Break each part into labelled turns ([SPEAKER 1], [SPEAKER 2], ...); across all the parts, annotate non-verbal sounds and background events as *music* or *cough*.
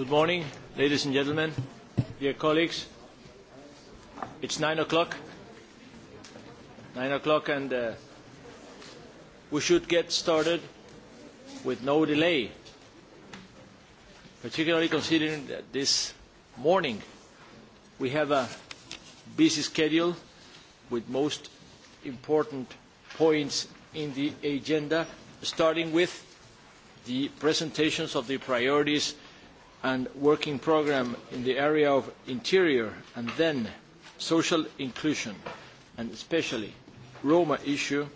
[SPEAKER 1] Good morning, ladies and gentlemen, dear colleagues. It's nine o'clock. Nine o'clock, and we should get started with no delay, particularly considering that this morning we have a busy schedule with most important points in the agenda, starting with the presentations of the priorities and working programme in the area of interior and then social inclusion and especially Roma issue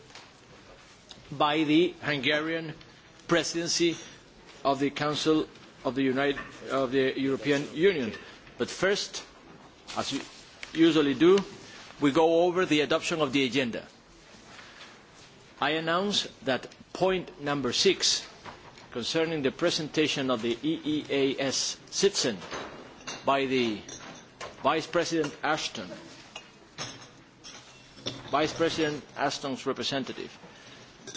[SPEAKER 1] by the Hungarian presidency of the Council of the European Union. But first, as we usually do, we go over the adoption of the agenda. I announce that point number six concerning the presentation of the EEAS citizen by the Vice President Ashton, Vice President Ashton's representative,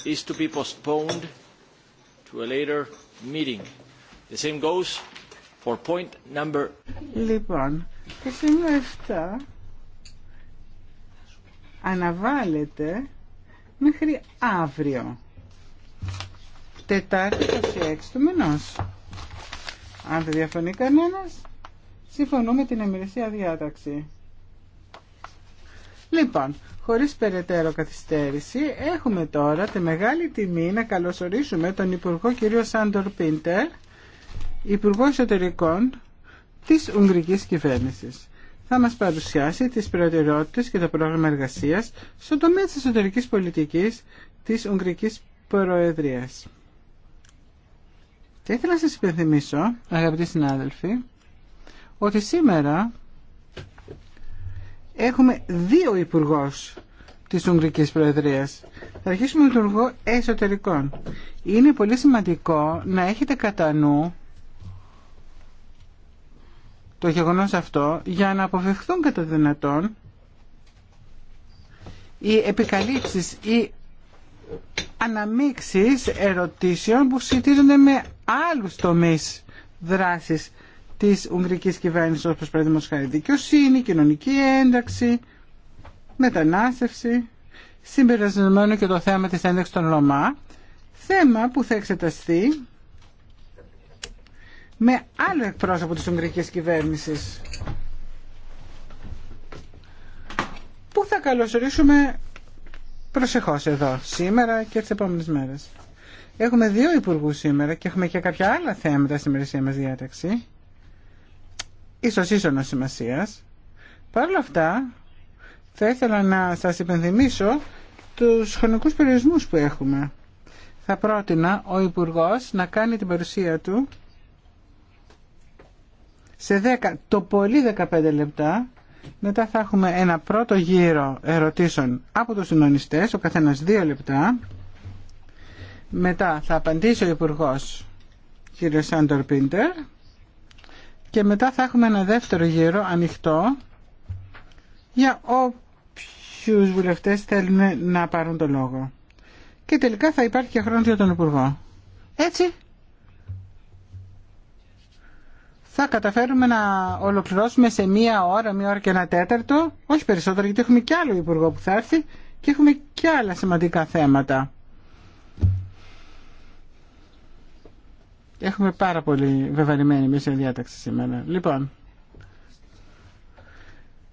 [SPEAKER 1] is to be postponed to a later meeting. The same goes for point number.
[SPEAKER 2] Λοιπόν, το σημείο 7 αναβάλλεται μέχρι αύριο. Τετάρτη 26 του μηνό. Αν δεν διαφωνεί κανένας, συμφωνούμε την εμμυρισία διάταξη. Λοιπόν, χωρίς περαιτέρω καθυστέρηση, έχουμε τώρα τη μεγάλη τιμή να καλωσορίσουμε τον Υπουργό κ. Σάντορ Πίντερ, Υπουργό Εσωτερικών της Ουγγρικής Κυβέρνησης. Θα μας παρουσιάσει τις προτεραιότητες και το πρόγραμμα εργασίας στον τομέα της εσωτερικής πολιτικής της Ουγγρικής Προεδρίας. Θα ήθελα να σας υπενθυμίσω, αγαπητοί συνάδελφοι, ότι σήμερα έχουμε δύο υπουργούς της Ουγγρικής Προεδρίας. Θα αρχίσουμε με τον Υπουργό Εσωτερικών. Είναι πολύ σημαντικό να έχετε κατά νου το γεγονός αυτό για να αποφευχθούν κατά δυνατόν οι επικαλύψεις ή αναμίξεις ερωτήσεων που σχετίζονται με άλλους τομείς δράσης της Ουγγρικής κυβέρνησης όπως παραδείγματος χάρη δικαιοσύνη, κοινωνική ένταξη, μετανάστευση, συμπεριλαμβανομένο και το θέμα της ένταξης των ΛΟΜΑ, θέμα που θα εξεταστεί με άλλο εκπρόσωπο της Ουγγρικής κυβέρνησης που θα καλωσορίσουμε προσεχώς εδώ σήμερα και τις επόμενες μέρες. Έχουμε δύο υπουργού σήμερα και έχουμε και κάποια άλλα θέματα στη ημερησία μας διάταξη, ίσως ίσονος σημασίας. Παρ' όλα αυτά, θα ήθελα να σας υπενθυμίσω τους χρονικούς περιορισμούς που έχουμε. Θα πρότεινα ο Υπουργός να κάνει την παρουσία του σε 10, το πολύ 15 λεπτά μετά θα έχουμε ένα πρώτο γύρο ερωτήσεων από τους συνονιστές, ο καθένας δύο λεπτά. Μετά θα απαντήσει ο υπουργό κ. Σάντορ Πίντερ. Και μετά θα έχουμε ένα δεύτερο γύρο ανοιχτό για όποιους βουλευτές θέλουν να πάρουν το λόγο. Και τελικά θα υπάρχει και χρόνο για τον Υπουργό. Έτσι, θα καταφέρουμε να ολοκληρώσουμε σε μία ώρα, μία ώρα και ένα τέταρτο, όχι περισσότερο γιατί έχουμε και άλλο υπουργό που θα έρθει και έχουμε και άλλα σημαντικά θέματα. Έχουμε πάρα πολύ βεβαρημένη μέσα διάταξη σήμερα. Λοιπόν,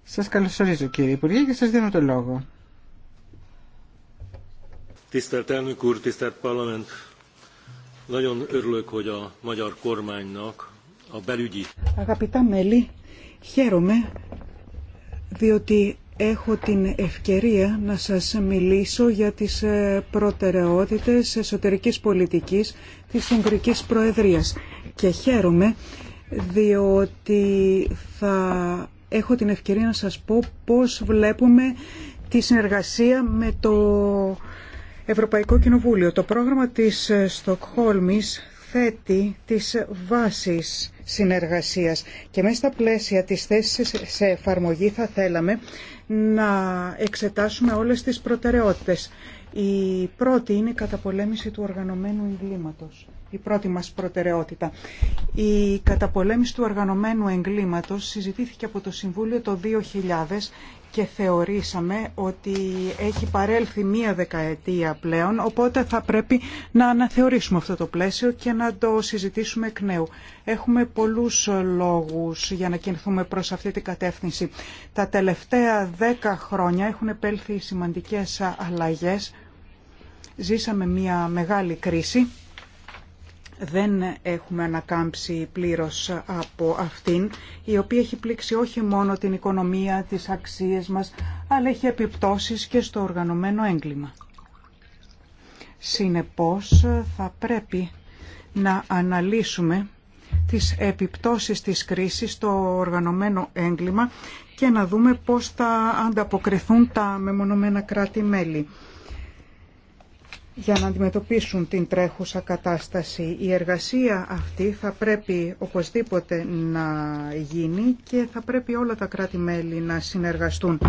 [SPEAKER 2] σας καλωσορίζω κύριε Υπουργέ και σας δίνω το λόγο.
[SPEAKER 1] Tisztelt elnök úr, tisztelt parlament! Nagyon örülök, hogy a magyar kormánynak
[SPEAKER 3] Αγαπητά μέλη, χαίρομαι διότι έχω την ευκαιρία να σας μιλήσω για τις ε, προτεραιότητες εσωτερικής πολιτικής της Ουγγρικής Προεδρίας. Και χαίρομαι διότι θα έχω την ευκαιρία να σας πω πώς βλέπουμε τη συνεργασία με το Ευρωπαϊκό Κοινοβούλιο. Το πρόγραμμα της ε, Στοκχόλμης θέτει τις βάσεις συνεργασίας. Και μέσα στα πλαίσια της θέσης σε εφαρμογή θα θέλαμε να εξετάσουμε όλες τις προτεραιότητες. Η πρώτη είναι η καταπολέμηση του οργανωμένου εγκλήματος η πρώτη μας προτεραιότητα. Η καταπολέμηση του οργανωμένου εγκλήματος συζητήθηκε από το Συμβούλιο το 2000 και θεωρήσαμε ότι έχει παρέλθει μία δεκαετία πλέον, οπότε θα πρέπει να αναθεωρήσουμε αυτό το πλαίσιο και να το συζητήσουμε εκ νέου. Έχουμε πολλούς λόγους για να κινηθούμε προς αυτή την κατεύθυνση. Τα τελευταία δέκα χρόνια έχουν επέλθει σημαντικές αλλαγές. Ζήσαμε μία μεγάλη κρίση δεν έχουμε ανακάμψει πλήρως από αυτήν, η οποία έχει πλήξει όχι μόνο την οικονομία, τις αξίες μας, αλλά έχει επιπτώσεις και στο οργανωμένο έγκλημα. Συνεπώς θα πρέπει να αναλύσουμε τις επιπτώσεις της κρίσης στο οργανωμένο έγκλημα και να δούμε πώς θα ανταποκριθούν τα μεμονωμένα κράτη-μέλη για να αντιμετωπίσουν την τρέχουσα κατάσταση. Η εργασία αυτή θα πρέπει οπωσδήποτε να γίνει και θα πρέπει όλα τα κράτη-μέλη να συνεργαστούν.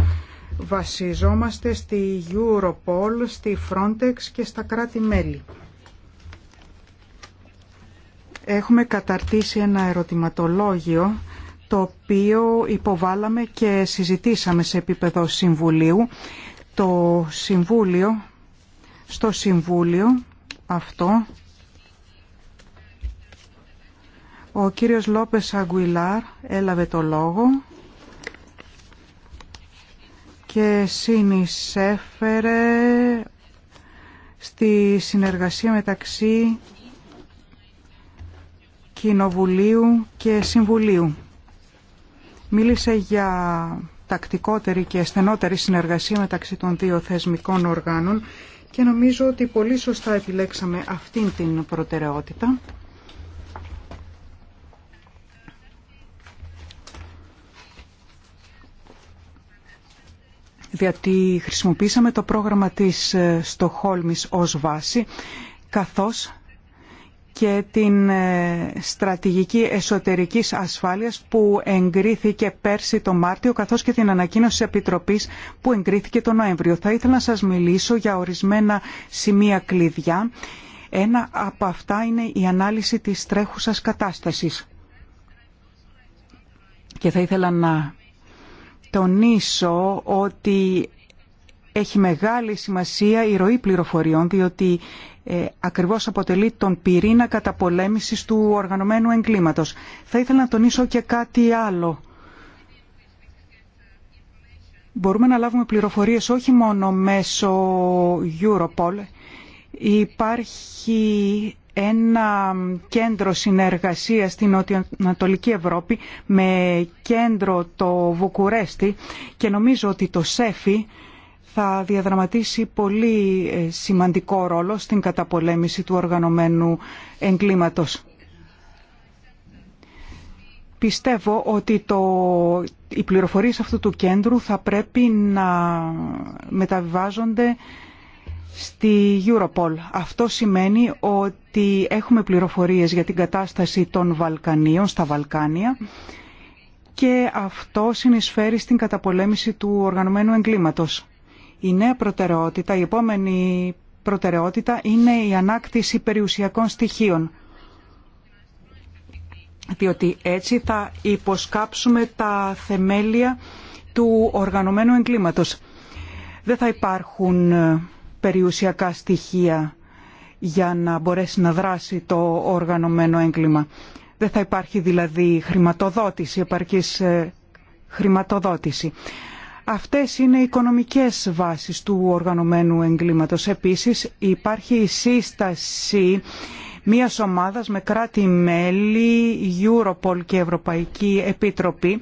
[SPEAKER 3] Βασιζόμαστε στη Europol, στη Frontex και στα κράτη-μέλη. Έχουμε καταρτήσει ένα ερωτηματολόγιο το οποίο υποβάλαμε και συζητήσαμε σε επίπεδο Συμβουλίου. Το Συμβούλιο στο Συμβούλιο αυτό ο κύριος Λόπες Αγκουιλάρ έλαβε το λόγο και συνεισέφερε στη συνεργασία μεταξύ Κοινοβουλίου και Συμβουλίου. Μίλησε για τακτικότερη και στενότερη συνεργασία μεταξύ των δύο θεσμικών οργάνων και νομίζω ότι πολύ σωστά επιλέξαμε αυτήν την προτεραιότητα. γιατί χρησιμοποίησαμε το πρόγραμμα της ε, Στοχόλμης ως βάση, καθώς και την ε, στρατηγική εσωτερικής ασφάλειας που εγκρίθηκε πέρσι το Μάρτιο καθώς και την ανακοίνωση της Επιτροπής που εγκρίθηκε το Νοέμβριο. Θα ήθελα να σας μιλήσω για ορισμένα σημεία κλειδιά. Ένα από αυτά είναι η ανάλυση της τρέχουσας κατάστασης. Και θα ήθελα να τονίσω ότι έχει μεγάλη σημασία η ροή πληροφοριών διότι ε, ακριβώς αποτελεί τον πυρήνα καταπολέμησης του οργανωμένου εγκλήματος. Θα ήθελα να τονίσω και κάτι άλλο. Μπορούμε να λάβουμε πληροφορίες όχι μόνο μέσω Europol. Υπάρχει ένα κέντρο συνεργασίας στην Νοτιοανατολική Ευρώπη με κέντρο το Βουκουρέστι και νομίζω ότι το ΣΕΦΙ θα διαδραματίσει πολύ ε, σημαντικό ρόλο στην καταπολέμηση του οργανωμένου εγκλήματος. Πιστεύω ότι το, οι πληροφορίες αυτού του κέντρου θα πρέπει να μεταβιβάζονται στη Europol. Αυτό σημαίνει ότι έχουμε πληροφορίες για την κατάσταση των Βαλκανίων στα Βαλκάνια και αυτό συνεισφέρει στην καταπολέμηση του οργανωμένου εγκλήματος. Η νέα προτεραιότητα, η επόμενη προτεραιότητα είναι η ανάκτηση περιουσιακών στοιχείων διότι έτσι θα υποσκάψουμε τα θεμέλια του οργανωμένου εγκλήματος. Δεν θα υπάρχουν ε, περιουσιακά στοιχεία για να μπορέσει να δράσει το οργανωμένο έγκλημα. Δεν θα υπάρχει δηλαδή χρηματοδότηση, επαρκής ε, χρηματοδότηση. Αυτές είναι οι οικονομικές βάσεις του οργανωμένου εγκλήματος. Επίσης υπάρχει η σύσταση μια ομάδας με κράτη-μέλη, Europol και Ευρωπαϊκή Επιτροπή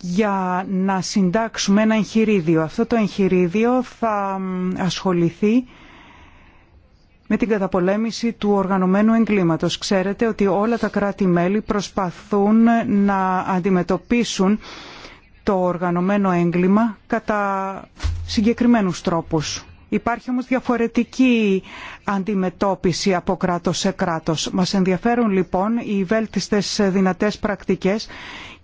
[SPEAKER 3] για να συντάξουμε ένα εγχειρίδιο. Αυτό το εγχειρίδιο θα ασχοληθεί με την καταπολέμηση του οργανωμένου εγκλήματος. Ξέρετε ότι όλα τα κράτη-μέλη προσπαθούν να αντιμετωπίσουν το οργανωμένο έγκλημα κατά συγκεκριμένους τρόπους. Υπάρχει όμως διαφορετική αντιμετώπιση από κράτος σε κράτος. Μας ενδιαφέρουν λοιπόν οι βέλτιστες δυνατές πρακτικές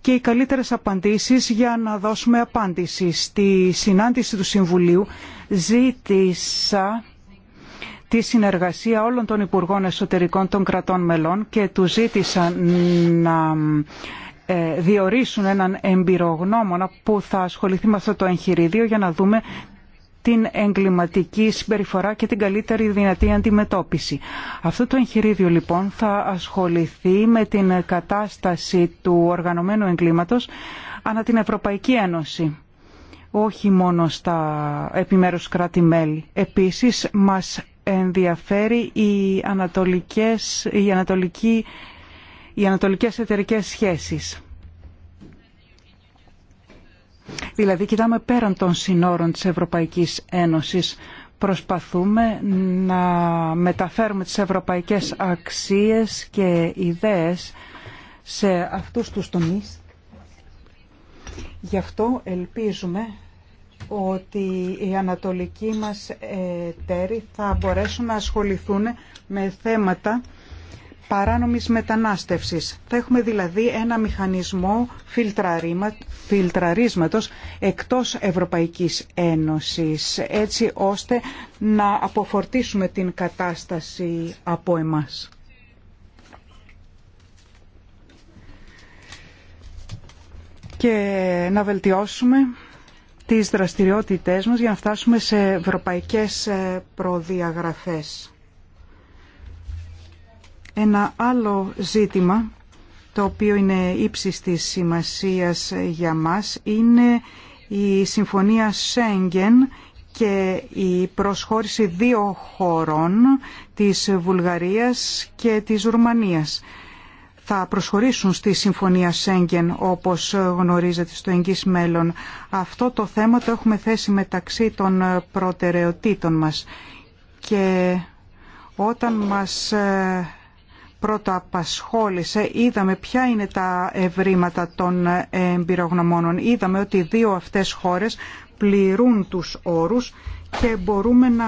[SPEAKER 3] και οι καλύτερες απαντήσεις για να δώσουμε απάντηση. Στη συνάντηση του Συμβουλίου ζήτησα τη συνεργασία όλων των Υπουργών Εσωτερικών των κρατών μελών και του ζήτησα να ε, διορίσουν έναν εμπειρογνώμονα που θα ασχοληθεί με αυτό το εγχειρίδιο για να δούμε την εγκληματική συμπεριφορά και την καλύτερη δυνατή αντιμετώπιση. Αυτό το εγχειρίδιο λοιπόν θα ασχοληθεί με την κατάσταση του οργανωμένου εγκλήματος ανά την Ευρωπαϊκή Ένωση όχι μόνο στα επιμέρους κράτη-μέλη. Επίσης, μας ενδιαφέρει η, ανατολικές, η ανατολική οι ανατολικές εταιρικές σχέσεις. Δηλαδή κοιτάμε πέραν των συνόρων της Ευρωπαϊκής Ένωσης. Προσπαθούμε να μεταφέρουμε τις ευρωπαϊκές αξίες και ιδέες σε αυτούς τους τομείς. Γι' αυτό ελπίζουμε ότι οι ανατολικοί μας εταίροι θα μπορέσουν να ασχοληθούν με θέματα παράνομης μετανάστευσης. Θα έχουμε δηλαδή ένα μηχανισμό φιλτραρίσματος εκτός Ευρωπαϊκής Ένωσης, έτσι ώστε να αποφορτίσουμε την κατάσταση από εμάς. Και να βελτιώσουμε τις δραστηριότητές μας για να φτάσουμε σε ευρωπαϊκές ε, προδιαγραφές. Ένα άλλο ζήτημα το οποίο είναι ύψιστης της σημασίας για μας είναι η Συμφωνία Σέγγεν και η προσχώρηση δύο χωρών της Βουλγαρίας και της Ρουμανίας. Θα προσχωρήσουν στη Συμφωνία Σέγγεν όπως γνωρίζετε στο εγγύς μέλλον. Αυτό το θέμα το έχουμε θέσει μεταξύ των προτεραιοτήτων μας και όταν μας ε, πρώτα απασχόλησε, είδαμε ποια είναι τα ευρήματα των εμπειρογνωμόνων. Είδαμε ότι οι δύο αυτές χώρες πληρούν τους όρους και μπορούμε να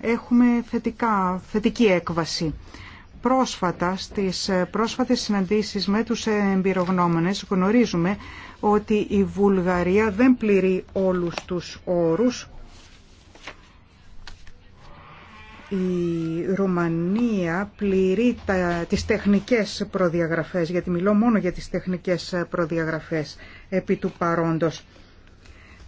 [SPEAKER 3] έχουμε θετικά, θετική έκβαση. Πρόσφατα, στις πρόσφατες συναντήσεις με τους εμπειρογνώμονες γνωρίζουμε ότι η Βουλγαρία δεν πληρεί όλους τους όρους η Ρουμανία πληρεί τα, τις τεχνικές προδιαγραφές, γιατί μιλώ μόνο για τις τεχνικές προδιαγραφές επί του παρόντος.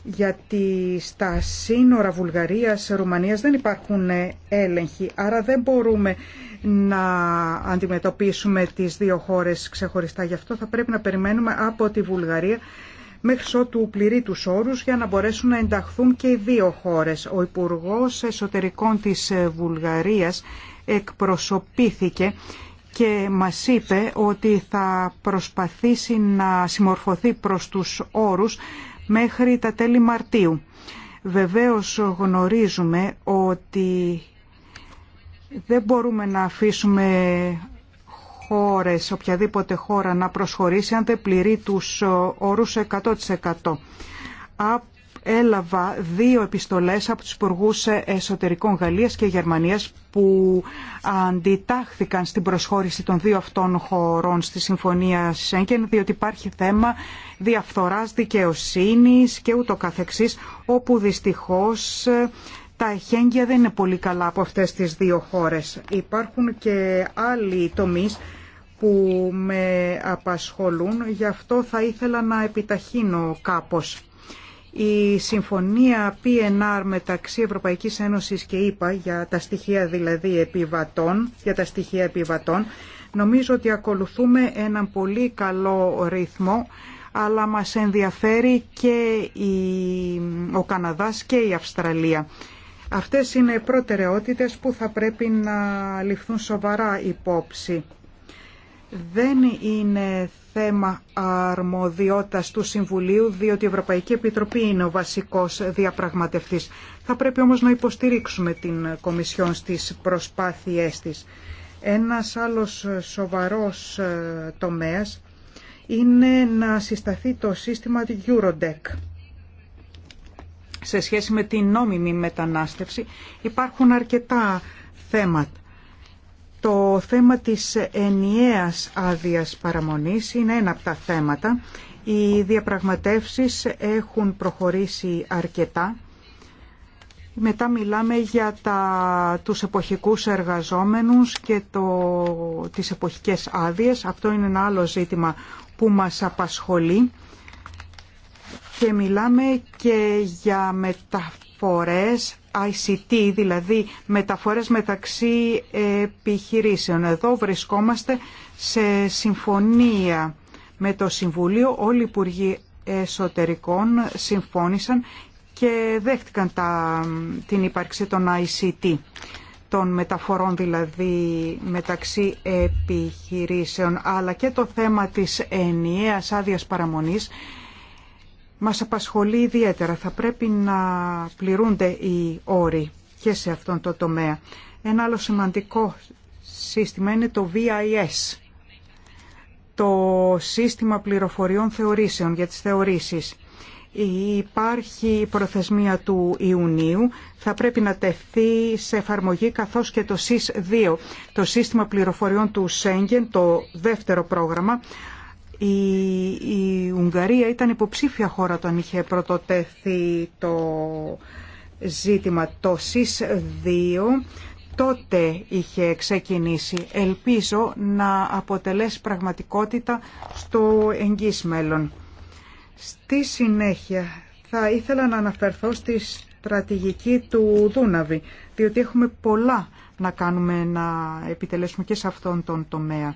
[SPEAKER 3] Γιατί στα σύνορα Βουλγαρίας-Ρουμανίας δεν υπάρχουν έλεγχοι, άρα δεν μπορούμε να αντιμετωπίσουμε τις δύο χώρες ξεχωριστά. Γι' αυτό θα πρέπει να περιμένουμε από τη Βουλγαρία μέχρι ότου πληρεί τους όρους για να μπορέσουν να ενταχθούν και οι δύο χώρες. Ο Υπουργός Εσωτερικών της ε, Βουλγαρίας εκπροσωπήθηκε και μας είπε ότι θα προσπαθήσει να συμμορφωθεί προς τους όρους μέχρι τα τέλη Μαρτίου. Βεβαίως γνωρίζουμε ότι δεν μπορούμε να αφήσουμε χώρες, οποιαδήποτε χώρα να προσχωρήσει αν δεν πληρεί τους ε, όρους 100%. Έλαβα δύο επιστολές από τους υπουργού εσωτερικών Γαλλίας και Γερμανίας που αντιτάχθηκαν στην προσχώρηση των δύο αυτών χωρών στη Συμφωνία Σέγγεν διότι υπάρχει θέμα διαφθοράς δικαιοσύνης και ούτω καθεξής όπου δυστυχώς ε, τα εχέγγυα δεν είναι πολύ καλά από αυτές τις δύο χώρες. Υπάρχουν και άλλοι τομείς που με απασχολούν, γι' αυτό θα ήθελα να επιταχύνω κάπως. Η συμφωνία PNR μεταξύ Ευρωπαϊκής Ένωσης και ΕΠΑ για τα στοιχεία δηλαδή επιβατών, για τα στοιχεία επιβατών, νομίζω ότι ακολουθούμε έναν πολύ καλό ρυθμό, αλλά μας ενδιαφέρει και η, ο Καναδάς και η Αυστραλία. Αυτές είναι προτεραιότητες που θα πρέπει να ληφθούν σοβαρά υπόψη δεν είναι θέμα αρμοδιότητας του Συμβουλίου, διότι η Ευρωπαϊκή Επιτροπή είναι ο βασικός διαπραγματευτής. Θα πρέπει όμως να υποστηρίξουμε την Κομισιόν στις προσπάθειές της. Ένας άλλος σοβαρός ε, τομέας είναι να συσταθεί το σύστημα Eurodec. Σε σχέση με την νόμιμη μετανάστευση υπάρχουν αρκετά θέματα το θέμα της ενιαίας άδειας παραμονής είναι ένα από τα θέματα. Οι διαπραγματεύσεις έχουν προχωρήσει αρκετά. Μετά μιλάμε για τα, τους εποχικούς εργαζόμενους και το, τις εποχικές άδειες. Αυτό είναι ένα άλλο ζήτημα που μας απασχολεί. Και μιλάμε και για μετα, μεταφορές ICT, δηλαδή μεταφορές μεταξύ επιχειρήσεων. Εδώ βρισκόμαστε σε συμφωνία με το Συμβουλίο. Όλοι οι Υπουργοί Εσωτερικών συμφώνησαν και δέχτηκαν τα, την ύπαρξη των ICT των μεταφορών δηλαδή μεταξύ επιχειρήσεων αλλά και το θέμα της ενιαίας άδειας παραμονής μας απασχολεί ιδιαίτερα. Θα πρέπει να πληρούνται οι όροι και σε αυτόν το τομέα. Ένα άλλο σημαντικό σύστημα είναι το VIS, το σύστημα πληροφοριών θεωρήσεων για τις θεωρήσεις. Υπάρχει προθεσμία του Ιουνίου, θα πρέπει να τεθεί σε εφαρμογή καθώς και το SIS-2, το σύστημα πληροφοριών του Σέγγεν, το δεύτερο πρόγραμμα, η, η Ουγγαρία ήταν υποψήφια χώρα όταν είχε πρωτοτέθει το ζήτημα. Το ΣΥΣ 2 τότε είχε ξεκινήσει. Ελπίζω να αποτελέσει πραγματικότητα στο εγγύς μέλλον. Στη συνέχεια θα ήθελα να αναφερθώ στη στρατηγική του Δούναβη, διότι έχουμε πολλά να κάνουμε να επιτελέσουμε και σε αυτόν τον τομέα.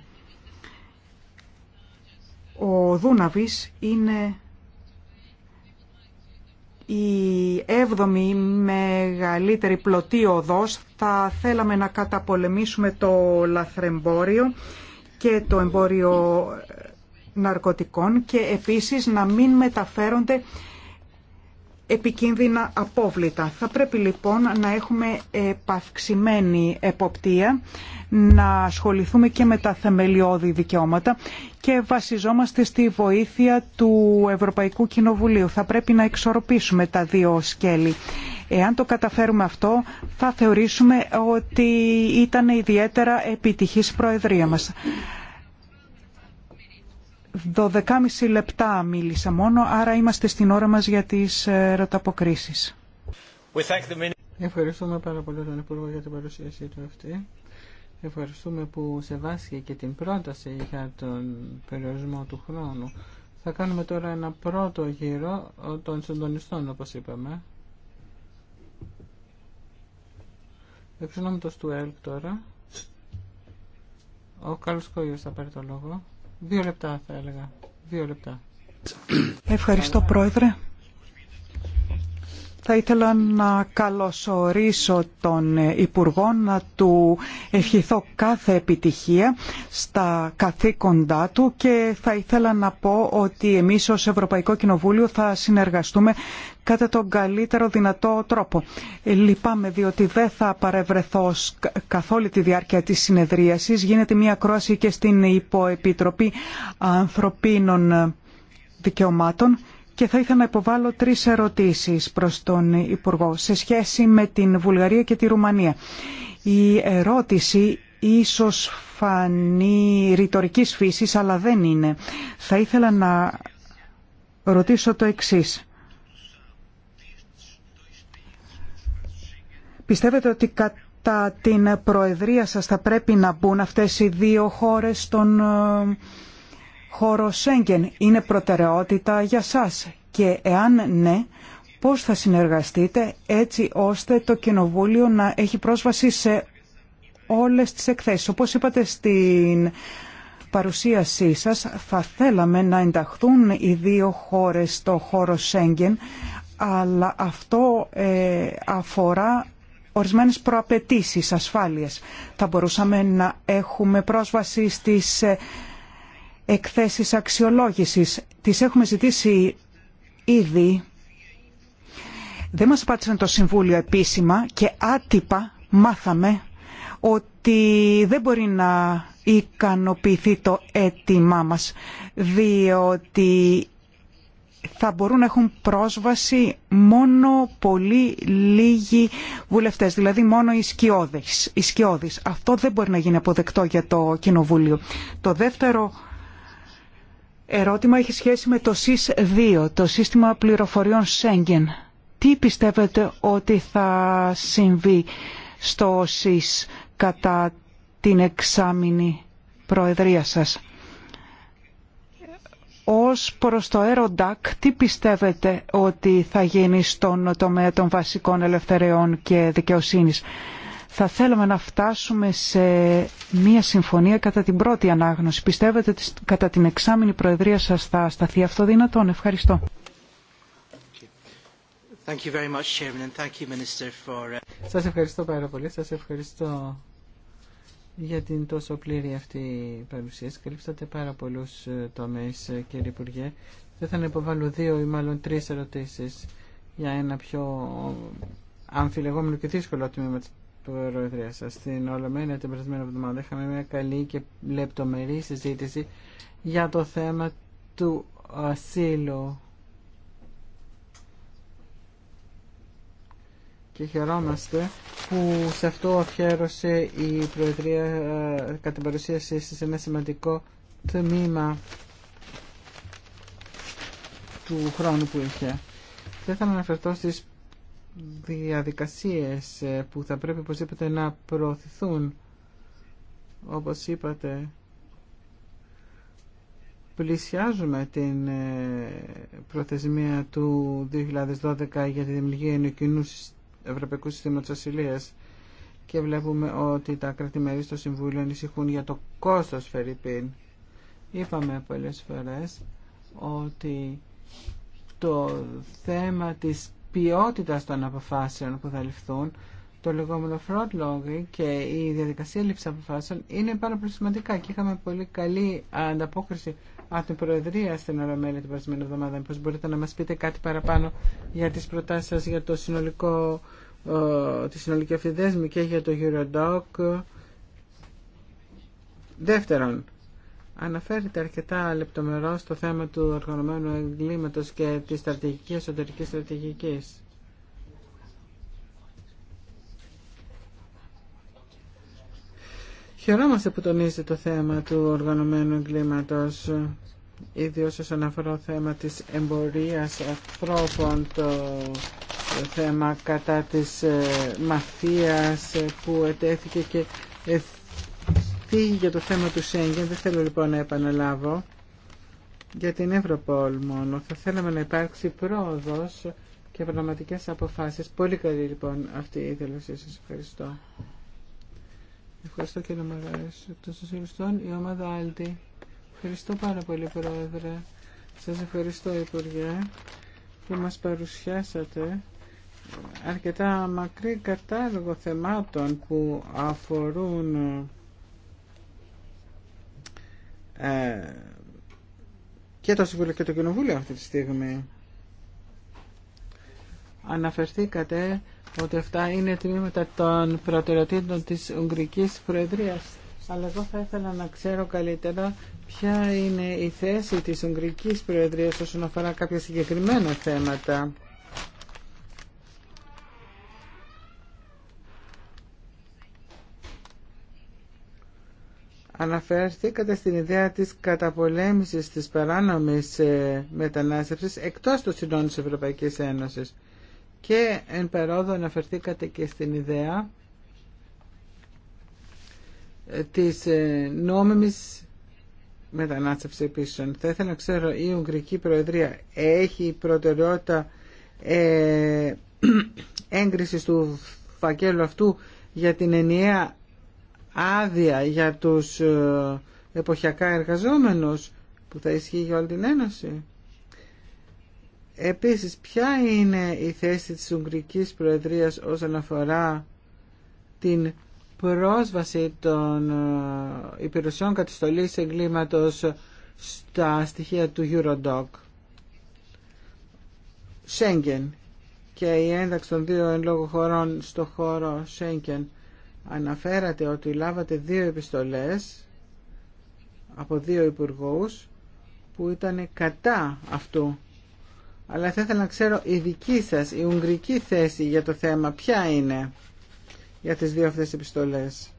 [SPEAKER 3] Ο Δούναβης είναι η έβδομη μεγαλύτερη πλωτή οδός. Θα θέλαμε να καταπολεμήσουμε το λαθρεμπόριο και το εμπόριο ναρκωτικών και επίσης να μην μεταφέρονται επικίνδυνα απόβλητα. Θα πρέπει λοιπόν να έχουμε επαυξημένη εποπτεία, να ασχοληθούμε και με τα θεμελιώδη δικαιώματα και βασιζόμαστε στη βοήθεια του Ευρωπαϊκού Κοινοβουλίου. Θα πρέπει να εξορροπήσουμε τα δύο σκέλη. Εάν το καταφέρουμε αυτό, θα θεωρήσουμε ότι ήταν ιδιαίτερα επιτυχής προεδρία μας. 12,5 λεπτά μίλησα μόνο, άρα είμαστε στην ώρα μας για τις ε, ρωταποκρίσεις.
[SPEAKER 2] Ευχαριστούμε πάρα πολύ τον Υπουργό για την παρουσίασή του αυτή. Ευχαριστούμε που σεβάστηκε και την πρόταση για τον περιορισμό του χρόνου. Θα κάνουμε τώρα ένα πρώτο γύρο των συντονιστών, όπως είπαμε. Εξονόμητος του ΕΛΚ τώρα. Ο Καλός θα πάρει το λόγο. Δύο λεπτά θα έλεγα. Δύο λεπτά.
[SPEAKER 3] Ευχαριστώ Πρόεδρε. Θα ήθελα να καλωσορίσω τον Υπουργό, να του ευχηθώ κάθε επιτυχία στα καθήκοντά του και θα ήθελα να πω ότι εμείς ως Ευρωπαϊκό Κοινοβούλιο θα συνεργαστούμε κατά τον καλύτερο δυνατό τρόπο. Ε, λυπάμαι διότι δεν θα παρευρεθώ καθ' τη διάρκεια της συνεδρίασης. Γίνεται μια κρόαση και στην Υποεπίτροπη Ανθρωπίνων Δικαιωμάτων και θα ήθελα να υποβάλω τρεις ερωτήσεις προς τον Υπουργό σε σχέση με την Βουλγαρία και τη Ρουμανία. Η ερώτηση ίσως φανεί ρητορικής φύσης, αλλά δεν είναι. Θα ήθελα να ρωτήσω το εξής. Πιστεύετε ότι κατά την Προεδρία σας θα πρέπει να μπουν αυτές οι δύο χώρες στον ε, χώρο Σέγγεν είναι προτεραιότητα για σας και εάν ναι, πώς θα συνεργαστείτε έτσι ώστε το Κοινοβούλιο να έχει πρόσβαση σε όλες τις εκθέσεις. Όπως είπατε στην παρουσίασή σας, θα θέλαμε να ενταχθούν οι δύο χώρες στο χώρο Σέγγεν, αλλά αυτό ε, αφορά ορισμένες προαπαιτήσεις ασφάλειας. Θα μπορούσαμε να έχουμε πρόσβαση στις ε, εκθέσεις αξιολόγησης. Τις έχουμε ζητήσει ήδη. Δεν μας πάτησαν το Συμβούλιο επίσημα και άτυπα μάθαμε ότι δεν μπορεί να ικανοποιηθεί το αίτημά μας, διότι θα μπορούν να έχουν πρόσβαση μόνο πολύ λίγοι βουλευτές, δηλαδή μόνο οι σκιώδεις. οι Αυτό δεν μπορεί να γίνει αποδεκτό για το Κοινοβούλιο. Το δεύτερο ερώτημα έχει σχέση με το ΣΥΣ2, το Σύστημα Πληροφοριών Σέγγεν. Τι πιστεύετε ότι θα συμβεί στο ΣΥΣ κατά την εξάμηνη προεδρία σας. Ως προς το ΕΡΟΝΤΑΚ, τι πιστεύετε ότι θα γίνει στον τομέα των βασικών ελευθεριών και δικαιοσύνης θα θέλαμε να φτάσουμε σε μία συμφωνία κατά την πρώτη ανάγνωση. Πιστεύετε ότι κατά την εξάμηνη προεδρία σας θα σταθεί αυτό δυνατόν. Ευχαριστώ.
[SPEAKER 1] Thank you very much, Chairman, and thank you, Minister, for... Uh,
[SPEAKER 2] σας ευχαριστώ πάρα πολύ. Σας ευχαριστώ για την τόσο πλήρη αυτή παρουσίαση. Καλύψατε πάρα πολλούς ε, τομείς, ε, κύριε Υπουργέ. Δεν θα υποβάλω δύο ή μάλλον τρεις ερωτήσεις για ένα πιο ε, αμφιλεγόμενο και δύσκολο τμήμα Προεδρία σα. Στην Ολομέλεια την περασμένη εβδομάδα είχαμε μια καλή και λεπτομερή συζήτηση για το θέμα του ασύλου. Και χαιρόμαστε που σε αυτό αφιέρωσε η Προεδρία ε, κατά την παρουσίασή σε ένα σημαντικό τμήμα του χρόνου που είχε. να να αναφερθώ στις διαδικασίες ε, που θα πρέπει οπωσδήποτε να προωθηθούν όπως είπατε πλησιάζουμε την ε, προθεσμία του 2012 για τη δημιουργία ενό Ευρωπαϊκού Συστήματος Ασυλίας και βλέπουμε ότι τα κρατημέρια στο Συμβούλιο ανησυχούν για το κόστος Φερρυπίν. Είπαμε πολλές φορές ότι το θέμα της ποιότητα των αποφάσεων που θα ληφθούν, το λεγόμενο fraud logging και η διαδικασία λήψη αποφάσεων είναι πάρα πολύ σημαντικά και είχαμε πολύ καλή ανταπόκριση από την Προεδρία στην Αραμέλη την περασμένη εβδομάδα. Μήπως μπορείτε να μας πείτε κάτι παραπάνω για τις προτάσεις σας για το συνολικό, ε, τη συνολική αυτή δέσμη και για το Eurodoc. Δεύτερον, Αναφέρεται αρκετά λεπτομερό στο θέμα του οργανωμένου εγκλήματος και της στρατηγικής εσωτερικής στρατηγικής. Χαιρόμαστε που τονίζει το θέμα του οργανωμένου εγκλήματος, ιδίως όσον αφορά το θέμα της εμπορίας ανθρώπων, το θέμα κατά της ε, μαφίας ε, που ετέθηκε και ε, αυτή για το θέμα του Σέγγεν, δεν θέλω λοιπόν να επαναλάβω, για την Ευρωπόλ μόνο. Θα θέλαμε να υπάρξει πρόοδος και πραγματικέ αποφάσεις. Πολύ καλή λοιπόν αυτή η δήλωσή σας. Ευχαριστώ. Ευχαριστώ κύριε Μαράης των Σοσιαλιστών, η ομάδα Άλτη. Ευχαριστώ πάρα πολύ Πρόεδρε. Σας ευχαριστώ Υπουργέ που μας παρουσιάσατε αρκετά μακρύ κατάλογο θεμάτων που αφορούν ε, και το Συμβούλιο και το Κοινοβούλιο αυτή τη στιγμή. Αναφερθήκατε ότι αυτά είναι τμήματα των προτεραιοτήτων της Ουγγρικής Προεδρίας. Αλλά εγώ θα ήθελα να ξέρω καλύτερα ποια είναι η θέση της Ουγγρικής Προεδρίας όσον αφορά κάποια συγκεκριμένα θέματα. αναφέρθηκατε στην ιδέα της καταπολέμησης της παράνομης ε, μετανάστευσης εκτός των συνών της Ευρωπαϊκής Ένωσης και εν περόδο αναφερθήκατε και στην ιδέα ε, της ε, νόμιμης μετανάστευσης επίσης. Θα ήθελα να ξέρω η Ουγγρική Προεδρία έχει προτεραιότητα ε, *clears throat* έγκρισης του φακέλου αυτού για την ενιαία άδεια για τους ε, εποχιακά εργαζόμενους που θα ισχύει για όλη την Ένωση. Επίσης, ποια είναι η θέση της Ουγγρικής Προεδρίας όσον αφορά την πρόσβαση των ε, υπηρεσιών καταστολής εγκλήματος στα στοιχεία του Eurodoc. Σέγγεν και η ένταξη των δύο εν λόγω χωρών στο χώρο Σέγγεν αναφέρατε ότι λάβατε δύο επιστολές από δύο υπουργούς που ήταν κατά αυτού. Αλλά θα ήθελα να ξέρω η δική σας, η ουγγρική θέση για το θέμα ποια είναι για τις δύο αυτές επιστολές.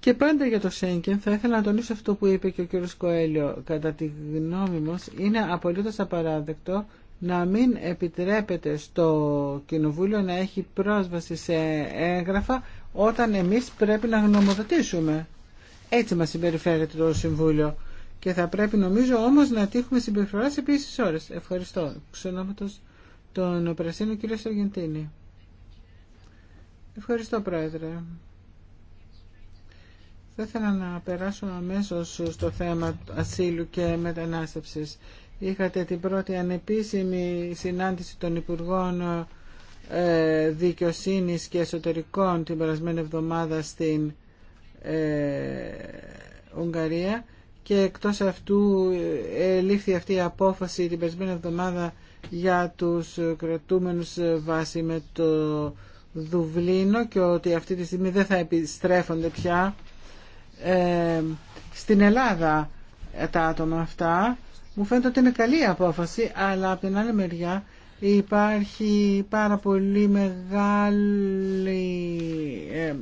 [SPEAKER 2] Και πάντα για το Σέγγεν θα ήθελα να τονίσω αυτό που είπε και ο κύριος Κοέλιο. Κατά τη γνώμη μας είναι απολύτως απαράδεκτο να μην επιτρέπεται στο Κοινοβούλιο να έχει πρόσβαση σε έγγραφα όταν εμείς πρέπει να γνωμοδοτήσουμε. Έτσι μας συμπεριφέρεται το Συμβούλιο. Και θα πρέπει νομίζω όμως να τύχουμε συμπεριφορά σε επίσης ώρες. Ευχαριστώ. Ξενόματος τον Πρασίνο κύριο Σαργεντίνη. Ευχαριστώ Πρόεδρε. Θα ήθελα να περάσω αμέσως στο θέμα ασύλου και μετανάστευσης είχατε την πρώτη ανεπίσημη συνάντηση των Υπουργών ε, Δικαιοσύνης και Εσωτερικών την περασμένη εβδομάδα στην ε, Ουγγαρία και εκτός αυτού ε, λήφθη αυτή η απόφαση την περασμένη εβδομάδα για τους κρατούμενους βάση με το Δουβλίνο και ότι αυτή τη στιγμή δεν θα επιστρέφονται πια ε, στην Ελλάδα τα άτομα αυτά μου φαίνεται ότι είναι καλή απόφαση, αλλά από την άλλη μεριά υπάρχει πάρα πολύ μεγάλη, ε,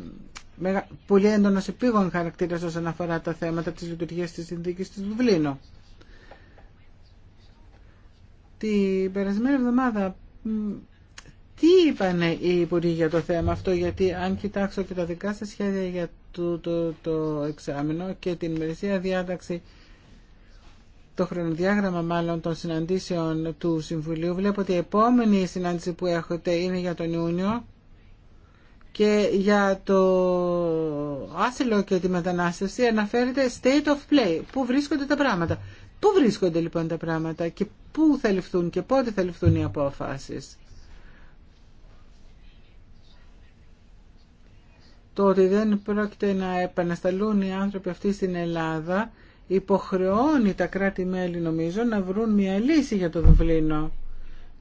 [SPEAKER 2] μεγα, πολύ έντονος επίγον χαρακτήρας όσον αφορά τα θέματα της λειτουργίας της συνθήκης του Δουβλίνου. Την περασμένη εβδομάδα τι είπανε οι υπουργοί για το θέμα αυτό, γιατί αν κοιτάξω και τα δικά σας σχέδια για το, το, το εξάμεινο και την ημερησία διάταξη το χρονοδιάγραμμα μάλλον των συναντήσεων του Συμβουλίου, βλέπω ότι η επόμενη συνάντηση που έχετε είναι για τον Ιούνιο και για το άσυλο και τη μετανάστευση αναφέρεται state of play. Πού βρίσκονται τα πράγματα. Πού βρίσκονται λοιπόν τα πράγματα και πού θα ληφθούν και πότε θα ληφθούν οι αποφάσεις. Το ότι δεν πρόκειται να επανασταλούν οι άνθρωποι αυτοί στην Ελλάδα υποχρεώνει τα κράτη-μέλη νομίζω να βρουν μια λύση για το Δουβλίνο.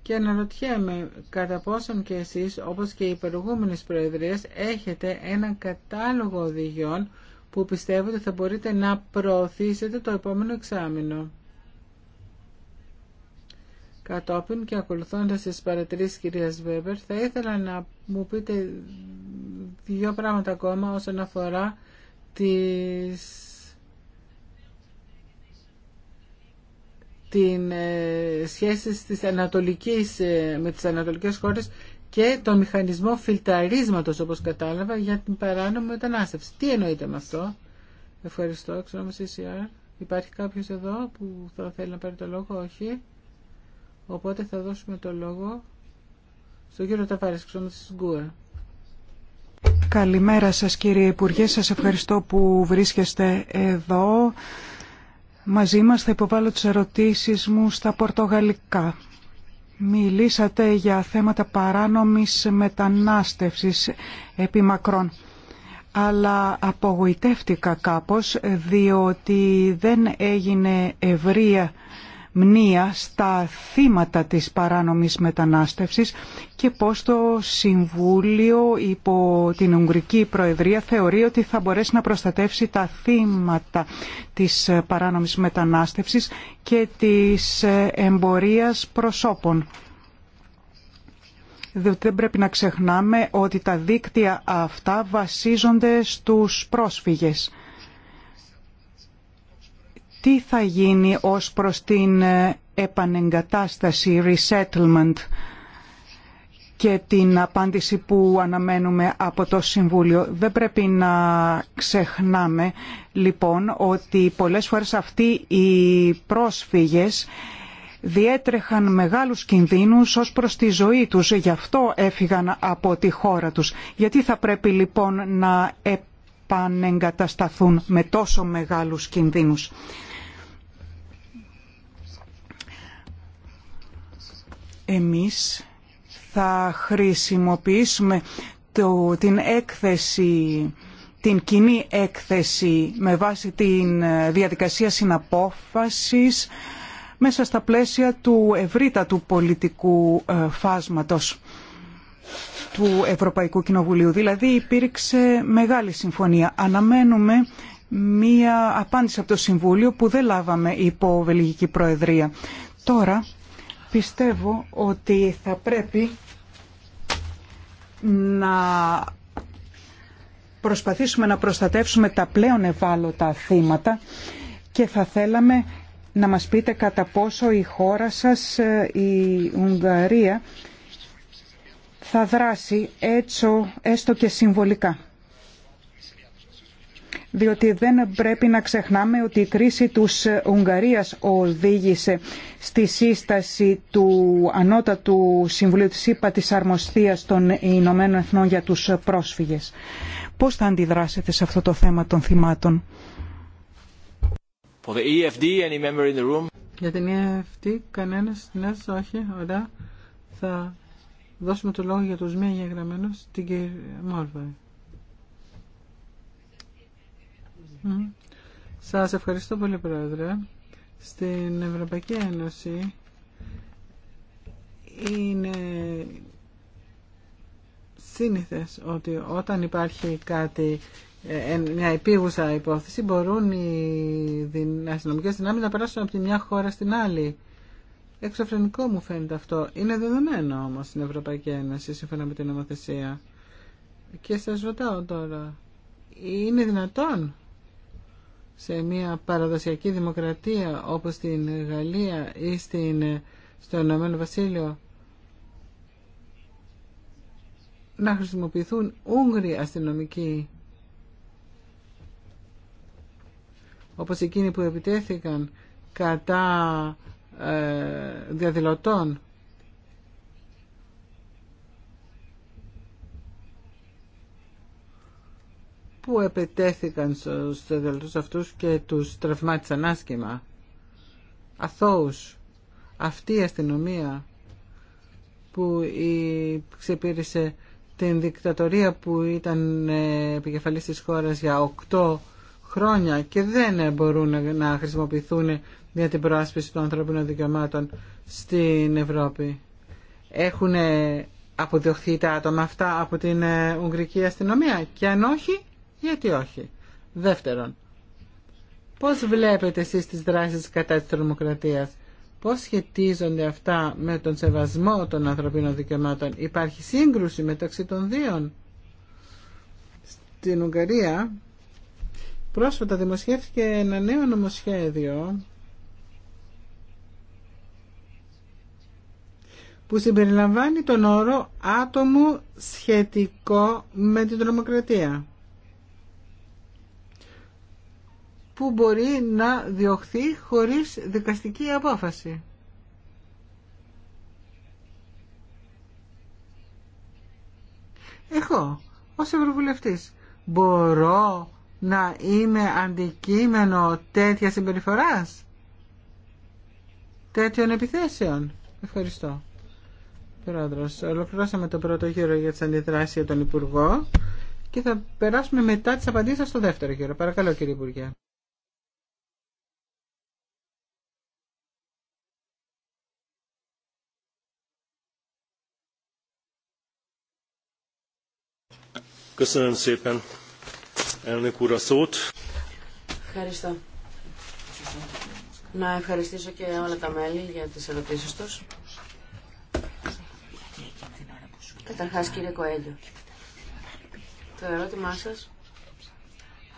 [SPEAKER 2] Και αναρωτιέμαι κατά πόσον και εσείς όπως και οι προηγούμενες προεδρίες έχετε έναν κατάλογο οδηγιών που πιστεύω ότι θα μπορείτε να προωθήσετε το επόμενο εξάμεινο. Κατόπιν και ακολουθώντας τις παρατηρήσεις κυρίας Βέμπερ, θα ήθελα να μου πείτε δύο πράγματα ακόμα όσον αφορά τις την ε, σχέση της ανατολικής, ε, με τις ανατολικές χώρες και τον μηχανισμό φιλταρίσματος όπως κατάλαβα για την παράνομη μετανάστευση. Τι εννοείται με αυτό. Ευχαριστώ. Ξέρω μας CCR. Υπάρχει κάποιος εδώ που θα θέλει να πάρει το λόγο. Όχι. Οπότε θα δώσουμε το λόγο στον κύριο Ταφάρης. ξέρω με Γκουε.
[SPEAKER 3] Καλημέρα σας κύριε Υπουργέ. Σας ευχαριστώ που βρίσκεστε εδώ μαζί μας. Θα υποβάλω τις ερωτήσεις μου στα πορτογαλικά. Μιλήσατε για θέματα παράνομης μετανάστευσης επί μακρόν. Αλλά απογοητεύτηκα κάπως διότι δεν έγινε ευρεία μνήα στα θύματα της παράνομης μετανάστευσης και πώς το Συμβούλιο υπό την Ουγγρική Προεδρία θεωρεί ότι θα μπορέσει να προστατεύσει τα θύματα της παράνομης μετανάστευσης και της εμπορίας προσώπων. Δεν πρέπει να ξεχνάμε ότι τα δίκτυα αυτά βασίζονται στους πρόσφυγες τι θα γίνει ως προς την ε, επανεγκατάσταση, resettlement και την απάντηση που αναμένουμε από το Συμβούλιο. Δεν πρέπει να ξεχνάμε λοιπόν ότι πολλές φορές αυτοί οι πρόσφυγες διέτρεχαν μεγάλους κινδύνους ως προς τη ζωή τους. Γι' αυτό έφυγαν από τη χώρα τους. Γιατί θα πρέπει λοιπόν να επανεγκατασταθούν με τόσο μεγάλους κινδύνους. Εμείς θα χρησιμοποιήσουμε το, την έκθεση την κοινή έκθεση με βάση την ε, διαδικασία συναπόφασης μέσα στα πλαίσια του ευρύτατου πολιτικού ε, φάσματος του Ευρωπαϊκού Κοινοβουλίου. Δηλαδή υπήρξε μεγάλη συμφωνία. Αναμένουμε μία απάντηση από το Συμβούλιο που δεν λάβαμε υπό Βελγική Προεδρία. Τώρα πιστεύω ότι θα πρέπει να προσπαθήσουμε να προστατεύσουμε τα πλέον ευάλωτα θύματα και θα θέλαμε να μας πείτε κατά πόσο η χώρα σας, ε, η Ουγγαρία, θα δράσει έτσι έστω και συμβολικά διότι δεν πρέπει να ξεχνάμε ότι η κρίση τους Ουγγαρίας οδήγησε στη σύσταση του Ανώτατου Συμβουλίου της ΥΠΑ της Αρμοστίας των Ηνωμένων Εθνών για τους πρόσφυγες. Πώς θα αντιδράσετε σε αυτό το θέμα των θυμάτων? E για την EFD, κανένας, ναι, όχι, ωραία.
[SPEAKER 2] Θα δώσουμε το λόγο για τους μία την κυρία Ναι. Σας ευχαριστώ πολύ Πρόεδρε. Στην Ευρωπαϊκή Ένωση είναι σύνηθες ότι όταν υπάρχει κάτι, ε, μια επίγουσα υπόθεση, μπορούν οι αστυνομικές δυνάμεις να περάσουν από τη μια χώρα στην άλλη. Εξωφρενικό μου φαίνεται αυτό. Είναι δεδομένο όμως στην Ευρωπαϊκή Ένωση, σύμφωνα με την νομοθεσία. Και σας ρωτάω τώρα, είναι δυνατόν σε μια παραδοσιακή δημοκρατία όπως στην Γαλλία ή στην, στο Ηνωμένο Βασίλειο να χρησιμοποιηθούν Ούγγροι αστυνομικοί όπως εκείνοι που επιτέθηκαν κατά ε, διαδηλωτών που επετέθηκαν στους στρατιωτικούς αυτούς και τους τραυμάτισαν άσχημα. Αθώους. Αυτή η αστυνομία που ξεπήρισε την δικτατορία που ήταν ε, επικεφαλής της χώρας για 8 χρόνια και δεν μπορούν να χρησιμοποιηθούν για την προάσπιση των ανθρώπινων δικαιωμάτων στην Ευρώπη. Έχουν αποδιωχθεί τα άτομα αυτά από την ε, Ουγγρική αστυνομία και αν όχι γιατί όχι. Δεύτερον, πώς βλέπετε εσείς τις δράσεις κατά της τρομοκρατίας. Πώς σχετίζονται αυτά με τον σεβασμό των ανθρωπίνων δικαιωμάτων. Υπάρχει σύγκρουση μεταξύ των δύο. Στην Ουγγαρία πρόσφατα δημοσιεύτηκε ένα νέο νομοσχέδιο που συμπεριλαμβάνει τον όρο άτομο σχετικό με την τρομοκρατία. που μπορεί να διωχθεί χωρίς δικαστική απόφαση. Εγώ, ως Ευρωβουλευτής, μπορώ να είμαι αντικείμενο τέτοια συμπεριφοράς, τέτοιων επιθέσεων. Ευχαριστώ. Πρόεδρος, ολοκληρώσαμε το πρώτο γύρο για τις αντιδράσεις για τον Υπουργό και θα περάσουμε μετά τις απαντήσεις στο δεύτερο γύρο. Παρακαλώ κύριε Υπουργέ.
[SPEAKER 4] Köszönöm szépen, Ευχαριστώ. Να ευχαριστήσω και όλα τα μέλη για τις ερωτήσεις τους. Καταρχάς, κύριε Κοέλιο, το ερώτημά σας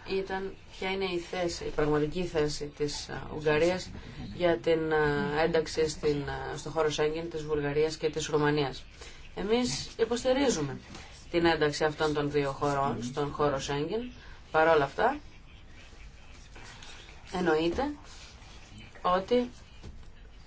[SPEAKER 4] ήταν ποια είναι η θέση, η πραγματική θέση της ε, Ουγγαρίας για την ε, ένταξη στην, ε, χώρο Σέγγεν της Βουλγαρίας και της Ρουμανίας. Εμείς υποστηρίζουμε την ένταξη αυτών των δύο χωρών στον χώρο Σέγγεν. Παρ' όλα αυτά, εννοείται ότι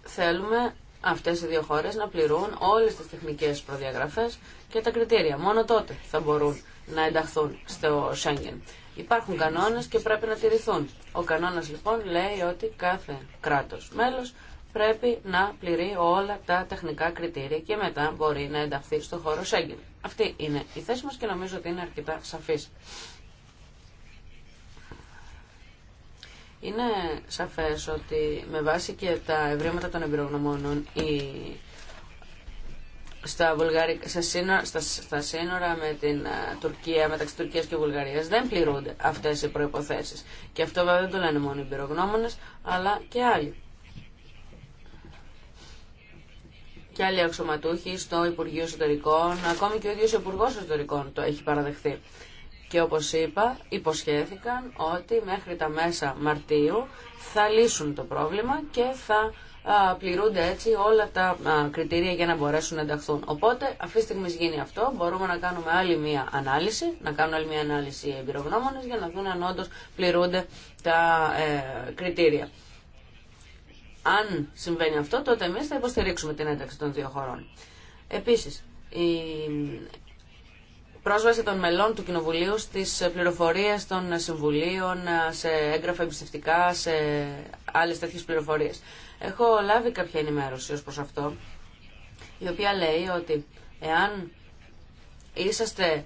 [SPEAKER 4] θέλουμε αυτές οι δύο χώρες να πληρούν όλες τις τεχνικές προδιαγραφές και τα κριτήρια. Μόνο τότε θα μπορούν να ενταχθούν στο Σέγγεν. Υπάρχουν κανόνες και πρέπει να τηρηθούν. Ο κανόνας λοιπόν λέει ότι κάθε κράτος μέλος πρέπει να πληρεί όλα τα τεχνικά κριτήρια και μετά μπορεί να ενταχθεί στο χώρο Σέγγεν. Αυτή είναι η θέση μας και νομίζω ότι είναι αρκετά σαφής. Είναι σαφές ότι με βάση και τα ευρήματα των εμπειρογνωμόνων η... στα, στα, σύνορα... Στα... στα σύνορα με την Τουρκία, μεταξύ Τουρκίας και Βουλγαρίας δεν πληρούνται αυτές οι προϋποθέσεις. Και αυτό βέβαια δεν το λένε μόνο οι εμπειρογνώμονες αλλά και άλλοι. και άλλοι αξιωματούχοι στο Υπουργείο Εσωτερικών, ακόμη και ο ίδιο ο Υπουργό Εσωτερικών το έχει παραδεχθεί. Και όπω είπα, υποσχέθηκαν ότι μέχρι τα μέσα Μαρτίου θα λύσουν το πρόβλημα και θα πληρούνται έτσι όλα τα κριτήρια για να μπορέσουν να ενταχθούν. Οπότε, αυτή τη στιγμή γίνει αυτό, μπορούμε να κάνουμε άλλη μία ανάλυση, να κάνουν άλλη μία ανάλυση οι για να δουν αν όντω πληρούνται τα ε, κριτήρια αν συμβαίνει αυτό, τότε εμεί θα υποστηρίξουμε την ένταξη των δύο χωρών. Επίση, η πρόσβαση των μελών του Κοινοβουλίου στι πληροφορίε των συμβουλίων, σε έγγραφα εμπιστευτικά, σε άλλε τέτοιε πληροφορίε, Έχω λάβει κάποια ενημέρωση ω προ αυτό, η οποία λέει ότι εάν είσαστε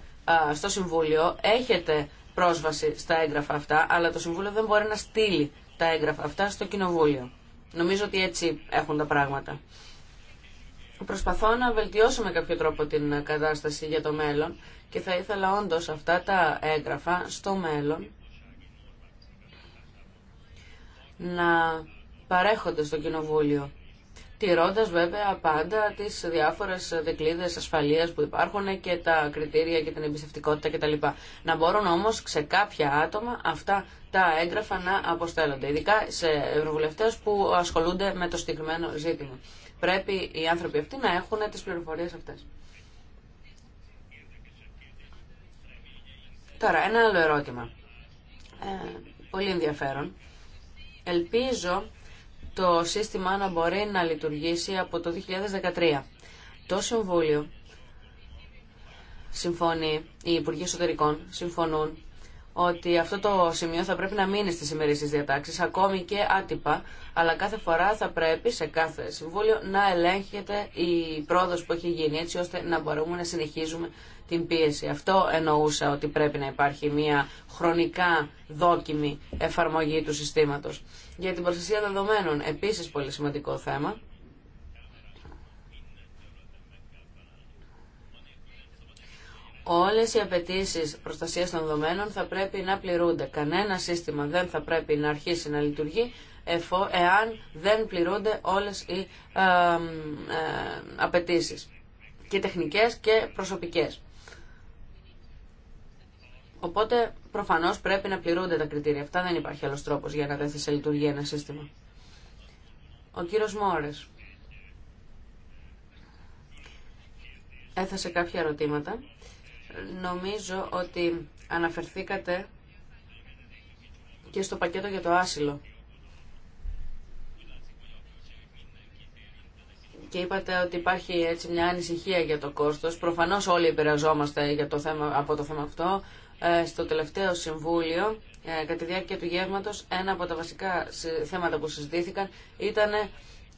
[SPEAKER 4] στο Συμβούλιο, έχετε πρόσβαση στα έγγραφα αυτά, αλλά το Συμβούλιο δεν μπορεί να στείλει τα έγγραφα αυτά στο Κοινοβούλιο. Νομίζω ότι έτσι έχουν τα πράγματα. Προσπαθώ να βελτιώσω με κάποιο τρόπο την κατάσταση για το μέλλον και θα ήθελα όντως αυτά τα έγγραφα στο μέλλον να παρέχονται στο Κοινοβούλιο τηρώντας βέβαια πάντα τις διάφορες δεκλίδες ασφαλείας που υπάρχουν και τα κριτήρια και την εμπιστευτικότητα κτλ. Να μπορούν όμως σε κάποια άτομα αυτά τα έγγραφα να αποστέλλονται, ειδικά σε ευρωβουλευτές που ασχολούνται με το συγκεκριμένο ζήτημα. Πρέπει οι άνθρωποι αυτοί να έχουν τις πληροφορίες αυτές. Τώρα, ένα άλλο ερώτημα. Ε, πολύ ενδιαφέρον. Ελπίζω το σύστημα να μπορεί να λειτουργήσει από το 2013. Το Συμβούλιο συμφωνεί, οι Υπουργοί Εσωτερικών συμφωνούν ότι αυτό το σημείο θα πρέπει να μείνει στις ημερήσεις διατάξεις, ακόμη και άτυπα, αλλά κάθε φορά θα πρέπει σε κάθε Συμβούλιο να ελέγχεται η πρόοδος που έχει γίνει, έτσι ώστε να μπορούμε να συνεχίζουμε την πίεση. Αυτό εννοούσα ότι πρέπει να υπάρχει μια χρονικά δόκιμη εφαρμογή του συστήματος για την προστασία δεδομένων. Επίσης πολύ σημαντικό θέμα. Όλες οι απαιτήσει προστασίας των δεδομένων θα πρέπει να πληρούνται. Κανένα σύστημα δεν θα πρέπει να αρχίσει να λειτουργεί εάν δεν πληρούνται όλες οι ε, απαιτήσει και τεχνικές και προσωπικές. Οπότε προφανώ πρέπει να πληρούνται τα κριτήρια αυτά. Δεν υπάρχει άλλο τρόπο για να τέθει σε λειτουργία ένα σύστημα. Ο κύριο Μόρε έθεσε κάποια ερωτήματα. Νομίζω ότι αναφερθήκατε και στο πακέτο για το άσυλο. και είπατε ότι υπάρχει έτσι μια ανησυχία για το κόστος. Προφανώς όλοι επηρεαζόμαστε για το θέμα, από το θέμα αυτό. Ε, στο τελευταίο συμβούλιο, ε, κατά τη διάρκεια του γεύματος, ένα από τα βασικά θέματα που συζητήθηκαν ήταν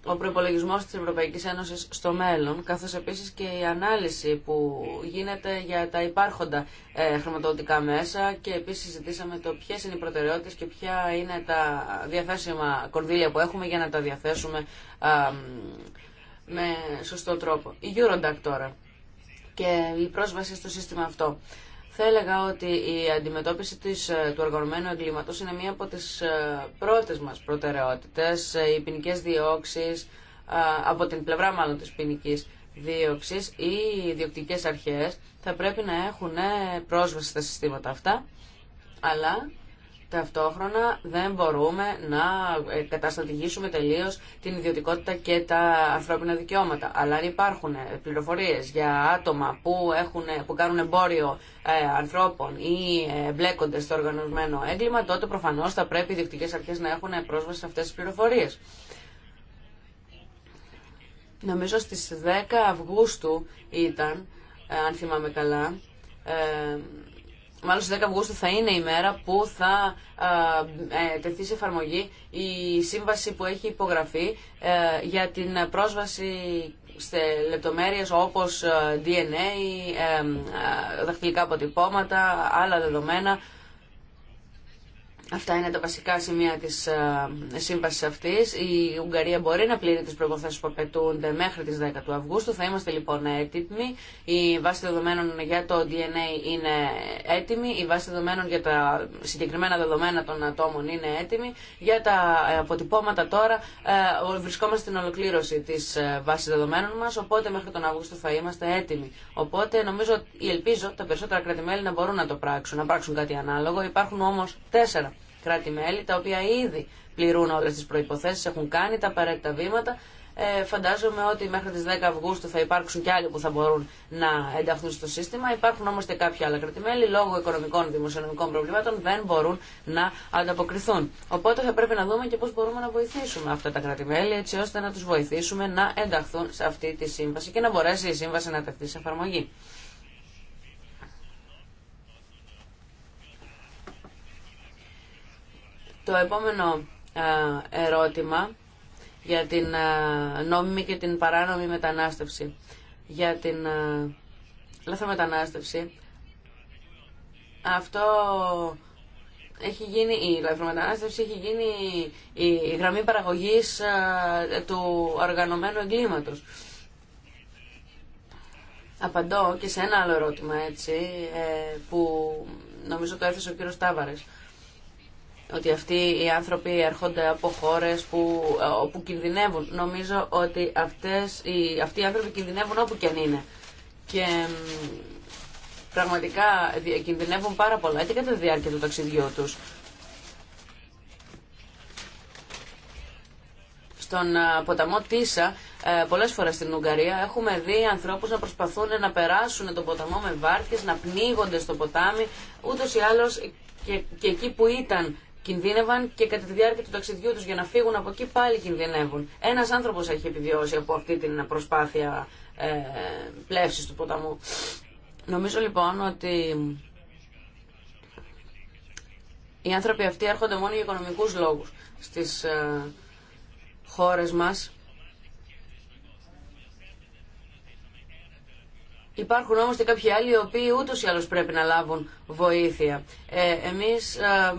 [SPEAKER 4] ο προπολογισμό τη Ευρωπαϊκή Ένωση στο μέλλον, καθώ επίση και η ανάλυση που γίνεται για τα υπάρχοντα ε, χρηματοδοτικά μέσα και επίση συζητήσαμε το ποιε είναι οι προτεραιότητε και ποια είναι τα διαθέσιμα κονδύλια που έχουμε για να τα διαθέσουμε με σωστό τρόπο. Η Eurodac τώρα και η πρόσβαση στο σύστημα αυτό. Θα έλεγα ότι η αντιμετώπιση της, ε, του οργανωμένου εγκλήματος είναι μία από τις ε, πρώτες μας προτεραιότητες, ε, οι ποινικέ διώξεις, από την πλευρά μάλλον της ποινική δίωξης, οι διοκτικές αρχές θα πρέπει να έχουν πρόσβαση στα συστήματα αυτά, αλλά Ταυτόχρονα δεν μπορούμε να καταστατηγήσουμε τελείως την ιδιωτικότητα και τα ανθρώπινα δικαιώματα. Αλλά αν υπάρχουν ε, πληροφορίες για άτομα που, έχουν, ε, που κάνουν εμπόριο ε, ανθρώπων ή μπλέκονται στο οργανωμένο έγκλημα, τότε προφανώς θα πρέπει οι διεκτικές αρχές να έχουν πρόσβαση σε αυτές τις πληροφορίες. Νομίζω στις 10 Αυγούστου ήταν, αν θυμάμαι καλά, ε, Μάλλον στις 10 Αυγούστου θα είναι η μέρα που θα ε, τεθεί σε εφαρμογή η σύμβαση που έχει υπογραφεί ε, για την πρόσβαση σε λεπτομέρειες όπως ε, DNA, ε, δαχτυλικά αποτυπώματα, άλλα δεδομένα Αυτά είναι τα βασικά σημεία τη ε, σύμβαση αυτή. Η Ουγγαρία μπορεί να πλήρει τι προποθέσει που απαιτούνται μέχρι τι 10 του Αυγούστου. Θα είμαστε λοιπόν έτοιμοι. Η βάση δεδομένων για το DNA είναι έτοιμη. Η βάση δεδομένων για τα συγκεκριμένα δεδομένα των ατόμων είναι έτοιμη. Για τα αποτυπώματα τώρα ε, βρισκόμαστε στην ολοκλήρωση τη ε, βάση δεδομένων μα. Οπότε μέχρι τον Αύγουστο θα είμαστε έτοιμοι. Οπότε νομίζω ή ελπίζω τα περισσότερα κρατημέλη να μπορούν να το πράξουν, να πράξουν κάτι ανάλογο. Υπάρχουν όμω τέσσερα κράτη-μέλη, τα οποία ήδη πληρούν όλες τις προϋποθέσεις, έχουν κάνει τα απαραίτητα βήματα. Ε, φαντάζομαι ότι μέχρι τις 10 Αυγούστου θα υπάρξουν και άλλοι που θα μπορούν να ενταχθούν στο σύστημα. Υπάρχουν όμως και κάποια άλλα κρατημέλη, λόγω οικονομικών δημοσιονομικών προβλημάτων δεν μπορούν να ανταποκριθούν. Οπότε θα πρέπει να δούμε και πώς μπορούμε να βοηθήσουμε αυτά τα κρατημέλη, έτσι ώστε να τους βοηθήσουμε να ενταχθούν σε αυτή τη σύμβαση και να μπορέσει η σύμβαση να τεθεί σε εφαρμογή. Το επόμενο ερώτημα για την νόμιμη και την παράνομη μετανάστευση. Για την μετανάστευση Αυτό έχει γίνει, η λαθρομετανάστευση έχει γίνει η γραμμή παραγωγής του οργανωμένου εγκλήματος. Απαντώ και σε ένα άλλο ερώτημα έτσι, ε, που νομίζω το έθεσε ο κύριος Τάβαρες ότι αυτοί οι άνθρωποι έρχονται από χώρες που, ε, που κινδυνεύουν. Νομίζω ότι αυτές, οι, αυτοί οι άνθρωποι κινδυνεύουν όπου και αν είναι. Και πραγματικά κινδυνεύουν πάρα πολλά και κατά τη διάρκεια του ταξιδιού τους. Στον ε, ποταμό Τίσα, ε, πολλές φορές στην Ουγγαρία, έχουμε δει ανθρώπους να προσπαθούν να περάσουν τον ποταμό με βάρκες, να πνίγονται στο ποτάμι, ούτως ή άλλως και, και εκεί που ήταν κινδύνευαν και κατά τη διάρκεια του ταξιδιού τους για να φύγουν από εκεί πάλι κινδυνεύουν. Ένας άνθρωπος έχει επιβιώσει από αυτή την προσπάθεια ε, πλεύσης του ποταμού. Νομίζω λοιπόν ότι οι άνθρωποι αυτοί έρχονται μόνο για οικονομικούς λόγους στις ε, χώρες μας. Υπάρχουν όμως και κάποιοι άλλοι οι οποίοι ούτως ή άλλως πρέπει να λάβουν βοήθεια. Ε, εμείς ε,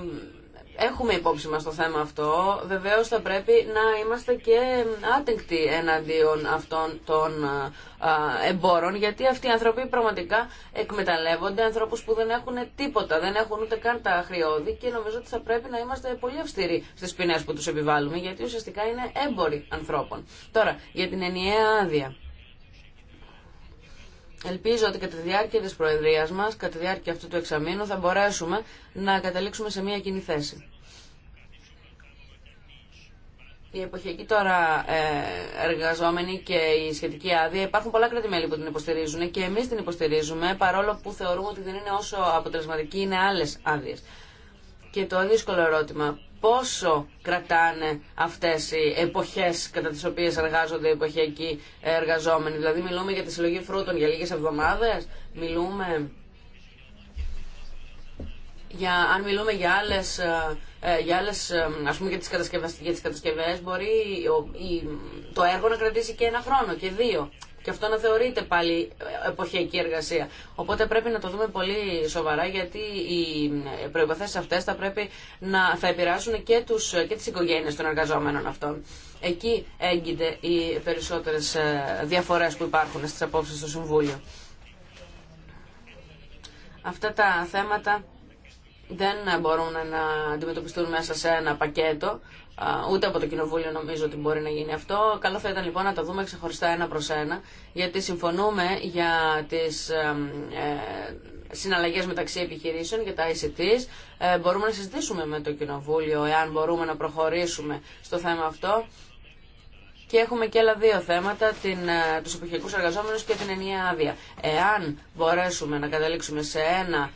[SPEAKER 4] Έχουμε υπόψη μας το θέμα αυτό. Βεβαίως θα πρέπει να είμαστε και άτεγκτοι εναντίον αυτών των ε, ε, εμπόρων, γιατί αυτοί οι άνθρωποι πραγματικά εκμεταλλεύονται ανθρώπους που δεν έχουν τίποτα, δεν έχουν ούτε καν τα χρειώδη και νομίζω ότι θα πρέπει να είμαστε πολύ αυστηροί στις ποινές που τους επιβάλλουμε, γιατί ουσιαστικά είναι έμποροι ανθρώπων. Τώρα, για την ενιαία άδεια. Ελπίζω ότι κατά τη διάρκεια της Προεδρίας μας, κατά τη διάρκεια αυτού του εξαμήνου, θα μπορέσουμε να καταλήξουμε σε μια κοινή θέση. Οι εποχιακοί τώρα ε, εργαζόμενοι και η σχετική άδεια υπάρχουν πολλά κρατημέλη που την υποστηρίζουν και εμείς την υποστηρίζουμε παρόλο που θεωρούμε ότι δεν είναι όσο αποτελεσματική είναι άλλες άδειε. Και το δύσκολο ερώτημα πόσο κρατάνε αυτές οι εποχές κατά τις οποίες εργάζονται οι εποχιακοί εργαζόμενοι. Δηλαδή μιλούμε για τη συλλογή φρούτων για λίγες εβδομάδες, μιλούμε για, αν μιλούμε για άλλες, ε, ε, για άλλες ε, ας πούμε για τις, για τις κατασκευές μπορεί το έργο να κρατήσει και ένα χρόνο και δύο και αυτό να θεωρείται πάλι εποχιακή εργασία. Οπότε πρέπει να το δούμε πολύ σοβαρά γιατί οι προποθέσει αυτές θα πρέπει να θα επηρεάσουν και, τους, και τις οικογένειες των εργαζόμενων αυτών. Εκεί έγκυται οι περισσότερες ε, διαφορές που υπάρχουν στις απόψεις στο Συμβούλιο. Αυτά τα θέματα δεν μπορούν να αντιμετωπιστούν μέσα σε ένα πακέτο ούτε από το Κοινοβούλιο νομίζω ότι μπορεί να γίνει αυτό. Καλό θα ήταν λοιπόν να τα δούμε ξεχωριστά ένα προς ένα, γιατί συμφωνούμε για τις ε, συναλλαγές μεταξύ επιχειρήσεων και τα ICTs. Ε, μπορούμε να συζητήσουμε με το Κοινοβούλιο εάν μπορούμε να προχωρήσουμε στο θέμα αυτό. Και έχουμε και άλλα δύο θέματα, την, ε, τους επιχειρικούς εργαζόμενους και την ενιαία άδεια. Εάν μπορέσουμε να καταλήξουμε σε ένα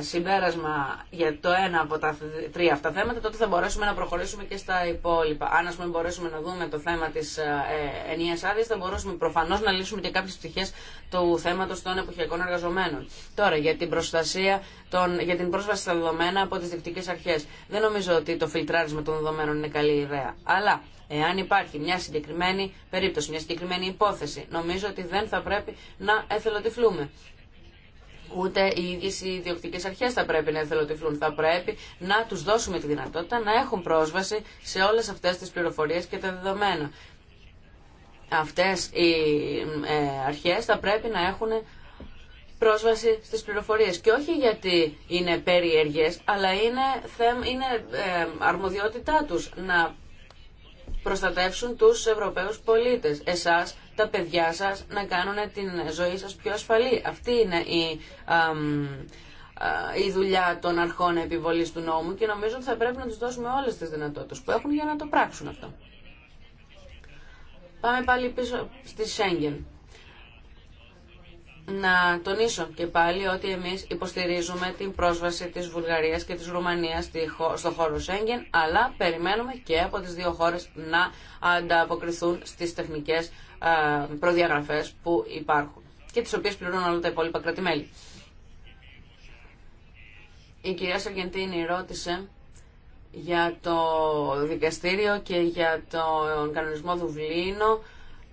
[SPEAKER 4] συμπέρασμα για το ένα από τα τρία αυτά θέματα, τότε θα μπορέσουμε να προχωρήσουμε και στα υπόλοιπα. Αν ας πούμε μπορέσουμε να δούμε το θέμα τη ε, ενία άδειας, θα μπορέσουμε προφανώ να λύσουμε και κάποιε πτυχέ του θέματο των εποχιακών εργαζομένων. Τώρα, για την προστασία, για την πρόσβαση στα δεδομένα από τι δικτικές αρχέ. Δεν νομίζω ότι το φιλτράρισμα των δεδομένων είναι καλή ιδέα. Αλλά Εάν υπάρχει μια συγκεκριμένη περίπτωση, μια συγκεκριμένη υπόθεση, νομίζω ότι δεν θα πρέπει να εθελοτυφλούμε. Ούτε οι ίδιε οι ιδιοκτικέ αρχέ θα πρέπει να εθελοτυφλούν. Θα πρέπει να του δώσουμε τη δυνατότητα να έχουν πρόσβαση σε όλε αυτέ τι πληροφορίε και τα δεδομένα. Αυτέ οι ε, αρχέ θα πρέπει να έχουν πρόσβαση στις πληροφορίες και όχι γιατί είναι περίεργες αλλά είναι, είναι ε, αρμοδιότητά του να προστατεύσουν τους Ευρωπαίους πολίτες. Εσάς τα παιδιά σας να κάνουν την ζωή σας πιο ασφαλή. Αυτή είναι η, η δουλειά των αρχών επιβολής του νόμου και νομίζω ότι θα πρέπει να τους δώσουμε όλες τις δυνατότητες που έχουν για να το πράξουν αυτό. Πάμε πάλι πίσω στη Σέγγεν. Να τονίσω και πάλι ότι εμείς υποστηρίζουμε την πρόσβαση της Βουλγαρίας και της Ρουμανίας στο χώρο Σέγγεν, αλλά περιμένουμε και από τις δύο χώρες να ανταποκριθούν στις τεχνικές ε, προδιαγραφές που υπάρχουν και τις οποίες πληρώνουν όλα τα υπόλοιπα κρατημέλη. Η κυρία Σαργεντίνη ρώτησε για το δικαστήριο και για τον κανονισμό Δουβλίνο.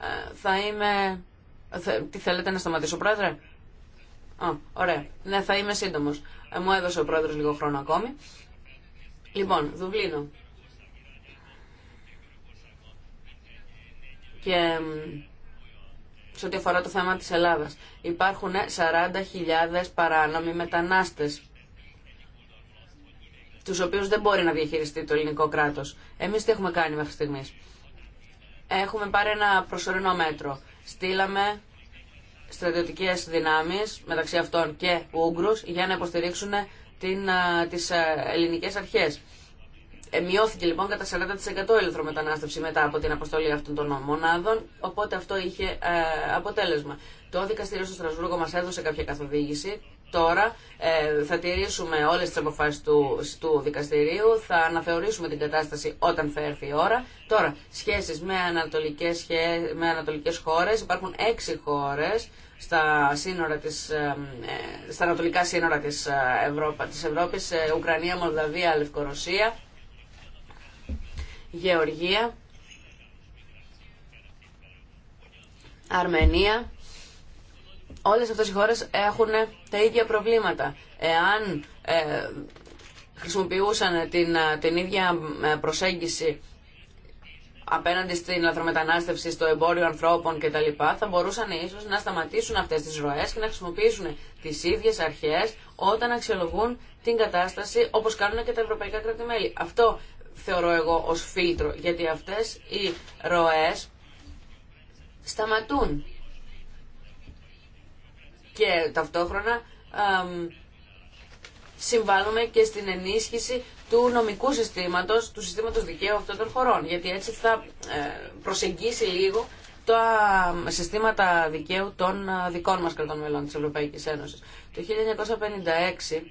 [SPEAKER 4] Ε, θα είμαι... τι θέλετε να σταματήσω, πρόεδρε? Α, ωραία. Ναι, θα είμαι σύντομος. Ε, μου έδωσε ο πρόεδρος λίγο χρόνο ακόμη. Λοιπόν, Δουβλίνο. και σε ό,τι αφορά το θέμα της Ελλάδας. Υπάρχουν 40.000 παράνομοι μετανάστες, τους οποίους δεν μπορεί να διαχειριστεί το ελληνικό κράτος. Εμείς τι έχουμε κάνει μέχρι στιγμής. Έχουμε πάρει ένα προσωρινό μέτρο. Στείλαμε στρατιωτικές δυνάμεις, μεταξύ αυτών και Ούγγρους, για να υποστηρίξουν την, ε, τις ε, ελληνικές αρχές. Ε, μειώθηκε λοιπόν κατά 40% η ελευθερομετανάστευση μετά από την αποστολή αυτών των μονάδων, οπότε αυτό είχε ε, αποτέλεσμα. Το δικαστήριο στο Στρασβούργο μα έδωσε κάποια καθοδήγηση. Τώρα ε, θα τηρήσουμε όλε τι αποφάσει του, του δικαστηρίου, θα αναθεωρήσουμε την κατάσταση όταν θα έρθει η ώρα. Τώρα, σχέσει με ανατολικέ με ανατολικές χώρες, υπάρχουν έξι χώρε στα, σύνορα ε, στα ανατολικά σύνορα της, Ευρώπη, ε, Ουκρανία, Μολδαβία, Λευκορωσία Γεωργία, Αρμενία, όλες αυτές οι χώρες έχουν τα ίδια προβλήματα. Εάν ε, χρησιμοποιούσαν την, ε, την ίδια ε, προσέγγιση απέναντι στην λαθρομετανάστευση, στο εμπόριο ανθρώπων κτλ. θα μπορούσαν ίσως να σταματήσουν αυτές τις ροές και να χρησιμοποιήσουν τις ίδιες αρχές όταν αξιολογούν την κατάσταση όπως κάνουν και τα ευρωπαϊκά κράτη-μέλη. Αυτό θεωρώ εγώ ως φίλτρο, γιατί αυτές οι ροές σταματούν και ταυτόχρονα συμβάλλουμε και στην ενίσχυση του νομικού συστήματος, του συστήματος δικαίου αυτών των χωρών, γιατί έτσι θα ε, προσεγγίσει λίγο τα συστήματα δικαίου των δικών μας κρατών μελών της Ευρωπαϊκής Ένωσης. Το 1956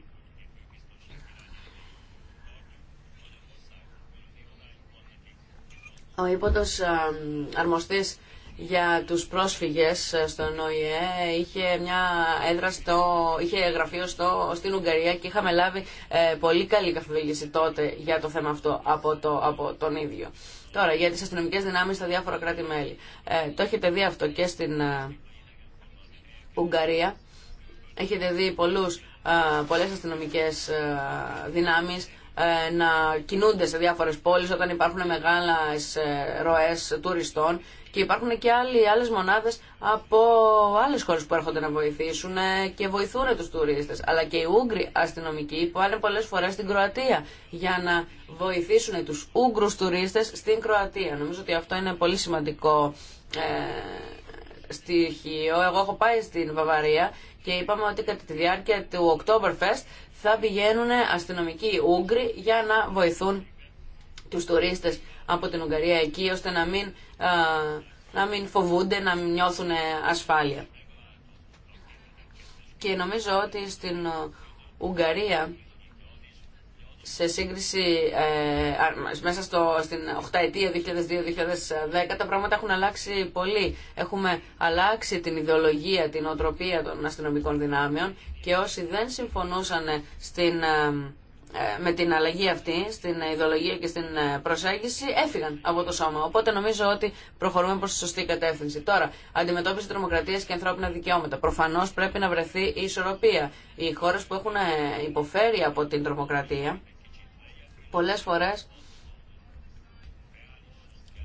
[SPEAKER 4] Ο υπότος αρμοστής για τους πρόσφυγες στον ΟΗΕ είχε μια έδρα στο, είχε γραφείο στο, στην Ουγγαρία και είχαμε λάβει ε, πολύ καλή καθοδήγηση τότε για το θέμα αυτό από, το, από τον ίδιο. Τώρα για τις αστυνομικές δυνάμεις στα διάφορα κράτη-μέλη. Ε, το έχετε δει αυτό και στην ε, Ουγγαρία. Έχετε δει πολλούς, πολλές αστυνομικές δυνάμεις ε, να κινούνται σε διάφορες πόλεις όταν υπάρχουν μεγάλες ε, ροές τουριστών και υπάρχουν και άλλοι, άλλες μονάδες από άλλες χώρες που έρχονται να βοηθήσουν ε, και βοηθούν τους τουρίστες. Αλλά και οι Ούγγροι αστυνομικοί που πάνε πολλές φορές στην Κροατία για να βοηθήσουν τους Ούγγρους τουρίστες στην Κροατία. Νομίζω ότι αυτό είναι πολύ σημαντικό στοιχείο. Εγώ έχω πάει στην Βαβαρία και είπαμε ότι κατά τη διάρκεια του Oktoberfest θα πηγαίνουν αστυνομικοί Ούγγροι για να βοηθούν τους τουρίστες από την Ουγγαρία εκεί ώστε να μην, να μην φοβούνται, να μην νιώθουν ασφάλεια. Και νομίζω ότι στην Ουγγαρία σε σύγκριση ε, μέσα στο, στην 8 ετία 2002-2010 τα πράγματα έχουν αλλάξει πολύ. Έχουμε αλλάξει την ιδεολογία, την οτροπία των αστυνομικών δυνάμεων και όσοι δεν συμφωνούσαν στην, ε, ε, με την αλλαγή αυτή, στην ιδεολογία και στην ε, προσέγγιση, έφυγαν από το σώμα. Οπότε νομίζω ότι προχωρούμε προς τη σωστή κατεύθυνση. Τώρα, αντιμετώπιση τρομοκρατίας και ανθρώπινα δικαιώματα. Προφανώς πρέπει να βρεθεί η ισορροπία. Οι χώρε που έχουν υποφέρει από την τρομοκρατία, πολλές φορές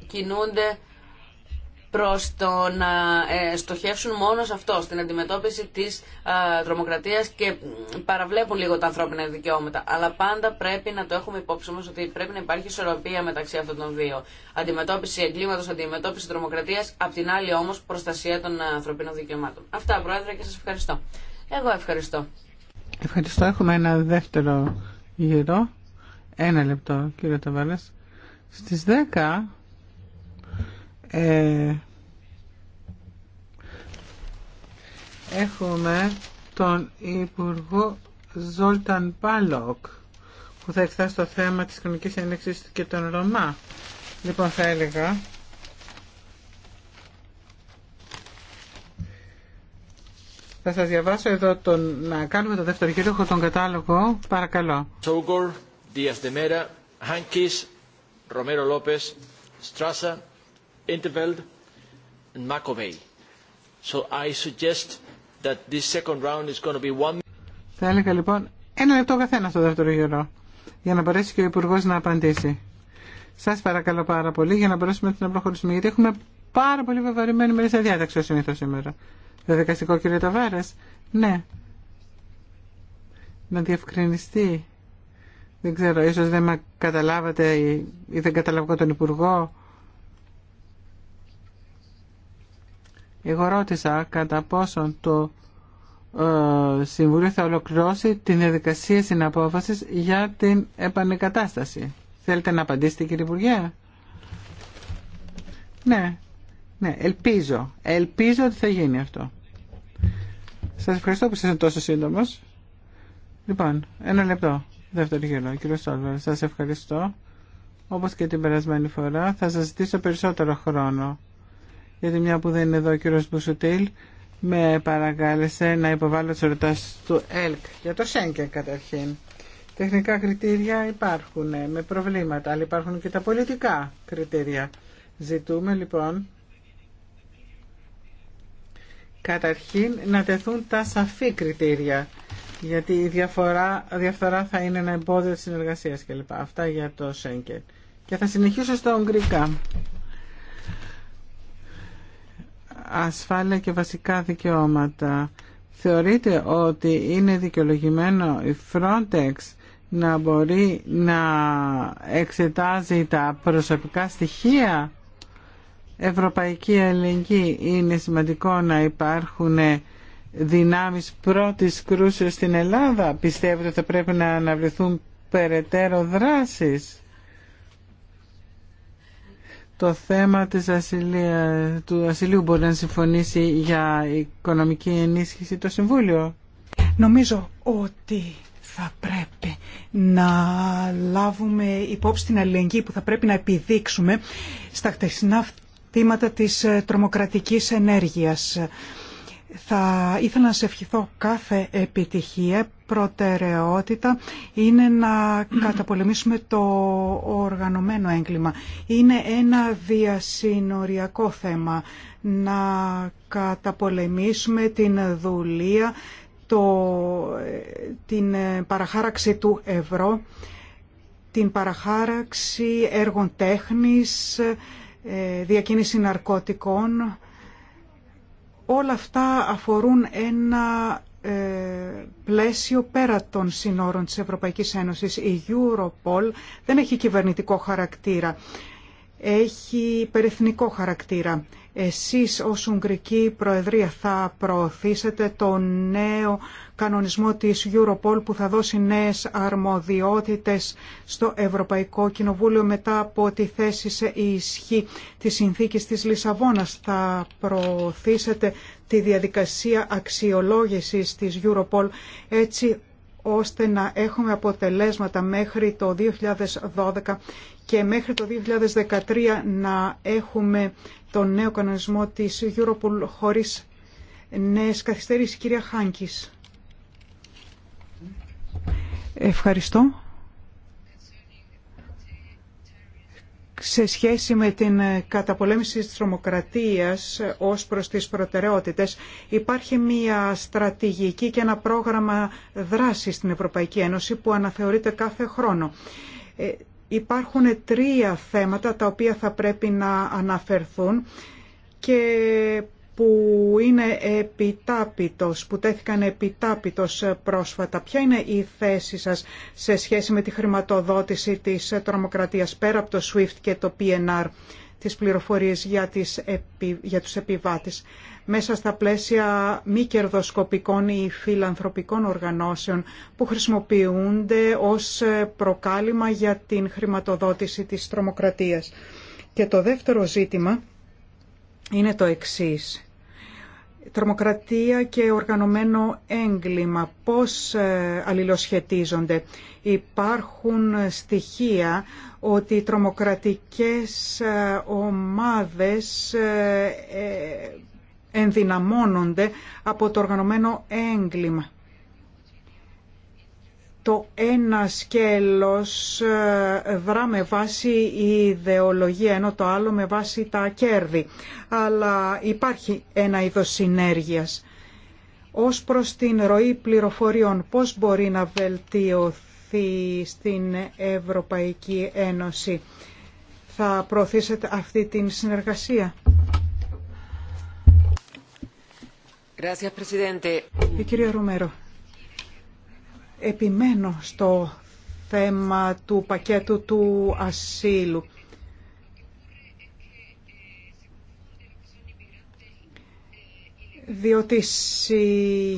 [SPEAKER 4] κινούνται προς το να ε, στοχεύσουν μόνο σε αυτό, στην αντιμετώπιση της τρομοκρατίας και παραβλέπουν λίγο τα ανθρώπινα δικαιώματα. Αλλά πάντα πρέπει να το έχουμε υπόψη μας ότι πρέπει να υπάρχει ισορροπία μεταξύ αυτών των δύο. Αντιμετώπιση εγκλήματος, αντιμετώπιση τρομοκρατίας, απ' την άλλη όμως προστασία των ανθρωπίνων δικαιωμάτων. Αυτά, Πρόεδρε, και σας ευχαριστώ. Εγώ ευχαριστώ.
[SPEAKER 2] Ευχαριστώ. Έχουμε ένα δεύτερο γύρο. Ένα λεπτό, κύριε Ταβάλα. Στι 10 ε, έχουμε τον Υπουργό Ζόλταν Πάλοκ που θα εξετάσει το θέμα της κοινωνικής ένεξης και των Ρωμά. Λοιπόν, θα έλεγα... Θα σας διαβάσω εδώ τον, να κάνουμε το δεύτερο γύρο, έχω τον κατάλογο, παρακαλώ.
[SPEAKER 1] Díaz de Mera, Hankis, Romero Lopez, Strasser, Interveld and McAvey. So I suggest that this second round is going to be one.
[SPEAKER 2] Θα έλεγα λοιπόν ένα λεπτό καθένα στο δεύτερο γύρο για να μπορέσει και ο Υπουργό να απαντήσει. Σας παρακαλώ πάρα πολύ για να μπορέσουμε να προχωρήσουμε γιατί έχουμε πάρα πολύ βεβαρημένη σε διάταξη ως συνήθω σήμερα. Το δικαστικό κύριε Ταβάρε. Ναι. Να διευκρινιστεί δεν ξέρω, ίσως δεν με καταλάβατε ή δεν καταλαβαινω τον Υπουργό. Εγώ ρώτησα κατά πόσον το ε, Συμβούλιο θα ολοκληρώσει την διαδικασία συναπόφασης για την επανεκατάσταση. Θέλετε να απαντήσετε κύριε Υπουργέ. Ναι, ναι, ελπίζω. Ελπίζω ότι θα γίνει αυτό. Σας ευχαριστώ που είστε τόσο σύντομος. Λοιπόν, ένα λεπτό. Δεύτερο γύρο. Κύριε Σόλβερ, σας ευχαριστώ. Όπως και την περασμένη φορά, θα σας ζητήσω περισσότερο χρόνο. Γιατί μια που δεν είναι εδώ ο κύριος Μπουσουτήλ, με παραγκάλεσε να υποβάλω τις ερωτάσεις του ΕΛΚ για το σένκε καταρχήν. Τεχνικά κριτήρια υπάρχουν ε, με προβλήματα, αλλά υπάρχουν και τα πολιτικά κριτήρια. Ζητούμε λοιπόν καταρχήν να τεθούν τα σαφή κριτήρια γιατί η διαφορά, διαφθορά θα είναι ένα εμπόδιο της συνεργασίας κλπ. Αυτά για το Σέγγεν. Και θα συνεχίσω στα Ουγγρικά. Ασφάλεια και βασικά δικαιώματα. Θεωρείτε ότι είναι δικαιολογημένο η Frontex να μπορεί να εξετάζει τα προσωπικά στοιχεία. Ευρωπαϊκή Ελληνική. είναι σημαντικό να υπάρχουν δυνάμεις πρώτης κρούσεως στην Ελλάδα. Πιστεύετε ότι θα πρέπει να αναβληθούν περαιτέρω δράσεις. Το θέμα της ασυλία, του ασυλίου μπορεί να συμφωνήσει για οικονομική
[SPEAKER 3] ενίσχυση το Συμβούλιο. Νομίζω ότι θα πρέπει να λάβουμε υπόψη την αλληλεγγύη που θα πρέπει να επιδείξουμε στα χτεσινά θύματα της τρομοκρατικής ενέργειας. Θα ήθελα να σε ευχηθώ κάθε επιτυχία. Προτεραιότητα είναι να καταπολεμήσουμε το οργανωμένο έγκλημα. Είναι ένα διασυνοριακό θέμα να καταπολεμήσουμε την δουλεία, το, την παραχάραξη του ευρώ, την παραχάραξη έργων τέχνης, ε, διακίνηση ναρκωτικών όλα αυτά αφορούν ένα ε, πλαίσιο πέρα των συνόρων της Ευρωπαϊκής Ένωσης. Η Europol δεν έχει κυβερνητικό χαρακτήρα, έχει υπερεθνικό χαρακτήρα. Εσείς ως Ουγγρική Προεδρία θα προωθήσετε το νέο κανονισμό της Europol που θα δώσει νέες αρμοδιότητες στο Ευρωπαϊκό Κοινοβούλιο μετά από τη θέση σε ισχύ της συνθήκης της Λισαβόνας. Θα προωθήσετε τη διαδικασία αξιολόγησης της Europol έτσι ώστε να έχουμε αποτελέσματα μέχρι το 2012 και μέχρι το 2013 να έχουμε τον νέο κανονισμό της Europol χωρίς νέες καθυστερήσεις. Κυρία Χάνκης. Ευχαριστώ. σε σχέση με την ε, καταπολέμηση της τρομοκρατίας ε, ως προς τις προτεραιότητες υπάρχει μια στρατηγική και ένα πρόγραμμα δράσης στην Ευρωπαϊκή Ένωση που αναθεωρείται κάθε χρόνο. Ε, υπάρχουν τρία θέματα τα οποία θα πρέπει να αναφερθούν και που είναι επιτάπητος, που τέθηκαν επιτάπητος πρόσφατα. Ποια είναι η θέση σας σε σχέση με τη χρηματοδότηση της τρομοκρατίας πέρα από το SWIFT και το PNR, τις πληροφορίες για, τις, για τους επιβάτες. Μέσα στα πλαίσια μη κερδοσκοπικών ή φιλανθρωπικών οργανώσεων που χρησιμοποιούνται ως προκάλημα για την χρηματοδότηση της τρομοκρατίας. Και το δεύτερο ζήτημα είναι το εξής. Τρομοκρατία και οργανωμένο έγκλημα, πώς ε, αλληλοσχετίζονται. Υπάρχουν στοιχεία ότι οι τρομοκρατικές ε, ομάδες ε, ενδυναμώνονται από το οργανωμένο έγκλημα το ένα σκέλος ε, δρά με βάση η ιδεολογία, ενώ το άλλο με βάση τα κέρδη. Αλλά υπάρχει ένα είδος συνέργειας. Ως προς την ροή πληροφοριών, πώς μπορεί να βελτιωθεί στην Ευρωπαϊκή Ένωση. Θα προωθήσετε αυτή την συνεργασία.
[SPEAKER 4] Y
[SPEAKER 3] κυρία Ρουμέρο επιμένω στο θέμα του πακέτου του ασύλου. Διότι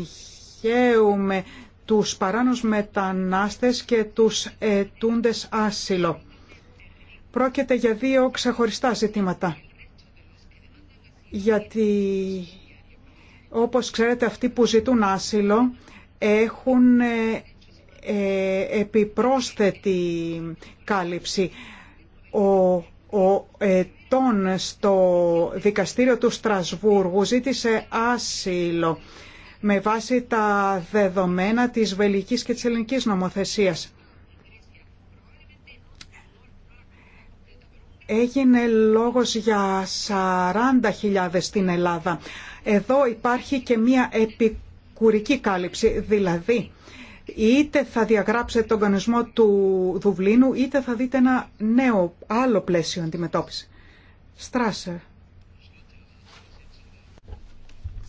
[SPEAKER 3] συγχαίουμε τους παράνους μετανάστες και τους ετούντες άσυλο. Πρόκειται για δύο ξεχωριστά ζητήματα. Γιατί όπως ξέρετε αυτοί που ζητούν άσυλο έχουν ε, ε, επιπρόσθετη κάλυψη. Ο ο ετών στο δικαστήριο του Στρασβούργου ζήτησε άσυλο με βάση τα δεδομένα της βελικής και της ελληνικής νομοθεσίας. Έγινε λόγος για 40.000 στην Ελλάδα. Εδώ υπάρχει και μία επικουρική κάλυψη, δηλαδή είτε θα διαγράψετε τον κανονισμό του Δουβλίνου, είτε θα δείτε ένα νέο, άλλο πλαίσιο αντιμετώπιση. Στράσε.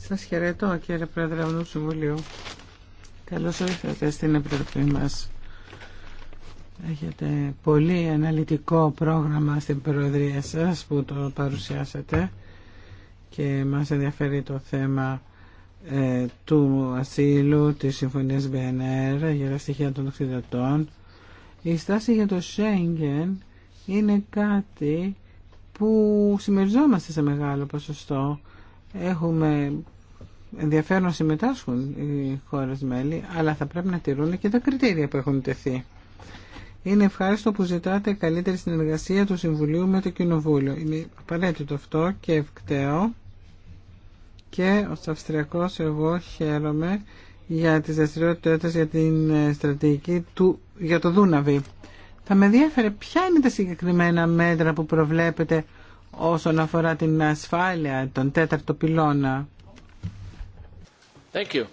[SPEAKER 3] Σας χαιρετώ
[SPEAKER 2] κύριε Πρόεδρε του Συμβουλίου. Καλώς ήρθατε στην Επιτροπή μας. Έχετε πολύ αναλυτικό πρόγραμμα στην Προεδρία σας που το παρουσιάσατε και μας ενδιαφέρει το θέμα ε, του ασύλου, της συμφωνίας BNR για τα στοιχεία των οξυδατών η στάση για το Schengen είναι κάτι που συμμεριζόμαστε σε μεγάλο ποσοστό έχουμε ενδιαφέρον να συμμετάσχουν οι χώρες μέλη αλλά θα πρέπει να τηρούν και τα κριτήρια που έχουν τεθεί είναι ευχάριστο που ζητάτε καλύτερη συνεργασία του Συμβουλίου με το Κοινοβούλιο. Είναι απαραίτητο αυτό και ευκταίο και ως Αυστριακός εγώ χαίρομαι για τις δραστηριότητε για την ε, στρατηγική του, για το Δούναβι. Θα με διέφερε ποια είναι τα συγκεκριμένα μέτρα που προβλέπετε όσον αφορά την ασφάλεια, τον τέταρτο πυλώνα.
[SPEAKER 1] Thank you.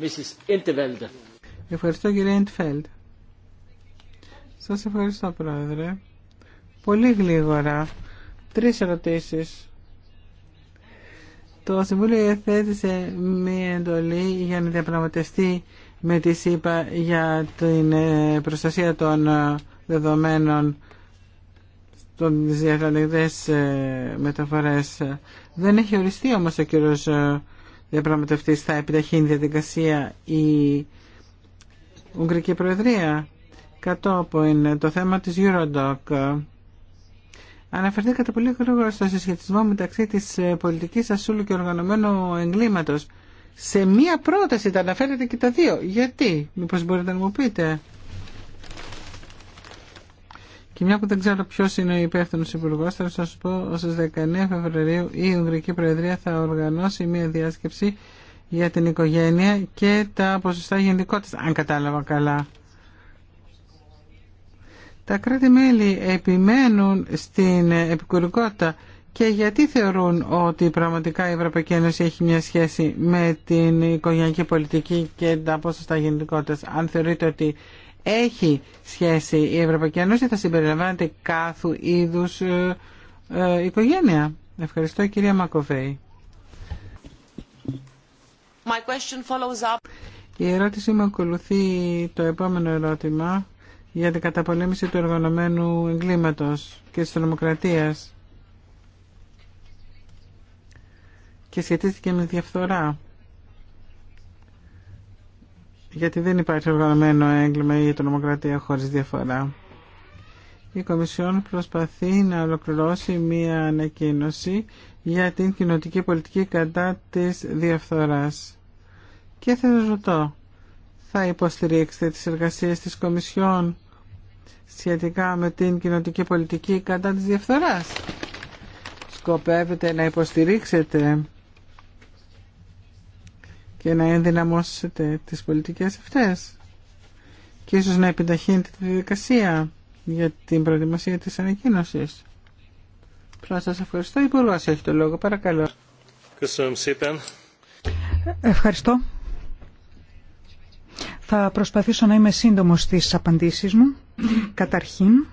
[SPEAKER 1] Mrs.
[SPEAKER 2] Ευχαριστώ κύριε Ιντφέλντ. Σας ευχαριστώ πρόεδρε. Πολύ γλίγορα. Τρεις ερωτήσεις το Συμβούλιο εθέτησε μία εντολή για να διαπραγματευτεί με τη ΣΥΠΑ για την ε, προστασία των ε, δεδομένων των διαταλλαγές ε, μεταφορές. Δεν έχει οριστεί όμως ο κύριος διαπραγματευτής θα επιταχύνει διαδικασία η Ουγγρική Προεδρία κατόπιν το θέμα της Eurodoc Αναφερθήκατε πολύ γρήγορα στο συσχετισμό μεταξύ τη ε, πολιτική ασούλου και οργανωμένου εγκλήματος. Σε μία πρόταση τα αναφέρετε και τα δύο. Γιατί, μήπω μπορείτε να μου πείτε. Και μια που δεν ξέρω ποιο είναι ο υπεύθυνο υπουργό, θα σα πω ότι στι 19 Φεβρουαρίου η Ουγγρική Προεδρία θα οργανώσει μια διάσκεψη για την οικογένεια και τα ποσοστά γενικότητα, αν κατάλαβα καλά. Τα κράτη-μέλη επιμένουν στην επικουρικότητα και γιατί θεωρούν ότι πραγματικά η Ευρωπαϊκή Ένωση έχει μια σχέση με την οικογενειακή πολιτική και τα ποσοστά γενικότητα. Αν θεωρείτε ότι έχει σχέση η Ευρωπαϊκή Ένωση θα συμπεριλαμβάνεται κάθου είδους ε, ε, οικογένεια. Ευχαριστώ κυρία Μακοβέη.
[SPEAKER 4] My question follows up.
[SPEAKER 2] Η ερώτησή μου ακολουθεί το επόμενο ερώτημα για την καταπολέμηση του εργονομένου εγκλήματος και της νομοκρατίας και σχετίστηκε με διαφθορά γιατί δεν υπάρχει οργανωμένο έγκλημα ή τρομοκρατία χωρίς διαφορά. Η Κομισιόν προσπαθεί να ολοκληρώσει μία ανακοίνωση για την κοινοτική πολιτική κατά της διαφθοράς. Και θα ρωτώ, θα υποστηρίξετε τις εργασίες της Κομισιόν σχετικά με την κοινωτική πολιτική κατά της διαφθοράς. Σκοπεύετε να υποστηρίξετε και να ενδυναμώσετε τις πολιτικές αυτές και ίσως να επιταχύνετε τη διαδικασία για την προετοιμασία της ανακοίνωσης.
[SPEAKER 1] Πρώτα
[SPEAKER 3] σας ευχαριστώ. Υπουργός έχει το λόγο. Παρακαλώ. Ευχαριστώ. Θα προσπαθήσω να είμαι σύντομο στις απαντήσεις μου. Καταρχήν,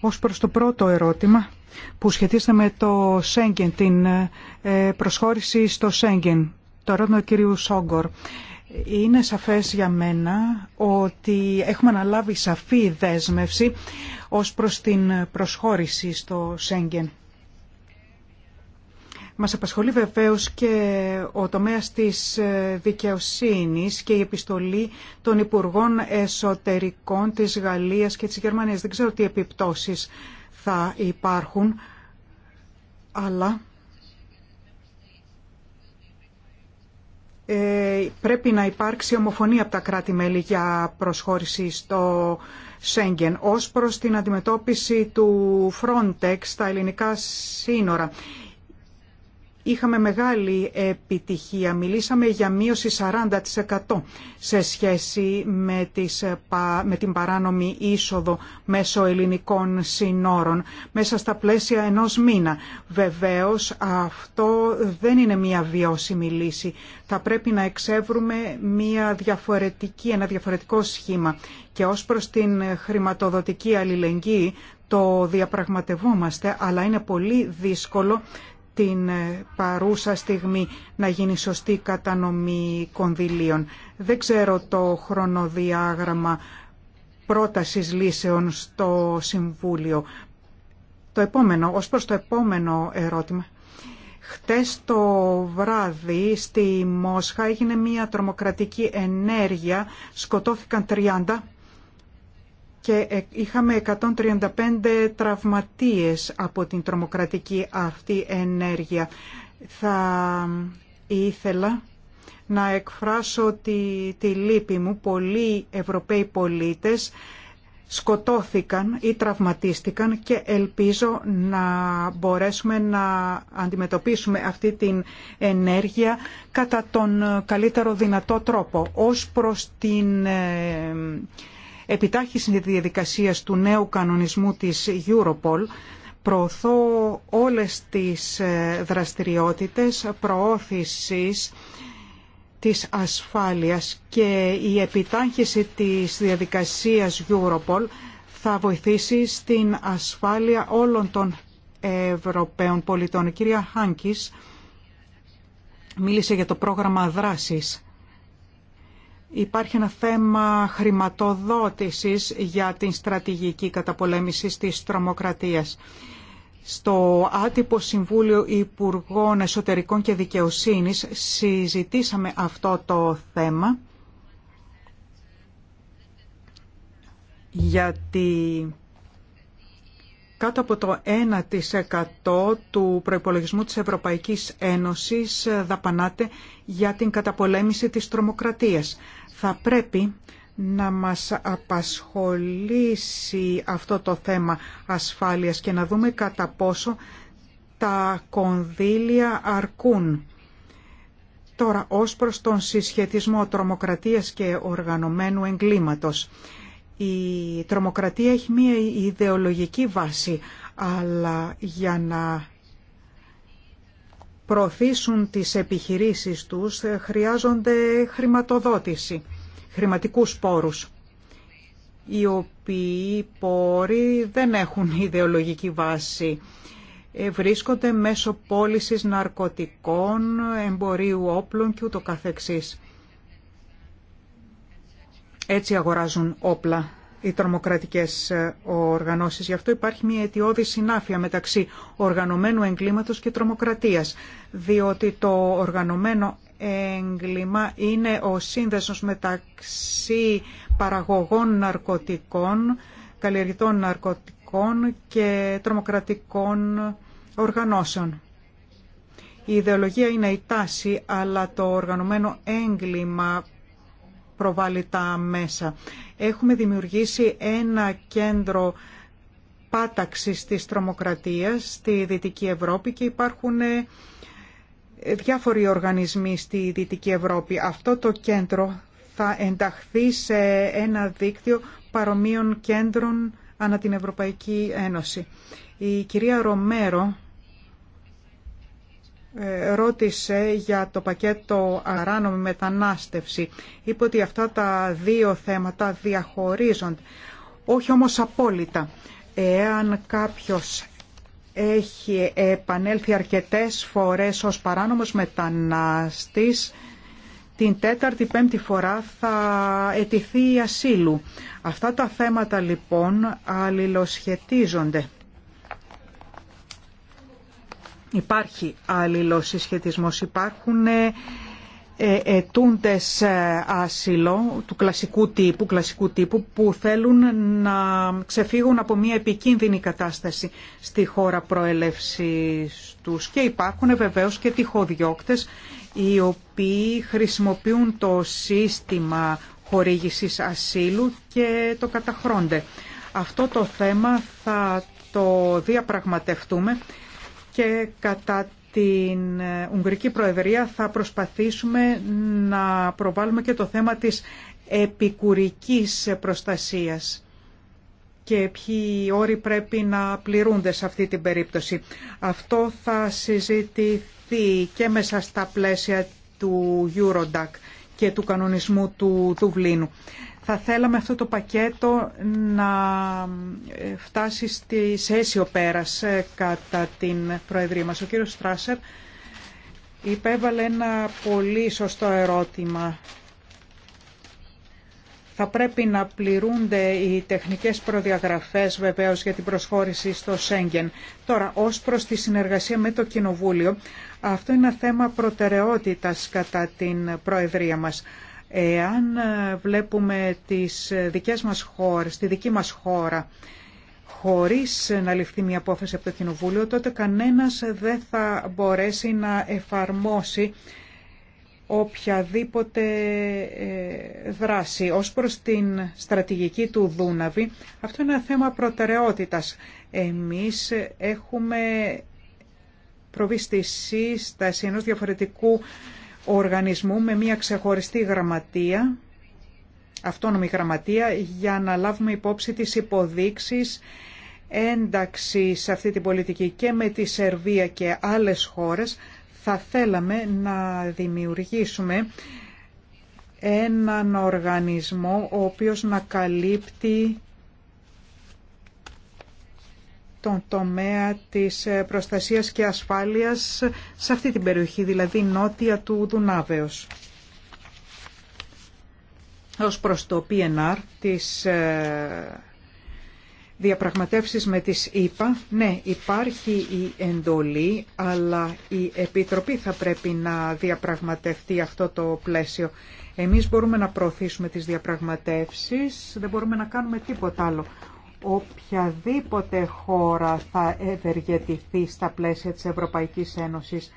[SPEAKER 3] ως προς το πρώτο ερώτημα που σχετίζεται με το Σέγγεν, την ε, προσχώρηση στο Σέγγεν, το ερώτημα του κυρίου Σόγκορ. Είναι σαφές για μένα ότι έχουμε αναλάβει σαφή δέσμευση ως προς την προσχώρηση στο Σέγγεν. Μας απασχολεί βεβαίως και ο τομέας της ε, δικαιοσύνης και η επιστολή των Υπουργών Εσωτερικών της Γαλλίας και της Γερμανίας. Δεν ξέρω τι επιπτώσεις θα υπάρχουν, αλλά ε, πρέπει να υπάρξει ομοφωνία από τα κράτη-μέλη για προσχώρηση στο Σέγγεν ως προς την αντιμετώπιση του Frontex στα ελληνικά σύνορα είχαμε μεγάλη επιτυχία. Μιλήσαμε για μείωση 40% σε σχέση με, τις, με την παράνομη είσοδο μέσω ελληνικών συνόρων μέσα στα πλαίσια ενός μήνα. Βεβαίως αυτό δεν είναι μια βιώσιμη λύση. Θα πρέπει να εξεύρουμε μια διαφορετική, ένα διαφορετικό σχήμα και ως προς την χρηματοδοτική αλληλεγγύη το διαπραγματευόμαστε, αλλά είναι πολύ δύσκολο την ε, παρούσα στιγμή να γίνει σωστή κατανομή κονδυλίων. Δεν ξέρω το χρονοδιάγραμμα πρότασης λύσεων στο Συμβούλιο. Το επόμενο, ως προς το επόμενο ερώτημα. Χτες το βράδυ στη Μόσχα έγινε μια τρομοκρατική ενέργεια, σκοτώθηκαν 30 και ε, είχαμε 135 τραυματίες από την τρομοκρατική αυτή ενέργεια. Θα ήθελα να εκφράσω τη, τη λύπη μου. Πολλοί Ευρωπαίοι πολίτες σκοτώθηκαν ή τραυματίστηκαν και ελπίζω να μπορέσουμε να αντιμετωπίσουμε αυτή την ενέργεια κατά τον καλύτερο δυνατό τρόπο ως προς την ε, Επιτάχυνση της διαδικασίας του νέου κανονισμού της Europol προωθώ όλες τις ε, δραστηριότητες προώθησης της ασφάλειας και η επιτάχυση της διαδικασίας Europol θα βοηθήσει στην ασφάλεια όλων των Ευρωπαίων πολιτών. Η κυρία Χάνκης μίλησε για το πρόγραμμα δράσης Υπάρχει ένα θέμα χρηματοδότησης για την στρατηγική καταπολέμηση της τρομοκρατίας. Στο άτυπο Συμβούλιο Υπουργών Εσωτερικών και Δικαιοσύνης συζητήσαμε αυτό το θέμα γιατί κάτω από το 1% του προϋπολογισμού της Ευρωπαϊκής Ένωσης ε, δαπανάται για την καταπολέμηση της τρομοκρατίας. Θα πρέπει να μας απασχολήσει αυτό το θέμα ασφάλειας και να δούμε κατά πόσο τα κονδύλια αρκούν. Τώρα, ως προς τον συσχετισμό τρομοκρατίας και οργανωμένου εγκλήματος. Η τρομοκρατία έχει μία ιδεολογική βάση, αλλά για να προωθήσουν τις επιχειρήσεις τους ε, χρειάζονται χρηματοδότηση, χρηματικούς πόρους, οι οποίοι πόροι δεν έχουν ιδεολογική βάση. Ε, βρίσκονται μέσω πώληση ναρκωτικών, εμπορίου όπλων και ούτω έτσι αγοράζουν όπλα οι τρομοκρατικές ε, οργανώσεις. Γι' αυτό υπάρχει μια αιτιώδη συνάφεια μεταξύ οργανωμένου εγκλήματος και τρομοκρατίας, διότι το οργανωμένο έγκλημα είναι ο σύνδεσμος μεταξύ παραγωγών ναρκωτικών, καλλιεργητών ναρκωτικών και τρομοκρατικών οργανώσεων. Η ιδεολογία είναι η τάση, αλλά το οργανωμένο έγκλημα προβάλλει τα μέσα. Έχουμε δημιουργήσει ένα κέντρο πάταξης της τρομοκρατίας στη Δυτική Ευρώπη και υπάρχουν ε, διάφοροι οργανισμοί στη Δυτική Ευρώπη. Αυτό το κέντρο θα ενταχθεί σε ένα δίκτυο παρομοίων κέντρων ανά την Ευρωπαϊκή Ένωση. Η κυρία Ρομέρο ε, ρώτησε για το πακέτο αράνομη μετανάστευση. Είπε ότι αυτά τα δύο θέματα διαχωρίζονται. Όχι όμως απόλυτα. Εάν κάποιος έχει επανέλθει αρκετές φορές ως παράνομος μετανάστης, την τέταρτη πέμπτη φορά θα ετηθεί ασύλου. Αυτά τα θέματα λοιπόν αλληλοσχετίζονται. Υπάρχει συσχετισμός. υπάρχουν ε, ε, ετούντες ε, άσυλο του κλασικού τύπου, κλασικού τύπου που θέλουν να ξεφύγουν από μια επικίνδυνη κατάσταση στη χώρα προέλευσης τους και υπάρχουν βεβαίως και τυχοδιώκτες οι οποίοι χρησιμοποιούν το σύστημα χορήγησης ασύλου και το καταχρώνται. Αυτό το θέμα θα το διαπραγματευτούμε και κατά την ε, Ουγγρική Προεδρία θα προσπαθήσουμε να προβάλλουμε και το θέμα της επικουρικής προστασίας και ποιοι όροι πρέπει να πληρούνται σε αυτή την περίπτωση. Αυτό θα συζητηθεί και μέσα στα πλαίσια του Eurodac και του κανονισμού του Δουβλίνου. Θα θέλαμε αυτό το πακέτο να ε, φτάσει στη σέσιο πέρας ε, κατά την Προεδρία μας. Ο κύριος Στράσερ υπέβαλε ένα πολύ σωστό ερώτημα. Θα πρέπει να πληρούνται οι τεχνικές προδιαγραφές βεβαίως για την προσχώρηση στο Σέγγεν. Τώρα, ως προς τη συνεργασία με το Κοινοβούλιο, αυτό είναι ένα θέμα προτεραιότητας κατά την Προεδρία μας. Εάν ε, βλέπουμε τις ε, δικές μας χώρες, τη δική μας χώρα, χωρίς να ληφθεί μια απόφαση από το Κοινοβούλιο, τότε κανένας δεν θα μπορέσει να εφαρμόσει οποιαδήποτε ε, δράση. Ως προς την στρατηγική του Δούναβη, αυτό είναι ένα θέμα προτεραιότητας. Εμείς έχουμε προβεί στη σύσταση ενός διαφορετικού οργανισμού με μια ξεχωριστή γραμματεία, αυτόνομη γραμματεία, για να λάβουμε υπόψη τις υποδείξεις ένταξη σε αυτή την πολιτική και με τη Σερβία και άλλες χώρες, θα θέλαμε να δημιουργήσουμε έναν οργανισμό ο οποίος να καλύπτει τον τομέα της ε, προστασίας και ασφάλειας σε αυτή την περιοχή, δηλαδή νότια του Δουνάβεως. Ως προς το PNR, της ε, διαπραγματεύσεις με τις ΗΠΑ, ναι, υπάρχει η εντολή, αλλά η Επιτροπή θα πρέπει να διαπραγματευτεί αυτό το πλαίσιο. Εμείς μπορούμε να προωθήσουμε τις διαπραγματεύσεις, δεν μπορούμε να κάνουμε τίποτα άλλο οποιαδήποτε χώρα θα ευεργετηθεί στα πλαίσια της Ευρωπαϊκής Ένωσης.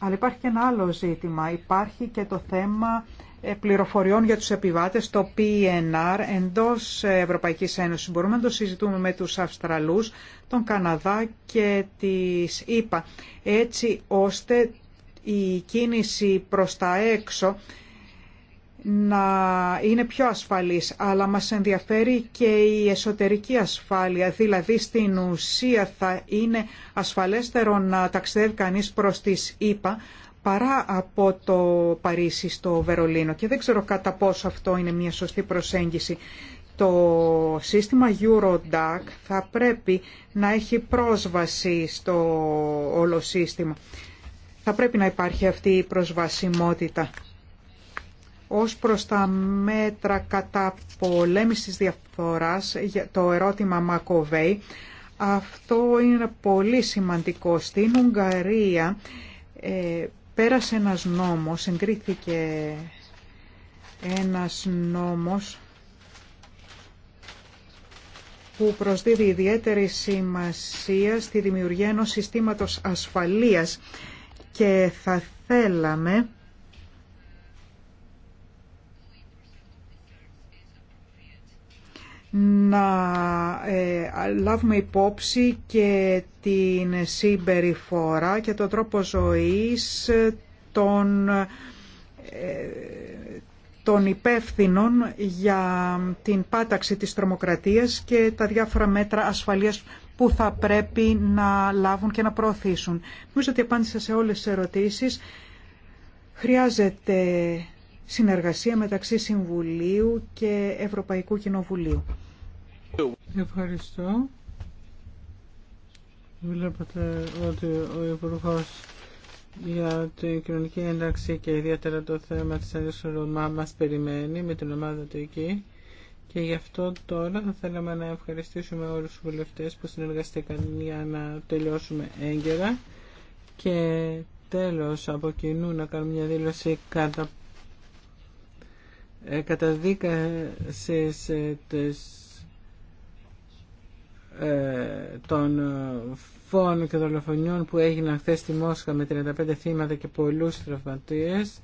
[SPEAKER 3] Αλλά υπάρχει και ένα άλλο ζήτημα. Υπάρχει και το θέμα ε, πληροφοριών για τους επιβάτες, το PNR, εντός Ευρωπαϊκής Ένωσης. Μπορούμε να το συζητούμε με τους Αυστραλούς, τον Καναδά και τις ΗΠΑ, έτσι ώστε η κίνηση προς τα έξω να είναι πιο ασφαλής, αλλά μας ενδιαφέρει και η εσωτερική ασφάλεια, δηλαδή στην ουσία θα είναι ασφαλέστερο να ταξιδεύει κανείς προς τις ΗΠΑ παρά από το Παρίσι στο Βερολίνο και δεν ξέρω κατά πόσο αυτό είναι μια σωστή προσέγγιση. Το σύστημα Eurodac θα πρέπει να έχει πρόσβαση στο όλο σύστημα. Θα πρέπει να υπάρχει αυτή η προσβασιμότητα. Ως προς τα μέτρα κατά πολέμησης διαφθοράς, το ερώτημα Μακοβέη, αυτό είναι πολύ σημαντικό. Στην Ουγγαρία ε, πέρασε ένας νόμος, εγκρίθηκε ένας νόμος που προσδίδει ιδιαίτερη σημασία στη δημιουργία ενός συστήματος ασφαλείας και θα θέλαμε να ε, λάβουμε υπόψη και την συμπεριφορά και τον τρόπο ζωής των, ε, των υπεύθυνων για την πάταξη της τρομοκρατίας και τα διάφορα μέτρα ασφαλείας που θα πρέπει να λάβουν και να προωθήσουν. Νομίζω ότι απάντησα σε όλες τις ερωτήσεις. Χρειάζεται συνεργασία μεταξύ Συμβουλίου και Ευρωπαϊκού Κοινοβουλίου. Ευχαριστώ. Βλέπετε
[SPEAKER 2] ότι ο Υπουργό για την κοινωνική ένταξη και ιδιαίτερα το θέμα της ένδειξης Ρωμά μας περιμένει με την ομάδα του εκεί και γι' αυτό τώρα θα θέλαμε να ευχαριστήσουμε όλους τους βουλευτές που συνεργαστήκαν για να τελειώσουμε έγκαιρα και τέλος από κοινού να κάνουμε μια δήλωση κατά ε, καταδίκασε σε των ε, ε, φόνων και δολοφονιών που έγιναν χθε στη Μόσχα με 35 θύματα και πολλούς τραυματίες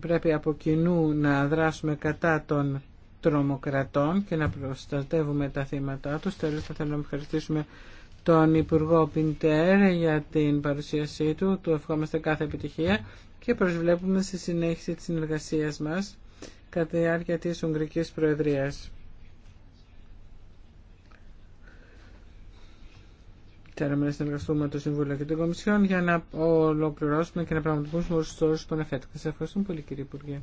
[SPEAKER 2] πρέπει από κοινού να δράσουμε κατά των τρομοκρατών και να προστατεύουμε τα θύματα τους. Τέλος θα θέλω να ευχαριστήσουμε τον Υπουργό Πιντέρ για την παρουσίασή του. Του ευχόμαστε κάθε επιτυχία και προσβλέπουμε στη συνέχιση της συνεργασίας μας κατά τη διάρκεια της Ουγγρικής Προεδρίας. Θέλουμε να συνεργαστούμε με το Συμβούλιο και την Κομισιόν για να ολοκληρώσουμε και να πραγματοποιήσουμε όλου του όρου που αναφέρθηκαν. Σα ευχαριστούμε πολύ, κύριε Υπουργέ.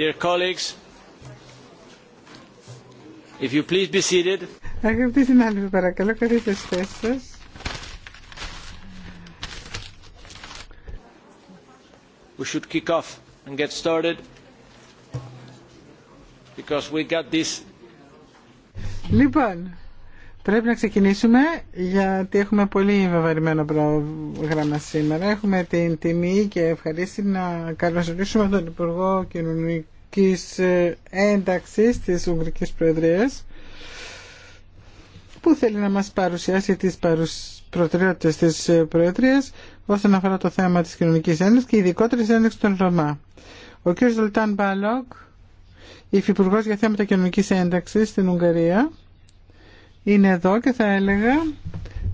[SPEAKER 1] Dear colleagues, if you please be seated.
[SPEAKER 2] Αγαπητοί συνάδελφοι, παρακαλώ, καθίστε στις θέσεις σας.
[SPEAKER 1] We should kick off and get started because we got this.
[SPEAKER 2] Λοιπόν, Πρέπει να ξεκινήσουμε γιατί έχουμε πολύ βαβαρημένο πρόγραμμα σήμερα. Έχουμε την τιμή και ευχαρίστη να καλωσορίσουμε τον Υπουργό κοινωνική ένταξη τη Ουγγρική Προεδρία, που θέλει να μας παρουσιάσει τις προτεραιότητες της Προεδρία όσον αφορά το θέμα της κοινωνικής ένταξης και ειδικότερη ένταξη των Ρωμά. Ο κ. Ζολτάν Μπάλοκ, υφυπουργός για θέματα κοινωνικής ένταξης στην Ουγγαρία, είναι εδώ και θα έλεγα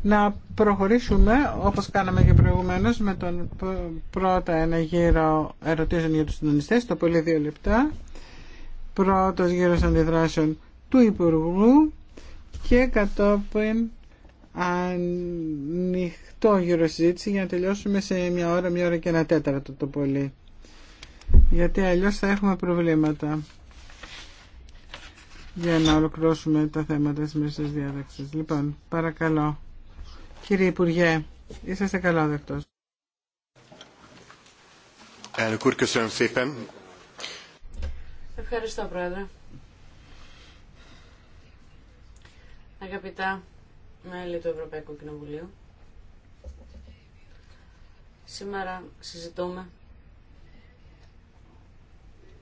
[SPEAKER 2] να προχωρήσουμε όπως κάναμε και προηγουμένως με τον πρώτα ένα γύρο ερωτήσεων για τους συντονιστές, το πολύ δύο λεπτά. Πρώτος γύρος αντιδράσεων του Υπουργού και κατόπιν ανοιχτό γύρο συζήτηση για να τελειώσουμε σε μια ώρα, μια ώρα και ένα τέταρτο το πολύ. Γιατί αλλιώς θα έχουμε προβλήματα για να ολοκληρώσουμε τα θέματα της μέσης διάταξης. Λοιπόν, παρακαλώ. Κύριε Υπουργέ, είσαστε καλόδεκτος.
[SPEAKER 4] Ευχαριστώ, Πρόεδρε. Αγαπητά μέλη του Ευρωπαϊκού Κοινοβουλίου, σήμερα συζητούμε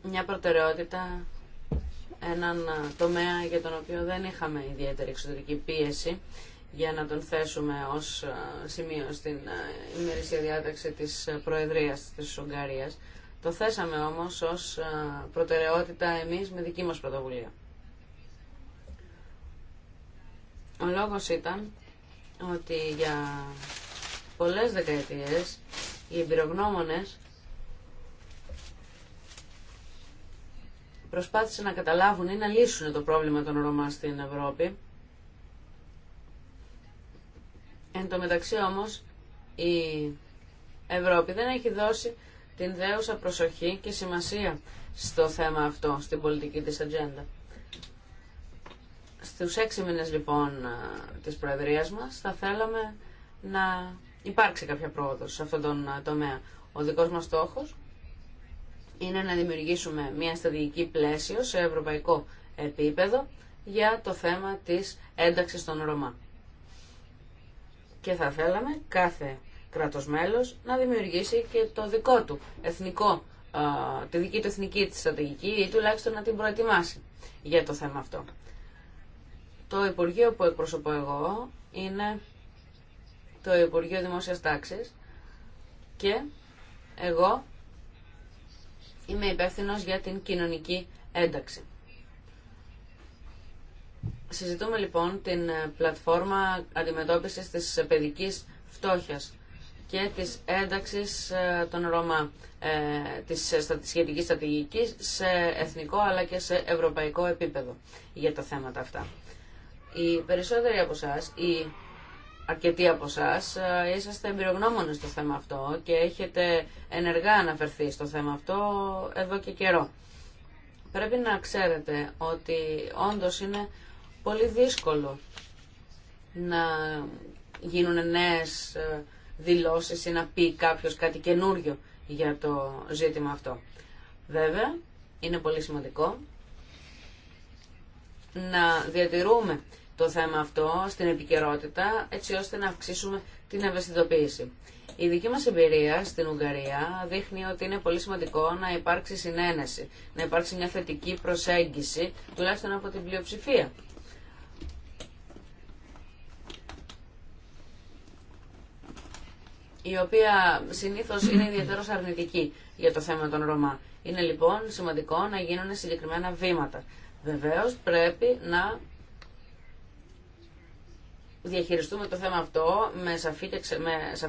[SPEAKER 4] μια προτεραιότητα έναν ε, τομέα για τον οποίο δεν είχαμε ιδιαίτερη εξωτερική πίεση για να τον θέσουμε ως ε, σημείο στην ε, ημερήσια διάταξη της Προεδρίας της Ουγγαρίας. Το θέσαμε όμως ως προτεραιότητα εμείς με δική μας πρωτοβουλία. Ο λόγος ήταν ότι για πολλές δεκαετίες οι εμπειρογνώμονες προσπάθησε να καταλάβουν ή να λύσουν το πρόβλημα των Ρωμά στην Ευρώπη. Εν τω μεταξύ όμως η Ευρώπη δεν έχει δώσει την δέουσα προσοχή και σημασία στο θέμα αυτό, στην πολιτική της ατζέντα. Στους έξι μήνες λοιπόν της Προεδρίας μας θα θέλαμε να υπάρξει κάποια πρόοδος σε αυτόν τον τομέα. Ο δικός μας στόχος είναι να δημιουργήσουμε μια στρατηγική πλαίσιο σε ευρωπαϊκό επίπεδο για το θέμα της ένταξης των Ρωμά. Και θα θέλαμε κάθε κράτος μέλος να δημιουργήσει και το δικό του εθνικό, τη δική του εθνική της στρατηγική ή τουλάχιστον να την προετοιμάσει για το θέμα αυτό. Το Υπουργείο που εκπροσωπώ εγώ είναι το Υπουργείο Δημόσιας Τάξης και εγώ είμαι υπεύθυνο για την κοινωνική ένταξη. Συζητούμε λοιπόν την ε, πλατφόρμα αντιμετώπισης της παιδικής φτώχειας και της ένταξης ε, των Ρωμά, ε, της σχετικής στρατηγικής σε εθνικό αλλά και σε ευρωπαϊκό επίπεδο για τα θέματα αυτά. Οι περισσότεροι από εσά, οι αρκετοί από εσά είσαστε εμπειρογνώμονες στο θέμα αυτό και έχετε ενεργά αναφερθεί στο θέμα αυτό εδώ και καιρό. Πρέπει να ξέρετε ότι όντως είναι πολύ δύσκολο να γίνουν νέες ε, δηλώσεις ή να πει κάποιος κάτι καινούριο για το ζήτημα αυτό. Βέβαια, είναι πολύ σημαντικό να διατηρούμε το θέμα αυτό στην επικαιρότητα έτσι ώστε να αυξήσουμε την ευαισθητοποίηση. Η δική μας εμπειρία στην Ουγγαρία δείχνει ότι είναι πολύ σημαντικό να υπάρξει συνένεση, να υπάρξει μια θετική προσέγγιση, τουλάχιστον από την πλειοψηφία. η οποία συνήθως είναι ιδιαίτερως αρνητική για το θέμα των Ρωμά. Είναι λοιπόν σημαντικό να γίνουν συγκεκριμένα βήματα. Βεβαίως πρέπει να διαχειριστούμε το θέμα αυτό με σαφή, και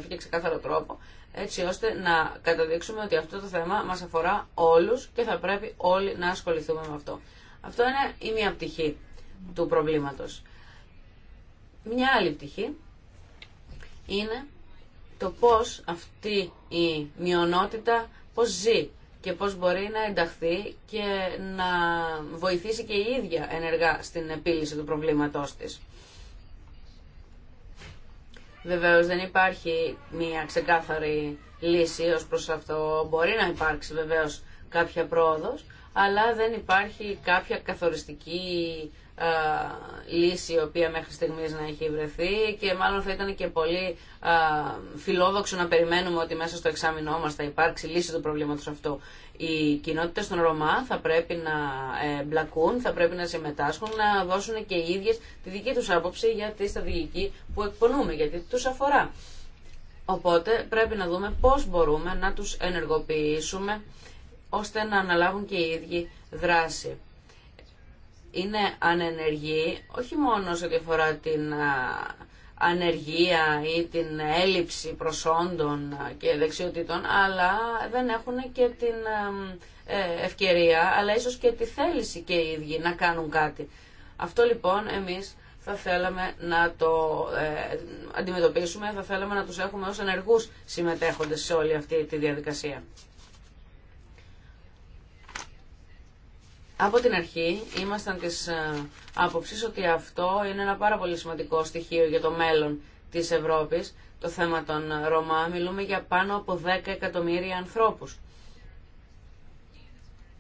[SPEAKER 4] με ξεκάθαρο τρόπο, έτσι ώστε να καταδείξουμε ότι αυτό το θέμα μας αφορά όλους και θα πρέπει όλοι να ασχοληθούμε με αυτό. Αυτό είναι η μία πτυχή του προβλήματος. Μια άλλη πτυχή είναι το πώς αυτή η μειονότητα πώς ζει και πώς μπορεί να ενταχθεί και να βοηθήσει και η ίδια ενεργά στην επίλυση του προβλήματός της. Βεβαίω, δεν υπάρχει μια ξεκάθαρη λύση ως προς αυτό. Μπορεί να υπάρξει βεβαίως κάποια πρόοδο, αλλά δεν υπάρχει κάποια καθοριστική ε, λύση η οποία μέχρι στιγμής να έχει βρεθεί και μάλλον θα ήταν και πολύ ε, φιλόδοξο να περιμένουμε ότι μέσα στο εξάμεινό μας θα υπάρξει λύση του προβλήματος αυτού. Οι κοινότητε των Ρωμά θα πρέπει να ε, μπλακούν, θα πρέπει να συμμετάσχουν, να δώσουν και οι ίδιες τη δική τους άποψη για τη στρατηγική που εκπονούμε, γιατί τους αφορά. Οπότε πρέπει να δούμε πώς μπορούμε να τους ενεργοποιήσουμε ώστε να αναλάβουν και οι ίδιοι δράση είναι ανενεργοί, όχι μόνο σε ό,τι αφορά την ανεργία ή την έλλειψη προσόντων και δεξιοτήτων, αλλά δεν έχουν και την ε, ευκαιρία, αλλά ίσως και τη θέληση και οι ίδιοι να κάνουν κάτι. Αυτό λοιπόν εμείς θα θέλαμε να το ε, αντιμετωπίσουμε, θα θέλαμε να τους έχουμε ως ενεργούς συμμετέχοντες σε όλη αυτή τη διαδικασία. από την αρχή ήμασταν της ε, άποψης ότι αυτό είναι ένα πάρα πολύ σημαντικό στοιχείο για το μέλλον της Ευρώπης, το θέμα των ε, Ρωμά. Μιλούμε για πάνω από 10 εκατομμύρια ανθρώπους.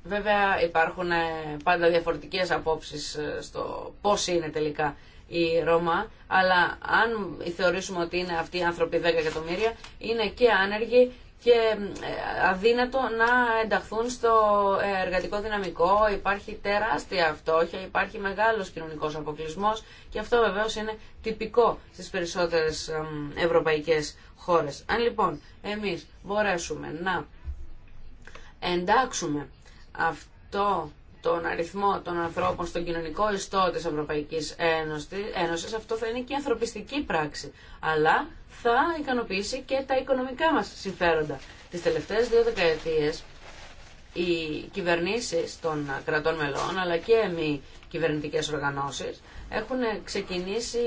[SPEAKER 4] Βέβαια υπάρχουν ε, πάντα διαφορετικές απόψεις στο πώς είναι τελικά η Ρώμα, αλλά αν θεωρήσουμε ότι είναι αυτοί οι άνθρωποι 10 εκατομμύρια, είναι και άνεργοι και ε, αδύνατο να ενταχθούν στο ε, εργατικό δυναμικό. Υπάρχει τεράστια φτώχεια, υπάρχει μεγάλος κοινωνικός αποκλεισμός και αυτό βεβαίως είναι τυπικό στις περισσότερες ευρωπαϊκές χώρες. Αν λοιπόν εμείς μπορέσουμε να εντάξουμε αυτό τον αριθμό των ανθρώπων στον κοινωνικό ιστό της Ευρωπαϊκής Ένωσης, αυτό θα είναι και ανθρωπιστική πράξη. Αλλά θα ικανοποιήσει και τα οικονομικά μας συμφέροντα. Τις τελευταίες δύο δεκαετίες οι κυβερνήσεις των κρατών μελών αλλά και οι κυβερνητικές οργανώσεις έχουν ξεκινήσει,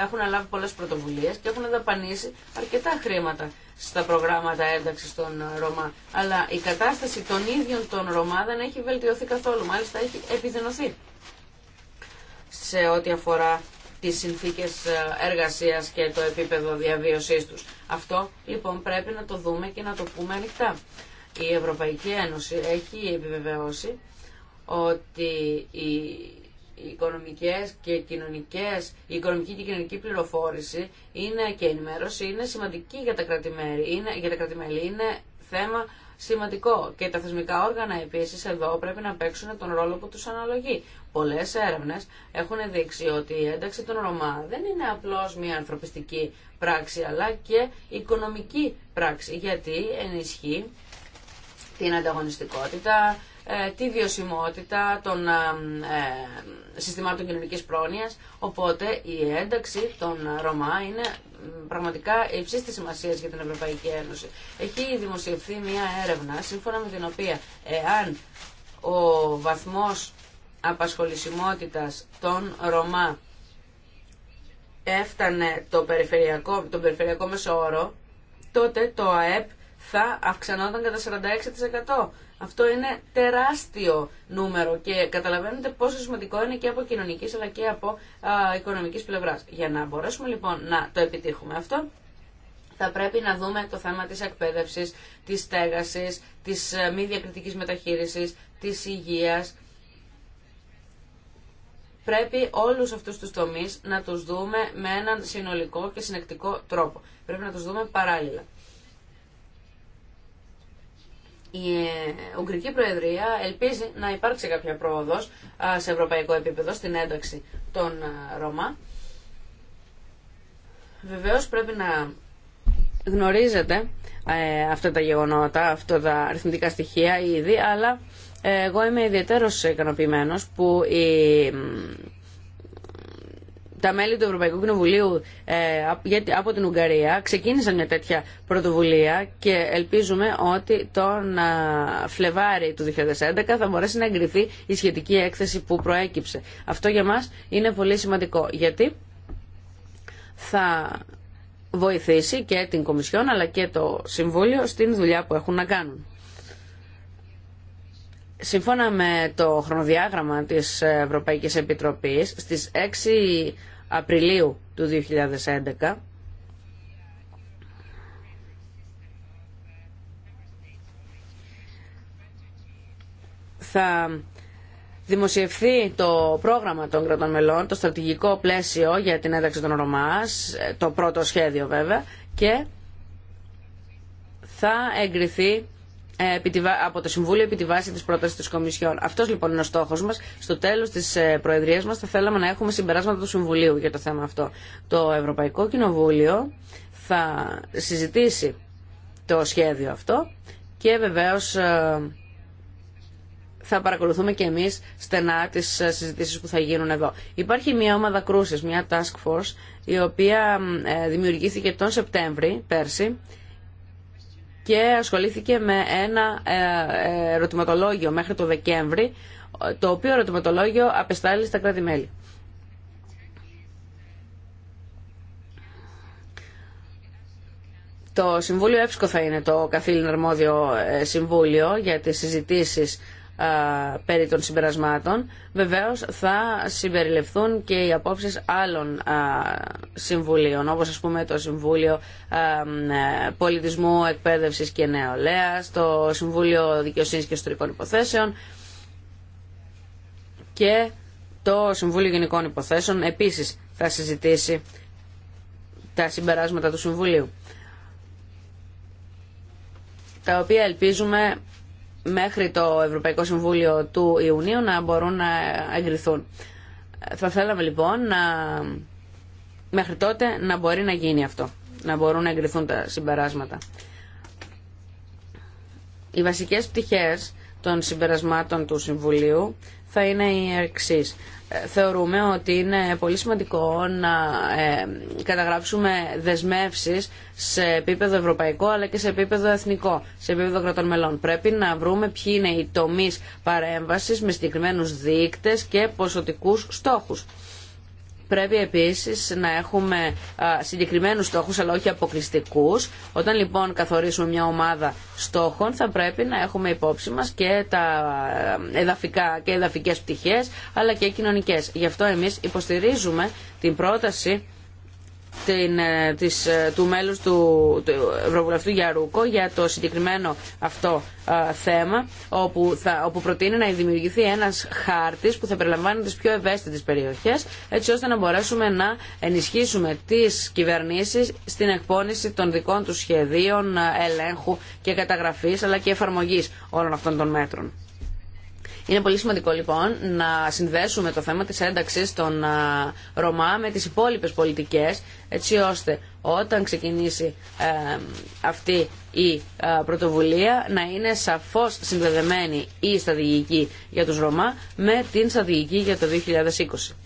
[SPEAKER 4] ε, έχουν λάβει πολλές πρωτοβουλίες και έχουν δαπανίσει αρκετά χρήματα στα προγράμματα ένταξης των Ρωμά. Αλλά η κατάσταση των ίδιων των Ρωμά δεν έχει βελτιωθεί καθόλου, μάλιστα έχει επιδεινωθεί σε ό,τι αφορά τις συνθήκες ε, εργασίας και το επίπεδο διαβίωσής τους. Αυτό λοιπόν πρέπει να το δούμε και να το πούμε ανοιχτά. Η Ευρωπαϊκή Ένωση έχει επιβεβαιώσει ότι οι οικονομικές και κοινωνικές, η οικονομική και κοινωνική πληροφόρηση είναι και ενημέρωση είναι σημαντική για τα κρατημέλη. Είναι, για τα είναι θέμα σημαντικό και τα θεσμικά όργανα επίσης εδώ πρέπει να παίξουν τον ρόλο που του αναλογεί. Πολλέ έρευνες έχουν δείξει ότι η ένταξη των Ρωμά δεν είναι απλώς μια ανθρωπιστική πράξη αλλά και οικονομική πράξη γιατί ενισχύει την ανταγωνιστικότητα, ε, τη βιωσιμότητα των ε, ε, συστημάτων κοινωνική πρόνοια. Οπότε η ένταξη των Ρωμά είναι πραγματικά υψίστη σημασία για την Ευρωπαϊκή Ένωση. Έχει δημοσιευθεί μια έρευνα σύμφωνα με την οποία εάν ο βαθμός απασχολησιμότητας των Ρωμά έφτανε το περιφερειακό, τον περιφερειακό μεσόωρο, τότε το ΑΕΠ θα αυξανόταν κατά 46%. Αυτό είναι τεράστιο νούμερο και καταλαβαίνετε πόσο σημαντικό είναι και από κοινωνικής αλλά και από α, οικονομικής πλευράς. Για να μπορέσουμε λοιπόν να το επιτύχουμε αυτό, θα πρέπει να δούμε το θέμα της εκπαίδευσης, της στέγασης, της ε, μη διακριτικής μεταχείρισης, της υγείας. Πρέπει όλους αυτούς τους τομείς να τους δούμε με έναν συνολικό και συνεκτικό τρόπο. Πρέπει να τους δούμε παράλληλα η ε, Ουγγρική Προεδρία ελπίζει να υπάρξει κάποια πρόοδος σε ευρωπαϊκό επίπεδο στην ένταξη των Ρωμά. Βεβαίω πρέπει να γνωρίζετε ε, αυτά τα γεγονότα, αυτά τα αριθμητικά στοιχεία ήδη, αλλά ε, εγώ είμαι ιδιαίτερος ικανοποιημένος που η τα μέλη του Ευρωπαϊκού Κοινοβουλίου ε, από την Ουγγαρία ξεκίνησαν μια τέτοια πρωτοβουλία και ελπίζουμε ότι τον Φλεβάρι του 2011 θα μπορέσει να εγκριθεί η σχετική έκθεση που προέκυψε. Αυτό για μας είναι πολύ σημαντικό γιατί θα βοηθήσει και την Κομισιόν αλλά και το Συμβούλιο στην δουλειά που έχουν να κάνουν. Σύμφωνα με το χρονοδιάγραμμα της Ευρωπαϊκής Επιτροπής, στις 6 Απριλίου του 2011 θα δημοσιευθεί το πρόγραμμα των κρατών μελών, το στρατηγικό πλαίσιο για την ένταξη των ρωμάς, το πρώτο σχέδιο βέβαια, και θα εγκριθεί ε, από το Συμβούλιο επί τη βάση της πρότασης της Κομισιόν. Αυτός λοιπόν είναι ο στόχος μας. Στο τέλος της ε, Προεδρίας μας θα θέλαμε να έχουμε συμπεράσματα του Συμβουλίου για το θέμα αυτό. Το Ευρωπαϊκό Κοινοβούλιο θα συζητήσει το σχέδιο αυτό και βεβαίως ε, θα παρακολουθούμε και εμείς στενά τις συζητήσεις που θα γίνουν εδώ. Υπάρχει μια ομάδα κρούσης, μια task force, η οποία δημιουργήθηκε τον Σεπτέμβρη πέρσι και ασχολήθηκε με ένα ε, ε, ερωτηματολόγιο μέχρι το Δεκέμβρη, το οποίο ερωτηματολόγιο απεστάλλει στα κράτη-μέλη. Το Συμβούλιο ΕΠΣΚΟ θα είναι το καθήλυν αρμόδιο ε, συμβούλιο για τις συζητήσεις περί των συμπερασμάτων. Βεβαίως θα συμπεριληφθούν και οι απόψεις άλλων συμβουλίων, όπως ας πούμε το Συμβούλιο ε, Πολιτισμού, Εκπαίδευσης και νεολαία, το Συμβούλιο Δικαιοσύνης και Ιστορικών Υποθέσεων και το Συμβούλιο Γενικών Υποθέσεων επίσης θα συζητήσει τα συμπεράσματα του Συμβουλίου τα οποία ελπίζουμε μέχρι το Ευρωπαϊκό Συμβούλιο του Ιουνίου να μπορούν να εγκριθούν. Θα θέλαμε λοιπόν να, μέχρι τότε να μπορεί να γίνει αυτό, να μπορούν να εγκριθούν τα συμπεράσματα. Οι βασικές πτυχές των συμπερασμάτων του Συμβουλίου θα είναι οι εξή θεωρούμε ότι είναι πολύ σημαντικό να ε, καταγράψουμε δεσμεύσεις σε επίπεδο ευρωπαϊκό αλλά και σε επίπεδο εθνικό, σε επίπεδο κρατών μελών. Πρέπει να βρούμε ποιοι είναι οι τομείς παρέμβασης με συγκεκριμένους δείκτες και ποσοτικούς στόχους. Πρέπει επίσης να έχουμε συγκεκριμένους στόχους αλλά όχι αποκλειστικού. Όταν λοιπόν καθορίσουμε μια ομάδα στόχων θα πρέπει να έχουμε υπόψη μας και τα ε, εδαφικά και εδαφικές πτυχές αλλά και κοινωνικές. Γι' αυτό εμείς υποστηρίζουμε την πρόταση την, ε, ε, του μέλους του, του Ευρωβουλευτού Γιαρούκο για το συγκεκριμένο αυτό ε, θέμα όπου, θα, όπου προτείνει να δημιουργηθεί ένας χάρτης που θα περιλαμβάνει τις πιο ευαίσθητες περιοχές έτσι ώστε να μπορέσουμε να ενισχύσουμε τις κυβερνήσεις στην εκπόνηση των δικών τους σχεδίων ελέγχου και καταγραφής αλλά και εφαρμογής όλων αυτών των μέτρων. Είναι πολύ σημαντικό λοιπόν να συνδέσουμε το θέμα της ένταξης των Ρωμά με τις υπόλοιπες πολιτικές έτσι ώστε όταν ξεκινήσει αυτή η πρωτοβουλία να είναι σαφώς συνδεδεμένη η στρατηγική για τους Ρωμά με την στρατηγική για το 2020.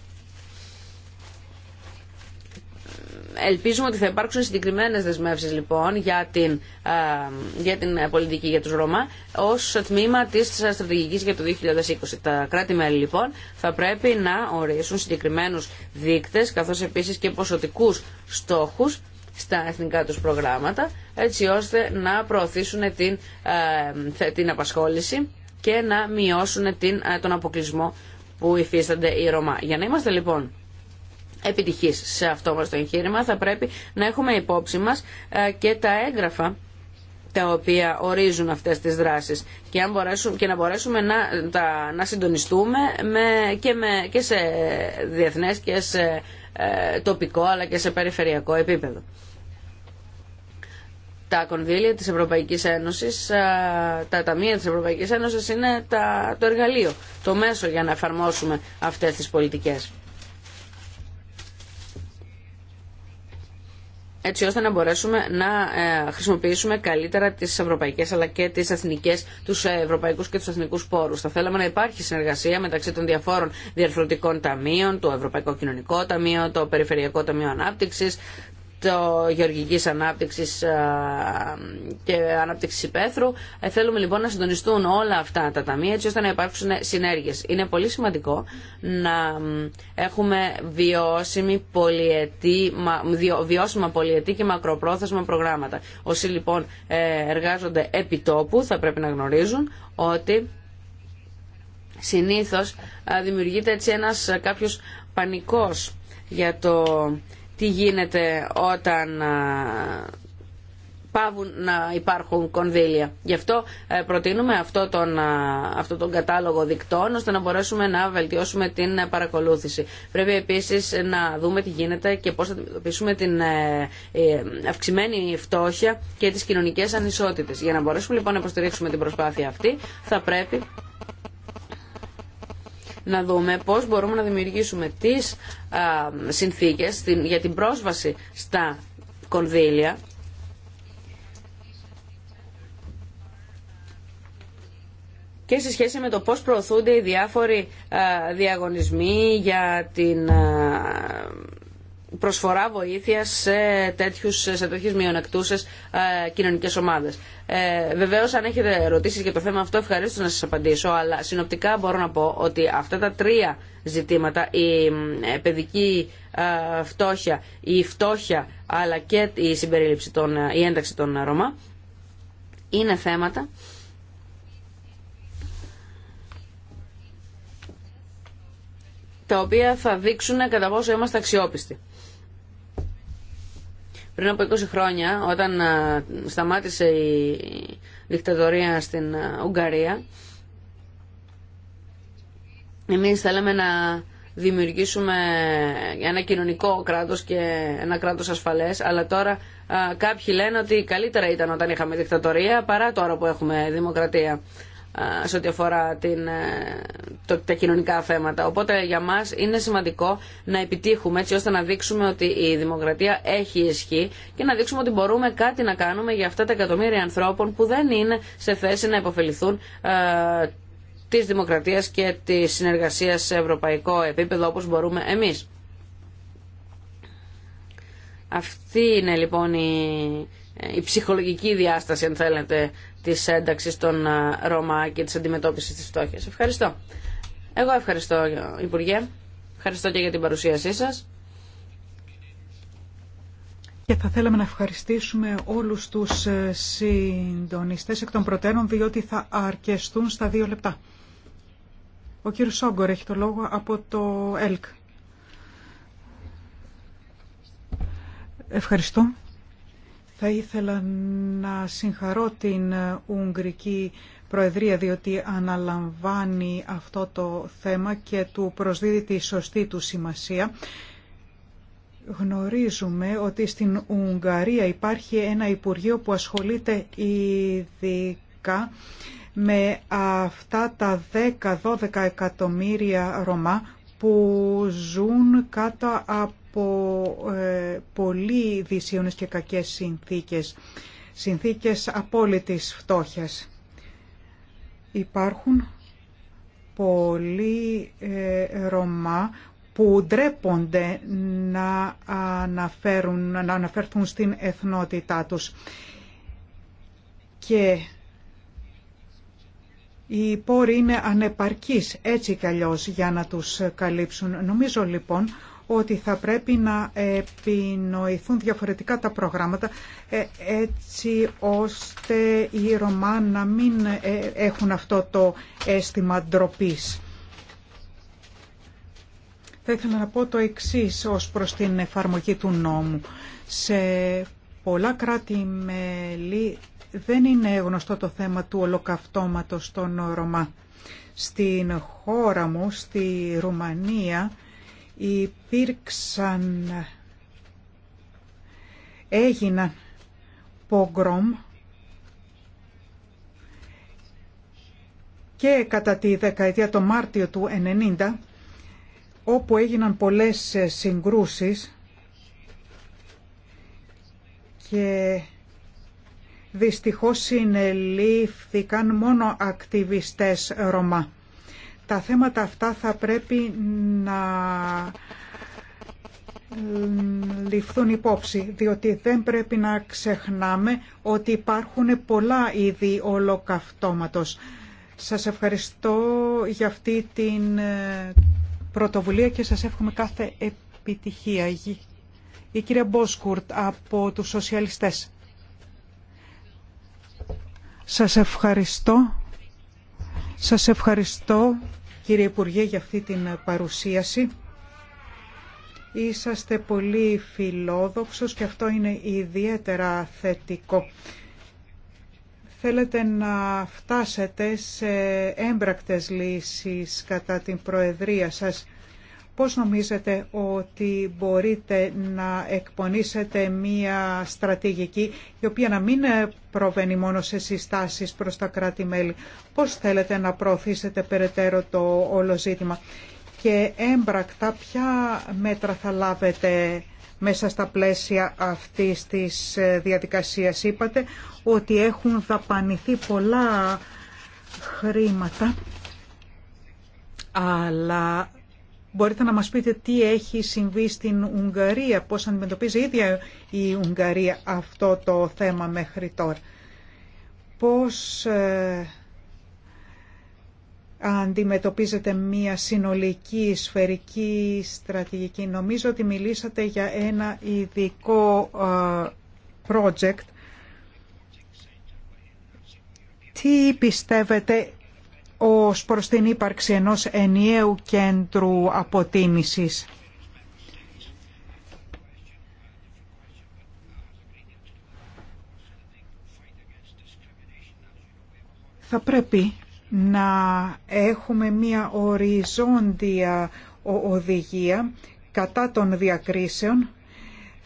[SPEAKER 4] ελπίζουμε ότι θα υπάρξουν συγκεκριμένε δεσμεύσει λοιπόν για την, ε, για την ε, πολιτική για του Ρώμα ω τμήμα τη στρατηγική για το 2020. Τα κράτη-μέλη λοιπόν θα πρέπει να ορίσουν συγκεκριμένου δείκτες καθώ επίση και ποσοτικούς στόχου στα εθνικά τους προγράμματα έτσι ώστε να προωθήσουν την, ε, την απασχόληση και να μειώσουν την, τον αποκλεισμό που υφίστανται οι Ρωμά. Για να είμαστε λοιπόν επιτυχή σε αυτό μας το εγχείρημα θα πρέπει να έχουμε υπόψη μας ε, και τα έγγραφα τα οποία ορίζουν αυτές τις δράσεις και, και να μπορέσουμε να, τα, να συντονιστούμε με, και, με, και σε διεθνές και σε ε, τοπικό αλλά και σε περιφερειακό επίπεδο. Τα κονδύλια της Ευρωπαϊκής Ένωσης, ε, τα ταμεία της Ευρωπαϊκής Ένωσης είναι το εργαλείο, το μέσο για να εφαρμόσουμε αυτές τις πολιτικές. έτσι ώστε να μπορέσουμε να ε, χρησιμοποιήσουμε καλύτερα τις ευρωπαϊκές αλλά και τις εθνικές, τους ε, ευρωπαϊκούς και τους εθνικούς πόρους. Θα θέλαμε να υπάρχει συνεργασία μεταξύ των διαφόρων διαρθρωτικών ταμείων, το Ευρωπαϊκό Κοινωνικό Ταμείο, το Περιφερειακό Ταμείο Ανάπτυξης, το γεωργικής ανάπτυξης και ανάπτυξη υπαίθρου. Ε, θέλουμε λοιπόν να συντονιστούν όλα αυτά τα ταμεία έτσι ώστε να υπάρξουν συνέργειες. Είναι πολύ σημαντικό να έχουμε βιώσιμη πολυετή, βιώσιμα πολυετή και μακροπρόθεσμα προγράμματα. Όσοι λοιπόν ε, εργάζονται επί τόπου θα πρέπει να γνωρίζουν ότι συνήθως δημιουργείται έτσι ένας κάποιος πανικός για το τι γίνεται όταν πάβουν να υπάρχουν κονδύλια. Γι' αυτό ε, προτείνουμε αυτό τον, αυτό τον κατάλογο δικτών ώστε να μπορέσουμε να βελτιώσουμε την ε, παρακολούθηση. Πρέπει επίσης να δούμε τι γίνεται και πώς θα αντιμετωπίσουμε την ε, αυξημένη φτώχεια και τις κοινωνικές ανισότητες. Για να μπορέσουμε λοιπόν να υποστηρίξουμε την προσπάθεια αυτή θα πρέπει να δούμε πώς μπορούμε να δημιουργήσουμε τις συνθήκες για την πρόσβαση στα κονδύλια και σε σχέση με το πώς προωθούνται οι διάφοροι διαγωνισμοί για την προσφορά βοήθεια σε, τέτοιους, σε τέτοιες μειονεκτούσες ε, κοινωνικές ομάδες. Ε, βεβαίως αν έχετε ερωτήσεις για το θέμα αυτό ευχαρίστω να σας απαντήσω αλλά συνοπτικά μπορώ να πω ότι αυτά τα τρία ζητήματα η ε, παιδική ε, φτώχεια, η φτώχεια αλλά και η, συμπερίληψη των, ε, η ένταξη των Ρωμά είναι θέματα τα οποία θα δείξουν κατά πόσο είμαστε αξιόπιστοι. Πριν από 20 χρόνια, όταν σταμάτησε η δικτατορία στην Ουγγαρία, εμείς θέλαμε να δημιουργήσουμε ένα κοινωνικό κράτος και ένα κράτος ασφαλές, αλλά τώρα κάποιοι λένε ότι καλύτερα ήταν όταν είχαμε δικτατορία παρά τώρα που έχουμε δημοκρατία σε ό,τι αφορά την, ε, τα κοινωνικά θέματα. Οπότε για μας είναι σημαντικό να επιτύχουμε έτσι ώστε να δείξουμε ότι η δημοκρατία έχει ισχύ και να δείξουμε ότι μπορούμε κάτι να κάνουμε για αυτά τα εκατομμύρια ανθρώπων που δεν είναι σε θέση να υποφεληθούν ε, της δημοκρατίας και της συνεργασίας σε ευρωπαϊκό επίπεδο όπως μπορούμε εμείς. Αυτή είναι λοιπόν η ε, η ψυχολογική διάσταση, αν θέλετε, τη ένταξη των ε, Ρώμα και τη αντιμετώπισης της φτώχειας. Ευχαριστώ. Εγώ ευχαριστώ, Υπουργέ. Ευχαριστώ και για την παρουσίασή σας.
[SPEAKER 3] Και θα θέλαμε να ευχαριστήσουμε όλους τους ε, συντονιστές εκ των προτέρων, διότι θα αρκεστούν στα δύο λεπτά. Ο κύριος Σόγκορ έχει το λόγο από το ΕΛΚ. Ευχαριστώ. Θα ήθελα να συγχαρώ την ε, Ουγγρική Προεδρία διότι αναλαμβάνει αυτό το θέμα και του προσδίδει τη σωστή του σημασία. Γνωρίζουμε ότι στην Ουγγαρία υπάρχει ένα Υπουργείο που ασχολείται ειδικά με αυτά τα 10-12 εκατομμύρια Ρωμά που ζουν κάτω από ε, πολύ και κακές συνθήκες, συνθήκες απόλυτης φτώχειας. Υπάρχουν πολλοί ε, Ρωμά που ντρέπονται να, αναφέρουν, να αναφέρθουν στην εθνότητά τους. Και οι πόροι είναι ανεπαρκείς έτσι κι αλλιώς για να τους καλύψουν. Νομίζω λοιπόν ότι θα πρέπει να επινοηθούν διαφορετικά τα προγράμματα ε, έτσι ώστε οι Ρωμά να μην ε, έχουν αυτό το αίσθημα ντροπή. Θα ήθελα να πω το εξής ως προς την εφαρμογή του νόμου. Σε πολλά κράτη-μέλη δεν είναι γνωστό το θέμα του ολοκαυτώματος των Ρωμά. Στην χώρα μου, στη Ρουμανία, υπήρξαν, έγιναν πόγκρομ και κατά τη δεκαετία το Μάρτιο του 1990 όπου έγιναν πολλές συγκρούσεις και δυστυχώς συνελήφθηκαν μόνο ακτιβιστές Ρωμά. Τα θέματα αυτά θα πρέπει να ληφθούν υπόψη, διότι δεν πρέπει να ξεχνάμε ότι υπάρχουν πολλά είδη ολοκαυτώματος. Σας ευχαριστώ για αυτή την ε, πρωτοβουλία και σας εύχομαι κάθε επιτυχία. Η κυρία Μπόσκουρτ από τους Σοσιαλιστές. Σας ευχαριστώ. Σας ευχαριστώ κύριε Υπουργέ για αυτή την παρουσίαση. Είσαστε πολύ φιλόδοξος και αυτό είναι ιδιαίτερα θετικό. Θέλετε να φτάσετε σε έμπρακτες λύσεις κατά την Προεδρία σας Πώς νομίζετε ότι μπορείτε να εκπονήσετε μία στρατηγική η οποία να μην προβαίνει μόνο σε συστάσεις προς τα κράτη-μέλη. Πώς θέλετε να προωθήσετε περαιτέρω το όλο ζήτημα και έμπρακτα ποια μέτρα θα λάβετε μέσα στα πλαίσια αυτής της διαδικασίας. Είπατε ότι έχουν δαπανηθεί πολλά χρήματα αλλά Μπορείτε να μας πείτε τι έχει συμβεί στην Ουγγαρία, πώς αντιμετωπίζει η ίδια η Ουγγαρία αυτό το θέμα μέχρι τώρα. Πώς ε, αντιμετωπίζετε μια συνολική σφαιρική στρατηγική. Νομίζω ότι μιλήσατε για ένα ειδικό ε, project. Τι πιστεύετε ως προς την ύπαρξη ενός ενιαίου κέντρου αποτίμησης. Θα πρέπει να έχουμε μία οριζόντια οδηγία κατά των διακρίσεων.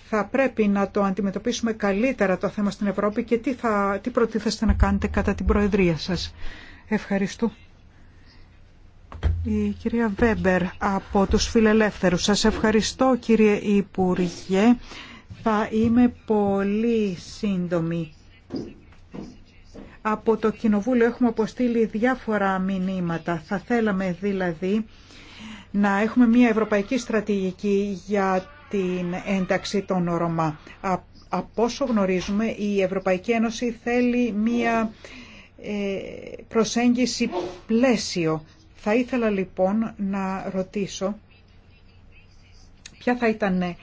[SPEAKER 3] Θα πρέπει να το αντιμετωπίσουμε καλύτερα το θέμα στην Ευρώπη και τι, θα, τι προτίθεστε να κάνετε κατά την Προεδρία σας. Ευχαριστώ. Η κυρία Βέμπερ από τους Φιλελεύθερους. Σας ευχαριστώ κύριε Υπουργέ. Θα είμαι πολύ σύντομη. Από το Κοινοβούλιο έχουμε αποστείλει διάφορα μηνύματα. Θα θέλαμε δηλαδή να έχουμε μια ευρωπαϊκή στρατηγική για την ένταξη των Ρωμά. Από όσο γνωρίζουμε η Ευρωπαϊκή Ένωση θέλει μια ε, προσέγγιση πλαίσιο. Θα ήθελα λοιπόν να ρωτήσω ποια θα ήταν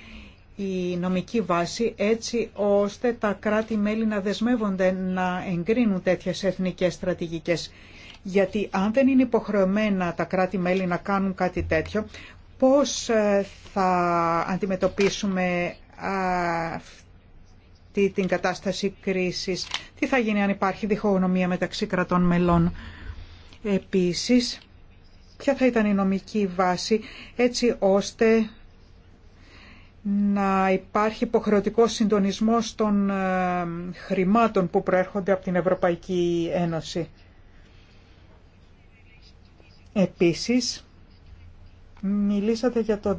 [SPEAKER 3] η νομική βάση έτσι ώστε τα κράτη-μέλη να δεσμεύονται να εγκρίνουν τέτοιες εθνικές στρατηγικές. Γιατί αν δεν είναι υποχρεωμένα τα κράτη-μέλη να κάνουν κάτι τέτοιο, πώς ε, θα αντιμετωπίσουμε την κατάσταση κρίσης. Τι θα γίνει αν υπάρχει διχογνωμία μεταξύ κρατών μελών. Επίσης, ποια θα ήταν η νομική βάση έτσι ώστε να υπάρχει υποχρεωτικό συντονισμός των ε, χρημάτων που προέρχονται από την Ευρωπαϊκή Ένωση. Επίσης, μιλήσατε για το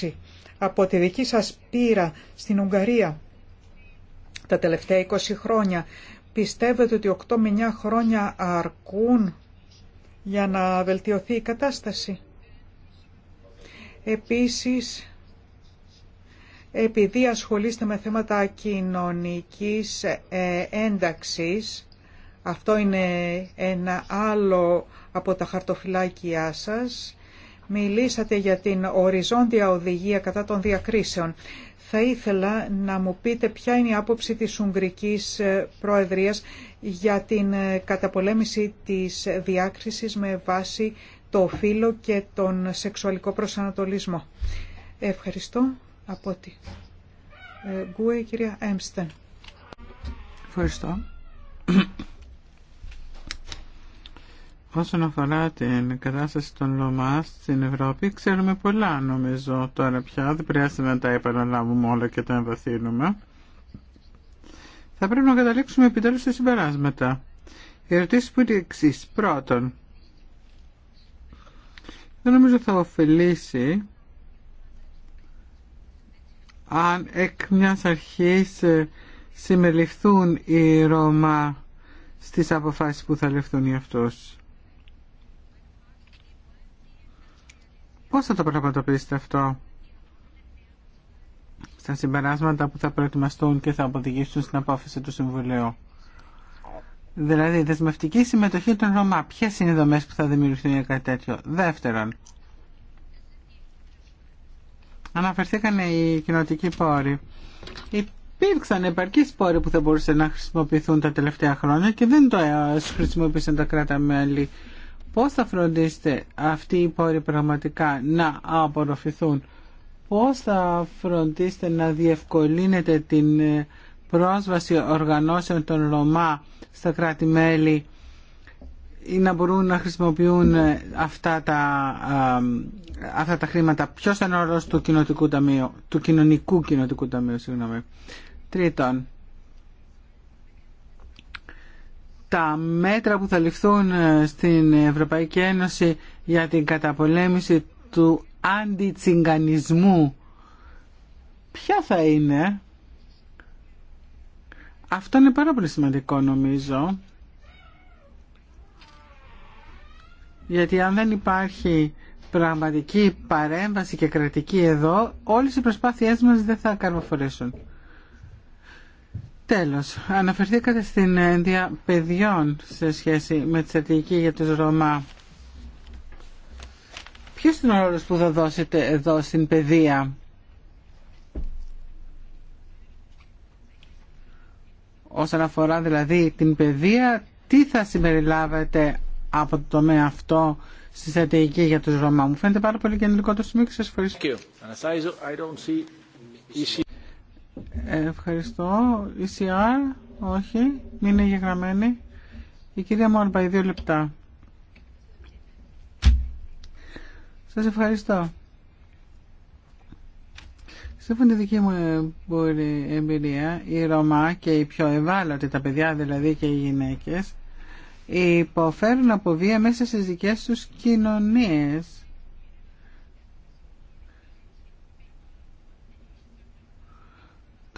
[SPEAKER 3] 2020. Από τη δική σας πείρα στην Ουγγαρία, τα τελευταία 20 χρόνια. Πιστεύετε ότι 8 με 9 χρόνια αρκούν για να βελτιωθεί η κατάσταση. Επίσης, επειδή ασχολείστε με θέματα κοινωνικής ε, ένταξης, αυτό είναι ένα άλλο από τα χαρτοφυλάκια σας, μιλήσατε για την οριζόντια οδηγία κατά των διακρίσεων. Θα ήθελα να μου πείτε ποια είναι η άποψη της Ουγγρικής ε, Προεδρίας για την ε, καταπολέμηση της διάκρισης με βάση το φύλλο και τον σεξουαλικό προσανατολισμό. Ευχαριστώ από ε, Γκουέ, κυρία Έμστεν. Ευχαριστώ.
[SPEAKER 2] Όσον αφορά την κατάσταση των ΛΟΜΑ στην Ευρώπη, ξέρουμε πολλά νομίζω τώρα πια. Δεν πρέπει να τα επαναλάβουμε όλα και τα εμβαθύνουμε. Θα πρέπει να καταλήξουμε επιτέλους σε συμπεράσματα. Οι ερωτήσεις που είναι εξή. Πρώτον, δεν νομίζω θα ωφελήσει αν εκ μιας αρχής ε, συμμεληφθούν οι Ρώμα στις αποφάσεις που θα λεφθούν για αυτούς. Πώς θα το πραγματοποιήσετε αυτό στα συμπεράσματα που θα προετοιμαστούν και θα αποδηγήσουν στην απόφαση του Συμβουλίου. Δηλαδή, δεσμευτική συμμετοχή των Ρωμά. Ποιε είναι οι δομέ που θα δημιουργηθούν για κάτι τέτοιο. Δεύτερον, αναφερθήκαν οι κοινοτικοί πόροι. Υπήρξαν επαρκεί πόροι που θα μπορούσαν να χρησιμοποιηθούν τα τελευταία χρόνια και δεν το ε, χρησιμοποίησαν τα κράτα-μέλη Πώς θα φροντίσετε αυτοί οι πόροι πραγματικά να απορροφηθούν. Πώς θα φροντίσετε να διευκολύνετε την ε, πρόσβαση οργανώσεων των Ρωμά στα κράτη-μέλη ή να μπορούν να χρησιμοποιούν ε, αυτά τα, ε, αυτά τα χρήματα. πιο είναι ο του, κοινωνικού ταμείου, του κοινωνικού κοινοτικού ταμείου. Συγγνώμη. Τρίτον, τα μέτρα που θα ληφθούν ε, στην Ευρωπαϊκή Ένωση για την καταπολέμηση του αντιτσιγκανισμού ποια θα είναι αυτό είναι πάρα πολύ σημαντικό νομίζω γιατί αν δεν υπάρχει πραγματική παρέμβαση και κρατική εδώ όλες οι προσπάθειές μας δεν θα καρποφορήσουν Τέλος, αναφερθήκατε στην ένδια παιδιών σε σχέση με τη στρατηγική για τους Ρωμά. Ποιος είναι ο ρόλος που θα δώσετε εδώ στην παιδεία. Όσον αφορά δηλαδή την παιδεία, τι θα συμπεριλάβετε από το τομέα αυτό στη στρατηγική για τους Ρωμά. Μου φαίνεται πάρα πολύ κεντρικό το σημείο και σας ευχαριστώ. Ευχαριστώ. Η ΣΥΑΡ, όχι, μην είναι γεγραμμένη. Η κυρία Μόρμπα, δύο λεπτά. Σας ευχαριστώ. Σύμφωνα τη δική μου εμπειρία, η Ρωμά και οι πιο ευάλωτοι, τα παιδιά δηλαδή και οι γυναίκες, υποφέρουν από βία μέσα στις δικές τους κοινωνίες.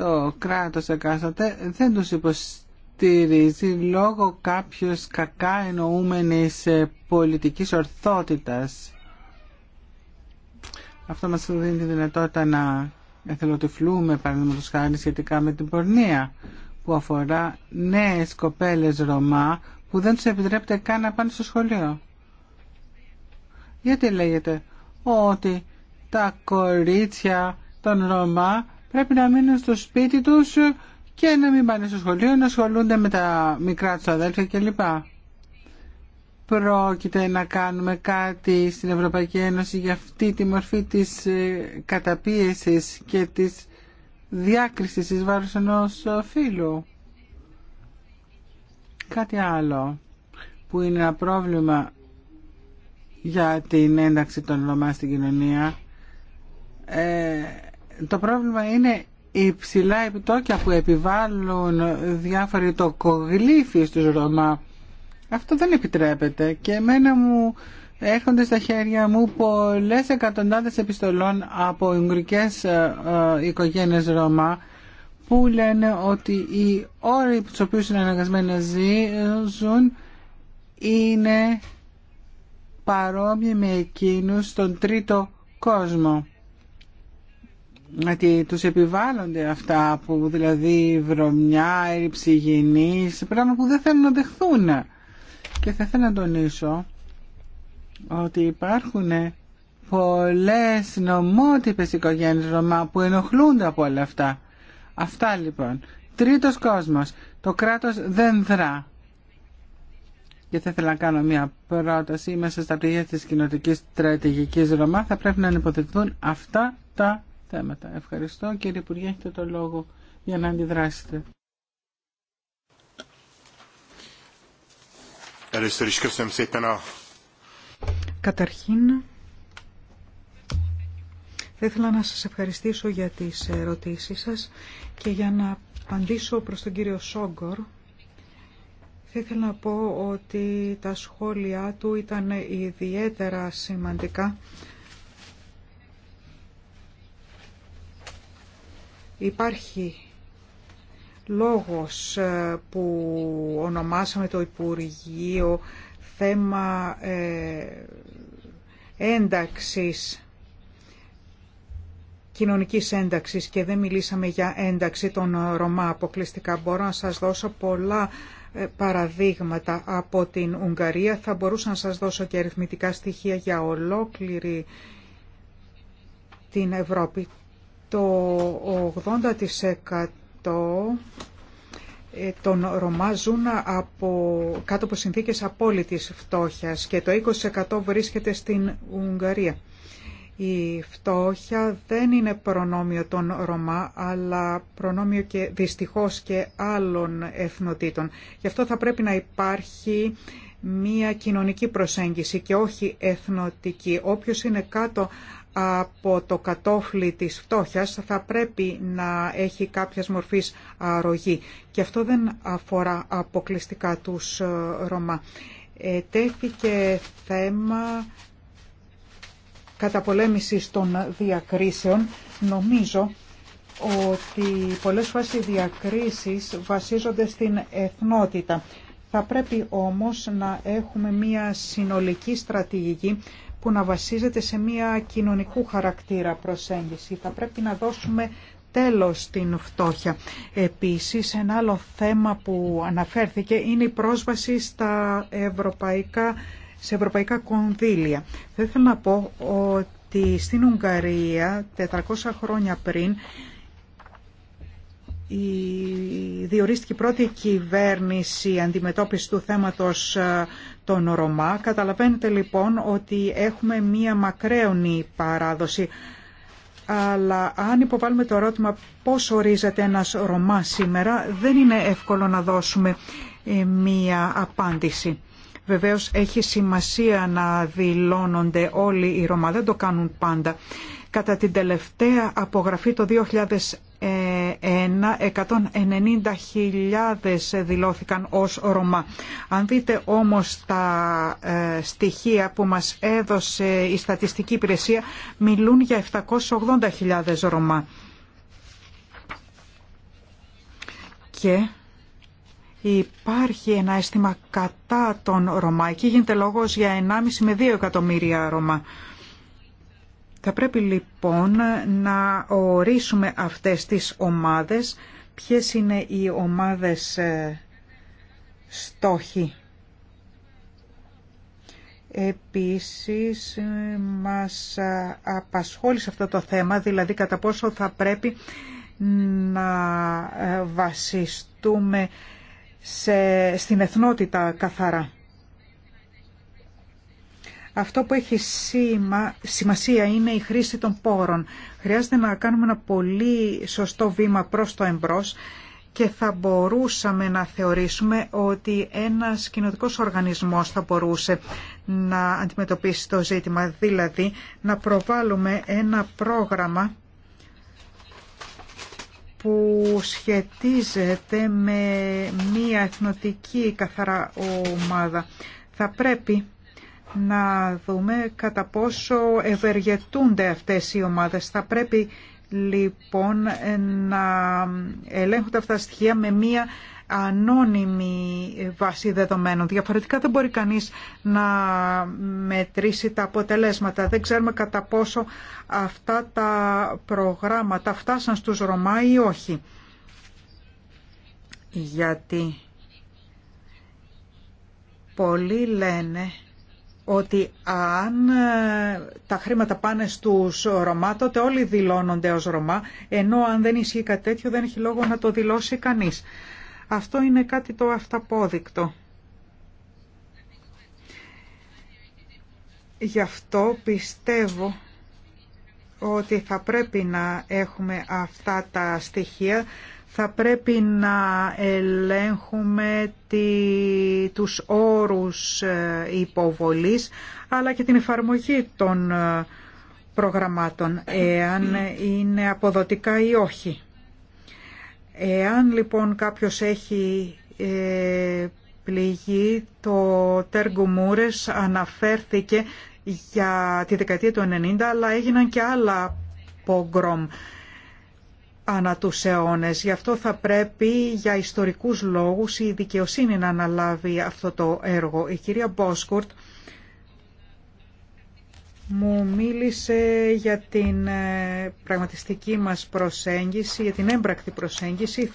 [SPEAKER 2] το κράτος εκάστοτε δεν τους υποστηρίζει λόγω κάποιος κακά εννοούμενης ε, πολιτικής ορθότητας. Αυτό μας δίνει τη δυνατότητα να εθελοτυφλούμε παραδείγματος χάρη σχετικά με την πορνεία που αφορά νέες κοπέλες Ρωμά που δεν τους επιτρέπεται καν να πάνε στο σχολείο. Γιατί λέγεται ότι τα κορίτσια των Ρωμά πρέπει να μείνουν στο σπίτι τους και να μην πάνε στο σχολείο, να ασχολούνται με τα μικρά τους αδέλφια κλπ. Πρόκειται να κάνουμε κάτι στην Ευρωπαϊκή Ένωση για αυτή τη μορφή της ε, καταπίεσης και της διάκρισης εις βάρος ενός ε, φίλου. Κάτι άλλο που είναι ένα πρόβλημα για την ένταξη των Ρωμά στην κοινωνία ε, το πρόβλημα είναι οι ψηλά επιτόκια που επιβάλλουν διάφοροι τοκογλήφοι στους Ρωμά. Αυτό δεν επιτρέπεται και εμένα μου έρχονται στα χέρια μου πολλές εκατοντάδες επιστολών από ουγγρικές ε, ε, οικογένειες Ρωμά που λένε ότι οι όροι τους οποίους είναι αναγκασμένοι να ζουν είναι παρόμοιοι με εκείνους στον τρίτο κόσμο γιατί τους επιβάλλονται αυτά που δηλαδή βρωμιά, έλλειψη υγιεινής, πράγμα που δεν θέλουν να δεχθούν. Και θα ήθελα να τονίσω ότι υπάρχουν πολλές νομότυπες οικογένειες Ρωμά που ενοχλούνται από όλα αυτά. Αυτά λοιπόν. Τρίτος κόσμος. Το κράτος δεν δρά. Και θα ήθελα να κάνω μια πρόταση μέσα στα πηγές της κοινοτικής στρατηγικής Ρωμά θα πρέπει να ανυποθετηθούν αυτά τα θέματα. Ευχαριστώ. Κύριε Υπουργέ, έχετε το λόγο για να αντιδράσετε.
[SPEAKER 3] Καταρχήν, θα ήθελα να σας ευχαριστήσω για τις ερωτήσεις σας και για να απαντήσω προς τον κύριο Σόγκορ. Θα ήθελα να πω ότι τα σχόλιά του ήταν ιδιαίτερα σημαντικά Υπάρχει λόγος ε, που ονομάσαμε το Υπουργείο θέμα ε, ένταξης, κοινωνικής ένταξης και δεν μιλήσαμε για ένταξη των Ρωμά αποκλειστικά. Μπορώ να σας δώσω πολλά ε, παραδείγματα από την Ουγγαρία. Θα μπορούσα να σας δώσω και αριθμητικά στοιχεία για ολόκληρη την Ευρώπη. Το 80% ε, των Ρωμά ζουν από, κάτω από συνθήκες απόλυτης φτώχειας και το 20% βρίσκεται στην Ουγγαρία. Η φτώχεια δεν είναι προνόμιο των Ρωμά, αλλά προνόμιο και δυστυχώς και άλλων εθνοτήτων. Γι' αυτό θα πρέπει να υπάρχει μία κοινωνική προσέγγιση και όχι εθνοτική. Όποιος είναι κάτω από το κατόφλι της φτώχειας θα πρέπει να έχει κάποιας μορφής αρρωγή. Και αυτό δεν αφορά αποκλειστικά τους ε, Ρωμά. Ε, τέθηκε θέμα καταπολέμησης των διακρίσεων. Νομίζω ότι πολλές φορές οι διακρίσεις βασίζονται στην εθνότητα. Θα πρέπει όμως να έχουμε μία συνολική στρατηγική που να βασίζεται σε μια κοινωνικού χαρακτήρα προσέγγιση. Θα πρέπει να δώσουμε τέλος στην φτώχεια. Επίσης, ένα άλλο θέμα που αναφέρθηκε είναι η πρόσβαση στα ευρωπαϊκά, σε ευρωπαϊκά κονδύλια. Θα ήθελα να πω ότι στην Ουγγαρία, 400 χρόνια πριν, η, διορίστηκε πρώτη κυβέρνηση αντιμετώπιση του θέματος τον Καταλαβαίνετε λοιπόν ότι έχουμε μία μακραίωνη παράδοση. Αλλά αν υποβάλουμε το ερώτημα πώς ορίζεται ένας Ρωμά σήμερα, δεν είναι εύκολο να δώσουμε ε, μία απάντηση. Βεβαίως έχει σημασία να δηλώνονται όλοι οι Ρωμά, δεν το κάνουν πάντα. Κατά την τελευταία απογραφή το 190.000 δηλώθηκαν ως Ρωμά. Αν δείτε όμως τα ε, στοιχεία που μας έδωσε η Στατιστική Υπηρεσία, μιλούν για 780.000 Ρωμά. Και υπάρχει ένα αίσθημα κατά των Ρωμά. Εκεί γίνεται λόγος για 1,5 με 2 εκατομμύρια Ρωμά. Θα πρέπει λοιπόν να ορίσουμε αυτές τις ομάδες, ποιες είναι οι ομάδες ε, στόχοι. Επίσης ε, μας ε, απασχόλησε αυτό το θέμα, δηλαδή κατά πόσο θα πρέπει να βασιστούμε στην εθνότητα καθαρά. Αυτό που έχει σημασία είναι η χρήση των πόρων. Χρειάζεται να κάνουμε ένα πολύ σωστό βήμα προς το εμπρός και θα μπορούσαμε να θεωρήσουμε ότι ένας κοινοτικός οργανισμός θα μπορούσε να αντιμετωπίσει το ζήτημα, δηλαδή να προβάλλουμε ένα πρόγραμμα που σχετίζεται με μία εθνοτική καθαρά ομάδα. Θα πρέπει να δούμε κατά πόσο ευεργετούνται αυτές οι ομάδες. Θα πρέπει λοιπόν να ελέγχονται αυτά τα στοιχεία με μία ανώνυμη βάση δεδομένων. Διαφορετικά δεν μπορεί κανείς να μετρήσει τα αποτελέσματα. Δεν ξέρουμε κατά πόσο αυτά τα προγράμματα φτάσαν στους Ρωμά ή όχι. Γιατί πολλοί λένε ότι αν ε, τα χρήματα πάνε στους Ρωμά, τότε όλοι δηλώνονται ως Ρωμά, ενώ αν δεν ισχύει κάτι τέτοιο δεν έχει λόγο να το δηλώσει κανείς. Αυτό είναι κάτι το αυταπόδεικτο. Γι' αυτό πιστεύω ότι θα πρέπει να έχουμε αυτά τα στοιχεία θα πρέπει να ελέγχουμε τη, τους όρους ε, υποβολής αλλά και την εφαρμογή των ε, προγραμμάτων, εάν είναι αποδοτικά ή όχι. Εάν λοιπόν κάποιος έχει πληγή, ε, πληγεί, το Τέργου αναφέρθηκε για τη δεκαετία του 90, αλλά έγιναν και άλλα πογκρόμ ανά τους αιώνες. Γι' αυτό θα πρέπει για ιστορικούς λόγους η δικαιοσύνη να αναλάβει αυτό το έργο. Η κυρία Μπόσκουρτ μου μίλησε για την ε, πραγματιστική μας προσέγγιση, για την έμπρακτη προσέγγιση.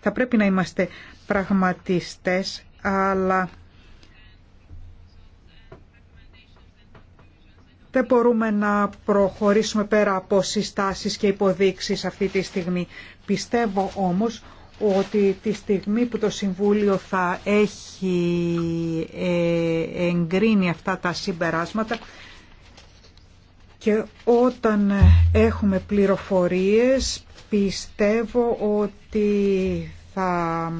[SPEAKER 3] Θα πρέπει να είμαστε πραγματιστές, αλλά Δεν μπορούμε να προχωρήσουμε πέρα από συστάσεις και υποδείξεις αυτή τη στιγμή. Πιστεύω όμως ότι τη στιγμή που το Συμβούλιο θα έχει ε, εγκρίνει αυτά τα συμπεράσματα και όταν έχουμε πληροφορίες πιστεύω ότι θα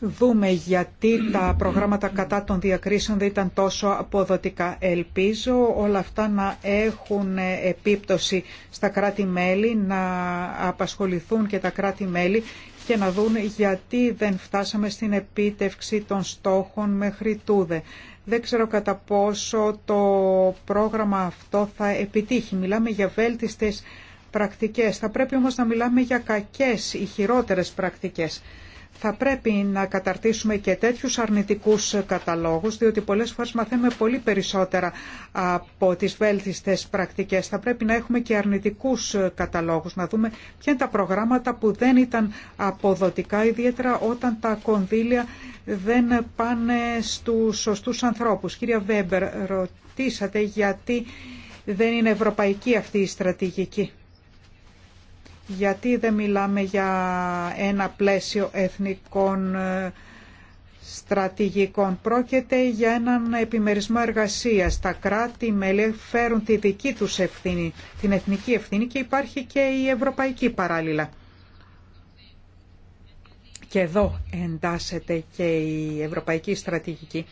[SPEAKER 3] δούμε γιατί τα προγράμματα κατά των διακρίσεων δεν ήταν τόσο αποδοτικά. Ελπίζω όλα αυτά να έχουν επίπτωση στα κράτη-μέλη, να απασχοληθούν και τα κράτη-μέλη και να δουν γιατί δεν φτάσαμε στην επίτευξη των στόχων μέχρι τούδε. Δεν ξέρω κατά πόσο το πρόγραμμα αυτό θα επιτύχει. Μιλάμε για βέλτιστες πρακτικές. Θα πρέπει όμως να μιλάμε για κακές ή χειρότερες πρακτικές θα πρέπει να καταρτήσουμε και τέτοιους αρνητικούς καταλόγους, διότι πολλές φορές μαθαίνουμε πολύ περισσότερα από τις βέλτιστες πρακτικές. Θα πρέπει να έχουμε και αρνητικούς καταλόγους, να δούμε ποια είναι τα προγράμματα που δεν ήταν αποδοτικά, ιδιαίτερα όταν τα κονδύλια δεν πάνε στους σωστούς ανθρώπους. Κυρία Βέμπερ, ρωτήσατε γιατί δεν είναι ευρωπαϊκή αυτή η στρατηγική γιατί δεν μιλάμε για ένα πλαίσιο εθνικών ε, στρατηγικών. Πρόκειται για έναν επιμερισμό εργασίας. Τα κράτη-μέλη φέρουν τη δική τους ευθύνη, την εθνική ευθύνη και υπάρχει και η ευρωπαϊκή παράλληλα. Και εδώ εντάσσεται και η ευρωπαϊκή στρατηγική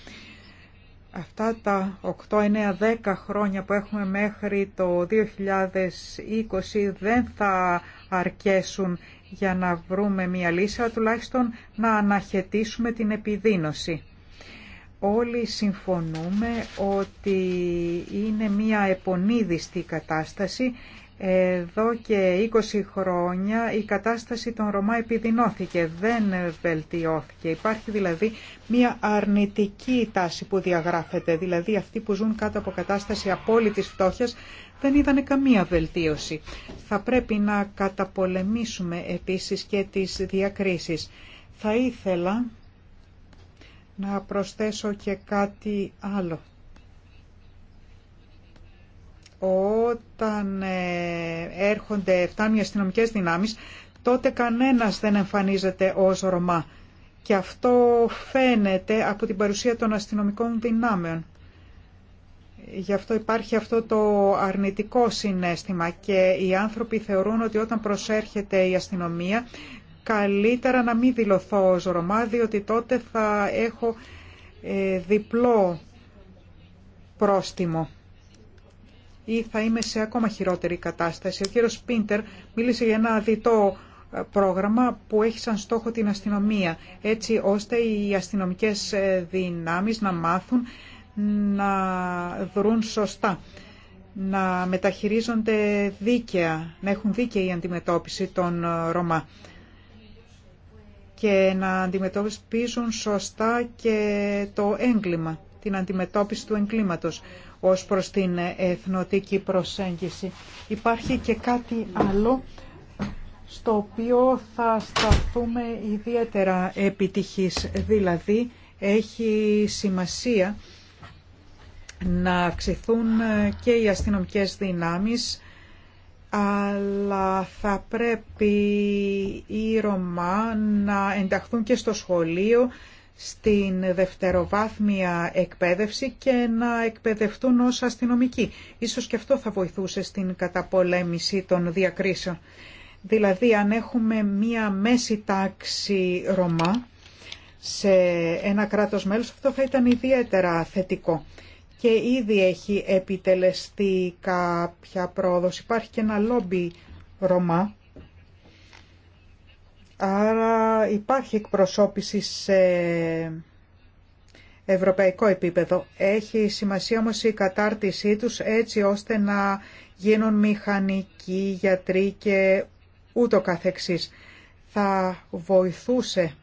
[SPEAKER 3] αυτά τα 8, 9, 10 χρόνια που έχουμε μέχρι το 2020 δεν θα αρκέσουν για να βρούμε μια λύση, αλλά τουλάχιστον να αναχαιτήσουμε την επιδίνωση. Όλοι συμφωνούμε ότι είναι μια επονίδιστη κατάσταση εδώ και 20 χρόνια η κατάσταση των Ρωμά επιδεινώθηκε, δεν βελτιώθηκε. Υπάρχει δηλαδή μια αρνητική τάση που διαγράφεται, δηλαδή αυτοί που ζουν κάτω από κατάσταση απόλυτης φτώχειας δεν είδανε καμία βελτίωση. Θα πρέπει να καταπολεμήσουμε επίσης και τις διακρίσεις. Θα ήθελα να προσθέσω και κάτι άλλο όταν ε, έρχονται, φτάνουν οι αστυνομικέ δυνάμεις, τότε κανένας δεν εμφανίζεται ως Ρωμά. Και αυτό φαίνεται από την παρουσία των αστυνομικών δυνάμεων. Γι' αυτό υπάρχει αυτό το αρνητικό συνέστημα και οι άνθρωποι θεωρούν ότι όταν προσέρχεται η αστυνομία καλύτερα να μην δηλωθώ ως Ρωμά διότι τότε θα έχω ε, διπλό πρόστιμο ή θα είμαι σε ακόμα χειρότερη κατάσταση. Ο κύριος Πίντερ μίλησε για ένα διτό ε, πρόγραμμα που έχει σαν στόχο την αστυνομία, έτσι ώστε οι αστυνομικές ε, δυνάμεις να μάθουν να δρουν σωστά, να μεταχειρίζονται δίκαια, να έχουν δίκαιη αντιμετώπιση των ε, Ρωμά και να αντιμετωπίζουν σωστά και το έγκλημα, την αντιμετώπιση του εγκλήματος ως προς την εθνοτική προσέγγιση. Υπάρχει και κάτι άλλο στο οποίο θα σταθούμε ιδιαίτερα επιτυχής. Δηλαδή, έχει σημασία να αυξηθούν και οι αστυνομικές δυνάμεις, αλλά θα πρέπει οι Ρωμά να ενταχθούν και στο σχολείο, στην δευτεροβάθμια εκπαίδευση και να εκπαιδευτούν ως αστυνομικοί. Ίσως και αυτό θα βοηθούσε στην καταπολέμηση των διακρίσεων. Δηλαδή αν έχουμε μία μέση τάξη Ρωμά σε ένα κράτος μέλος αυτό θα ήταν ιδιαίτερα θετικό. Και ήδη έχει επιτελεστεί κάποια πρόοδος. Υπάρχει και ένα λόμπι Ρωμά Άρα υπάρχει εκπροσώπηση σε ευρωπαϊκό επίπεδο. Έχει σημασία όμως η κατάρτισή τους έτσι ώστε να γίνουν μηχανικοί, γιατροί και ούτω καθεξής. Θα βοηθούσε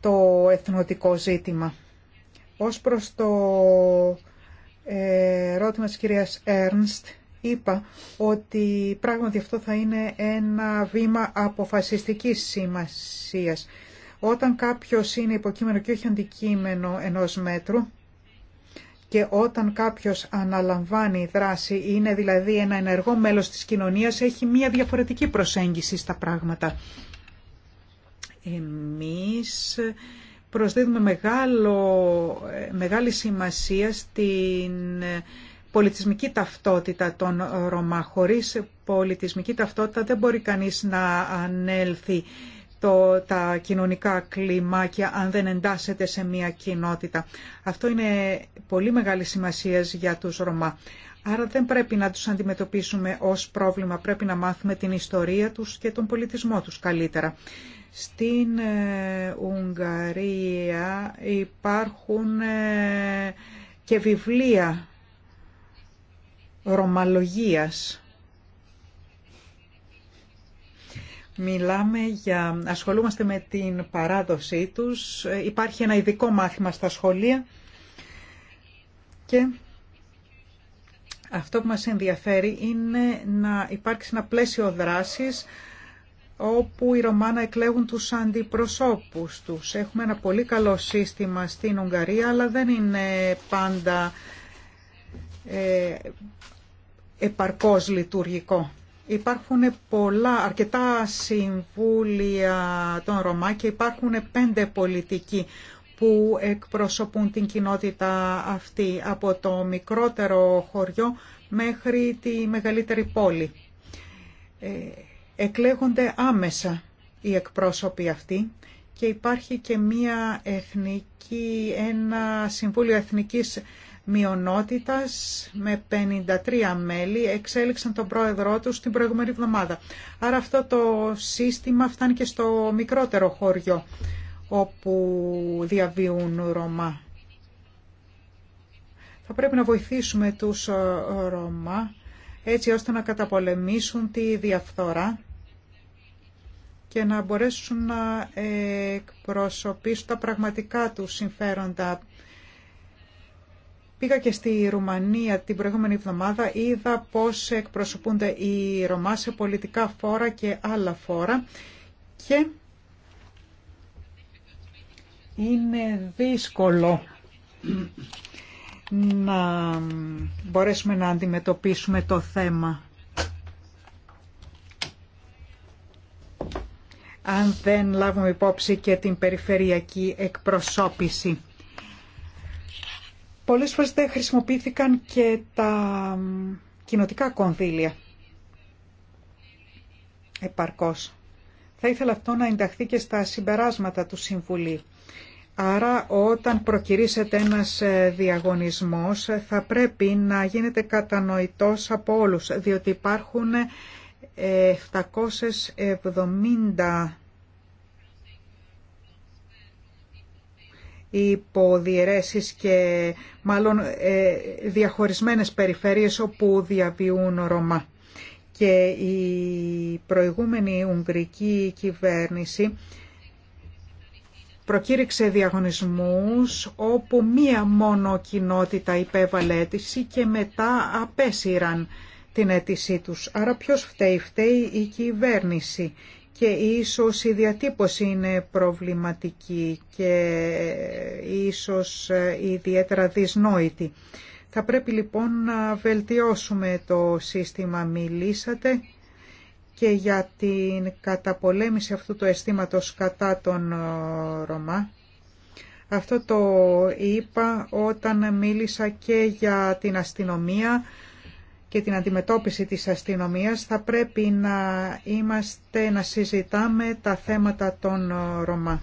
[SPEAKER 3] το εθνοτικό ζήτημα. Ως προς το ε, ερώτημα της κυρίας Έρνστ, είπα ότι πράγματι αυτό θα είναι ένα βήμα αποφασιστικής σημασίας. Όταν κάποιος είναι υποκείμενο και όχι αντικείμενο ενός μέτρου και όταν κάποιος αναλαμβάνει δράση, είναι δηλαδή ένα ενεργό μέλος της κοινωνίας, έχει μία διαφορετική προσέγγιση στα πράγματα. Εμείς προσδίδουμε μεγάλο, ε, μεγάλη σημασία στην πολιτισμική ταυτότητα των Ρωμά. Χωρίς πολιτισμική ταυτότητα δεν μπορεί κανείς να ανέλθει το, τα κοινωνικά κλιμάκια αν δεν εντάσσεται σε μια κοινότητα. Αυτό είναι πολύ μεγάλη σημασία για τους Ρωμά. Άρα δεν πρέπει να τους αντιμετωπίσουμε ως πρόβλημα, πρέπει να μάθουμε την ιστορία τους και τον πολιτισμό τους καλύτερα. Στην ε, Ουγγαρία υπάρχουν ε, και βιβλία ρωμαλογίας. Μιλάμε για, ασχολούμαστε με την παράδοσή τους, υπάρχει ένα ειδικό μάθημα στα σχολεία και αυτό που μας ενδιαφέρει είναι να υπάρξει ένα πλαίσιο δράσης όπου οι Ρωμάνα εκλέγουν τους αντιπροσώπους τους. Έχουμε ένα πολύ καλό σύστημα στην Ουγγαρία, αλλά δεν είναι πάντα ε, επαρκώς λειτουργικό. Υπάρχουν πολλά, αρκετά συμβούλια των Ρωμά και υπάρχουν πέντε πολιτικοί που εκπροσωπούν την κοινότητα αυτή από το μικρότερο χωριό μέχρι τη μεγαλύτερη πόλη. Ε, εκλέγονται άμεσα οι εκπρόσωποι αυτοί και υπάρχει και μία εθνική, ένα Συμβούλιο Εθνικής μειονότητας με 53 μέλη εξέλιξαν τον πρόεδρό τους την προηγούμενη εβδομάδα. Άρα αυτό το σύστημα φτάνει και στο μικρότερο χωριό όπου διαβιούν Ρωμά. Θα πρέπει να βοηθήσουμε τους ε, Ρωμά έτσι ώστε να καταπολεμήσουν τη διαφθορά και να μπορέσουν να εκπροσωπήσουν τα πραγματικά τους συμφέροντα Πήγα και στη Ρουμανία την προηγούμενη εβδομάδα, είδα πώς εκπροσωπούνται οι Ρωμά σε πολιτικά φόρα και άλλα φόρα και είναι δύσκολο να μπορέσουμε να αντιμετωπίσουμε το θέμα. αν δεν λάβουμε υπόψη και την περιφερειακή εκπροσώπηση. Πολλές φορές δεν χρησιμοποιήθηκαν και τα κοινοτικά κονδύλια επαρκώς. Θα ήθελα αυτό να ενταχθεί και στα συμπεράσματα του Συμβουλίου. Άρα όταν προκυρήσετε ένας ε, διαγωνισμός θα πρέπει να γίνεται κατανοητός από όλους, διότι υπάρχουν 770 ε, υποδιαιρέσεις και μάλλον ε, διαχωρισμένες περιφέρειες όπου διαβιούν Ρωμά. Και η προηγούμενη Ουγγρική κυβέρνηση προκήρυξε διαγωνισμούς όπου μία μόνο κοινότητα υπέβαλε αίτηση και μετά απέσυραν την αίτησή τους. Άρα ποιος φταίει, φταίει η κυβέρνηση και ίσως η διατύπωση είναι προβληματική και ίσως ε, ιδιαίτερα δυσνόητη. Θα πρέπει λοιπόν να βελτιώσουμε το σύστημα. Μιλήσατε και για την καταπολέμηση αυτού του αισθήματο κατά τον ε, Ρωμά. Αυτό το είπα όταν μίλησα και για την αστυνομία και την αντιμετώπιση της αστυνομίας θα πρέπει να είμαστε να συζητάμε τα θέματα των ε, Ρωμά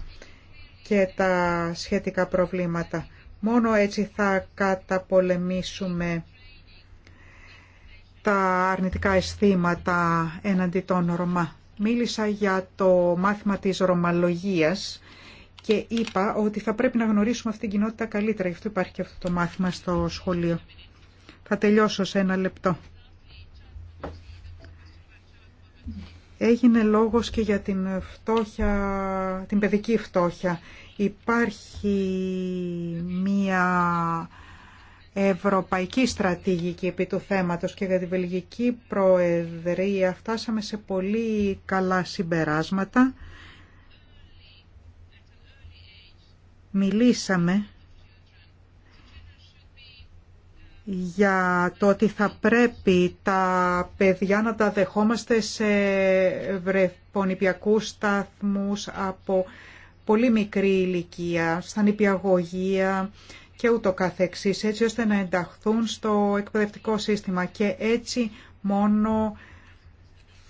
[SPEAKER 3] και τα σχετικά προβλήματα. Μόνο έτσι θα καταπολεμήσουμε τα αρνητικά αισθήματα έναντι των Ρωμά. Μίλησα για το μάθημα της ρωμαλογίας και είπα ότι θα πρέπει να γνωρίσουμε αυτήν την κοινότητα καλύτερα. Γι' αυτό υπάρχει και αυτό το μάθημα στο σχολείο. Θα τελειώσω σε ένα λεπτό. Έγινε λόγος και για την, φτώχεια, την παιδική φτώχεια. Υπάρχει μία ευρωπαϊκή στρατηγική επί του θέματος και για την Βελγική Προεδρία φτάσαμε σε πολύ καλά συμπεράσματα. Μιλήσαμε για το ότι θα πρέπει τα παιδιά να τα δεχόμαστε σε βρεφονιπιακούς σταθμούς από πολύ μικρή ηλικία, στα νηπιαγωγεία και ούτω καθεξής, έτσι ώστε να ενταχθούν στο εκπαιδευτικό σύστημα και έτσι μόνο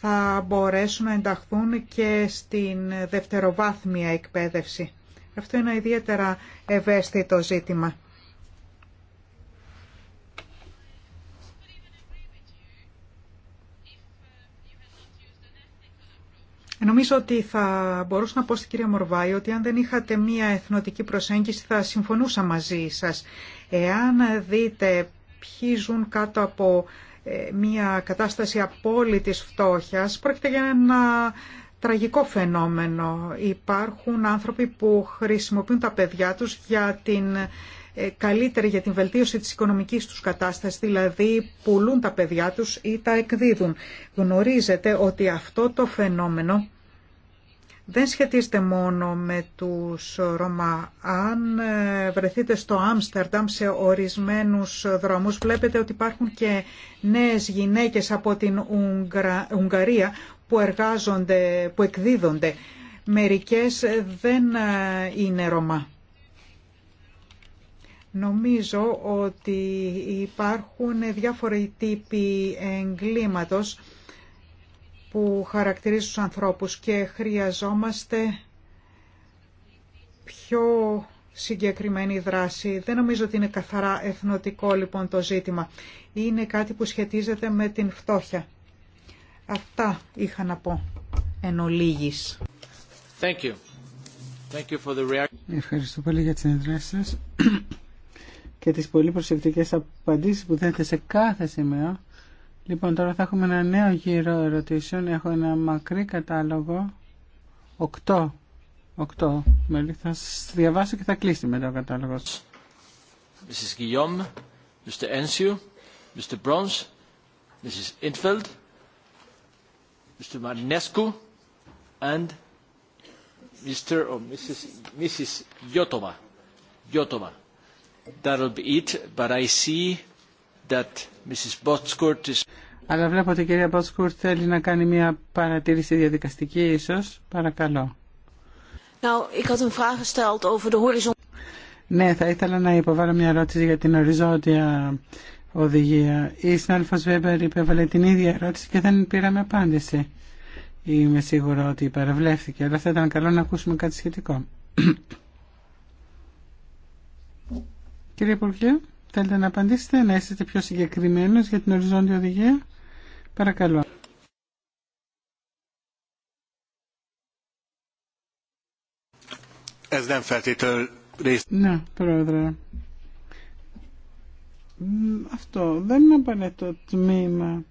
[SPEAKER 3] θα μπορέσουν να ενταχθούν και στην δευτεροβάθμια εκπαίδευση. Αυτό είναι ένα ιδιαίτερα ευαίσθητο ζήτημα. Νομίζω ότι θα μπορούσα να πω στην κυρία Μορβάη ότι αν δεν είχατε μία εθνοτική προσέγγιση θα συμφωνούσα μαζί σας. Εάν δείτε ποιοι ζουν κάτω από ε, μία κατάσταση απόλυτης φτώχειας, πρόκειται για ένα τραγικό φαινόμενο. Υπάρχουν άνθρωποι που χρησιμοποιούν τα παιδιά τους για την ε, καλύτερη για την βελτίωση της οικονομικής τους κατάστασης, δηλαδή πουλούν τα παιδιά τους ή τα εκδίδουν. Γνωρίζετε ότι αυτό το φαινόμενο δεν σχετίζεται μόνο με τους Ρωμά. Αν ε, βρεθείτε στο Άμστερνταμ σε ορισμένους δρόμους, βλέπετε ότι υπάρχουν και νέες γυναίκες από την Ουγγρα... Ουγγαρία που εργάζονται, που εκδίδονται. Μερικές δεν ε, είναι Ρωμά. Νομίζω ότι υπάρχουν διάφοροι τύποι εγκλήματος που χαρακτηρίζουν τους ανθρώπους και χρειαζόμαστε πιο συγκεκριμένη δράση. Δεν νομίζω ότι είναι καθαρά εθνοτικό λοιπόν το ζήτημα. Είναι κάτι που σχετίζεται με την φτώχεια. Αυτά είχα να πω εν ολίγης.
[SPEAKER 1] Thank you. Thank you for the
[SPEAKER 3] Ευχαριστώ πολύ για τις ενδράσεις σας και τις
[SPEAKER 2] πολύ προσεκτικές απαντήσεις που δέχεται σε κάθε σημείο. Λοιπόν, τώρα θα έχουμε ένα νέο γύρο ερωτήσεων. Έχω ένα μακρύ κατάλογο. Οκτώ. Οκτώ. Μελή. Θα σας διαβάσω και θα κλείσει μετά ο κατάλογος.
[SPEAKER 1] Mrs. Guillaume, Mr. Ensue, Mr. Brons, Mrs. Infeld, Mr. Marinescu, and Mr. or Mrs. Mrs. Yotova. Yotova.
[SPEAKER 2] Αλλά βλέπω ότι η κυρία Μπότσκουρτ θέλει να κάνει μια παρατήρηση διαδικαστική ίσως. Παρακαλώ. Ναι, θα ήθελα να υποβάλω μια ερώτηση για την οριζόντια οδηγία. Η συνάδελφος Βέμπερ υπέβαλε την ίδια ερώτηση και δεν πήραμε απάντηση. Είμαι σίγουρο ότι παραβλέφθηκε, αλλά θα ήταν καλό να ακούσουμε κάτι σχετικό. Κύριε Υπουργέ, θέλετε να απαντήσετε, να είστε πιο συγκεκριμένος για την οριζόντια οδηγία. Παρακαλώ. Ναι, Πρόεδρε. Αυτό δεν είναι απαραίτητο τμήμα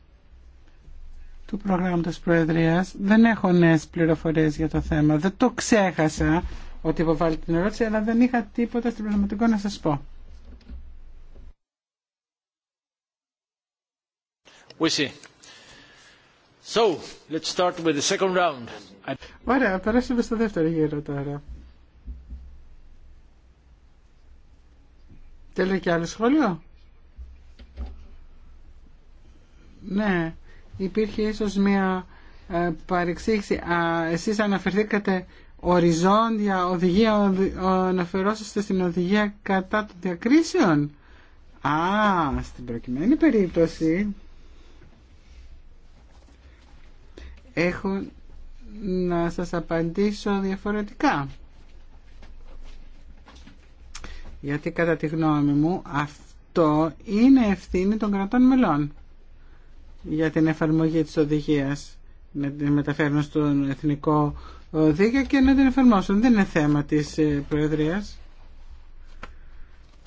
[SPEAKER 2] του προγράμματος Προεδρίας. Δεν έχω νέες πληροφορίες για το θέμα. Δεν το ξέχασα ότι υποβάλλει την ερώτηση, αλλά δεν είχα τίποτα στην πραγματικό να σας πω. Ωραία, περάσαμε στο δεύτερο γύρο τώρα. Τέλει και άλλο σχόλιο. Ναι, υπήρχε ίσως μια ε, παρεξήγηση. Α, εσείς αναφερθήκατε οριζόντια οδηγία, οδη, αναφερόσαστε στην οδηγία κατά των διακρίσεων. Α, στην προκειμένη περίπτωση έχω να σας απαντήσω διαφορετικά. Γιατί κατά τη γνώμη μου αυτό είναι ευθύνη των κρατών μελών για την εφαρμογή της οδηγίας να την μεταφέρουν στον εθνικό δίκαιο και να την εφαρμόσουν. Δεν είναι θέμα της ε, Προεδρίας.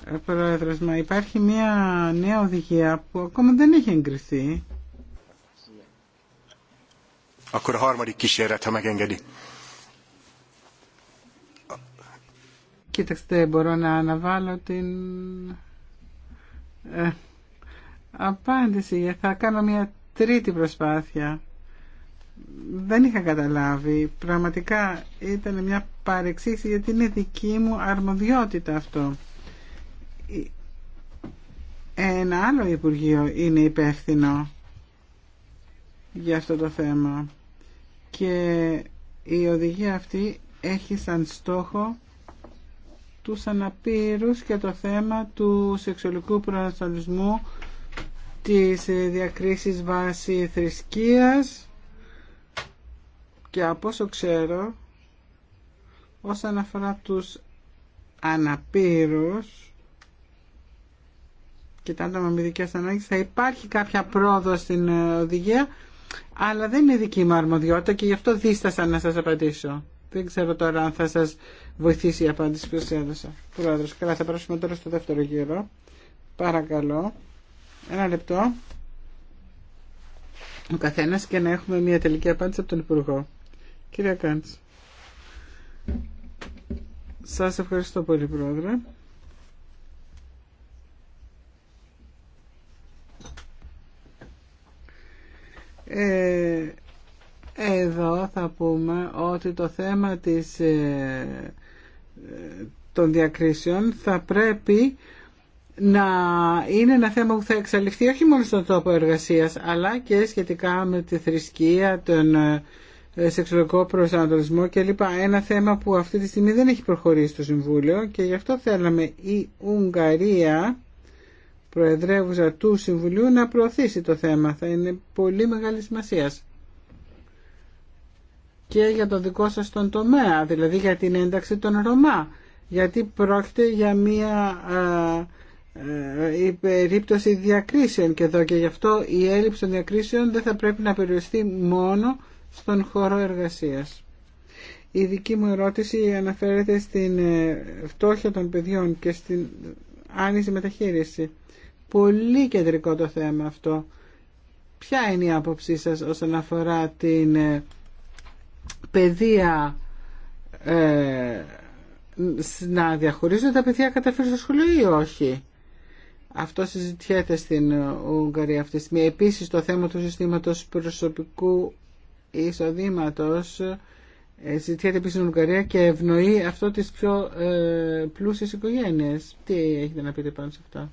[SPEAKER 2] Ε, Πρόεδρος, μα υπάρχει μια νέα οδηγία που ακόμα δεν έχει εγκριθεί Akkor a harmadik kísérlet, Κοίταξτε, μπορώ να αναβάλω την απάντηση απάντηση. Θα κάνω μια τρίτη προσπάθεια. Δεν είχα καταλάβει. Πραγματικά ήταν μια παρεξήγηση γιατί είναι δική μου αρμοδιότητα αυτό. Ένα άλλο Υπουργείο είναι υπεύθυνο για αυτό το θέμα και η οδηγία αυτή έχει σαν στόχο τους αναπήρους και το θέμα του σεξουαλικού προανασταλισμού της διακρίσης βάση θρησκείας και από όσο ξέρω όσον αφορά τους αναπήρους και τα άτομα με ανάγκες θα υπάρχει κάποια πρόοδο στην ε, οδηγία αλλά δεν είναι δική μου αρμοδιότητα και γι' αυτό δίστασα να σας απαντήσω. Δεν ξέρω τώρα αν θα σας βοηθήσει η απάντηση που σας έδωσα. Πρόεδρος, καλά θα περάσουμε τώρα στο δεύτερο γύρο. Παρακαλώ. Ένα λεπτό. Ο καθένας και να έχουμε μια τελική απάντηση από τον Υπουργό. Κυρία Κάντς. Σας ευχαριστώ πολύ, Πρόεδρε. Ε, εδώ θα πούμε ότι το θέμα της, ε, των διακρίσεων θα πρέπει να είναι ένα θέμα που θα εξαλειφθεί όχι μόνο στον τόπο εργασίας αλλά και σχετικά με τη θρησκεία, τον ε, σεξουαλικό προσανατολισμό κλπ. Ένα θέμα που αυτή τη στιγμή δεν έχει προχωρήσει στο Συμβούλιο και γι' αυτό θέλαμε η Ουγγαρία προεδρεύουσα του Συμβουλίου να προωθήσει το θέμα. Θα είναι πολύ μεγάλη σημασία. Και για το δικό σας τον τομέα, δηλαδή για την ένταξη των Ρωμά. Γιατί πρόκειται για μια ε, η περίπτωση διακρίσεων και εδώ και γι' αυτό η έλλειψη των διακρίσεων δεν θα πρέπει να περιοριστεί μόνο στον χώρο εργασίας. Η δική μου ερώτηση αναφέρεται στην ε, φτώχεια των παιδιών και στην άνηση μεταχείριση πολύ κεντρικό το θέμα αυτό. Ποια είναι η άποψή σας όσον αφορά την ε, παιδεία ε, να διαχωρίζονται τα παιδιά κατά στο σχολείο ή όχι. Αυτό συζητιέται στην Ουγγαρία αυτή τη στιγμή. Επίσης το θέμα του συστήματος προσωπικού εισοδήματος ε, συζητιέται επίσης στην Ουγγαρία και ευνοεί αυτό τις πιο ε, πλούσιες οικογένειες. Τι έχετε να πείτε πάνω σε αυτά.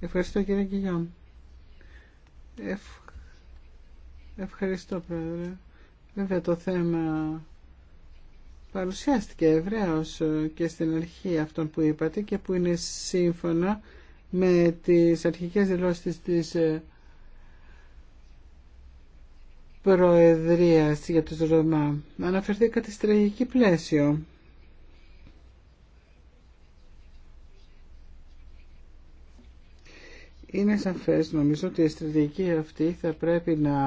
[SPEAKER 2] Ευχαριστώ κύριε Γκυλιόμ. Ευχαριστώ πρόεδρε. Βέβαια το θέμα παρουσιάστηκε ευρέως ε, και στην αρχή αυτών που είπατε και που είναι σύμφωνα με τις αρχικές δηλώσεις της ε, Προεδρίας για τους Ρωμά. Αναφερθήκατε στη τραγική πλαίσιο Είναι σαφές νομίζω ότι η στρατηγική αυτή θα πρέπει να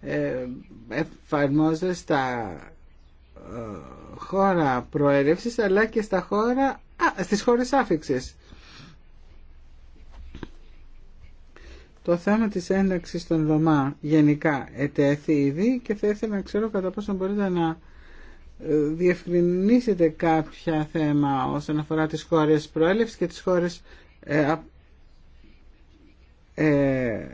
[SPEAKER 2] ε, εφαρμόζεται στα ε, χώρα προέρευσης αλλά και στα χώρα, α, στις χώρες άφηξης. Το θέμα της ένταξης των δομά γενικά ετέθη ήδη και θα ήθελα να ξέρω κατά πόσο μπορείτε να ε, διευκρινίσετε κάποια θέμα όσον αφορά τις χώρες προέλευσης και τις χώρες ε,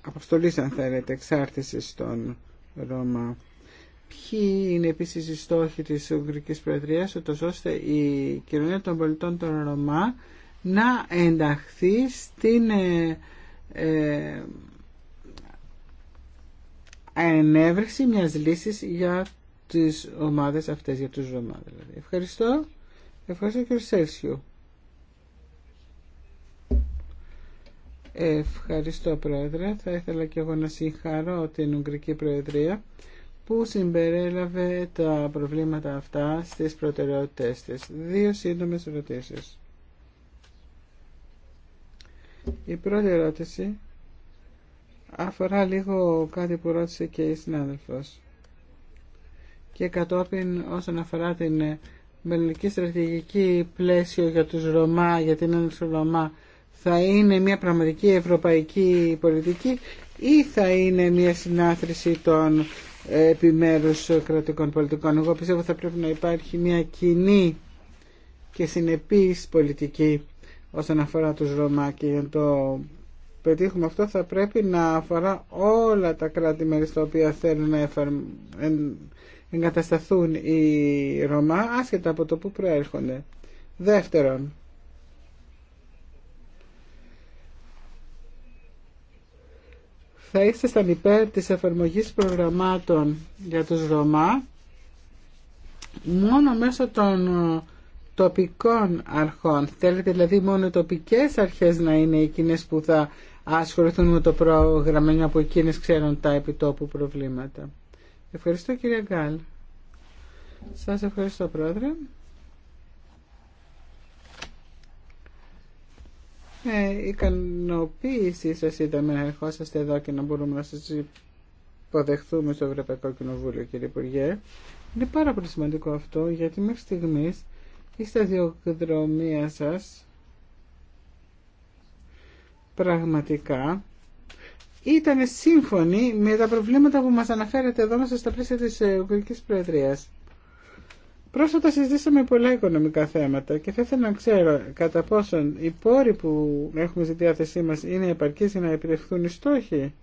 [SPEAKER 2] αποστολής αν θέλετε εξάρτησης των Ρώμα. Ποιοι είναι επίσης οι στόχοι της Ουγγρικής Προεδρίας ούτως ώστε η κοινωνία των πολιτών των Ρωμά να ενταχθεί στην ε, ε, ενέβρεση μιας λύσης για τις ομάδες αυτές, για τους Ρωμά δηλαδή. Ευχαριστώ. Ευχαριστώ κύριε Σέλσιου. Ευχαριστώ Πρόεδρε. Θα ήθελα και εγώ να συγχαρώ την Ουγγρική Προεδρία που συμπερέλαβε τα προβλήματα αυτά στις προτεραιότητες της. Δύο σύντομες ερωτήσεις. Η πρώτη ερώτηση αφορά λίγο κάτι που ρώτησε και η συνάδελφος και κατόπιν όσον αφορά την μελλοντική στρατηγική πλαίσιο για τους Ρωμά, για την Ένωση Ρωμά θα είναι μια πραγματική ευρωπαϊκή πολιτική ή θα είναι μια συνάθρηση των επιμέρους κρατικών πολιτικών. Εγώ πιστεύω θα πρέπει να υπάρχει μια κοινή και συνεπής πολιτική όσον αφορά τους Ρωμά και για το πετύχουμε αυτό θα πρέπει να αφορά όλα τα κράτη μέρη στα οποία θέλουν να εγκατασταθούν οι Ρωμά άσχετα από το που προέρχονται. Δεύτερον, θα ήσασταν υπέρ της εφαρμογής προγραμμάτων για τους Ρωμά μόνο μέσω των ε, τοπικών αρχών. Θέλετε δηλαδή μόνο οι τοπικές αρχές να είναι εκείνες που θα ασχοληθούν με το πρόγραμμα μια που εκείνες ξέρουν τα επιτόπου προβλήματα. Ευχαριστώ κύριε Γκάλ. Σας ευχαριστώ πρόεδρε. ε, ικανοποίηση σα ήταν να ερχόσαστε εδώ και να μπορούμε να σα υποδεχθούμε στο Ευρωπαϊκό Κοινοβούλιο κύριε Υπουργέ. Είναι πάρα πολύ σημαντικό αυτό γιατί μέχρι στιγμή η σταδιοδρομία σα. πραγματικά ήταν σύμφωνη με τα προβλήματα που μας αναφέρετε εδώ μέσα στα πλαίσια της Ουγγρικής Προεδρίας. Πρόσφατα συζητήσαμε πολλά οικονομικά θέματα και θα ήθελα να ξέρω κατά πόσον οι πόροι που έχουμε στη διάθεσή μας είναι επαρκείς για να επιτευχθούν οι στόχοι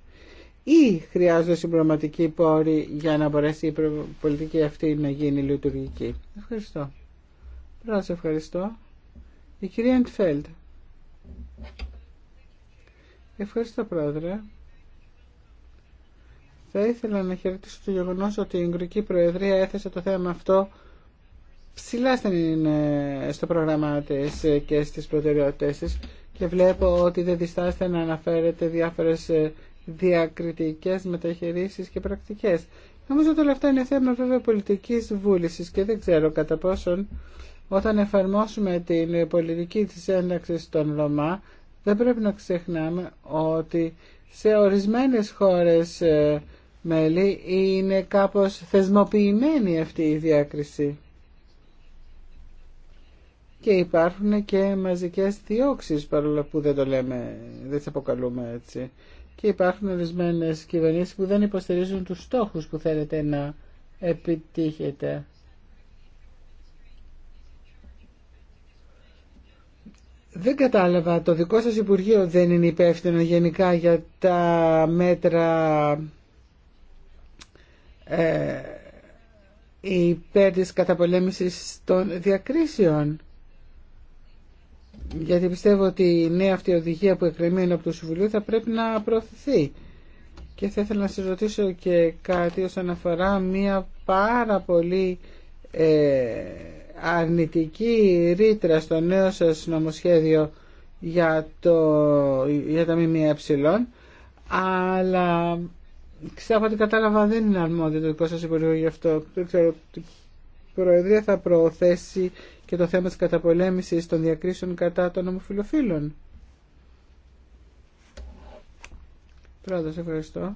[SPEAKER 2] ή χρειάζονται συμπληρωματικοί πόροι για να μπορέσει η πολιτική αυτή να γίνει λειτουργική. Ευχαριστώ. Πρώτα ευχαριστώ. Η κυρία Εντφέλτ. Ευχαριστώ πρόεδρε. Θα ήθελα να χαιρετήσω το γεγονό ότι η Ουγγρική Προεδρία έθεσε το θέμα αυτό ψηλά ε, στο πρόγραμμά της ε, και στις προτεραιότητες και βλέπω ότι δεν διστάστε να αναφέρετε διάφορες ε, διακριτικές μεταχειρήσεις και πρακτικές. Νομίζω ότι όλα αυτά είναι θέμα βέβαια πολιτικής βούλησης και δεν ξέρω κατά πόσον όταν εφαρμόσουμε την πολιτική της ένταξης των Ρωμά δεν πρέπει να ξεχνάμε ότι σε ορισμένες χώρες μέλη είναι κάπως θεσμοποιημένη αυτή η διάκριση και υπάρχουν και μαζικές διώξεις παρόλο που δεν το λέμε, δεν τις αποκαλούμε έτσι. Και υπάρχουν ορισμένε κυβερνήσεις που δεν υποστηρίζουν τους στόχους που θέλετε να επιτύχετε. Δεν κατάλαβα, το δικό σας Υπουργείο δεν είναι υπεύθυνο γενικά για τα μέτρα ε, υπέρ της καταπολέμησης των διακρίσεων γιατί πιστεύω ότι η νέα αυτή οδηγία που εκκρεμεί από το Συμβουλίο θα πρέπει να προωθηθεί. Και θα ήθελα να σας ρωτήσω και κάτι όσον αφορά μία πάρα πολύ ε, αρνητική ρήτρα στο νέο σας νομοσχέδιο για, το, για τα ΜΜΕ αλλά ξέρω ότι κατάλαβα δεν είναι αρμόδιο το δικό σας υπουργείο γι' αυτό. Δεν ξέρω ότι η Προεδρία θα προωθέσει και το θέμα της καταπολέμησης των διακρίσεων κατά των ομοφιλοφίλων. Πρόεδρος, ευχαριστώ.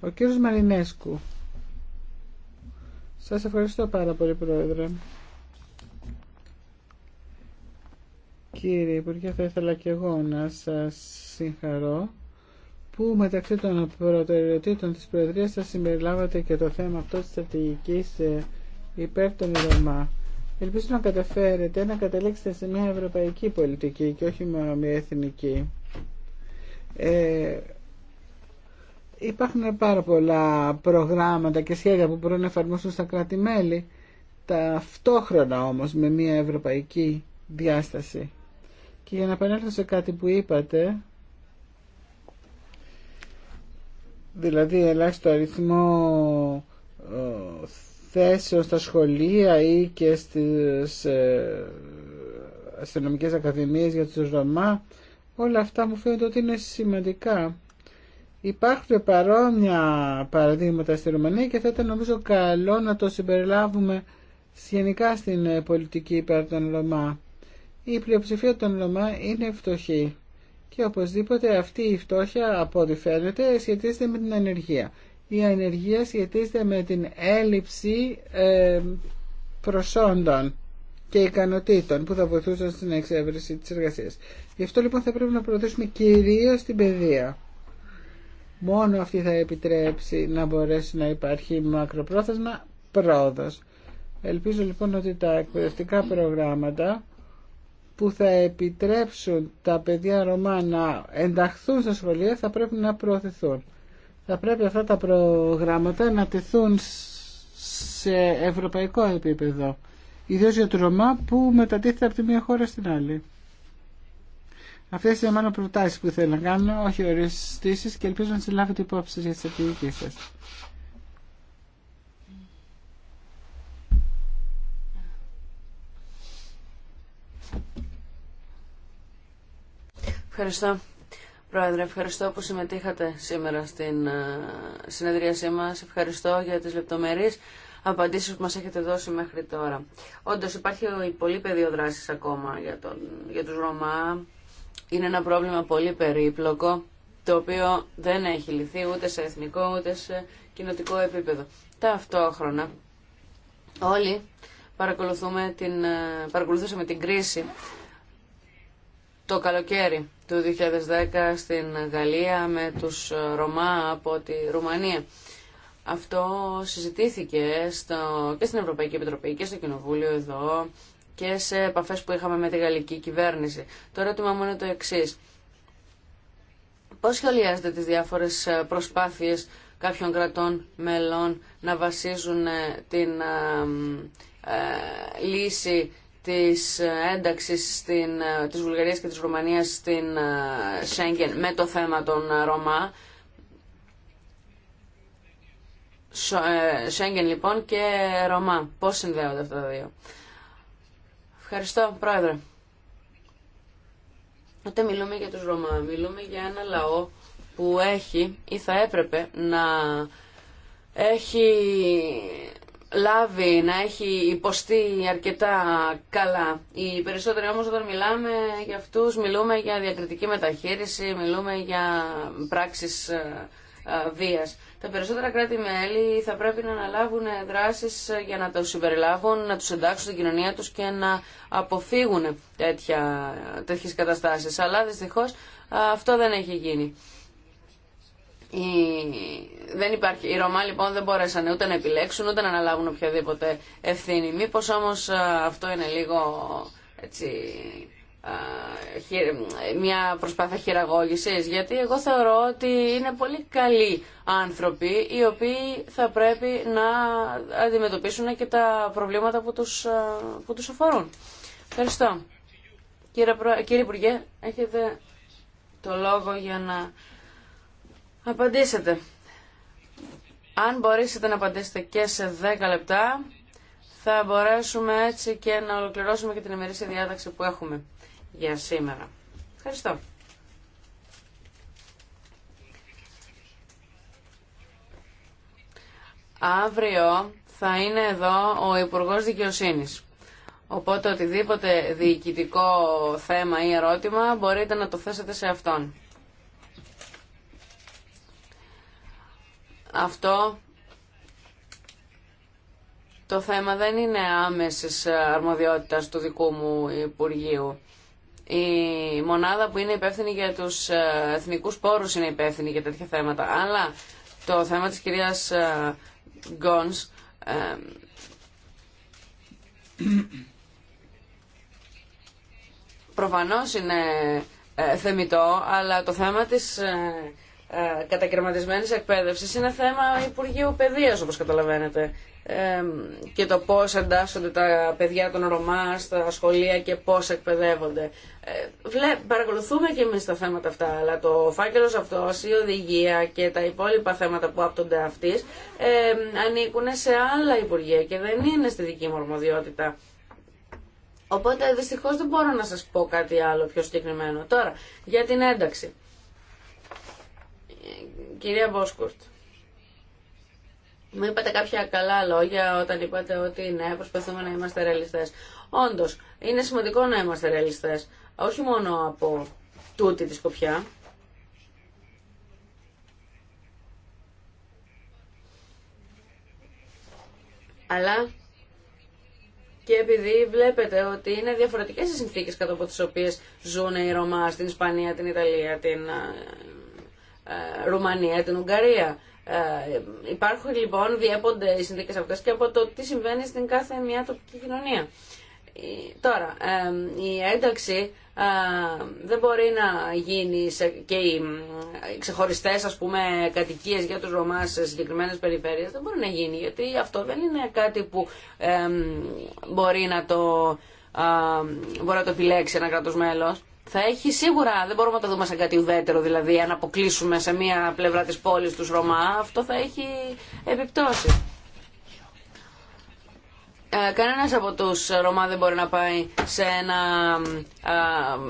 [SPEAKER 2] Ο κύριος Μαρινέσκου. Σας ευχαριστώ πάρα πολύ, Πρόεδρε. Κύριε Υπουργέ, θα ήθελα και εγώ να σας συγχαρώ που μεταξύ των προτεραιοτήτων της Προεδρίας θα συμπεριλάβατε και το θέμα αυτό της στρατηγικής ε, υπέρ των Ρωμά. Ελπίζω να καταφέρετε να καταλήξετε σε μια ευρωπαϊκή πολιτική και όχι μόνο μια εθνική. Ε, υπάρχουν πάρα πολλά προγράμματα και σχέδια που μπορούν να εφαρμόσουν στα κράτη-μέλη, ταυτόχρονα όμως με μια ευρωπαϊκή διάσταση. Και για να επανέλθω σε κάτι που είπατε, δηλαδή ελάχιστο αριθμό ε, θέσεων στα σχολεία ή και στις ε, αστυνομικές ακαδημίες για τους Ρωμά όλα αυτά μου φαίνεται ότι είναι σημαντικά υπάρχουν παρόμοια παραδείγματα στη Ρουμανία και θα ήταν νομίζω καλό να το συμπεριλάβουμε γενικά στην ε, πολιτική υπέρ των Ρωμά η πλειοψηφία των Ρωμά είναι φτωχή και οπωσδήποτε αυτή η φτώχεια από ό,τι φαίνεται σχετίζεται με την ανεργία η ανεργία σχετίζεται με την έλλειψη ε, προσόντων και ικανοτήτων που θα βοηθούσαν στην εξέβριση της εργασίας. Γι' αυτό λοιπόν θα πρέπει να προωθήσουμε κυρίως την παιδεία. Μόνο αυτή θα επιτρέψει να μπορέσει να υπάρχει μακροπρόθεσμα πρόοδος. Ελπίζω λοιπόν ότι τα εκπαιδευτικά προγράμματα που θα επιτρέψουν τα παιδιά Ρωμά να ενταχθούν στα σχολεία θα πρέπει να προωθηθούν θα πρέπει αυτά τα προγράμματα να τεθούν σε ευρωπαϊκό επίπεδο. Ιδίως για το Ρωμά που μετατίθεται από τη μία χώρα στην άλλη. Αυτέ είναι μόνο προτάσει που θέλω να κάνω, όχι οριστήσει και ελπίζω να τι λάβετε υπόψη για τι επιδικίες σα.
[SPEAKER 4] Ευχαριστώ. Πρόεδρε, ευχαριστώ που συμμετείχατε σήμερα στην ε, συνεδρίασή μας. Ευχαριστώ για τις λεπτομερεί απαντήσεις που μας έχετε δώσει μέχρι τώρα. Όντως υπάρχει πολύ πεδίο δράσης ακόμα για, τον, για τους Ρωμά. Είναι ένα πρόβλημα πολύ περίπλοκο, το οποίο δεν έχει λυθεί ούτε σε εθνικό ούτε σε κοινοτικό επίπεδο. Ταυτόχρονα όλοι παρακολουθούμε ε, παρακολουθούσαμε την κρίση το καλοκαίρι του 2010 στην Γαλλία με τους ε, Ρωμά από τη Ρουμανία. Αυτό συζητήθηκε στο, και στην Ευρωπαϊκή Επιτροπή και στο Κοινοβούλιο εδώ και σε επαφές που είχαμε με τη γαλλική κυβέρνηση. Το ερώτημα μου είναι το εξή. Πώς σχολιάζετε τις διάφορες ε, προσπάθειες κάποιων κρατών μελών να βασίζουν ε, την λύση της ένταξης στην, της Βουλγαρίας και της Ρουμανίας στην ε, Σέγγεν με το θέμα των ε, Ρωμά. Ε, Σέγγεν λοιπόν και Ρωμά. Πώς συνδέονται αυτά τα δύο. Ευχαριστώ Πρόεδρε. Όταν μιλούμε για τους Ρωμά, μιλούμε για ένα λαό που έχει ή θα έπρεπε να έχει λάβει, να έχει υποστεί αρκετά καλά. Οι περισσότεροι όμως όταν μιλάμε για αυτούς μιλούμε για διακριτική μεταχείριση, μιλούμε για πράξεις ε, ε, βίας. Τα περισσότερα κράτη-μέλη θα πρέπει να αναλάβουν δράσεις ε, για να τους συμπεριλάβουν, να τους εντάξουν στην κοινωνία τους και να αποφύγουν τέτοια, τέτοιες καταστάσεις. Αλλά δυστυχώς αυτό δεν έχει γίνει. Η... Δεν υπάρχει... Οι Ρωμά λοιπόν δεν μπόρεσαν ούτε να επιλέξουν ούτε να αναλάβουν οποιαδήποτε ευθύνη. Μήπως όμως αυτό είναι λίγο μια προσπάθεια χειραγώγησης γιατί εγώ θεωρώ ότι είναι πολύ καλοί άνθρωποι οι οποίοι θα πρέπει να αντιμετωπίσουν και τα προβλήματα που τους, αφορούν. Ευχαριστώ. Κύριε Υπουργέ, έχετε το λόγο για να απαντήσετε. Αν μπορέσετε να απαντήσετε και σε 10 λεπτά, θα μπορέσουμε έτσι και να ολοκληρώσουμε και την ημερήσια διάταξη που έχουμε για σήμερα. Ευχαριστώ. Αύριο θα είναι εδώ ο Υπουργός Δικαιοσύνης. Οπότε οτιδήποτε διοικητικό θέμα ή ερώτημα μπορείτε να το θέσετε σε αυτόν. Αυτό το θέμα δεν είναι άμεσης αρμοδιότητας του δικού μου Υπουργείου. Η μονάδα που είναι υπεύθυνη για τους ε, εθνικούς πόρους είναι υπεύθυνη για τέτοια θέματα. Αλλά το θέμα της κυρίας ε, Γκόνς ε, προφανώς είναι θεμητό, αλλά το θέμα της ε, κατακαιρματισμένη εκπαίδευση είναι θέμα Υπουργείου Παιδεία, όπω καταλαβαίνετε ε, και το πώ εντάσσονται τα παιδιά των Ρωμά στα σχολεία και πώ εκπαιδεύονται. Ε, βλέ, παρακολουθούμε και εμεί τα θέματα αυτά, αλλά το φάκελο αυτό, η οδηγία και τα υπόλοιπα θέματα που άπτονται αυτή ε, ανήκουν σε άλλα Υπουργεία και δεν είναι στη δική μου ορμοδιότητα Οπότε δυστυχώς δεν μπορώ να σας πω κάτι άλλο πιο συγκεκριμένο. Τώρα, για την ένταξη. Κυρία Μπόσκουρτ, μου είπατε κάποια καλά λόγια όταν είπατε ότι ναι, προσπαθούμε να είμαστε ρεαλιστέ. Όντω, είναι σημαντικό να είμαστε ρεαλιστέ. όχι μόνο από τούτη τη σκοπιά. Αλλά και επειδή βλέπετε ότι είναι διαφορετικές οι συνθήκες κατά από τις οποίες ζουν οι Ρωμά στην Ισπανία, την Ιταλία, την ε, ε, Ρουμανία, την Ουγγαρία. Ε, υπάρχουν λοιπόν, διέπονται οι συνθήκε αυτές και από το τι συμβαίνει στην κάθε μια τοπική κοινωνία. Ε, τώρα, η ένταξη δεν μπορεί να γίνει και οι ξεχωριστές ας πούμε κατοικίες για τους Ρωμά σε συγκεκριμένες περιφέρειες δεν μπορεί να γίνει γιατί αυτό δεν είναι κάτι που μπορεί να το, μπορεί να το επιλέξει ένα κράτος μέλος θα έχει σίγουρα, δεν μπορούμε να το δούμε σαν κάτι ουδέτερο, δηλαδή αν αποκλείσουμε σε μία πλευρά της πόλης τους Ρωμά, αυτό θα έχει επιπτώσει. Ε, κανένας από τους Ρωμά δεν μπορεί να πάει σε ένα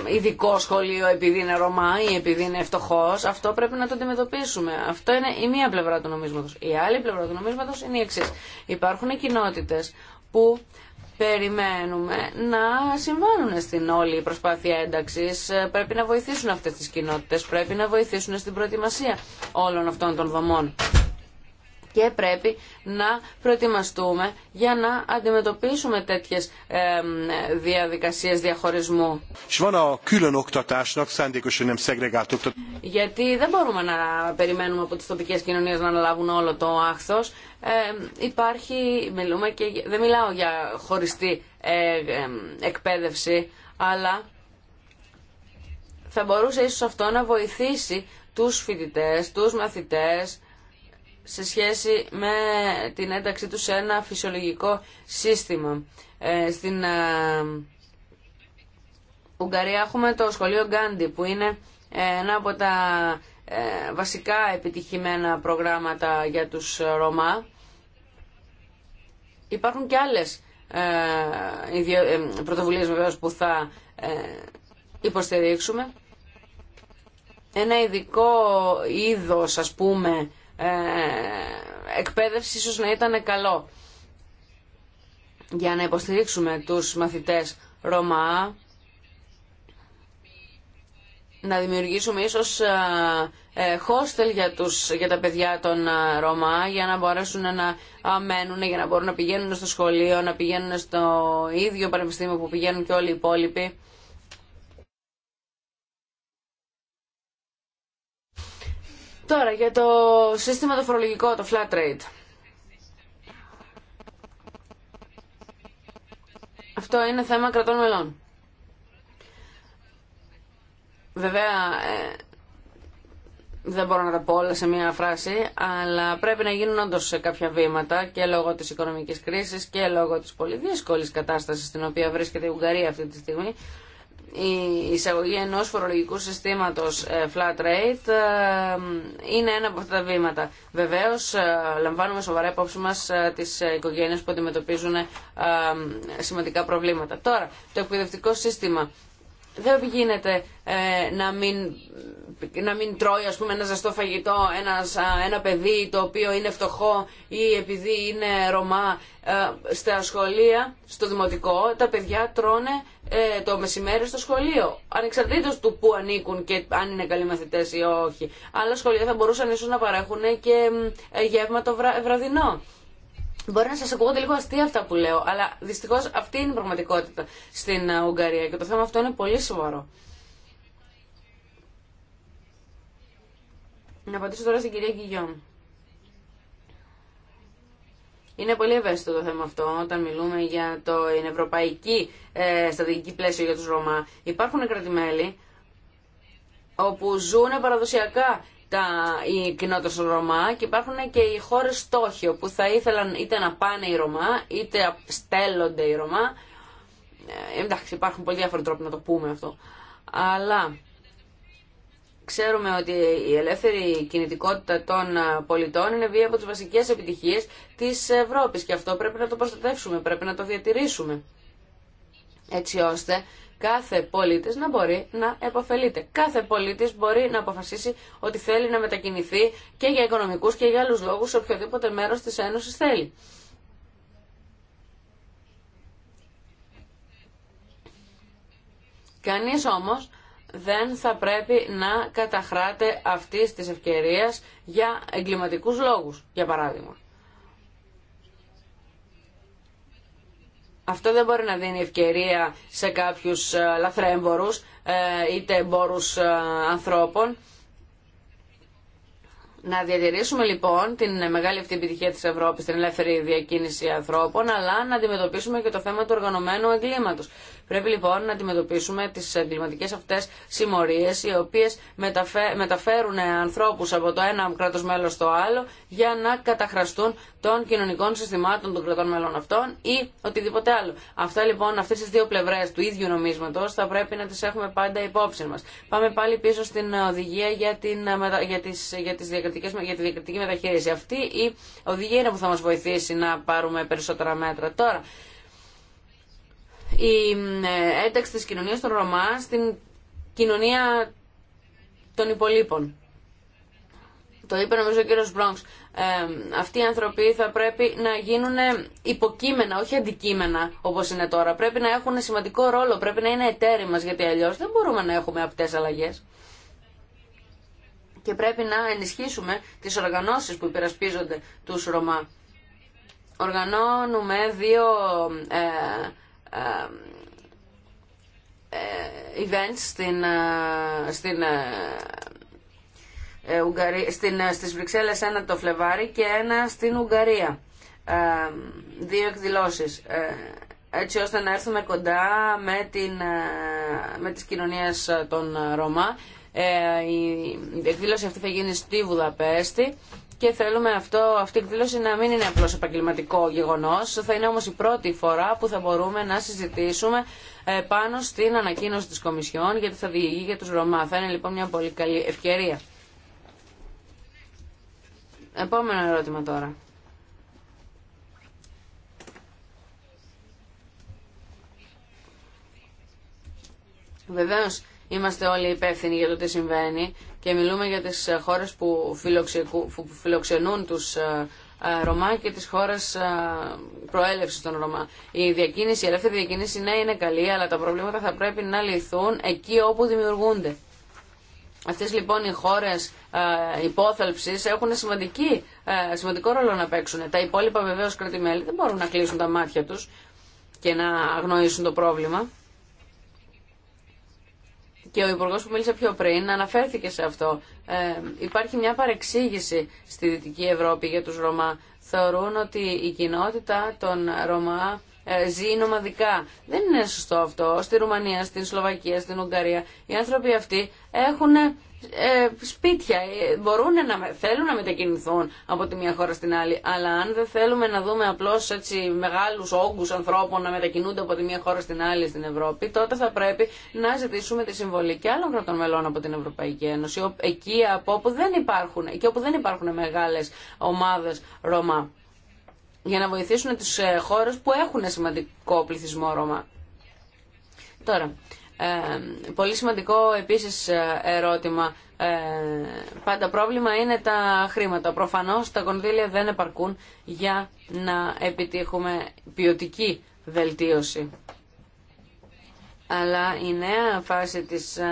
[SPEAKER 4] ε, ε, ειδικό σχολείο επειδή είναι Ρωμά ή επειδή είναι φτωχός. Αυτό πρέπει να το αντιμετωπίσουμε. Αυτό είναι η μία πλευρά του νομίσματος. Η άλλη πλευρά του νομίσματος είναι η εξή. Υπάρχουν κοινότητες που περιμένουμε να συμβάνουν στην όλη προσπάθεια ένταξης. Ε, πρέπει να βοηθήσουν αυτές τις κοινότητε, πρέπει να βοηθήσουν στην προετοιμασία όλων αυτών των δομών και πρέπει να προετοιμαστούμε για να αντιμετωπίσουμε τέτοιες διαδικασίες διαχωρισμού. Γιατί δεν μπορούμε να περιμένουμε από τις τοπικές κοινωνίες να αναλάβουν όλο το άχθος. Ε, υπάρχει, μιλούμε και, δεν μιλάω για χωριστή ε, εκπαίδευση, αλλά θα μπορούσε ίσως αυτό να βοηθήσει τους φοιτητές, τους μαθητές, σε σχέση με την ένταξή του σε ένα φυσιολογικό σύστημα. Ε, στην ε, Ουγγαρία έχουμε το σχολείο Γκάντι που είναι ένα από τα ε, βασικά επιτυχημένα προγράμματα για τους Ρωμά. Υπάρχουν και άλλες πρωτοβουλίες βεβαίως που θα υποστηρίξουμε. Ένα ειδικό είδος ας πούμε ε, εκπαίδευση ίσως να ήταν καλό για να υποστηρίξουμε τους μαθητές Ρωμά, να δημιουργήσουμε ίσως ε, ε, hostel για, τους, για τα παιδιά των Ρωμά για να μπορέσουν να μένουν, για να μπορούν να πηγαίνουν στο σχολείο, να πηγαίνουν στο ίδιο πανεπιστήμιο που πηγαίνουν και όλοι οι υπόλοιποι. Τώρα για το σύστημα το φορολογικό, το flat rate. Αυτό είναι θέμα κρατών μελών. Βέβαια, ε, δεν μπορώ να τα πω όλα σε μία φράση, αλλά πρέπει να γίνουν όντω κάποια βήματα και λόγω της οικονομικής κρίσης και λόγω της πολύ δύσκολης κατάστασης στην οποία βρίσκεται η Ουγγαρία αυτή τη στιγμή η εισαγωγή ενός φορολογικού συστήματος ε, flat rate ε, είναι ένα από αυτά τα βήματα. Βεβαίως ε, λαμβάνουμε σοβαρά υπόψη μα τι οικογένειε που αντιμετωπίζουν σημαντικά προβλήματα. Τώρα, το εκπαιδευτικό σύστημα δεν γίνεται ε, να, μην, να μην τρώει ας πούμε, ένα ζεστό φαγητό ένας, ένα παιδί το οποίο είναι φτωχό ή επειδή είναι Ρωμά. Ε, στα σχολεία, στο δημοτικό, τα παιδιά τρώνε ε, το μεσημέρι στο σχολείο. Ανεξαρτήτως του που ανήκουν και αν είναι καλοί μαθητές ή όχι. Άλλα σχολεία θα μπορούσαν ίσως να παρέχουν και ε, γεύμα το βραδινό. Μπορεί να σα ακούγονται λίγο αστεία αυτά που λέω, αλλά δυστυχώ αυτή είναι η πραγματικότητα στην ε, Ουγγαρία και το θέμα αυτό είναι πολύ σοβαρό. Να απαντήσω τώρα στην κυρία Κιγιόμ. Είναι πολύ ευαίσθητο το θέμα αυτό όταν μιλούμε για το ευρωπαϊκή ε, στρατηγική πλαίσιο για τους Ρωμά. Υπάρχουν κρατημέλη όπου ζουν παραδοσιακά τα, κοινότητα στο των Ρωμά και υπάρχουν και οι χώρες στόχοι που θα ήθελαν είτε να πάνε οι Ρωμά είτε στέλνονται οι Ρωμά ε, εντάξει υπάρχουν πολλοί διάφοροι τρόποι να το πούμε αυτό αλλά ξέρουμε ότι η ελεύθερη κινητικότητα των πολιτών είναι μία από τι βασικές επιτυχίες της Ευρώπης και αυτό πρέπει να το προστατεύσουμε, πρέπει να το διατηρήσουμε έτσι ώστε κάθε πολίτης να μπορεί να επωφελείται. Κάθε πολίτης μπορεί να αποφασίσει ότι θέλει να μετακινηθεί και για οικονομικούς και για άλλους λόγους σε οποιοδήποτε μέρος της Ένωσης θέλει. Κανείς όμως δεν θα πρέπει να καταχράτε αυτής της ευκαιρίας για εγκληματικούς λόγους, για παράδειγμα. Αυτό δεν μπορεί να δίνει ευκαιρία σε κάποιους ε, λαθρέμπορους ε, είτε εμπόρους ε, ανθρώπων. Να διατηρήσουμε λοιπόν την μεγάλη αυτή επιτυχία της Ευρώπης, την ελεύθερη διακίνηση ανθρώπων, αλλά να αντιμετωπίσουμε και το θέμα του οργανωμένου εγκλήματος. Πρέπει λοιπόν να αντιμετωπίσουμε τι εγκληματικέ αυτέ συμμορίε, οι οποίες μεταφέρουν ανθρώπου από το ένα κρατο μέλος στο άλλο για να καταχραστούν των κοινωνικών συστημάτων των κρατών μέλων αυτών ή οτιδήποτε άλλο. Αυτά λοιπόν, αυτές τι δύο πλευρέ του ίδιου νομίσματος θα πρέπει να τι έχουμε πάντα υπόψη μα. Πάμε πάλι πίσω στην οδηγία για, την, για, τις, για, τις διακριτικές, για τη διακριτική μεταχείριση. Αυτή η οδηγία είναι που θα μα βοηθήσει να πάρουμε περισσότερα μέτρα. Τώρα, η ένταξη της κοινωνίας των Ρωμά στην κοινωνία των υπολείπων. Το είπε νομίζω ο κύριος Μπρόγκς. Ε, αυτοί οι άνθρωποι θα πρέπει να γίνουν υποκείμενα, όχι αντικείμενα όπως είναι τώρα. Πρέπει να έχουν σημαντικό ρόλο, πρέπει να είναι εταίροι μας, γιατί αλλιώς δεν μπορούμε να έχουμε απτές αλλαγές. Και πρέπει να ενισχύσουμε τις οργανώσεις που υπερασπίζονται τους Ρωμά. Οργανώνουμε δύο ε, ε, events στην, ε, στην ε, στην, στις Βρυξέλλες ένα το Φλεβάρι και ένα στην Ουγγαρία. δύο εκδηλώσεις. έτσι ώστε να έρθουμε κοντά με, την, με τις κοινωνίες των Ρωμά. η εκδήλωση αυτή θα γίνει στη Βουδαπέστη και θέλουμε αυτό, αυτή η εκδήλωση να μην είναι απλώς επαγγελματικό γεγονός. Θα είναι όμως η πρώτη φορά που θα μπορούμε να συζητήσουμε ε, πάνω στην ανακοίνωση της Κομισιόν γιατί θα διηγεί για τους Ρωμά. Θα είναι λοιπόν μια πολύ καλή ευκαιρία. Επόμενο ερώτημα τώρα. Βεβαίως είμαστε όλοι υπεύθυνοι για το τι συμβαίνει και μιλούμε για τις ε, χώρες που φιλοξενούν τους ε, ε, Ρωμά και τις χώρες προέλευσης των Ρωμά. Η διακίνηση, η ελεύθερη διακίνηση ναι είναι καλή, αλλά τα προβλήματα θα πρέπει να λυθούν εκεί όπου δημιουργούνται. Αυτές λοιπόν οι χώρες ε, έχουν σημαντική, σημαντικό ρόλο να παίξουν. Τα υπόλοιπα βεβαίως κρατημέλη δεν μπορούν να κλείσουν τα μάτια τους και να αγνοήσουν το πρόβλημα και ο Υπουργό που μίλησε πιο πριν αναφέρθηκε σε αυτό. Ε, υπάρχει μια παρεξήγηση στη Δυτική Ευρώπη για τους Ρωμά. Θεωρούν ότι η κοινότητα των Ρωμά ε, ζει νομαδικά. Δεν είναι σωστό αυτό. Στη Ρουμανία, στην Σλοβακία, στην Ουγγαρία οι άνθρωποι αυτοί έχουν ε, σπίτια. Ε, μπορούν να θέλουν να μετακινηθούν από τη μία χώρα στην άλλη, αλλά αν δεν θέλουμε να δούμε απλώ έτσι μεγάλους όγκους ανθρώπων να μετακινούνται από τη μία χώρα στην άλλη στην Ευρώπη, τότε θα πρέπει να ζητήσουμε τη συμβολή και άλλων κρατών μελών από την Ευρωπαϊκή Ένωση, εκεί από όπου δεν υπάρχουν, και όπου δεν υπάρχουν μεγάλες ομάδες Ρωμά για να βοηθήσουν τις ε, χώρε που έχουν σημαντικό πληθυσμό Ρώμα. Τώρα, πολύ σημαντικό επίσης ε, ερώτημα. Ε, πάντα πρόβλημα είναι τα χρήματα. Προφανώς τα κονδύλια δεν επαρκούν για να επιτύχουμε ποιοτική βελτίωση. Αλλά η νέα φάση της ε,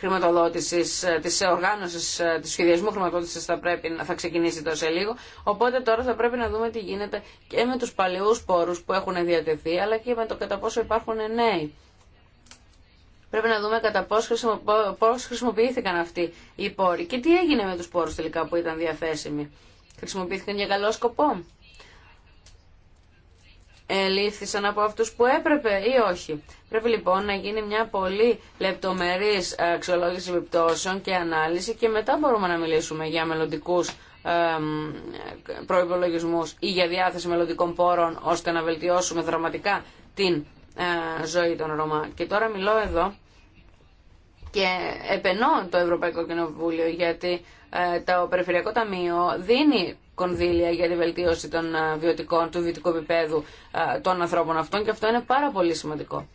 [SPEAKER 4] χρηματοδότησης, ε, της οργάνωσης, ε, του σχεδιασμού χρηματοδότησης θα, πρέπει, θα ξεκινήσει τόσο λίγο. Οπότε τώρα θα πρέπει να δούμε τι γίνεται και με τους παλαιούς πόρους που έχουν διατεθεί, αλλά και με το κατά πόσο υπάρχουν νέοι. Πρέπει να δούμε κατά πώς χρησιμοποιήθηκαν αυτοί οι πόροι και τι έγινε με τους πόρους τελικά που ήταν διαθέσιμοι. Χρησιμοποιήθηκαν για καλό σκοπό λήφθησαν από αυτούς που έπρεπε ή όχι. Πρέπει λοιπόν να γίνει μια πολύ λεπτομερής αξιολόγηση επιπτώσεων και ανάλυση και μετά μπορούμε να μιλήσουμε για μελλοντικού προϋπολογισμούς ή για διάθεση μελλοντικών πόρων ώστε να βελτιώσουμε δραματικά την ε, ζωή των Ρωμά. Και τώρα μιλώ εδώ και επενώ το Ευρωπαϊκό Κοινοβούλιο γιατί ε, το Περιφερειακό Ταμείο δίνει κονδύλια για τη βελτίωση των ε, βιωτικών, του βιωτικού επίπεδου ε, των ανθρώπων αυτών και αυτό είναι πάρα πολύ σημαντικό.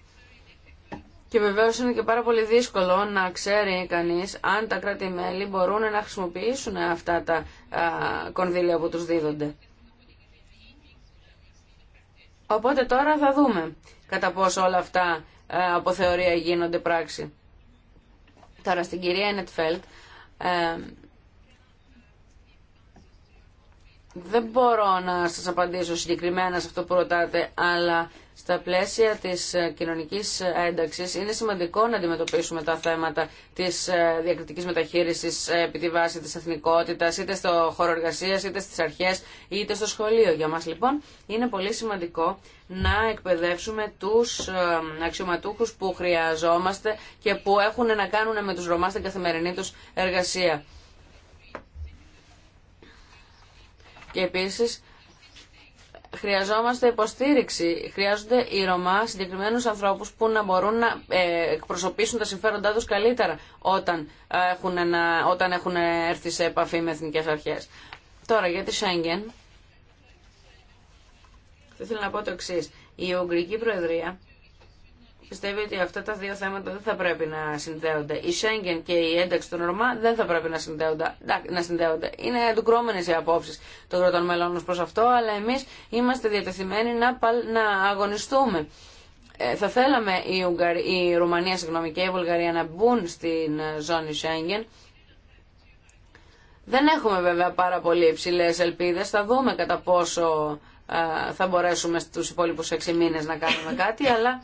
[SPEAKER 4] Και βεβαίω είναι και πάρα πολύ δύσκολο να ξέρει κανεί αν τα κράτη-μέλη μπορούν να χρησιμοποιήσουν αυτά τα ε, κονδύλια που του δίδονται. Οπότε τώρα θα δούμε κατά πόσο όλα αυτά από θεωρία γίνονται πράξη. Τώρα στην κυρία Ενετφέλτ, δεν μπορώ να σας απαντήσω συγκεκριμένα σε αυτό που ρωτάτε, αλλά στα πλαίσια της ε, κοινωνικής ε, ένταξης είναι σημαντικό να αντιμετωπίσουμε τα θέματα της ε, διακριτικής μεταχείρισης επί τη βάση της εθνικότητας, είτε στο χώρο εργασίας, είτε στις αρχές, είτε στο σχολείο. Για μας λοιπόν είναι πολύ σημαντικό να εκπαιδεύσουμε τους αξιωματούχους που χρειαζόμαστε και που έχουν να κάνουν με τους Ρωμά στην καθημερινή τους εργασία. Και επίση χρειαζόμαστε υποστήριξη. Χρειάζονται οι Ρωμά συγκεκριμένου ανθρώπου που να μπορούν να ε, εκπροσωπήσουν τα συμφέροντά του καλύτερα όταν ε, έχουν, ένα, όταν έχουν έρθει σε επαφή με εθνικέ αρχέ. Τώρα για τη Σέγγεν. Θα να πω το εξή. Η Ουγγρική Προεδρία πιστεύει ότι αυτά τα δύο θέματα δεν θα πρέπει να συνδέονται. Η Σέγγεν και η ένταξη των Ρωμά δεν θα πρέπει να συνδέονται. Να συνδέονται. Είναι αντικρώμενε οι απόψει των κρατών μελών προ αυτό, αλλά εμεί είμαστε διατεθειμένοι να, να αγωνιστούμε. Ε, θα θέλαμε η, Ουγγαρ... η Ρουμανία συγγνώμη, και η Βουλγαρία να μπουν στην ε, ζώνη Σέγγεν. Δεν έχουμε βέβαια πάρα πολύ υψηλέ ελπίδε. Θα δούμε κατά πόσο ε, θα μπορέσουμε στου υπόλοιπου 6 μήνε να κάνουμε κάτι, αλλά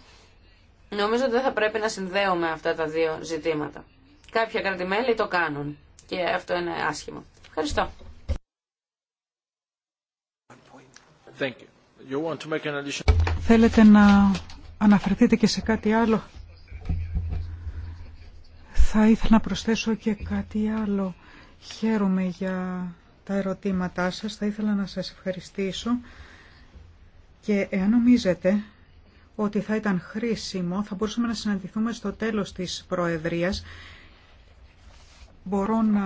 [SPEAKER 4] Νομίζω ότι δεν θα πρέπει να συνδέουμε αυτά τα δύο ζητήματα. Κάποια κρατημέλη το κάνουν και αυτό είναι άσχημο. Ευχαριστώ.
[SPEAKER 3] Θέλετε να αναφερθείτε και σε κάτι άλλο. Θα ήθελα να προσθέσω και κάτι άλλο. Χαίρομαι για τα ερωτήματά σας. Θα ήθελα να σας ευχαριστήσω. Και εάν νομίζετε ότι θα ήταν χρήσιμο, θα μπορούσαμε να συναντηθούμε στο τέλος της Προεδρίας. Μπορώ να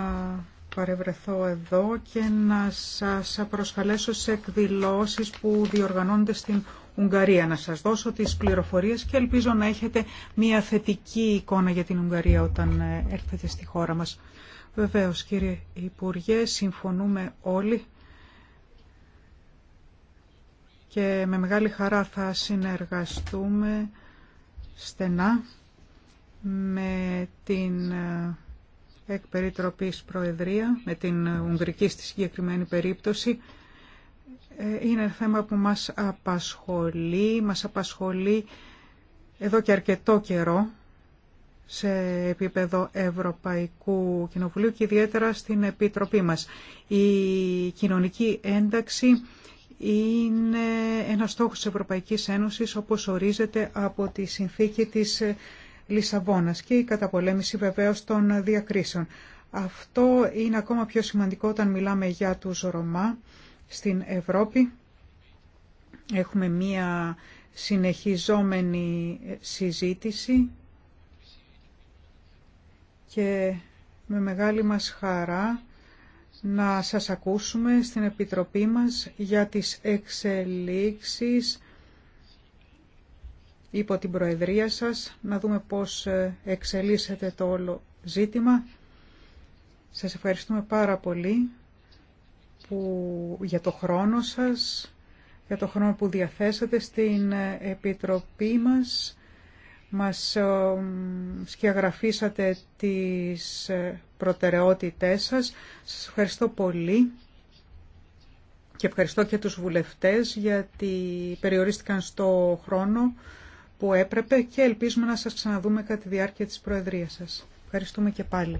[SPEAKER 3] παρευρεθώ εδώ και να σας προσκαλέσω σε εκδηλώσεις που διοργανώνονται στην Ουγγαρία. Να σας δώσω τις πληροφορίες και ελπίζω να έχετε μια θετική εικόνα για την Ουγγαρία όταν ε, έρθετε στη χώρα μας. Βεβαίως κύριε Υπουργέ, συμφωνούμε όλοι και με μεγάλη χαρά θα συνεργαστούμε στενά με την ε, εκπεριτροπής Προεδρία, με την Ουγγρική στη συγκεκριμένη περίπτωση. Ε, είναι θέμα που μας απασχολεί, μας απασχολεί εδώ και αρκετό καιρό σε επίπεδο Ευρωπαϊκού Κοινοβουλίου και ιδιαίτερα στην Επιτροπή μας. Η κοινωνική ένταξη είναι ένα στόχος της Ευρωπαϊκής Ένωσης όπως ορίζεται από τη συνθήκη της Λισαβόνας και η καταπολέμηση βεβαίως των διακρίσεων. Αυτό είναι ακόμα πιο σημαντικό όταν μιλάμε για τους Ρωμά στην Ευρώπη. Έχουμε μία συνεχιζόμενη συζήτηση και με μεγάλη μας χαρά να σας ακούσουμε στην Επιτροπή μας για τις εξελίξεις υπό την Προεδρία σας, να δούμε πώς ε, εξελίσσεται το όλο ζήτημα. Σας ευχαριστούμε πάρα πολύ για το χρόνο σας, για το χρόνο που διαθέσατε στην ε, Επιτροπή μας. Μας ε, σκιαγραφίσατε τις προτεραιότητές σας. Σας ευχαριστώ πολύ και ευχαριστώ και τους βουλευτές γιατί περιορίστηκαν στο χρόνο που έπρεπε και ελπίζουμε να σας ξαναδούμε κατά τη διάρκεια της Προεδρίας σας. Ευχαριστούμε και πάλι.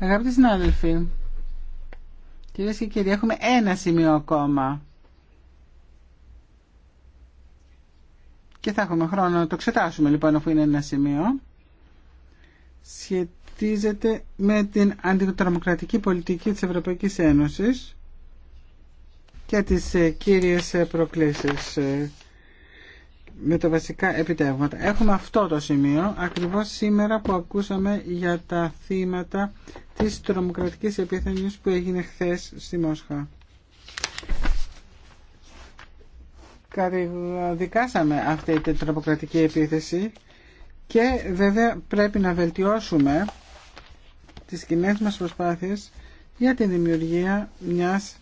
[SPEAKER 2] Αγαπητοί συνάδελφοι, κυρίες και κύριοι, έχουμε ένα σημείο ακόμα και θα έχουμε χρόνο να το εξετάσουμε λοιπόν αφού είναι ένα σημείο. Σχετίζεται με την αντιτρομοκρατική πολιτική της Ευρωπαϊκής Ένωσης και τις ε, κύριες ε, προκλήσεις ε, με τα βασικά επιτεύγματα. Έχουμε αυτό το σημείο ακριβώς σήμερα που ακούσαμε για τα θύματα της τρομοκρατικής επίθεσης που έγινε χθες στη Μόσχα. Καταδικάσαμε αυτή την τρομοκρατική επίθεση και βέβαια πρέπει να βελτιώσουμε τις κοινέ μας προσπάθειες για τη δημιουργία μιας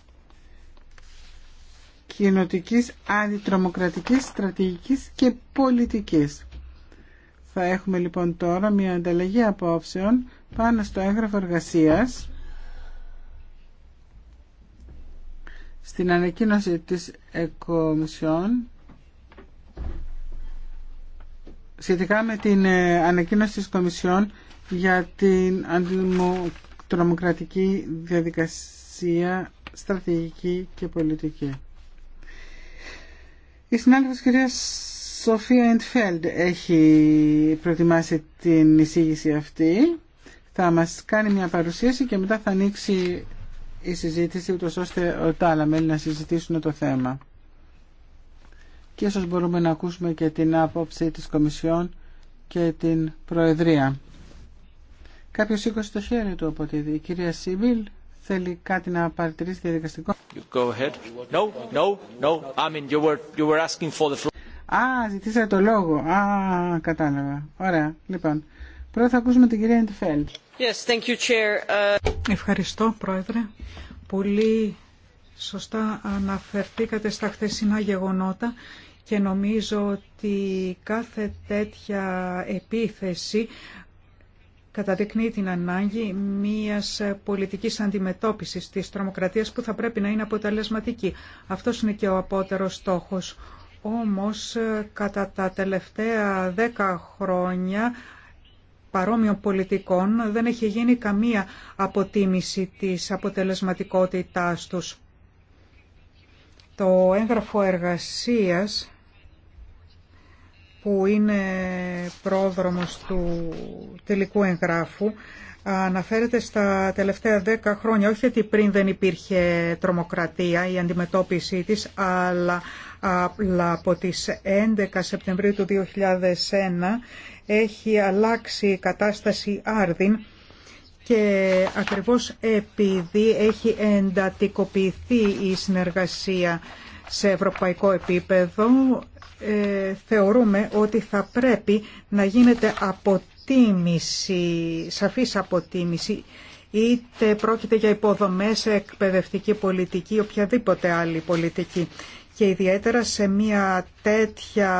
[SPEAKER 2] κοινοτικής αντιτρομοκρατικής στρατηγικής και πολιτικής. Θα έχουμε λοιπόν τώρα μια ανταλλαγή απόψεων πάνω στο έγγραφο εργασίας στην ανακοίνωση της Εκομισιόν σχετικά με την ε, ανακοίνωση της Κομισιόν για την αντιτρομοκρατική διαδικασία στρατηγική και πολιτική. Η συνάδελφο κυρία Σοφία Εντφέλντ έχει προετοιμάσει την εισήγηση αυτή. Θα μας κάνει μια παρουσίαση και μετά θα ανοίξει η συζήτηση ούτω ώστε τα άλλα μέλη να συζητήσουν το θέμα. Και ίσω μπορούμε να ακούσουμε και την άποψη της Κομισιόν και την Προεδρία. Κάποιο σήκωσε το χέρι του από τη κυρία Σίμπιλ θέλει κάτι να παρατηρήσει διαδικαστικό.
[SPEAKER 1] Go ahead. No, no, no. you were asking for the
[SPEAKER 2] Α, ζητήσατε το λόγο. Α, κατάλαβα.
[SPEAKER 3] Ωραία. Λοιπόν, πρώτα θα ακούσουμε την κυρία Εντιφέλ.
[SPEAKER 4] Yes, thank you, Chair. Uh,
[SPEAKER 3] Ευχαριστώ, Πρόεδρε. Πολύ σωστά αναφερθήκατε στα χθεσινά γεγονότα και νομίζω ότι κάθε τέτοια επίθεση καταδεικνύει την ανάγκη μιας πολιτικής αντιμετώπισης της τρομοκρατίας που θα πρέπει να είναι αποτελεσματική. Αυτός είναι και ο απότερος στόχος. Όμως κατά τα τελευταία δέκα χρόνια παρόμοιων πολιτικών δεν έχει γίνει καμία αποτίμηση της αποτελεσματικότητάς τους. Το έγγραφο εργασίας που είναι πρόδρομος του τελικού εγγράφου αναφέρεται στα τελευταία δέκα χρόνια, όχι ότι πριν δεν υπήρχε τρομοκρατία η αντιμετώπιση της, αλλά από τις 11 Σεπτεμβρίου του 2001 έχει αλλάξει η κατάσταση άρδιν και ακριβώς επειδή έχει εντατικοποιηθεί η συνεργασία σε ευρωπαϊκό επίπεδο ε, θεωρούμε ότι θα πρέπει να γίνεται αποτίμηση, σαφής αποτίμηση είτε πρόκειται για υποδομές, εκπαιδευτική πολιτική, οποιαδήποτε άλλη πολιτική. Και ιδιαίτερα σε μια τέτοια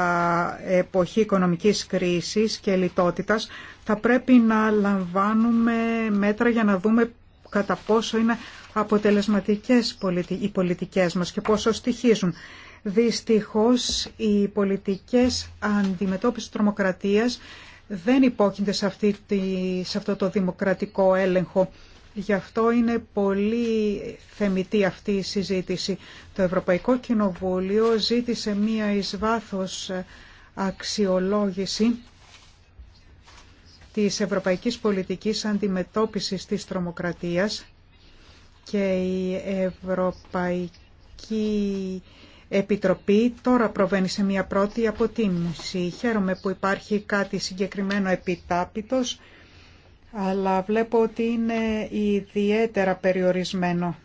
[SPEAKER 3] εποχή οικονομικής κρίσης και λιτότητας θα πρέπει να λαμβάνουμε μέτρα για να δούμε κατά πόσο είναι αποτελεσματικές οι πολιτικές μας και πόσο στοιχίζουν. Δυστυχώς οι πολιτικές αντιμετώπισης τρομοκρατίας δεν υπόκεινται σε, αυτή τη, σε αυτό το δημοκρατικό έλεγχο. Γι' αυτό είναι πολύ θεμητή αυτή η συζήτηση. Το Ευρωπαϊκό Κοινοβούλιο ζήτησε μία εις βάθος αξιολόγηση της Ευρωπαϊκής Πολιτικής Αντιμετώπισης της Τρομοκρατίας και η Ευρωπαϊκή Επιτροπή τώρα προβαίνει σε μια πρώτη αποτίμηση. Χαίρομαι που υπάρχει κάτι συγκεκριμένο επιτάπητος, αλλά βλέπω ότι είναι ιδιαίτερα περιορισμένο,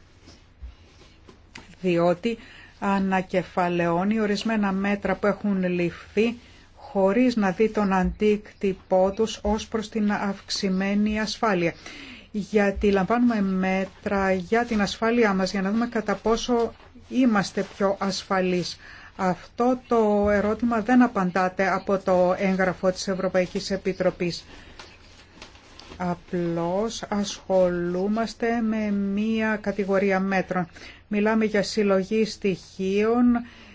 [SPEAKER 3] διότι ανακεφαλαιώνει ορισμένα μέτρα που έχουν ληφθεί χωρίς να δει τον αντίκτυπό τους ως προς την αυξημένη ασφάλεια. Γιατί λαμβάνουμε μέτρα για την ασφάλειά μας για να δούμε κατά πόσο είμαστε πιο ασφαλείς. Αυτό το ερώτημα δεν απαντάται από το έγγραφο της Ευρωπαϊκής Επιτροπής. Απλώς ασχολούμαστε με μία κατηγορία μέτρων. Μιλάμε για συλλογή στοιχείων,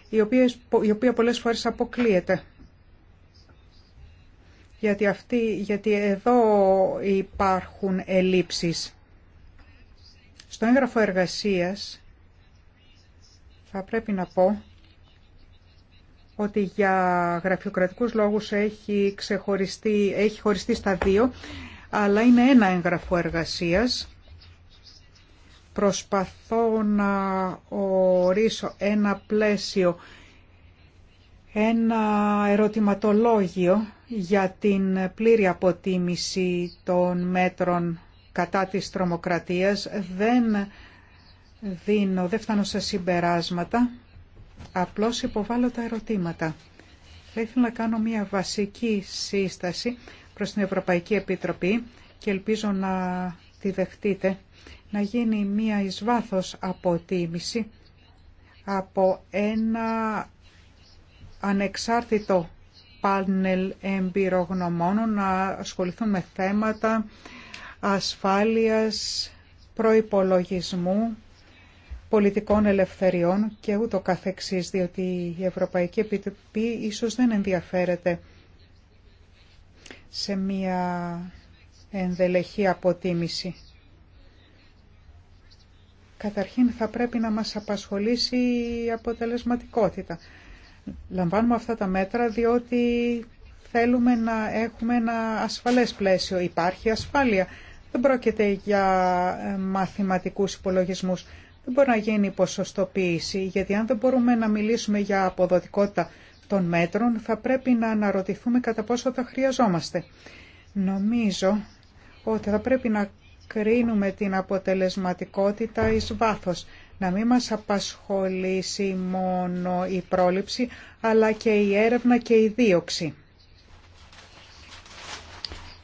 [SPEAKER 3] η οποία, η οποία πολλές φορές αποκλείεται. Γιατί, αυτή, γιατί εδώ υπάρχουν ελλείψεις. Στο έγγραφο εργασίας θα πρέπει να πω ότι για γραφειοκρατικούς λόγους έχει, ξεχωριστεί, έχει χωριστεί στα δύο, αλλά είναι ένα έγγραφο εργασίας. Προσπαθώ να ορίσω ένα πλαίσιο, ένα ερωτηματολόγιο για την πλήρη αποτίμηση των μέτρων κατά της τρομοκρατίας. Δεν δίνω, δεν φτάνω σε συμπεράσματα, απλώς υποβάλλω τα ερωτήματα. Θα ήθελα να κάνω μια βασική σύσταση προς την Ευρωπαϊκή Επιτροπή και ελπίζω να τη δεχτείτε, να γίνει μια εις αποτίμηση από ένα ανεξάρτητο πάνελ εμπειρογνωμόνων να ασχοληθούν με θέματα ασφάλειας, προϋπολογισμού πολιτικών ελευθεριών και ούτω καθεξής, διότι η Ευρωπαϊκή Επιτροπή ίσως δεν ενδιαφέρεται σε μία ενδελεχή αποτίμηση. Καταρχήν θα πρέπει να μας απασχολήσει η αποτελεσματικότητα. Λαμβάνουμε αυτά τα μέτρα διότι θέλουμε να έχουμε ένα ασφαλές πλαίσιο. Υπάρχει ασφάλεια. Δεν πρόκειται για μαθηματικούς υπολογισμούς. Δεν μπορεί να γίνει ποσοστοποίηση, γιατί αν δεν μπορούμε να μιλήσουμε για αποδοτικότητα των μέτρων, θα πρέπει να αναρωτηθούμε κατά πόσο θα χρειαζόμαστε. Νομίζω ότι θα πρέπει να κρίνουμε την αποτελεσματικότητα εις βάθος. Να μην μας απασχολήσει μόνο η πρόληψη, αλλά και η έρευνα και η δίωξη.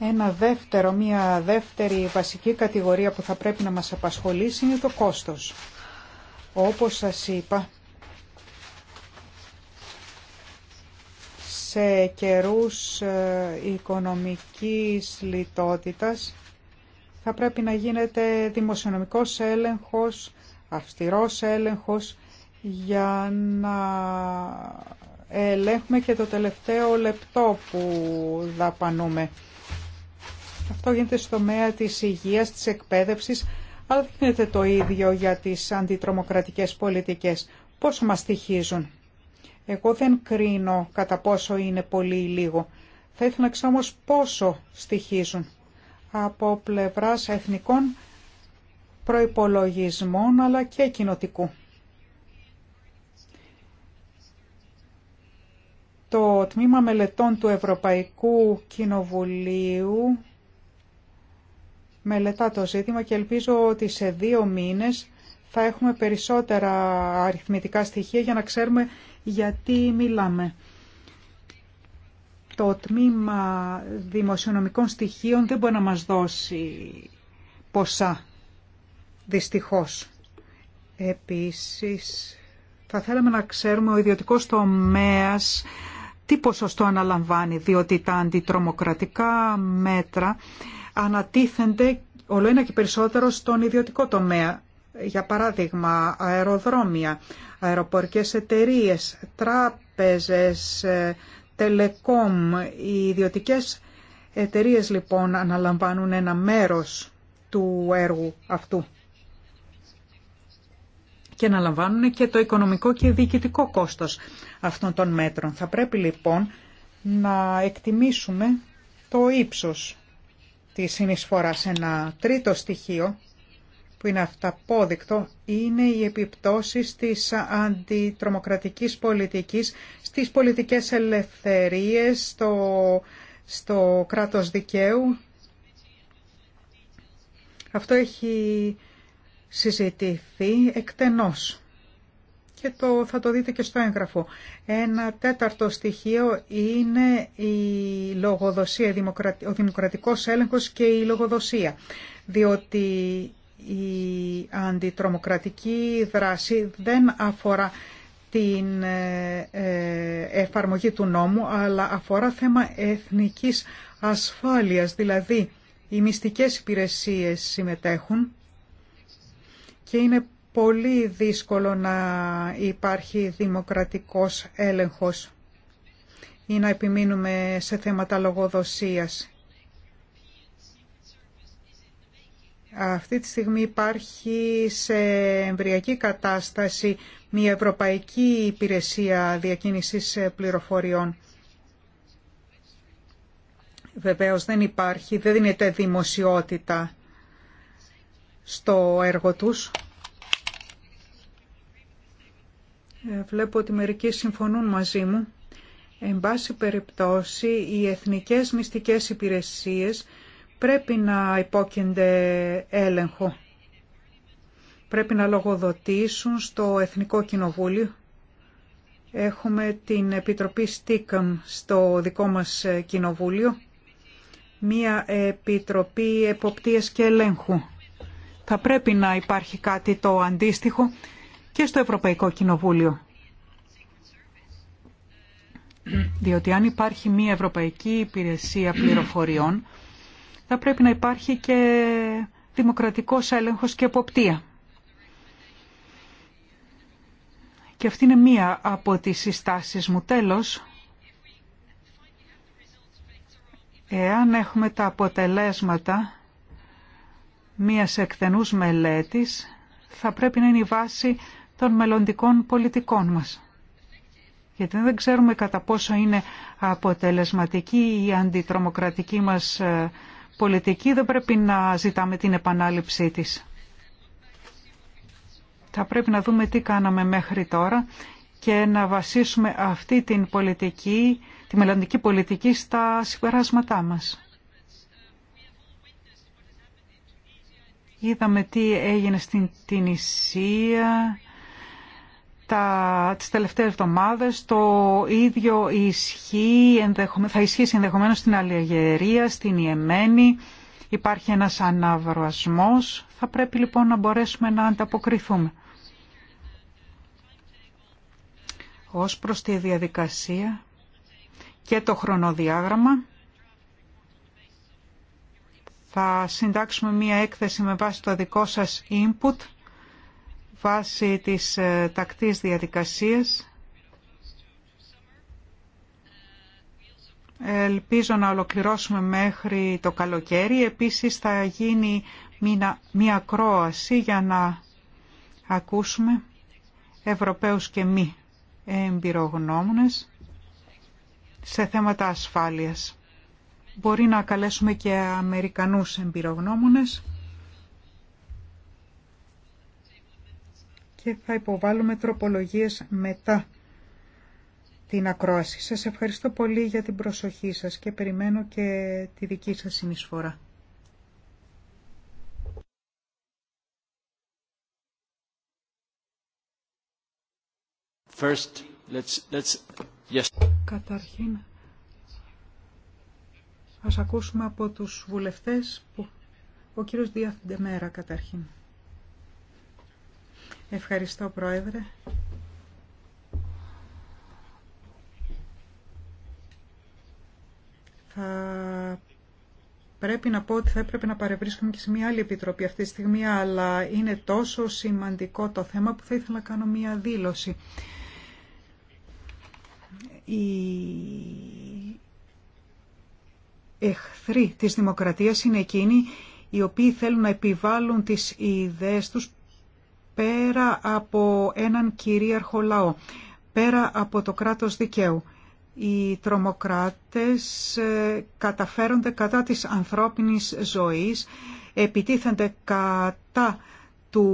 [SPEAKER 3] Ένα δεύτερο, μια δεύτερη βασική κατηγορία που θα πρέπει να μας απασχολήσει είναι το κόστος. Όπως σας είπα, σε καιρούς ε, οικονομικής λιτότητας θα πρέπει να γίνεται δημοσιονομικός έλεγχος, αυστηρός έλεγχος για να ελέγχουμε και το τελευταίο λεπτό που δαπανούμε αυτό γίνεται στο τομέα της υγείας, της εκπαίδευσης, αλλά δεν γίνεται το ίδιο για τις αντιτρομοκρατικές πολιτικές. Πόσο μας στοιχίζουν. Εγώ δεν κρίνω κατά πόσο είναι πολύ ή λίγο. Θα ήθελα να ξέρω όμως πόσο στοιχίζουν από πλευράς εθνικών προϋπολογισμών αλλά και κοινοτικού. Το τμήμα μελετών του Ευρωπαϊκού Κοινοβουλίου μελετά το ζήτημα και ελπίζω ότι σε δύο μήνες θα έχουμε περισσότερα αριθμητικά στοιχεία για να ξέρουμε γιατί μιλάμε. Το τμήμα δημοσιονομικών στοιχείων δεν μπορεί να μας δώσει ποσά, δυστυχώς. Επίσης, θα θέλαμε να ξέρουμε ο ιδιωτικός τομέας τι ποσοστό αναλαμβάνει, διότι τα αντιτρομοκρατικά μέτρα ανατίθενται όλο ένα και περισσότερο στον ιδιωτικό τομέα. Για παράδειγμα, αεροδρόμια, αεροπορικές εταιρείες, τράπεζες, ε, τελεκόμ, οι ιδιωτικές εταιρείες λοιπόν αναλαμβάνουν ένα μέρος του έργου αυτού και να και το οικονομικό και διοικητικό κόστος αυτών των μέτρων. Θα πρέπει λοιπόν να εκτιμήσουμε το ύψος τη συνεισφορά. Σε ένα τρίτο στοιχείο που είναι αυταπόδεικτο είναι οι επιπτώσεις της αντιτρομοκρατικής πολιτικής στις πολιτικές ελευθερίες, στο, στο κράτος δικαίου. Αυτό έχει συζητηθεί εκτενώς και το, θα το δείτε και στο έγγραφο. Ένα τέταρτο στοιχείο είναι η λογοδοσία, ο δημοκρατικός έλεγχος και η λογοδοσία, διότι η αντιτρομοκρατική δράση δεν αφορά την ε, ε, εφαρμογή του νόμου, αλλά αφορά θέμα εθνικής ασφάλειας, δηλαδή οι μυστικές υπηρεσίες συμμετέχουν και είναι πολύ δύσκολο να υπάρχει δημοκρατικός έλεγχος ή να επιμείνουμε σε θέματα λογοδοσίας. Αυτή τη στιγμή υπάρχει σε εμβριακή κατάσταση μια Ευρωπαϊκή Υπηρεσία Διακίνησης Πληροφοριών. Βεβαίως δεν υπάρχει, δεν δίνεται δημοσιότητα στο έργο τους. Ε, βλέπω ότι μερικοί συμφωνούν μαζί μου. Εν πάση περιπτώσει, οι εθνικές μυστικές υπηρεσίες πρέπει να υπόκεινται έλεγχο. Πρέπει να λογοδοτήσουν στο Εθνικό Κοινοβούλιο. Έχουμε την Επιτροπή ΣΤΙΚΑΜ στο δικό μας ε, Κοινοβούλιο. Μία Επιτροπή Εποπτείας και Ελέγχου. Θα πρέπει να υπάρχει κάτι το αντίστοιχο και στο Ευρωπαϊκό Κοινοβούλιο. Διότι αν υπάρχει μία Ευρωπαϊκή Υπηρεσία Πληροφοριών, θα πρέπει να υπάρχει και δημοκρατικός έλεγχος και εποπτεία. Και αυτή είναι μία από τις συστάσεις μου. Τέλος, εάν έχουμε τα αποτελέσματα μίας εκτενούς μελέτης, θα πρέπει να είναι η βάση των μελλοντικών πολιτικών μας. Γιατί δεν ξέρουμε κατά πόσο είναι αποτελεσματική η αντιτρομοκρατική μας ε, πολιτική, δεν πρέπει να ζητάμε την επανάληψή της. Θα πρέπει να δούμε τι κάναμε μέχρι τώρα και να βασίσουμε αυτή την πολιτική, τη μελλοντική πολιτική στα συμπεράσματά μας. Είδαμε τι έγινε στην Τινησία, τα, τις τελευταίες εβδομάδες. Το ίδιο ισχύει, θα ισχύσει ενδεχομένως στην Αλιαγερία, στην Ιεμένη. Υπάρχει ένας αναβροασμός. Θα πρέπει λοιπόν να μπορέσουμε να ανταποκριθούμε. Ως προς τη διαδικασία και το χρονοδιάγραμμα, θα συντάξουμε μία έκθεση με βάση το δικό σας input Βάση της ε, τακτής διαδικασίας. Ελπίζω να ολοκληρώσουμε μέχρι το καλοκαίρι. Επίσης θα γίνει μια κρόαση για να ακούσουμε Ευρωπαίους και μη εμπειρογνώμονες σε θέματα ασφάλειας. Μπορεί να καλέσουμε και Αμερικανούς εμπειρογνώμονες. και θα υποβάλουμε τροπολογίες μετά την ακρόαση. Σας ευχαριστώ πολύ για την προσοχή σας και περιμένω και τη δική σας συνεισφορά.
[SPEAKER 1] First, let's, let's...
[SPEAKER 3] Καταρχήν, ας ακούσουμε από τους βουλευτές που... Ο κύριος Διαθεντεμέρα καταρχήν. Ευχαριστώ, Πρόεδρε. Θα πρέπει να πω ότι θα έπρεπε να παρευρίσκουμε και σε μια άλλη επιτροπή αυτή τη στιγμή, αλλά είναι τόσο σημαντικό το θέμα που θα ήθελα να κάνω μια δήλωση. Οι εχθροί της δημοκρατίας είναι εκείνοι οι οποίοι θέλουν να επιβάλλουν τις ιδέες τους πέρα από έναν κυρίαρχο λαό, πέρα από το κράτος δικαίου. Οι τρομοκράτες ε, καταφέρονται κατά της ανθρώπινης ζωής, επιτίθενται κατά του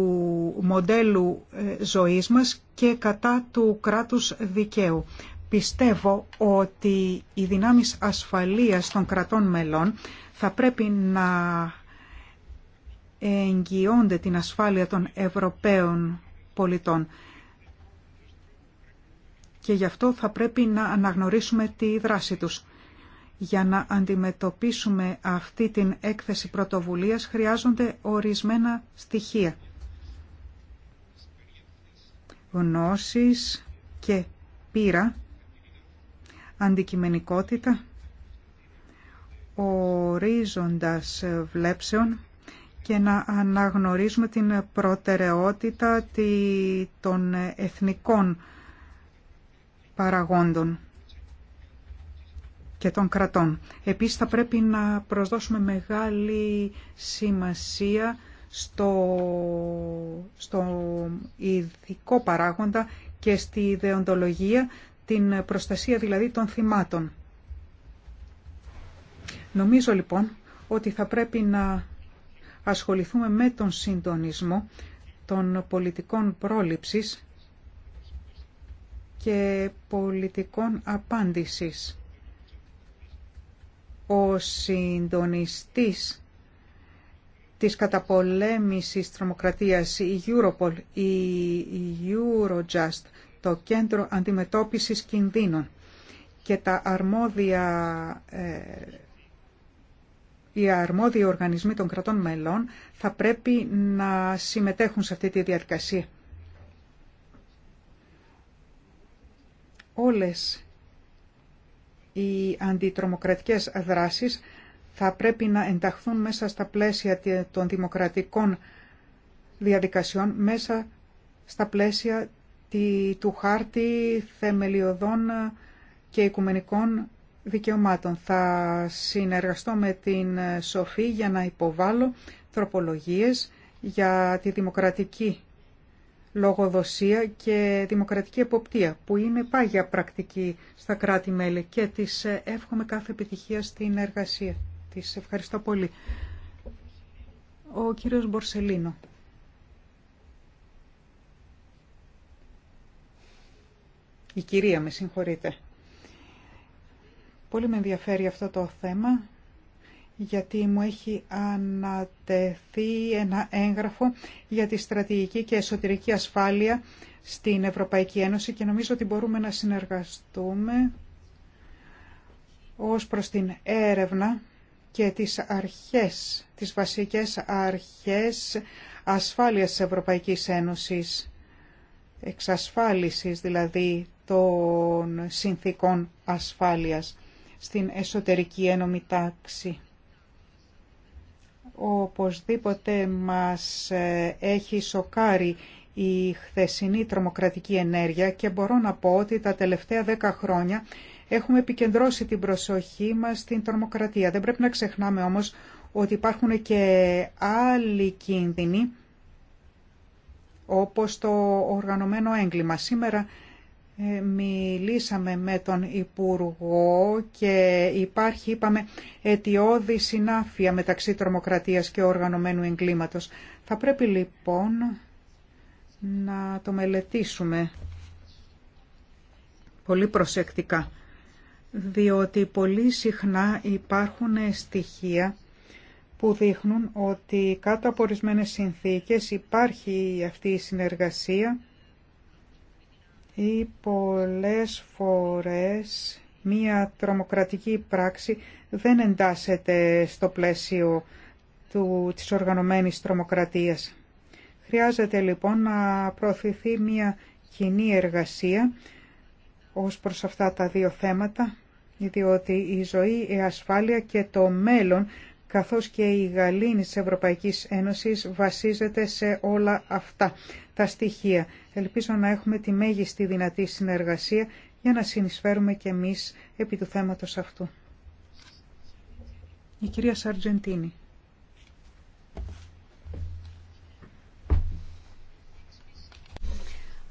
[SPEAKER 3] μοντέλου ε, ζωής μας και κατά του κράτους δικαίου. Πιστεύω ότι οι δυνάμεις ασφαλείας των κρατών μελών θα πρέπει να εγγυώνται την ασφάλεια των Ευρωπαίων πολιτών. Και γι' αυτό θα πρέπει να αναγνωρίσουμε τη δράση τους. Για να αντιμετωπίσουμε αυτή την έκθεση πρωτοβουλίας χρειάζονται ορισμένα στοιχεία. Γνώσεις και πείρα, αντικειμενικότητα, ορίζοντας βλέψεων, και να αναγνωρίζουμε την προτεραιότητα των εθνικών παραγόντων και των κρατών. Επίσης θα πρέπει να προσδώσουμε μεγάλη σημασία στο, στο ειδικό παράγοντα και στη ιδεοντολογία την προστασία δηλαδή των θυμάτων. Νομίζω λοιπόν ότι θα πρέπει να ασχοληθούμε με τον συντονισμό των πολιτικών πρόληψης και πολιτικών απάντησης. Ο συντονιστής της καταπολέμησης τρομοκρατίας, η Europol, η Eurojust, το Κέντρο Αντιμετώπισης Κινδύνων και τα αρμόδια ε, οι αρμόδιοι οργανισμοί των κρατών μελών θα πρέπει να συμμετέχουν σε αυτή τη διαδικασία. Όλες οι αντιτρομοκρατικές δράσεις θα πρέπει να ενταχθούν μέσα στα πλαίσια των δημοκρατικών διαδικασιών, μέσα στα πλαίσια του χάρτη θεμελιωδών και οικουμενικών δικαιωμάτων. Θα συνεργαστώ με την Σοφή για να υποβάλω τροπολογίες για τη δημοκρατική λογοδοσία και δημοκρατική εποπτεία, που είναι πάγια πρακτική στα κράτη-μέλη και της εύχομαι κάθε επιτυχία στην εργασία. Της ευχαριστώ πολύ. Ο κύριος Μπορσελίνο. Η κυρία, με συγχωρείτε. Πολύ με ενδιαφέρει αυτό το θέμα γιατί μου έχει ανατεθεί ένα έγγραφο για τη στρατηγική και εσωτερική ασφάλεια στην Ευρωπαϊκή Ένωση και νομίζω ότι μπορούμε να συνεργαστούμε ως προς την έρευνα και τις αρχές, τις βασικές αρχές ασφάλειας της Ευρωπαϊκής Ένωσης, εξασφάλισης δηλαδή των συνθήκων ασφάλειας στην εσωτερική ένωμη τάξη. Οπωσδήποτε μας ε, έχει σοκάρει η χθεσινή τρομοκρατική ενέργεια και μπορώ να πω ότι τα τελευταία δέκα χρόνια έχουμε επικεντρώσει την προσοχή μας στην τρομοκρατία. Δεν πρέπει να ξεχνάμε όμως ότι υπάρχουν και άλλοι κίνδυνοι όπως το οργανωμένο έγκλημα. Σήμερα ε, μιλήσαμε με τον Υπουργό και υπάρχει, είπαμε, αιτιώδη συνάφεια μεταξύ τρομοκρατίας και οργανωμένου εγκλήματος. Θα πρέπει λοιπόν να το μελετήσουμε πολύ προσεκτικά, διότι πολύ συχνά υπάρχουν στοιχεία που δείχνουν ότι κάτω από ορισμένες συνθήκες υπάρχει αυτή η συνεργασία ή πολλές φορές μία τρομοκρατική πράξη δεν εντάσσεται στο πλαίσιο του, της οργανωμένης τρομοκρατίας. Χρειάζεται λοιπόν να προωθηθεί μία κοινή εργασία ως προς αυτά τα δύο θέματα, διότι η ζωή, η ασφάλεια και το μέλλον καθώς και η γαλήνη της Ευρωπαϊκής Ένωσης βασίζεται σε όλα αυτά τα στοιχεία. Ελπίζω να έχουμε τη μέγιστη δυνατή συνεργασία για να συνεισφέρουμε και εμείς επί του θέματος αυτού. Η κυρία Σαρτζεντίνη.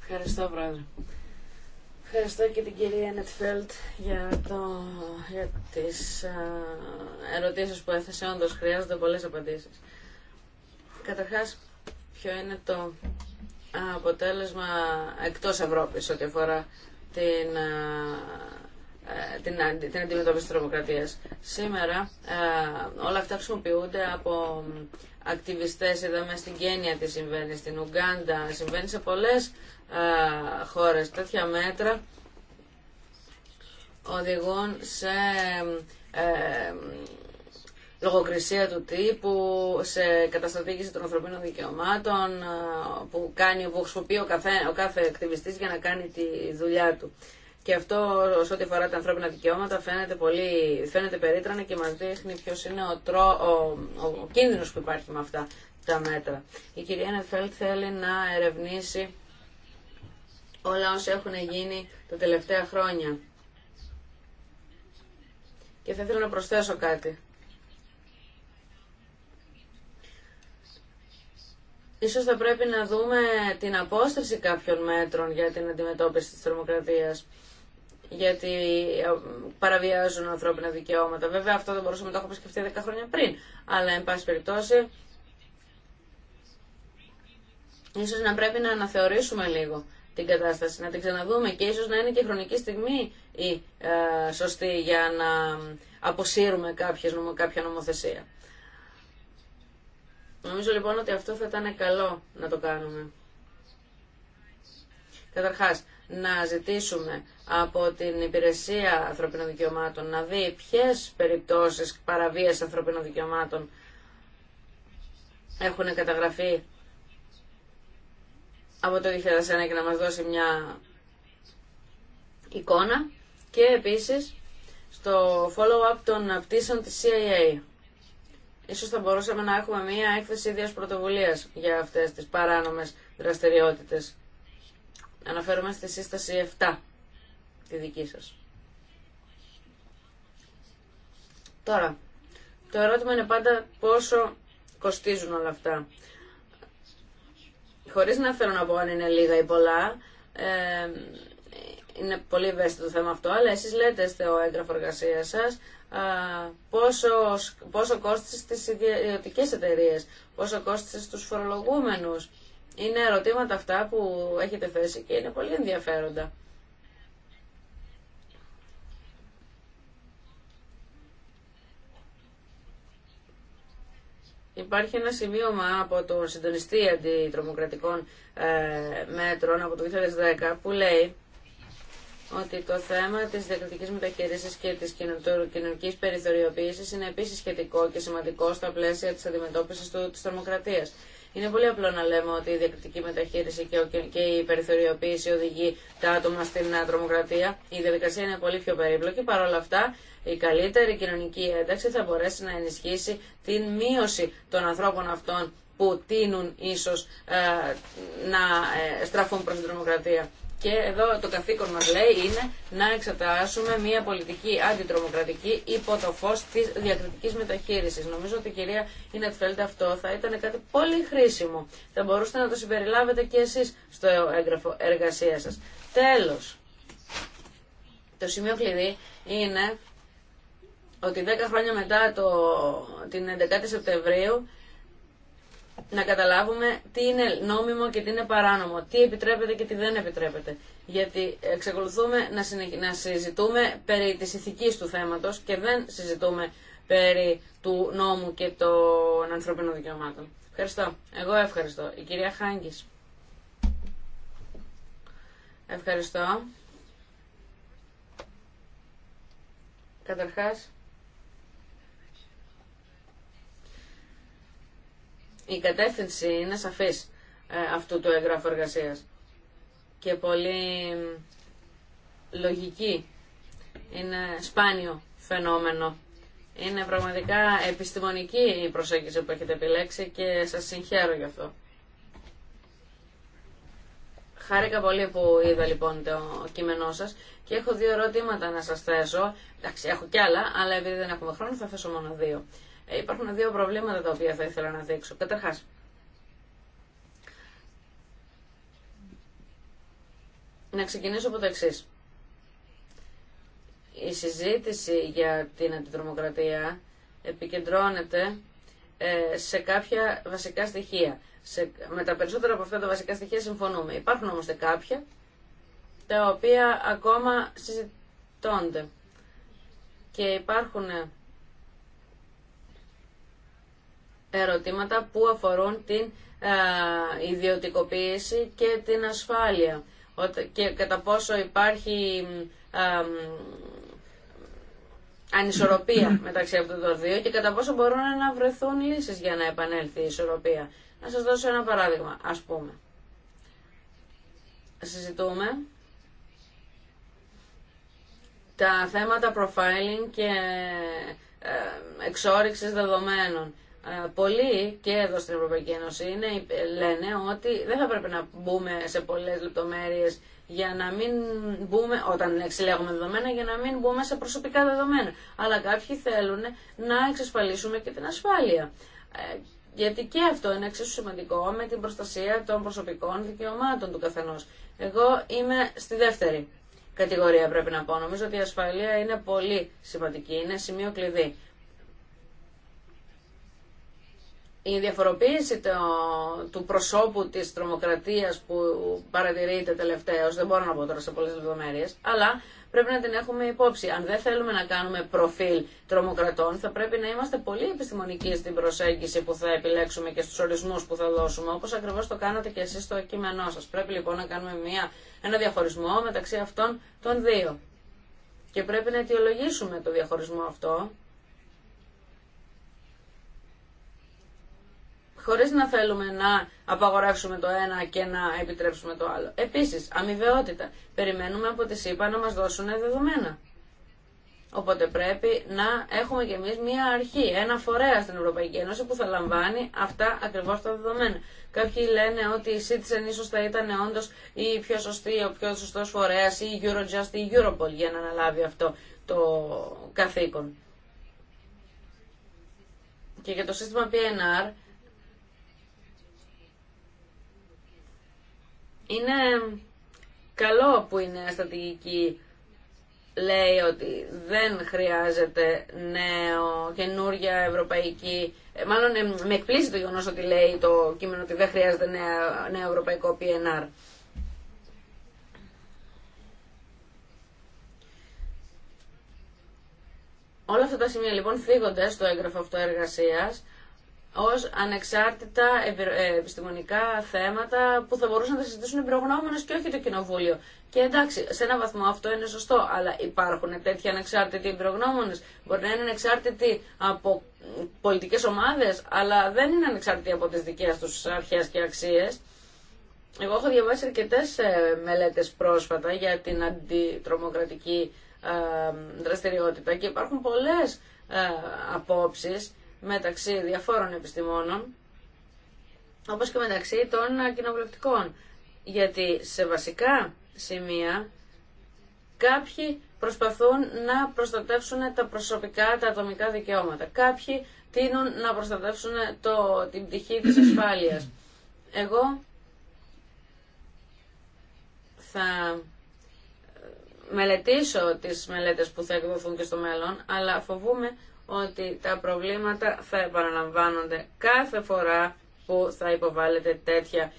[SPEAKER 4] Ευχαριστώ, Πρόεδρε. Ευχαριστώ και την κυρία Νετφέλτ για, το, για τις ερωτήσεις που έθεσε. Όντως χρειάζονται πολλές απαντήσεις. Καταρχάς, ποιο είναι το αποτέλεσμα εκτός Ευρώπης ό,τι αφορά την, ε, την, την αντιμετώπιση της τρομοκρατίας. Σήμερα ε, όλα αυτά χρησιμοποιούνται από ακτιβιστές, είδαμε στην Κένια τι συμβαίνει, στην Ουγκάντα, συμβαίνει σε πολλές χώρε χώρες. Τέτοια μέτρα οδηγούν σε ε, λογοκρισία του τύπου, σε καταστατήγηση των ανθρωπίνων δικαιωμάτων που, κάνει, που χρησιμοποιεί ο κάθε, ο κάθε ακτιβιστής για να κάνει τη δουλειά του. Και αυτό σε ό,τι αφορά τα ανθρώπινα δικαιώματα φαίνεται, πολύ, φαίνεται περίτρανα και μας δείχνει ποιο είναι ο, τρό, ο, ο, κίνδυνος που υπάρχει με αυτά τα μέτρα. Η κυρία Νεφέλτ θέλει να ερευνήσει όλα όσα έχουν γίνει τα τελευταία χρόνια. Και θα ήθελα να προσθέσω κάτι. Ίσως θα πρέπει να δούμε την απόσταση κάποιων μέτρων για την αντιμετώπιση της θερμοκρατίας γιατί ε, παραβιάζουν ανθρώπινα δικαιώματα. Βέβαια αυτό δεν μπορούσαμε να το έχουμε σκεφτεί 10 χρόνια πριν, αλλά εν πάση περιπτώσει ίσω να πρέπει να αναθεωρήσουμε λίγο την κατάσταση, να την ξαναδούμε και ίσως να είναι και χρονική στιγμή η ε, σωστή για να αποσύρουμε κάποιες, κάποια νομοθεσία. Νομίζω λοιπόν ότι αυτό θα ήταν καλό να το κάνουμε. Καταρχάς, να ζητήσουμε από την Υπηρεσία Ανθρωπίνων Δικαιωμάτων να δει ποιες περιπτώσεις παραβίας ανθρωπίνων δικαιωμάτων έχουν καταγραφεί από το 2001 και να μας δώσει μια εικόνα και επίσης στο follow-up των πτήσεων της CIA. Ίσως θα μπορούσαμε να έχουμε μια έκθεση ίδιας πρωτοβουλίας για αυτές τις παράνομες δραστηριότητες. Αναφέρομαι στη σύσταση 7, τη δική σας. Τώρα, το ερώτημα είναι πάντα πόσο κοστίζουν όλα αυτά. Χωρίς να θέλω να πω αν είναι λίγα ή πολλά, ε, είναι πολύ ευαίσθητο το θέμα αυτό, αλλά εσείς λέτε στο έγγραφο εργασία σας πόσο, πόσο κόστησε στις ιδιωτικές εταιρείες, πόσο κόστησε στους φορολογούμενους. Είναι ερωτήματα αυτά που έχετε θέσει και είναι πολύ ενδιαφέροντα. Υπάρχει ένα σημείωμα από τον συντονιστή αντιτρομοκρατικών ε, μέτρων από το 2010 που λέει ότι το θέμα της διακριτικής μεταχείρισης και της κοινωνικής περιθωριοποίησης είναι επίσης σχετικό και σημαντικό στα πλαίσια της αντιμετώπισης του, της τρομοκρατίας. Είναι πολύ απλό να λέμε ότι η διακριτική μεταχείριση και η περιθωριοποίηση οδηγεί τα άτομα στην ε, τρομοκρατία. Η διαδικασία είναι πολύ πιο περίπλοκη. Παρ' όλα αυτά, η καλύτερη κοινωνική ένταξη θα μπορέσει να ενισχύσει την μείωση των ανθρώπων αυτών που τίνουν ίσως ε, να ε, στραφούν προς την τρομοκρατία. Και εδώ το καθήκον μας λέει είναι να εξετάσουμε μια πολιτική αντιτρομοκρατική υπό το φως της διακριτικής μεταχείρισης. Νομίζω ότι κυρία Ινετφέλτ αυτό θα ήταν κάτι πολύ χρήσιμο. Θα μπορούσατε να το συμπεριλάβετε και εσείς στο έγγραφο εργασία σας. Τέλος, το σημείο κλειδί είναι ότι 10 χρόνια μετά το, την 11η Σεπτεμβρίου να καταλάβουμε τι είναι νόμιμο και τι είναι παράνομο, τι επιτρέπεται και τι δεν επιτρέπεται. Γιατί εξακολουθούμε να, να συζητούμε περί της ηθικής του θέματος και δεν συζητούμε περί του νόμου και των ανθρωπίνων δικαιωμάτων. Ευχαριστώ. Εγώ ευχαριστώ. Η κυρία Χάγκης. Ευχαριστώ. Καταρχάς, η κατεύθυνση είναι σαφής ε, αυτού του εγγράφου εργασία. και πολύ λογική. Είναι σπάνιο φαινόμενο. Είναι πραγματικά επιστημονική η προσέγγιση που έχετε επιλέξει και σας συγχαίρω γι' αυτό. Χάρηκα πολύ που είδα λοιπόν το κείμενό σα και έχω δύο ερωτήματα να σα θέσω. Εντάξει, έχω κι άλλα, αλλά επειδή δεν έχουμε χρόνο θα θέσω μόνο δύο. Ε, υπάρχουν δύο προβλήματα τα οποία θα ήθελα να δείξω. Καταρχάς, να ξεκινήσω από το εξή. Η συζήτηση για την αντιδρομοκρατία επικεντρώνεται ε, σε κάποια βασικά στοιχεία. Σε, με τα περισσότερα από αυτά τα βασικά στοιχεία συμφωνούμε. Υπάρχουν όμως και κάποια τα οποία ακόμα συζητώνται. Και υπάρχουν ερωτήματα που αφορούν την ε, ιδιωτικοποίηση και την ασφάλεια και κατά πόσο υπάρχει ε, ανισορροπία μεταξύ αυτών των δύο και κατά πόσο μπορούν να βρεθούν λύσεις για να επανέλθει η ισορροπία. Να σας δώσω ένα παράδειγμα, ας πούμε. Συζητούμε τα θέματα profiling και ε, εξόριξης δεδομένων. Ε, πολλοί και εδώ στην Ευρωπαϊκή Ένωση είναι, λένε ότι δεν θα πρέπει να μπούμε σε πολλές λεπτομέρειες για να μην μπούμε, όταν εξηλέγουμε δεδομένα, για να μην μπούμε σε προσωπικά δεδομένα. Αλλά κάποιοι θέλουν να εξασφαλίσουμε και την ασφάλεια. Ε, γιατί και αυτό είναι εξίσου σημαντικό με την προστασία των προσωπικών δικαιωμάτων του καθενό. Εγώ είμαι στη δεύτερη κατηγορία πρέπει να πω. Νομίζω ότι η ασφαλεία είναι πολύ σημαντική, είναι σημείο κλειδί. η διαφοροποίηση το, του προσώπου της τρομοκρατίας που παρατηρείται τελευταίως, δεν μπορώ να πω τώρα σε πολλές λεπτομέρειε, αλλά πρέπει να την έχουμε υπόψη. Αν δεν θέλουμε να κάνουμε προφίλ τρομοκρατών, θα πρέπει να είμαστε πολύ επιστημονικοί στην προσέγγιση που θα επιλέξουμε και στους ορισμούς που θα δώσουμε, όπως ακριβώς το κάνατε και εσείς στο κείμενό σας. Πρέπει λοιπόν να κάνουμε μια, ένα διαχωρισμό μεταξύ αυτών των δύο. Και πρέπει να αιτιολογήσουμε το διαχωρισμό αυτό χωρίς να θέλουμε να απαγορεύσουμε το ένα και να επιτρέψουμε το άλλο. Επίσης, αμοιβαιότητα. Περιμένουμε από τη ΣΥΠΑ να μας δώσουν δεδομένα. Οπότε πρέπει να έχουμε κι εμείς μια αρχή, ένα φορέα στην Ευρωπαϊκή Ένωση που θα λαμβάνει αυτά ακριβώς τα δεδομένα. Κάποιοι λένε ότι η Citizen ίσως θα ήταν όντως η πιο σωστή, ο πιο σωστός φορέας ή η Eurojust ή η Europol για να αναλάβει αυτό το καθήκον. Και για το σύστημα PNR Είναι καλό που η νέα στρατηγική λέει ότι δεν χρειάζεται νέο, καινούργια ευρωπαϊκή... Ε, μάλλον ε, με εκπλήσει το γεγονό ότι λέει το κείμενο ότι δεν χρειάζεται νέο, ευρωπαϊκό PNR. Όλα αυτά τα σημεία λοιπόν φύγονται στο έγγραφο αυτό ως ανεξάρτητα ε, επιστημονικά θέματα που θα μπορούσαν να συζητήσουν οι προγνώμενες και όχι το κοινοβούλιο. Και εντάξει, σε ένα βαθμό αυτό είναι σωστό, αλλά υπάρχουν τέτοιοι ανεξάρτητοι προγνώμενες. Μπορεί να είναι ανεξάρτητοι από πολιτικές ομάδες, αλλά δεν είναι ανεξάρτητοι από τις δικές τους αρχές και αξίες. Εγώ έχω διαβάσει αρκετέ ε, μελέτες πρόσφατα για την αντιτρομοκρατική ε, δραστηριότητα και υπάρχουν πολλές απόψει μεταξύ διαφόρων επιστημόνων, όπως και μεταξύ των κοινοβουλευτικών. Γιατί σε βασικά σημεία κάποιοι προσπαθούν να προστατεύσουν τα προσωπικά, τα ατομικά δικαιώματα. Κάποιοι τείνουν να προστατεύσουν το, την πτυχή της ασφάλειας. Εγώ θα μελετήσω τις μελέτες που θα εκδοθούν και στο μέλλον, αλλά φοβούμαι ότι τα προβλήματα θα επαναλαμβάνονται κάθε φορά που θα υποβάλλεται τέτοια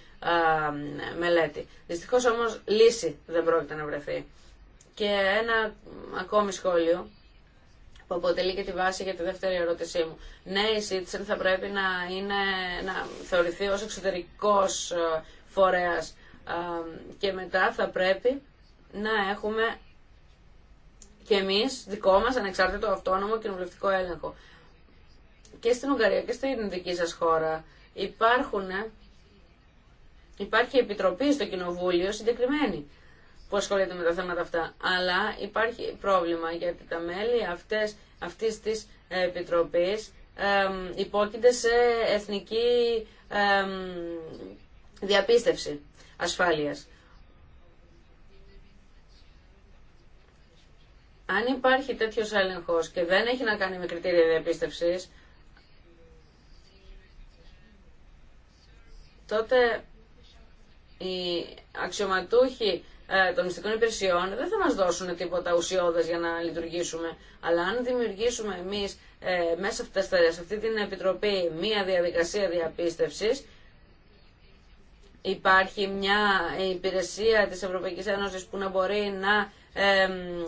[SPEAKER 4] μελέτη. Δυστυχώς όμως λύση δεν πρόκειται να βρεθεί. Και ένα ακόμη σχόλιο που αποτελεί και τη βάση για τη δεύτερη ερώτησή μου. Ναι, η Citizen θα πρέπει να, είναι, να θεωρηθεί ως εξωτερικός φορέας και μετά θα πρέπει να έχουμε και εμεί δικό μας ανεξάρτητο αυτόνομο κοινοβουλευτικό έλεγχο. Και στην Ουγγαρία και στην δική σα χώρα υπάρχουν, υπάρχει επιτροπή στο κοινοβούλιο συγκεκριμένη που ασχολείται με τα θέματα αυτά. Αλλά υπάρχει πρόβλημα γιατί τα μέλη αυτές, αυτής της επιτροπής ε, υπόκειται σε εθνική διαπίστευση ασφάλειας. αν υπάρχει τέτοιος έλεγχος και δεν έχει να κάνει με κριτήρια διαπίστευσης, τότε οι αξιωματούχοι ε, των μυστικών υπηρεσιών δεν θα μας δώσουν τίποτα ουσιώδες για να λειτουργήσουμε. Αλλά αν δημιουργήσουμε εμείς ε, μέσα σε αυτή την επιτροπή μία διαδικασία διαπίστευσης, υπάρχει μια υπηρεσία της Ευρωπαϊκής Ένωσης που να μπορεί να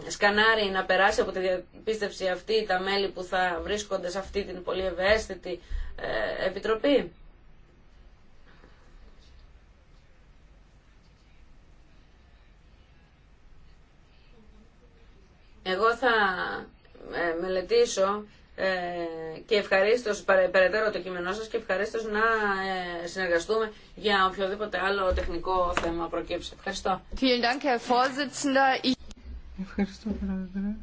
[SPEAKER 4] σκανάρει να περάσει από τη διαπίστευση αυτή τα μέλη που θα βρίσκονται σε αυτή την πολύ ευαίσθητη ε, επιτροπή. Εγώ θα ε, μελετήσω ε, και ευχαρίστω περαιτέρω το κείμενό και ευχαρίστω να συνεργαστούμε για οποιοδήποτε άλλο τεχνικό θέμα προκύψει. Ευχαριστώ.
[SPEAKER 2] Ευχαριστώ, Πρόεδρε.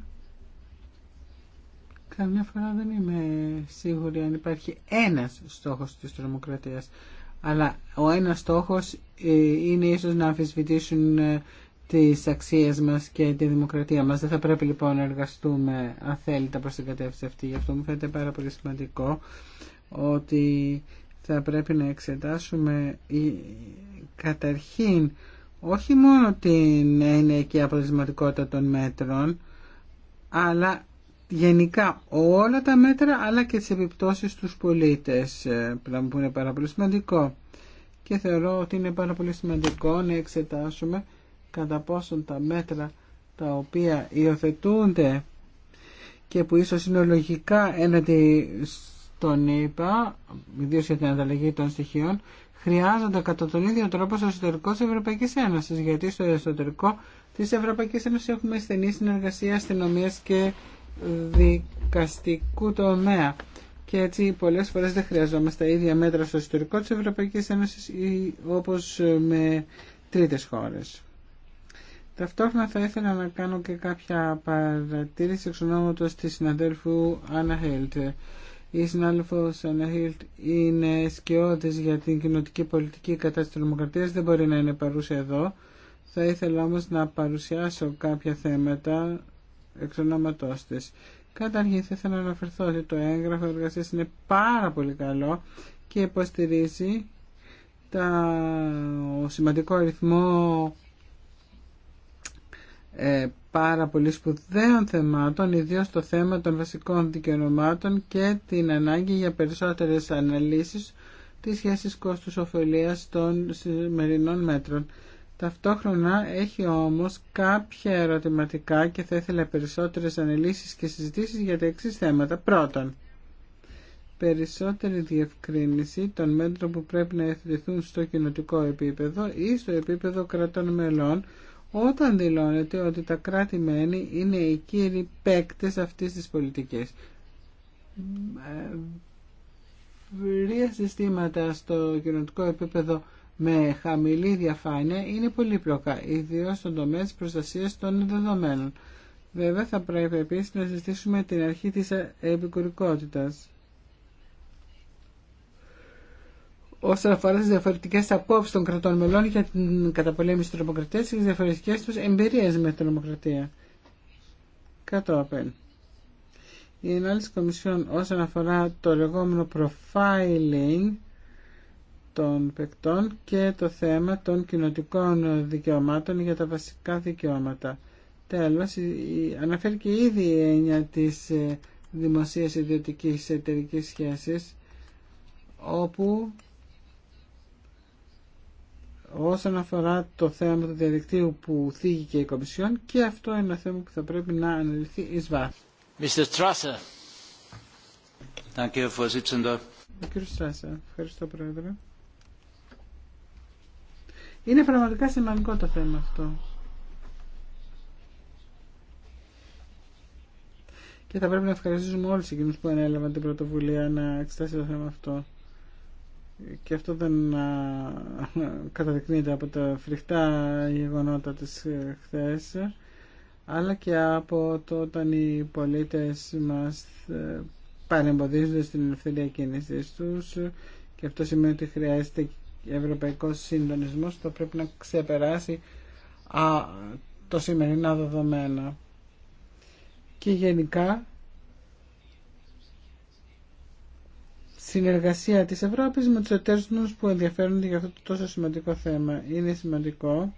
[SPEAKER 2] Καμιά φορά δεν είμαι σίγουρη αν υπάρχει ένας στόχος της τρομοκρατίας. Αλλά ο ένας στόχος ε, είναι ίσως να αμφισβητήσουν ε, τις αξίες μας και τη δημοκρατία μας. Δεν θα πρέπει λοιπόν να εργαστούμε αθέλητα προς την κατεύθυνση αυτή. Γι' αυτό μου φαίνεται πάρα πολύ σημαντικό ότι θα πρέπει να εξετάσουμε ε, καταρχήν όχι μόνο την ενιακή αποτελεσματικότητα των μέτρων, αλλά γενικά όλα τα μέτρα, αλλά και τις επιπτώσεις στους πολίτες, ε, πράγμα που είναι πάρα πολύ σημαντικό. Και θεωρώ ότι είναι πάρα πολύ σημαντικό να εξετάσουμε κατά πόσον τα μέτρα τα οποία υιοθετούνται και που ίσως είναι λογικά έναντι στον ΕΙΠΑ, ιδίως για την ανταλλαγή των στοιχείων, χρειάζονται κατά τον ίδιο τρόπο στο εσωτερικό της Ευρωπαϊκής Ένωσης, γιατί στο εσωτερικό της Ευρωπαϊκής Ένωσης έχουμε στενή συνεργασία αστυνομία και δικαστικού τομέα. Και έτσι πολλές φορές δεν χρειαζόμαστε τα ίδια μέτρα στο εσωτερικό της Ευρωπαϊκής Ένωσης ή όπως με τρίτες χώρες. Ταυτόχρονα θα ήθελα να κάνω και κάποια παρατήρηση εξ ονόματος της συναδέλφου Άννα Χέλτ. Η συνάδελφο Αναχίλτ είναι σκιώδη για την κοινωτική πολιτική κατάσταση της Δημοκρατίας. Δεν μπορεί να είναι παρούσα εδώ. Θα ήθελα όμω να παρουσιάσω κάποια θέματα εξ ονόματό τη. Καταρχήν θα ήθελα να αναφερθώ ότι το έγγραφο εργασίας είναι πάρα πολύ καλό και υποστηρίζει τα, ο σημαντικό αριθμό ε, πάρα πολύ σπουδαίων θεμάτων, ιδίως το θέμα των βασικών δικαιωμάτων και την ανάγκη για περισσότερες αναλύσεις της σχέσης κόστους ωφελίας των σημερινών μέτρων. Ταυτόχρονα έχει όμως κάποια ερωτηματικά και θα ήθελα περισσότερες αναλύσεις και συζητήσεις για τα εξή θέματα. Πρώτον, περισσότερη διευκρίνηση των μέτρων που πρέπει να ευθυνθούν στο κοινοτικό επίπεδο ή στο επίπεδο κρατών μελών όταν δηλώνεται ότι τα κράτη-μέλη είναι οι κύριοι παίκτες αυτής της πολιτικής. Βρία συστήματα στο κοινωνικό επίπεδο με χαμηλή διαφάνεια είναι πολύπλοκα, ιδίως στον τομέα της προστασίας των δεδομένων. Βέβαια θα πρέπει επίσης να συζητήσουμε την αρχή της επικουρικότητας. όσον αφορά τι διαφορετικέ απόψει των κρατών μελών για την καταπολέμηση τη τρομοκρατία και τι διαφορετικέ του εμπειρίε με την τρομοκρατία. Κατόπιν. Η Ενάλυση Κομισιόν όσον αφορά το λεγόμενο profiling των παικτών και το θέμα των κοινοτικών δικαιωμάτων για τα βασικά δικαιώματα. Τέλος, αναφέρει και ήδη η έννοια της ε, δημοσίας ιδιωτικής εταιρικής σχέσης, όπου όσον αφορά το θέμα του διαδικτύου που θίγει και η Κομισιόν και αυτό είναι ένα θέμα που θα πρέπει να αναλυθεί εις βάθος.
[SPEAKER 1] Mr. Strasser. Thank
[SPEAKER 3] Vorsitzender.
[SPEAKER 2] ευχαριστώ Είναι πραγματικά σημαντικό το θέμα αυτό. Και θα πρέπει να ευχαριστήσουμε όλους εκείνους που ανέλαβαν την πρωτοβουλία να εξετάσει το θέμα αυτό και αυτό δεν καταδεικνύεται από τα φρικτά γεγονότα της ε, χθες αλλά και από το όταν οι πολίτες μας ε, παρεμποδίζονται στην ελευθερία κίνησή τους και αυτό σημαίνει ότι χρειάζεται ευρωπαϊκός συντονισμός το πρέπει να ξεπεράσει α, το σημερινά δεδομένα και γενικά συνεργασία της Ευρώπης με τους εταίρους που ενδιαφέρονται για αυτό το τόσο σημαντικό θέμα. Είναι σημαντικό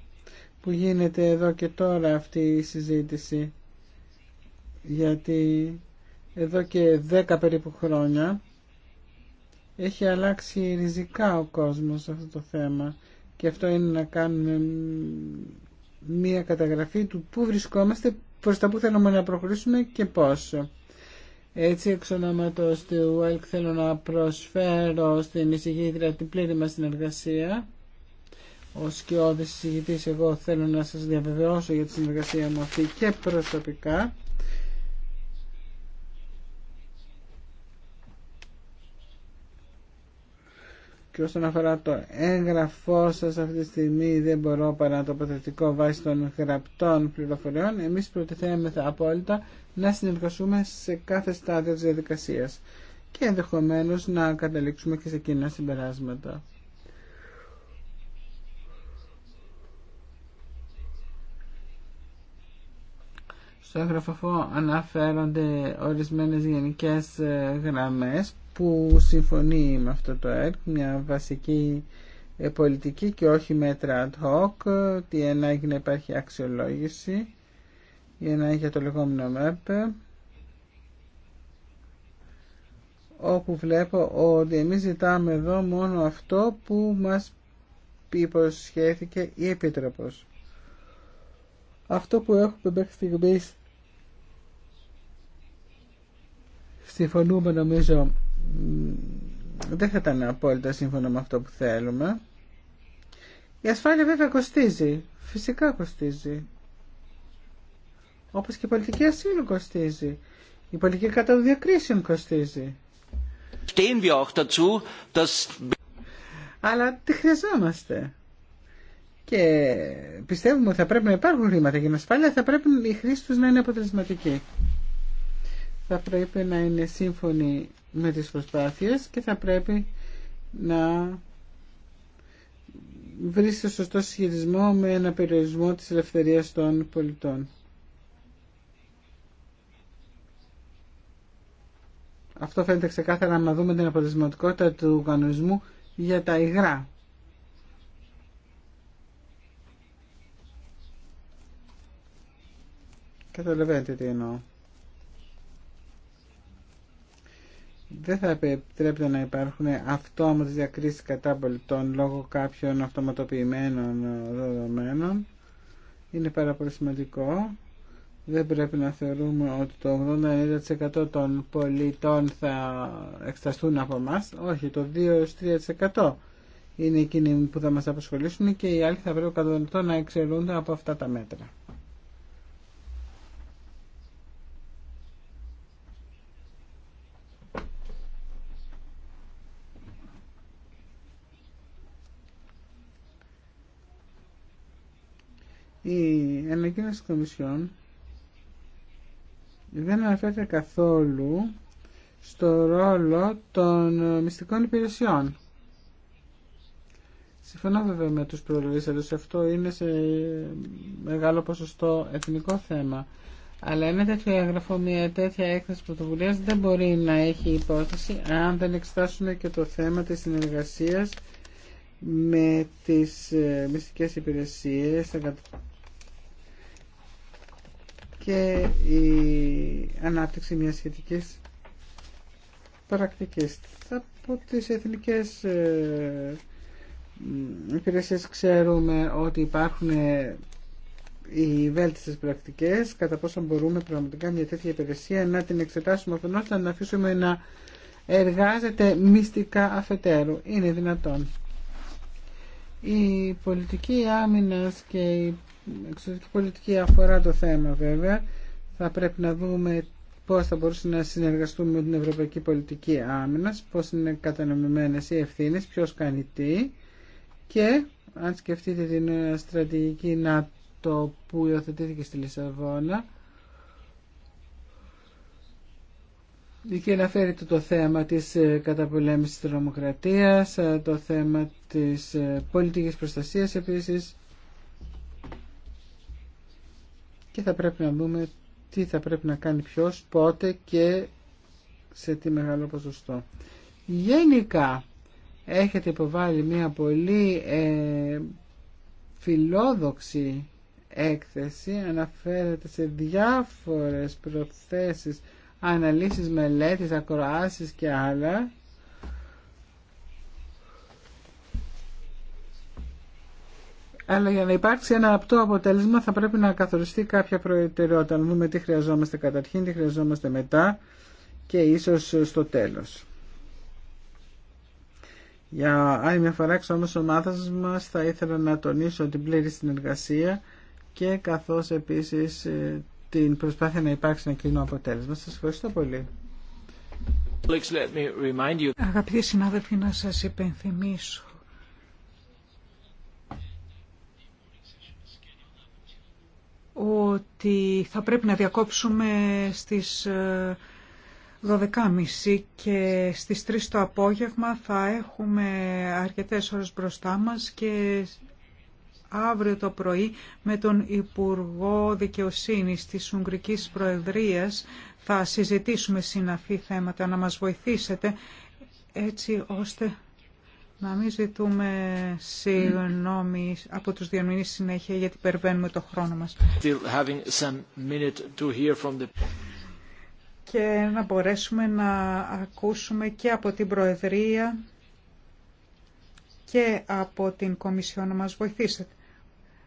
[SPEAKER 2] που γίνεται εδώ και τώρα αυτή η συζήτηση γιατί εδώ και δέκα περίπου χρόνια έχει αλλάξει ριζικά ο κόσμος σε αυτό το θέμα και αυτό είναι να κάνουμε μία καταγραφή του πού βρισκόμαστε, προς τα πού θέλουμε να προχωρήσουμε και πόσο. Έτσι, εξ ονόματος του ΕΛΚ θέλω να προσφέρω στην εισηγήτρια την πλήρη μας συνεργασία. Ω κοιόδης εισηγητής εγώ θέλω να σας διαβεβαιώσω για τη συνεργασία μου αυτή και προσωπικά. Και όσον αφορά το έγγραφό σας αυτή τη στιγμή δεν μπορώ παρά το αποθετικό βάση των γραπτών πληροφοριών. Εμείς προτιθέμεθα απόλυτα να συνεργαστούμε σε κάθε στάδιο της διαδικασίας και ενδεχομένως να καταλήξουμε και σε κοινά συμπεράσματα. Στο έγγραφο αναφέρονται ορισμένες γενικές ε, γραμμές που συμφωνεί με αυτό το ΕΡΚ, μια βασική ε, πολιτική και όχι μέτρα ad hoc, τι ανάγκη να υπάρχει αξιολόγηση, η να για το λεγόμενο ΜΕΠ, όπου βλέπω ότι εμείς ζητάμε εδώ μόνο αυτό που μας υποσχέθηκε η Επίτροπος. Αυτό που έχουμε μέχρι στιγμής συμφωνούμε νομίζω δεν θα ήταν απόλυτα σύμφωνο με αυτό που θέλουμε. Η ασφάλεια βέβαια κοστίζει. Φυσικά κοστίζει. Όπως και η πολιτική ασύλου κοστίζει. Η πολιτική κατά των διακρίσεων κοστίζει. Αλλά τι χρειαζόμαστε. Και πιστεύουμε ότι θα πρέπει να υπάρχουν χρήματα για την ασφάλεια, θα πρέπει η χρήση τους να είναι αποτελεσματική. Θα πρέπει να είναι σύμφωνη με τις προσπάθειες και θα πρέπει να βρεις το σωστό συγχειρισμό με ένα περιορισμό της ελευθερίας των πολιτών. Αυτό φαίνεται ξεκάθαρα να δούμε την αποτελεσματικότητα του κανονισμού για τα υγρά. Καταλαβαίνετε τι εννοώ. δεν θα επιτρέπεται να υπάρχουν αυτόματες διακρίσεις κατά πολιτών λόγω κάποιων αυτοματοποιημένων δεδομένων. Είναι πάρα πολύ σημαντικό. Δεν πρέπει να θεωρούμε ότι το 89% των πολιτών θα εξεταστούν από εμά. Όχι, το 2-3% είναι εκείνοι που θα μας απασχολήσουν και οι άλλοι θα πρέπει κατά να εξαιρούνται από αυτά τα μέτρα. Η ανακοίνωση της Κομισιόν δεν αναφέρεται καθόλου στο ρόλο των μυστικών υπηρεσιών. Συμφωνώ βέβαια με τους σε αυτό είναι σε μεγάλο ποσοστό εθνικό θέμα. Αλλά ένα τέτοιο έγγραφο, μια τέτοια έκθεση πρωτοβουλία δεν μπορεί να έχει υπόθεση αν δεν εξετάσουν και το θέμα της συνεργασίας με τις ε, μυστικές υπηρεσίες, και η ανάπτυξη μιας σχετικής πρακτικής. Από τις εθνικές ε, υπηρεσίες ξέρουμε ότι υπάρχουν ε, οι βέλτιστες πρακτικές, κατά πόσο μπορούμε πραγματικά μια τέτοια υπηρεσία να την εξετάσουμε αυτόν να αφήσουμε να εργάζεται μυστικά αφετέρου. Είναι δυνατόν. Η πολιτική άμυνας και η εξωτερική πολιτική αφορά το θέμα βέβαια. Θα πρέπει να δούμε πώς θα μπορούσε να συνεργαστούμε με την ευρωπαϊκή πολιτική άμυνας, πώς είναι κατανομημένες οι ευθύνες, ποιος κάνει τι και αν σκεφτείτε την στρατηγική ΝΑΤΟ που υιοθετήθηκε στη Λισαβόνα και αναφέρει το, το θέμα της ε, καταπολέμησης της τρομοκρατίας, ε, το θέμα της ε, πολιτικής προστασίας επίσης και θα πρέπει να δούμε τι θα πρέπει να κάνει ποιος, πότε και σε τι μεγάλο ποσοστό. Γενικά έχετε υποβάλει μια πολύ ε, φιλόδοξη έκθεση, αναφέρεται σε διάφορες προθέσεις, αναλύσεις, μελέτες, ακροάσεις και άλλα αλλά για να υπάρξει ένα απτό αποτέλεσμα θα πρέπει να καθοριστεί κάποια προτεραιότητα. Να δούμε τι χρειαζόμαστε καταρχήν, τι χρειαζόμαστε μετά και ίσως στο τέλος. Για άλλη μια φορά εξ ο μάθος μας θα ήθελα να τονίσω την πλήρη συνεργασία και καθώς επίσης ε, την προσπάθεια να υπάρξει ένα κοινό αποτέλεσμα. Σας ευχαριστώ πολύ.
[SPEAKER 3] Αγαπητοί συνάδελφοι, να σας υπενθυμίσω ότι θα πρέπει να διακόψουμε στις 12.30 ε, και στις 3 το απόγευμα θα έχουμε αρκετές ώρες μπροστά μας και αύριο το πρωί με τον Υπουργό Δικαιοσύνης της Ουγγρικής Προεδρίας θα συζητήσουμε συναφή θέματα να μας βοηθήσετε έτσι ώστε να μην ζητούμε συγγνώμη από τους διαμηνείς συνέχεια γιατί περβαίνουμε το χρόνο μας. Και να μπορέσουμε να ακούσουμε και από την Προεδρία και από την Κομισιό να μας βοηθήσετε.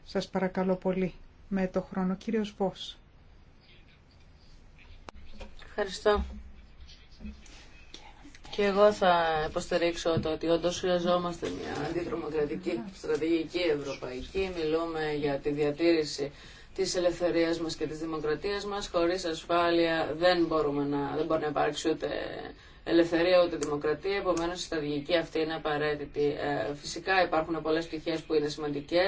[SPEAKER 3] Σας παρακαλώ πολύ με το χρόνο. Κύριος Βός.
[SPEAKER 4] Ευχαριστώ. Και εγώ θα υποστηρίξω το ότι όντω χρειαζόμαστε μια αντιτρομοκρατική στρατηγική ευρωπαϊκή. Μιλούμε για τη διατήρηση τη ελευθερία μα και τη δημοκρατία μα. Χωρί ασφάλεια δεν, μπορούμε να, δεν μπορεί να υπάρξει ούτε ελευθερία ούτε δημοκρατία. Επομένω, η στρατηγική αυτή είναι απαραίτητη. Ε, φυσικά υπάρχουν πολλέ πτυχέ που είναι σημαντικέ.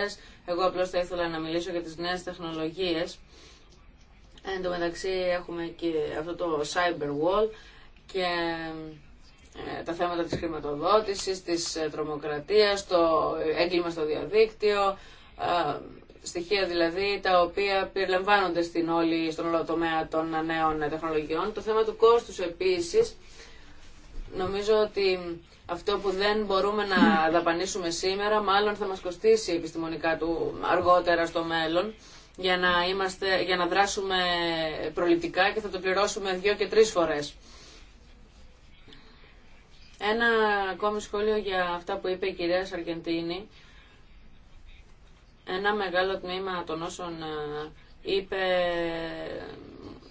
[SPEAKER 4] Εγώ απλώ θα ήθελα να μιλήσω για τι νέε τεχνολογίε. Εν τω μεταξύ έχουμε και αυτό το cyber wall και ε, τα θέματα της χρηματοδότησης, της ε, τρομοκρατίας, το έγκλημα στο διαδίκτυο, ε, στοιχεία δηλαδή τα οποία περιλαμβάνονται στην όλη, στον όλο τομέα των νέων τεχνολογιών. Το θέμα του κόστους επίσης, νομίζω ότι αυτό που δεν μπορούμε να δαπανίσουμε σήμερα, μάλλον θα μας κοστίσει επιστημονικά του αργότερα στο μέλλον, για να, είμαστε, για να δράσουμε προληπτικά και θα το πληρώσουμε δύο και τρεις φορές. Ένα ακόμη σχόλιο για αυτά που είπε η κυρία Σαρκεντίνη. Ένα μεγάλο τμήμα των όσων ε, είπε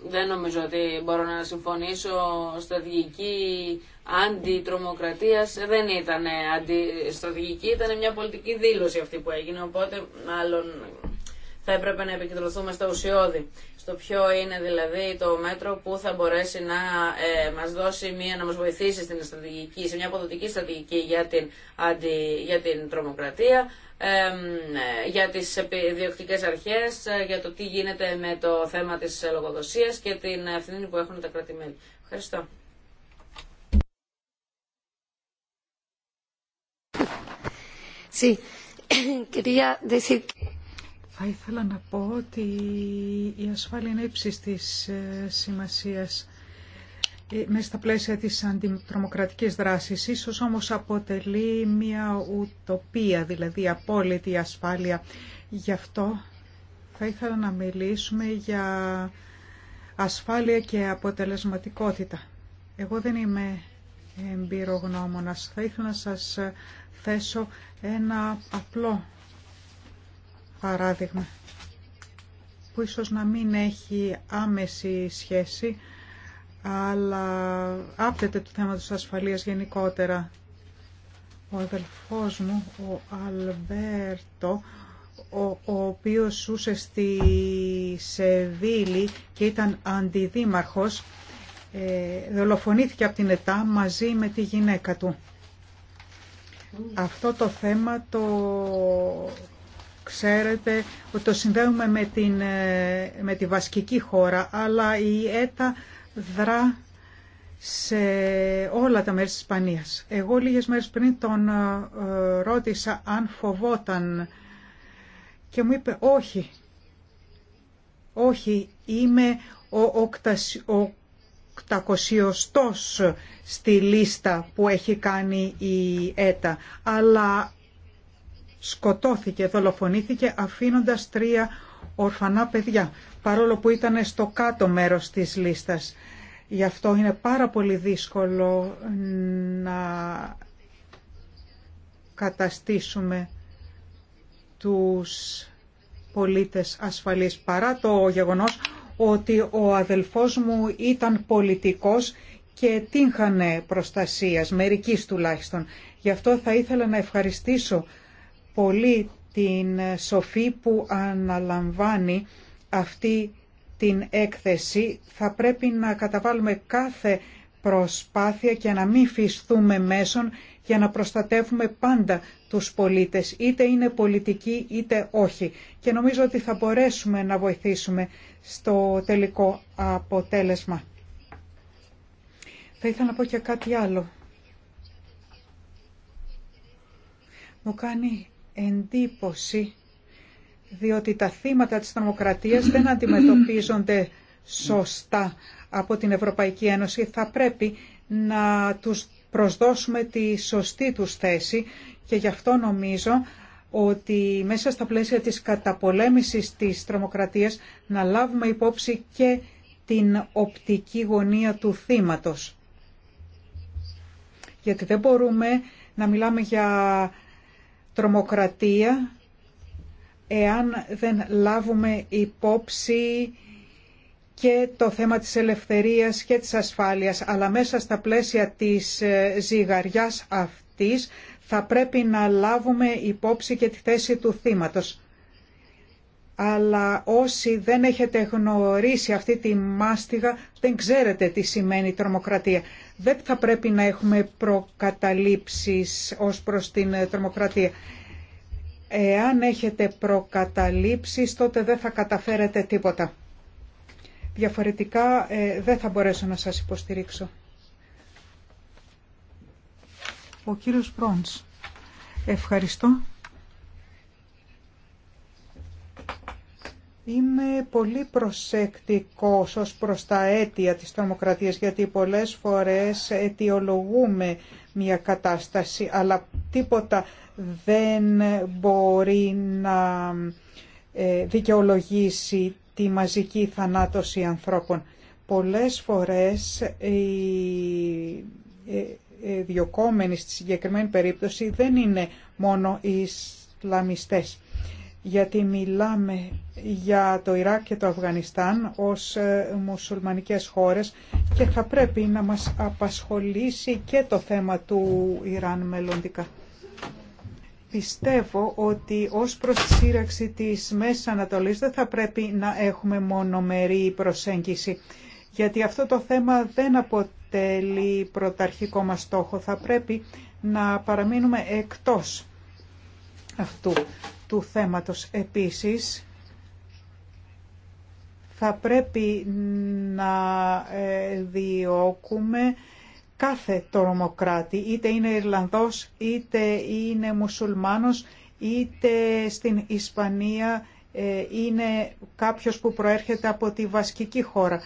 [SPEAKER 4] δεν νομίζω ότι μπορώ να συμφωνήσω. Στρατηγική αντιτρομοκρατίας δεν ήταν αντιστρατηγική, ήταν μια πολιτική δήλωση αυτή που έγινε, οπότε μάλλον θα έπρεπε να επικεντρωθούμε στο ουσιώδη. Στο ποιο είναι δηλαδή το μέτρο που θα μπορέσει να ε, μας δώσει μία, να μας βοηθήσει στην στρατηγική, σε μια αποδοτική στρατηγική για την, αντι, για την τρομοκρατία, ε, για τις διοκτικές αρχές, ε, για το τι γίνεται με το θέμα της λογοδοσίας και την ευθύνη που έχουν τα κράτη-μέλη. Ευχαριστώ. Sí, *coughs* quería
[SPEAKER 3] decir θα ήθελα να πω ότι η ασφάλεια είναι ύψης της ε, σημασίας ε, μέσα στα πλαίσια της αντιτρομοκρατικής δράσης. Ίσως όμως αποτελεί μια ουτοπία, δηλαδή απόλυτη ασφάλεια. Γι' αυτό θα ήθελα να μιλήσουμε για ασφάλεια και αποτελεσματικότητα. Εγώ δεν είμαι εμπειρογνώμονας. Θα ήθελα να σας θέσω ένα απλό παράδειγμα που ίσως να μην έχει άμεση σχέση αλλά άπτεται του θέματος ασφαλείας γενικότερα. Ο αδελφός μου, ο Αλμπέρτο, ο, ο οποίος ζούσε στη Σεβίλη και ήταν αντιδήμαρχος, ε, δολοφονήθηκε από την ΕΤΑ μαζί με τη γυναίκα του. Αυτό το θέμα το Ξέρετε ότι το συνδέουμε με, την, ε, με τη βασκική χώρα, αλλά η ΕΤΑ δρά σε όλα τα μέρη της Ισπανίας. Εγώ λίγες μέρες πριν τον ε, ρώτησα αν φοβόταν και μου είπε όχι, όχι, είμαι ο 800ος στη λίστα που έχει κάνει η ΕΤΑ, αλλά σκοτώθηκε, δολοφονήθηκε αφήνοντας τρία ορφανά παιδιά, παρόλο που ήταν στο κάτω μέρος της λίστας. Γι' αυτό είναι πάρα πολύ δύσκολο να καταστήσουμε τους πολίτες ασφαλείς παρά το γεγονός ότι ο αδελφός μου ήταν πολιτικός και τύχανε προστασίας, μερικής τουλάχιστον. Γι' αυτό θα ήθελα να ευχαριστήσω πολύ την Σοφή που αναλαμβάνει αυτή την έκθεση. Θα πρέπει να καταβάλουμε κάθε προσπάθεια και να μην φυσθούμε μέσον για να προστατεύουμε πάντα τους πολίτες, είτε είναι πολιτικοί είτε όχι. Και νομίζω ότι θα μπορέσουμε να βοηθήσουμε στο τελικό αποτέλεσμα. Θα ήθελα να πω και κάτι άλλο. Μου κάνει εντύπωση διότι τα θύματα της τρομοκρατίας δεν αντιμετωπίζονται σωστά από την Ευρωπαϊκή Ένωση. Θα πρέπει να τους προσδώσουμε τη σωστή τους θέση και γι' αυτό νομίζω ότι μέσα στα πλαίσια της καταπολέμησης της τρομοκρατίας να λάβουμε υπόψη και την οπτική γωνία του θύματος. Γιατί δεν μπορούμε να μιλάμε για τρομοκρατία εάν δεν λάβουμε υπόψη και το θέμα της ελευθερίας και της ασφάλειας, αλλά μέσα στα πλαίσια της ε, ζυγαριάς αυτής θα πρέπει να λάβουμε υπόψη και τη θέση του θύματος. Αλλά όσοι δεν έχετε γνωρίσει αυτή τη μάστιγα δεν ξέρετε τι σημαίνει τρομοκρατία. Δεν θα πρέπει να έχουμε προκαταλήψεις ως προς την τρομοκρατία. Εάν έχετε προκαταλήψεις, τότε δεν θα καταφέρετε τίποτα. Διαφορετικά ε, δεν θα μπορέσω να σας υποστηρίξω. Ο κύριος Πρόντς. Ευχαριστώ. Είμαι πολύ προσεκτικός ως προς τα αίτια της τρομοκρατίας, γιατί πολλές φορές αιτιολογούμε μια κατάσταση, αλλά τίποτα δεν μπορεί να ε, δικαιολογήσει τη μαζική θανάτωση ανθρώπων. Πολλές φορές οι ε, ε, διοκόμενοι στη συγκεκριμένη περίπτωση δεν είναι μόνο οι Ισλαμιστές γιατί μιλάμε για το Ιράκ και το Αφγανιστάν ως ε, μουσουλμανικές χώρες και θα πρέπει να μας απασχολήσει και το θέμα του Ιράν μελλοντικά. Πιστεύω ότι ως προς τη σύραξη της Μέσης Ανατολής δεν θα πρέπει να έχουμε μονομερή προσέγγιση, γιατί αυτό το θέμα δεν αποτελεί πρωταρχικό μας στόχο. Θα πρέπει να παραμείνουμε εκτός αυτού του θέματος. Επίσης, θα πρέπει να ε, διώκουμε κάθε τρομοκράτη, είτε είναι Ιρλανδός, είτε είναι μουσουλμάνος, είτε στην Ισπανία ε, είναι κάποιος που προέρχεται από τη βασκική χώρα.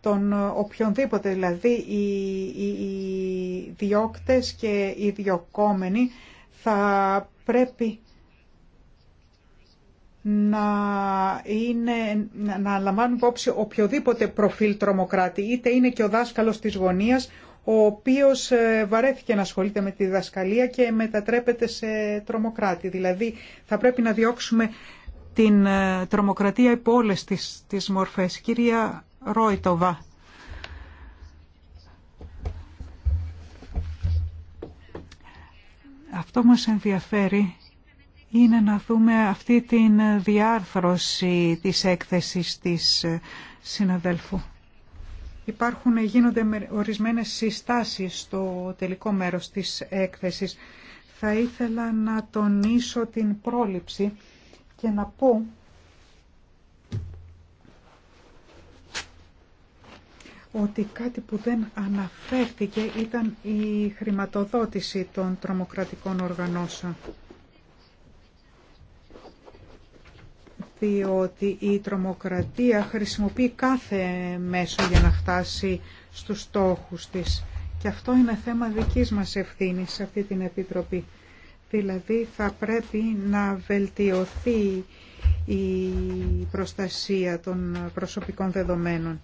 [SPEAKER 3] Τον ε, οποιονδήποτε δηλαδή οι, οι, οι διώκτες και οι διωκόμενοι θα πρέπει να, είναι, να λαμβάνουν υπόψη οποιοδήποτε προφίλ τρομοκράτη, είτε είναι και ο δάσκαλος της γωνίας, ο οποίος ε, βαρέθηκε να ασχολείται με τη δασκαλία και μετατρέπεται σε τρομοκράτη. Δηλαδή θα πρέπει να διώξουμε την ε, τρομοκρατία υπό όλες τις, τις μορφές. Κυρία Ρόιτοβα. Αυτό μας ενδιαφέρει είναι να δούμε αυτή την διάρθρωση της έκθεσης της ε, συναδέλφου. Υπάρχουν, γίνονται ορισμένες συστάσεις στο τελικό μέρος της έκθεσης. Θα ήθελα να τονίσω την πρόληψη και να πω ότι κάτι που δεν αναφέρθηκε ήταν η χρηματοδότηση των τρομοκρατικών οργανώσεων. ότι η τρομοκρατία χρησιμοποιεί κάθε μέσο για να φτάσει στους στόχους της. Και αυτό είναι θέμα δικής μας ευθύνης σε αυτή την Επιτροπή. Δηλαδή θα πρέπει να βελτιωθεί η προστασία των προσωπικών δεδομένων.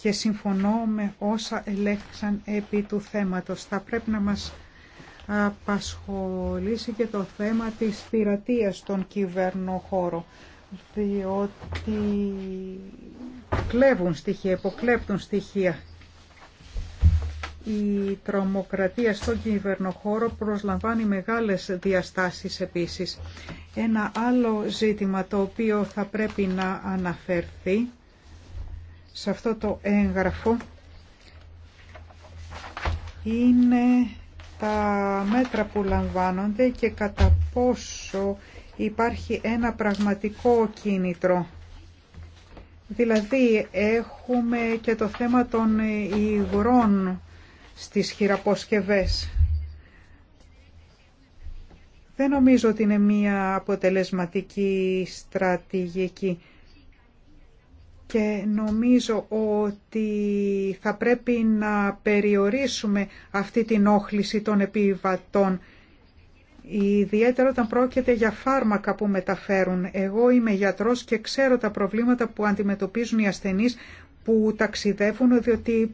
[SPEAKER 3] Και συμφωνώ με όσα ελέγξαν επί του θέματος. Θα πρέπει να μας απασχολήσει και το θέμα της πειρατείας στον κυβερνοχώρο διότι κλέβουν στοιχεία, υποκλέπτουν στοιχεία. Η τρομοκρατία στον κυβερνοχώρο προσλαμβάνει μεγάλες διαστάσεις επίσης. Ένα άλλο ζήτημα το οποίο θα πρέπει να αναφερθεί σε αυτό το έγγραφο είναι τα μέτρα που λαμβάνονται και κατά πόσο υπάρχει ένα πραγματικό κίνητρο. Δηλαδή έχουμε και το θέμα των υγρών στις χειραποσκευές. Δεν νομίζω ότι είναι μία αποτελεσματική στρατηγική και νομίζω ότι θα πρέπει να περιορίσουμε αυτή την όχληση των επιβατών ιδιαίτερα όταν πρόκειται για φάρμακα που μεταφέρουν. Εγώ είμαι γιατρός και ξέρω τα προβλήματα που αντιμετωπίζουν οι ασθενείς που ταξιδεύουν διότι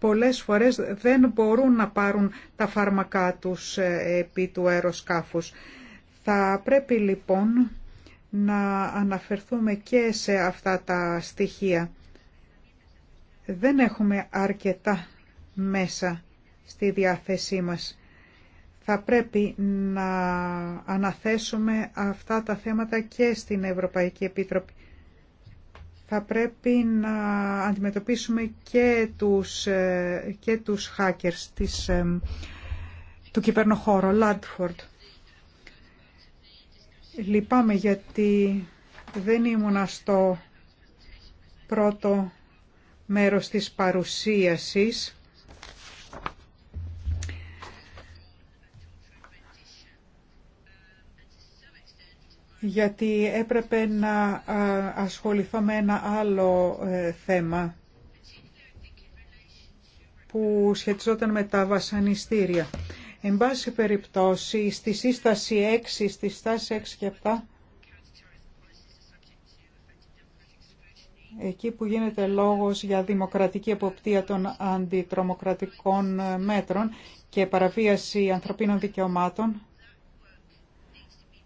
[SPEAKER 3] πολλές φορές δεν μπορούν να πάρουν τα φάρμακά τους ε, επί του αεροσκάφους. Θα πρέπει λοιπόν να αναφερθούμε και σε αυτά τα στοιχεία. Δεν έχουμε αρκετά μέσα στη διάθεσή μας θα πρέπει να αναθέσουμε αυτά τα θέματα και στην Ευρωπαϊκή Επίτροπη. Θα πρέπει να αντιμετωπίσουμε και τους, ε, και τους hackers της, ε, του κυβερνοχώρου, Λάντφορντ. Λυπάμαι γιατί δεν ήμουνα στο πρώτο μέρος της παρουσίασης γιατί έπρεπε να ασχοληθώ με ένα άλλο ε, θέμα που σχετιζόταν με τα βασανιστήρια. Εν πάση περιπτώσει, στη σύσταση 6, στη στάση 6 και 7, εκεί που γίνεται λόγος για δημοκρατική εποπτεία των αντιτρομοκρατικών ε, μέτρων και παραβίαση ανθρωπίνων δικαιωμάτων,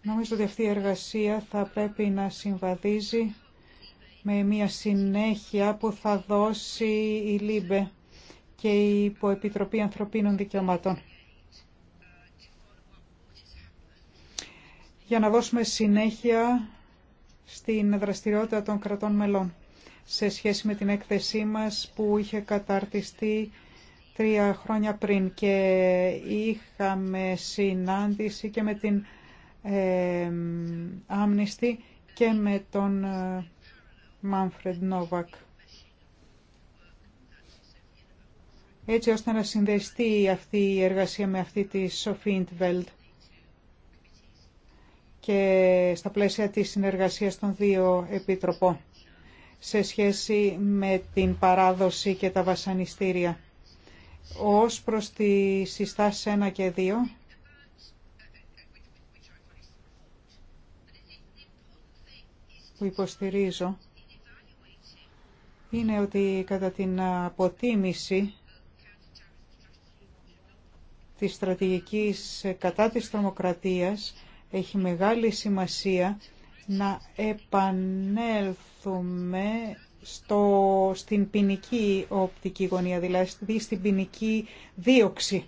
[SPEAKER 3] Νομίζω ότι αυτή η εργασία θα πρέπει να συμβαδίζει με μια συνέχεια που θα δώσει η ΛΥΜΠΕ και η Υποεπιτροπή Ανθρωπίνων Δικαιωμάτων. Για να δώσουμε συνέχεια στην δραστηριότητα των κρατών μελών σε σχέση με την έκθεσή μας που είχε καταρτιστεί τρία χρόνια πριν και είχαμε συνάντηση και με την Άμνηστη και με τον ε, Μάνφρεντ Νόβακ. Έτσι ώστε να συνδεστεί αυτή η εργασία με αυτή τη Σοφίντ και στα πλαίσια της συνεργασίας των δύο επιτροπών σε σχέση με την παράδοση και τα βασανιστήρια. Ως προς τη συστάση 1 και 2, που υποστηρίζω είναι ότι κατά την αποτίμηση της στρατηγικής κατά της τρομοκρατίας έχει μεγάλη σημασία να επανέλθουμε στο, στην ποινική οπτική γωνία, δηλαδή στην ποινική δίωξη.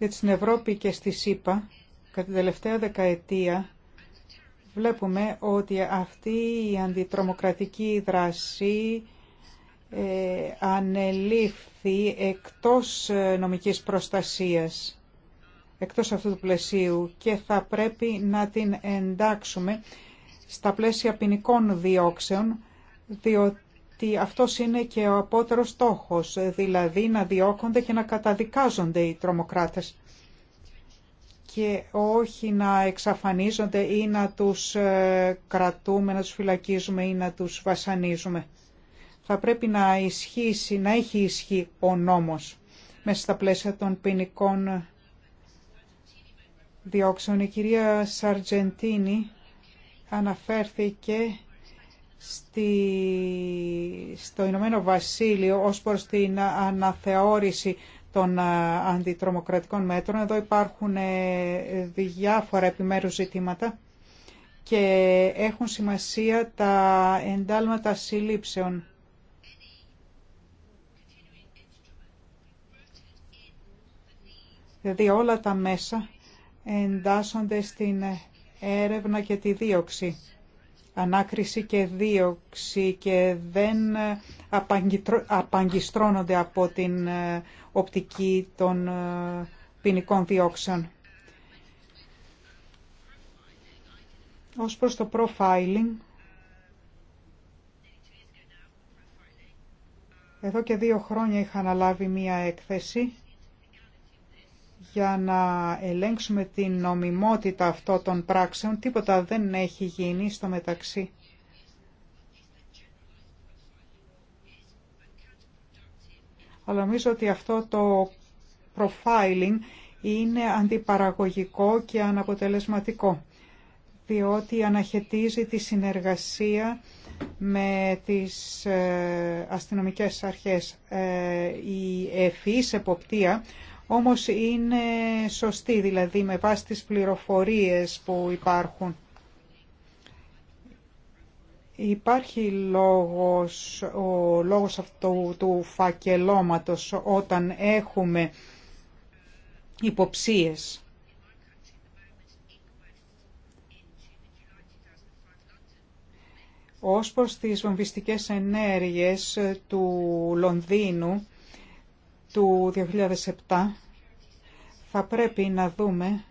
[SPEAKER 3] Γιατί στην Ευρώπη και στη ΣΥΠΑ, κατά την τελευταία δεκαετία, βλέπουμε ότι αυτή η αντιτρομοκρατική δράση ε, ανελήφθη εκτός ε, νομικής προστασίας, εκτός αυτού του πλαισίου και θα πρέπει να την εντάξουμε στα πλαίσια ποινικών διώξεων, διότι ότι αυτός είναι και ο απότερος στόχος, δηλαδή να διώκονται και να καταδικάζονται οι τρομοκράτες και όχι να εξαφανίζονται ή να τους ε, κρατούμε, να τους φυλακίζουμε ή να τους βασανίζουμε. Θα πρέπει να, ισχύσει, να έχει ισχύ ο νόμος μέσα στα πλαίσια των ποινικών διώξεων. Η κυρία Σαρτζεντίνη αναφέρθηκε στο Ηνωμένο Βασίλειο ως προς την αναθεώρηση των ε, αντιτρομοκρατικών μέτρων. Εδώ υπάρχουν ε, διάφορα επιμέρους ζητήματα και έχουν σημασία τα εντάλματα συλλήψεων. Δηλαδή όλα τα μέσα εντάσσονται στην ε, έρευνα και τη δίωξη ανάκριση και δίωξη και δεν απαγκιστρώνονται από την ε, οπτική των ε, ποινικών διώξεων. Ως προς το profiling, εδώ και δύο χρόνια είχα αναλάβει μία έκθεση για να ελέγξουμε την νομιμότητα αυτών των πράξεων. Τίποτα δεν έχει γίνει στο μεταξύ. Αλλά νομίζω ότι αυτό το profiling είναι αντιπαραγωγικό και αναποτελεσματικό, διότι αναχαιτίζει τη συνεργασία με τις ε, αστυνομικές αρχές. Ε, η ευφυής εποπτεία όμως είναι σωστή, δηλαδή με βάση τις πληροφορίες που υπάρχουν. Υπάρχει λόγος, ο λόγος αυτού του φακελώματος όταν έχουμε υποψίες. Ως προς τις βομβιστικές ενέργειες του Λονδίνου, του 2007 θα πρέπει να δούμε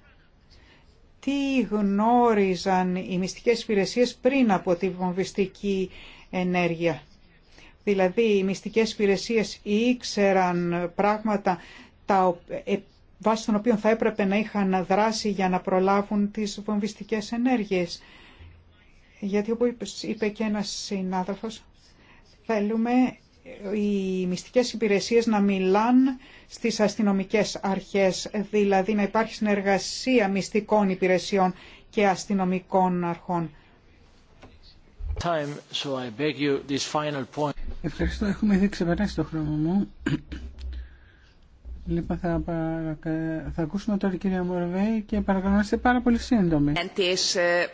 [SPEAKER 3] τι γνώριζαν οι μυστικές υπηρεσίε πριν από τη βομβιστική ενέργεια. Δηλαδή οι μυστικές υπηρεσίε ήξεραν πράγματα τα, ε, βάσει των οποίων θα έπρεπε να είχαν δράσει για να προλάβουν τις βομβιστικές ενέργειες. Γιατί όπως είπε και ένας συνάδελφος, θέλουμε οι μυστικές υπηρεσίες να μιλάν στις αστυνομικές αρχές, δηλαδή να υπάρχει συνεργασία μυστικών υπηρεσιών και αστυνομικών αρχών. Ευχαριστώ. Έχουμε ήδη ξεπεράσει
[SPEAKER 2] το χρόνο μου. Λοιπόν, θα, ακούσουμε τώρα την κυρία Μορβέη και παρακαλώ να είστε πάρα πολύ σύντομοι.
[SPEAKER 4] Ε,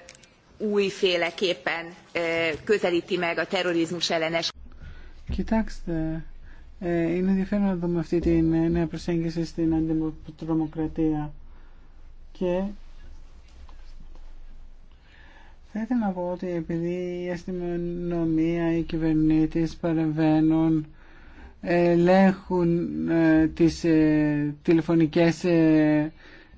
[SPEAKER 4] újféleképpen ε, közelíti meg a
[SPEAKER 2] Κοιτάξτε, ε, είναι ενδιαφέρον να δούμε αυτή την ε, νέα προσέγγιση στην αντιτρομοκρατία. Και θα ήθελα να πω ότι επειδή η αστυνομία, οι κυβερνήτες παρεμβαίνουν, ελέγχουν ε, τις τηλεφωνικές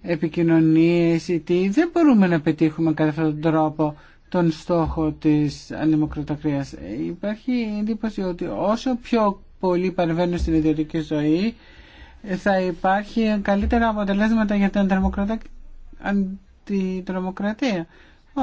[SPEAKER 2] επικοινωνίες ή τι, δεν μπορούμε να πετύχουμε κατά αυτόν τον τρόπο τον στόχο της ανεμοκρατακρίας. Υπάρχει εντύπωση ότι όσο πιο πολύ παρεμβαίνουν στην ιδιωτική ζωή θα υπάρχει καλύτερα αποτελέσματα για την αντιτρομοκρατία.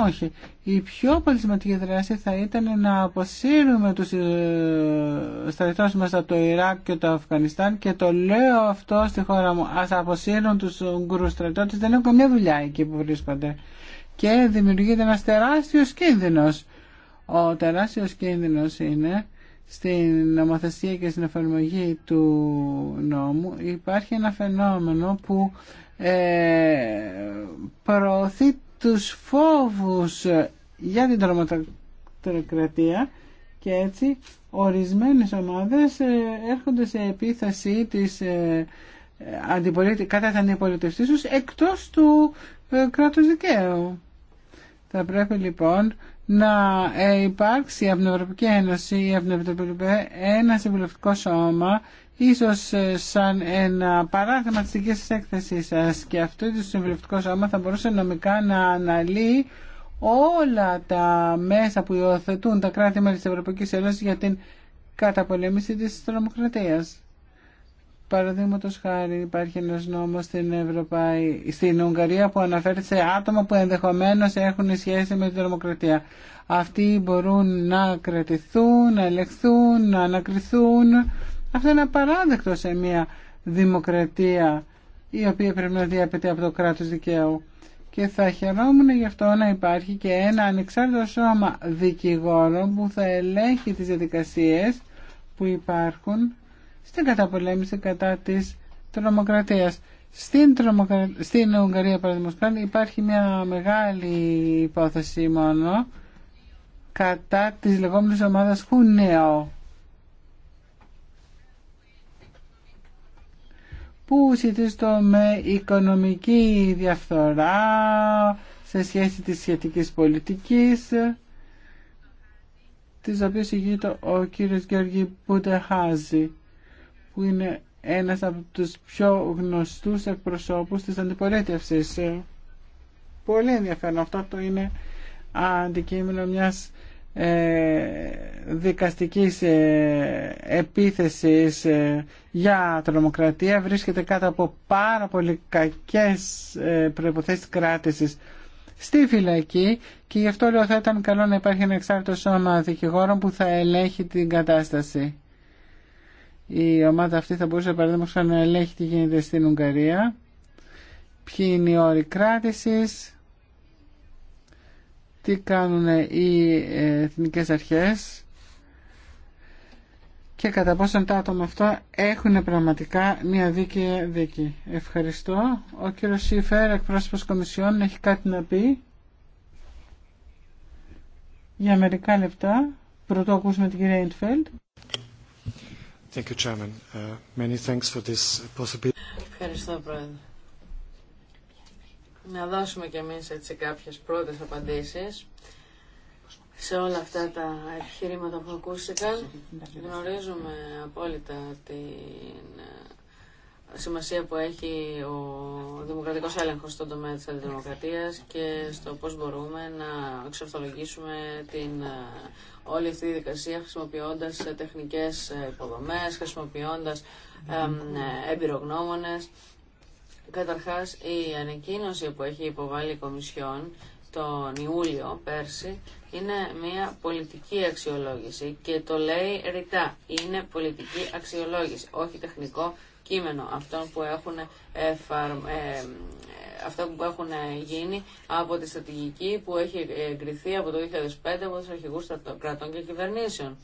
[SPEAKER 2] Όχι. Η πιο πολύ δράση θα ήταν να αποσύρουμε τους ε, στρατιώτες μας από το Ιράκ και το Αφγανιστάν και το λέω αυτό στη χώρα μου. Ας αποσύρουν τους Ουγγρούς στρατιώτες. Δεν έχουν καμιά δουλειά εκεί που βρίσκονται και δημιουργείται ένας τεράστιος κίνδυνος. Ο τεράστιος κίνδυνος είναι στην νομοθεσία και στην εφαρμογή του νόμου υπάρχει ένα φαινόμενο που ε, προωθεί τους φόβους για την τρομοκρατία και έτσι ορισμένες ομάδες ε, έρχονται σε επίθεση της ε, κατά την αντιπολιτευτή τους εκτός του ε, κράτους δικαίου. Θα πρέπει λοιπόν να ε, υπάρξει από την Ευρωπαϊκή Ένωση ή από ένα συμβουλευτικό σώμα ίσως ε, σαν ένα παράδειγμα της δικής σας έκθεσής σας και αυτό το συμβουλευτικό σώμα θα μπορούσε νομικά να αναλύει όλα τα μέσα που υιοθετούν τα κράτη μέλη της Ευρωπαϊκής Ένωσης για την καταπολέμηση της τρομοκρατίας. Παραδείγματο χάρη υπάρχει ένα νόμο στην, στην Ουγγαρία που αναφέρει σε άτομα που ενδεχομένω έχουν σχέση με την δημοκρατία. Αυτοί μπορούν να κρατηθούν, να ελεγχθούν, να ανακριθούν. Αυτό είναι απαράδεκτο σε μια δημοκρατία η οποία πρέπει να διαπαιτεί από το κράτος δικαίου. Και θα χαιρόμουν γι' αυτό να υπάρχει και ένα ανεξάρτητο σώμα δικηγόρων που θα ελέγχει τις διαδικασίες που υπάρχουν στην καταπολέμηση κατά της τρομοκρατίας. Στην, στην Ουγγαρία, παραδείγματο, υπάρχει μια μεγάλη υπόθεση μόνο κατά της λεγόμενης ομάδας Χουνέο που σχετίζεται με οικονομική διαφθορά σε σχέση της σχετικής πολιτικής της οποίας ηγείται ο κύριος Γεωργή Πουτεχάζη που είναι ένας από τους πιο γνωστούς εκπροσώπους της αντιπολίτευσης. Πολύ ενδιαφέρον αυτό, το είναι αντικείμενο μιας ε, δικαστικής ε, επίθεσης ε, για τρομοκρατία βρίσκεται κάτω από πάρα πολύ κακές προϋποθέσεις κράτησης στη φυλακή και γι' αυτό λέω θα ήταν καλό να υπάρχει ένα εξάρτητο σώμα δικηγόρων που θα ελέγχει την κατάσταση η ομάδα αυτή θα μπορούσε παραδείγματος να ελέγχει τι γίνεται στην Ουγγαρία ποιοι είναι οι όροι κράτησης τι κάνουν οι εθνικές αρχές και κατά πόσον τα άτομα αυτά έχουν πραγματικά μια δίκαιη δίκη. Ευχαριστώ. Ο κύριος Σίφερ, εκπρόσωπος Κομισιόν, έχει κάτι να πει για μερικά λεπτά. Πρωτού ακούσουμε την κυρία Ιντφέλτ. Uh,
[SPEAKER 4] Ευχαριστώ, Πρόεδρε. Να δώσουμε κι εμείς έτσι κάποιες πρώτες απαντήσεις σε όλα αυτά τα επιχειρήματα που ακούστηκαν. Γνωρίζουμε απόλυτα την ε, σημασία που έχει ο δημοκρατικός έλεγχος στον τομέα της αντιδημοκρατίας και στο πώς μπορούμε να εξορθολογήσουμε την ε, όλη αυτή η δικασία χρησιμοποιώντα ε, τεχνικέ ε, υποδομέ, χρησιμοποιώντα ε, εμπειρογνώμονε. Καταρχάς, η ανακοίνωση που έχει υποβάλει η Κομισιόν τον Ιούλιο πέρσι είναι μια πολιτική αξιολόγηση και το λέει ρητά. Είναι πολιτική αξιολόγηση, όχι τεχνικό κείμενο. αυτών που έχουν εφαρ αυτά που έχουν ε, γίνει από τη στρατηγική που έχει ε, εγκριθεί από το 2005 από τους αρχηγούς κρατών και κυβερνήσεων.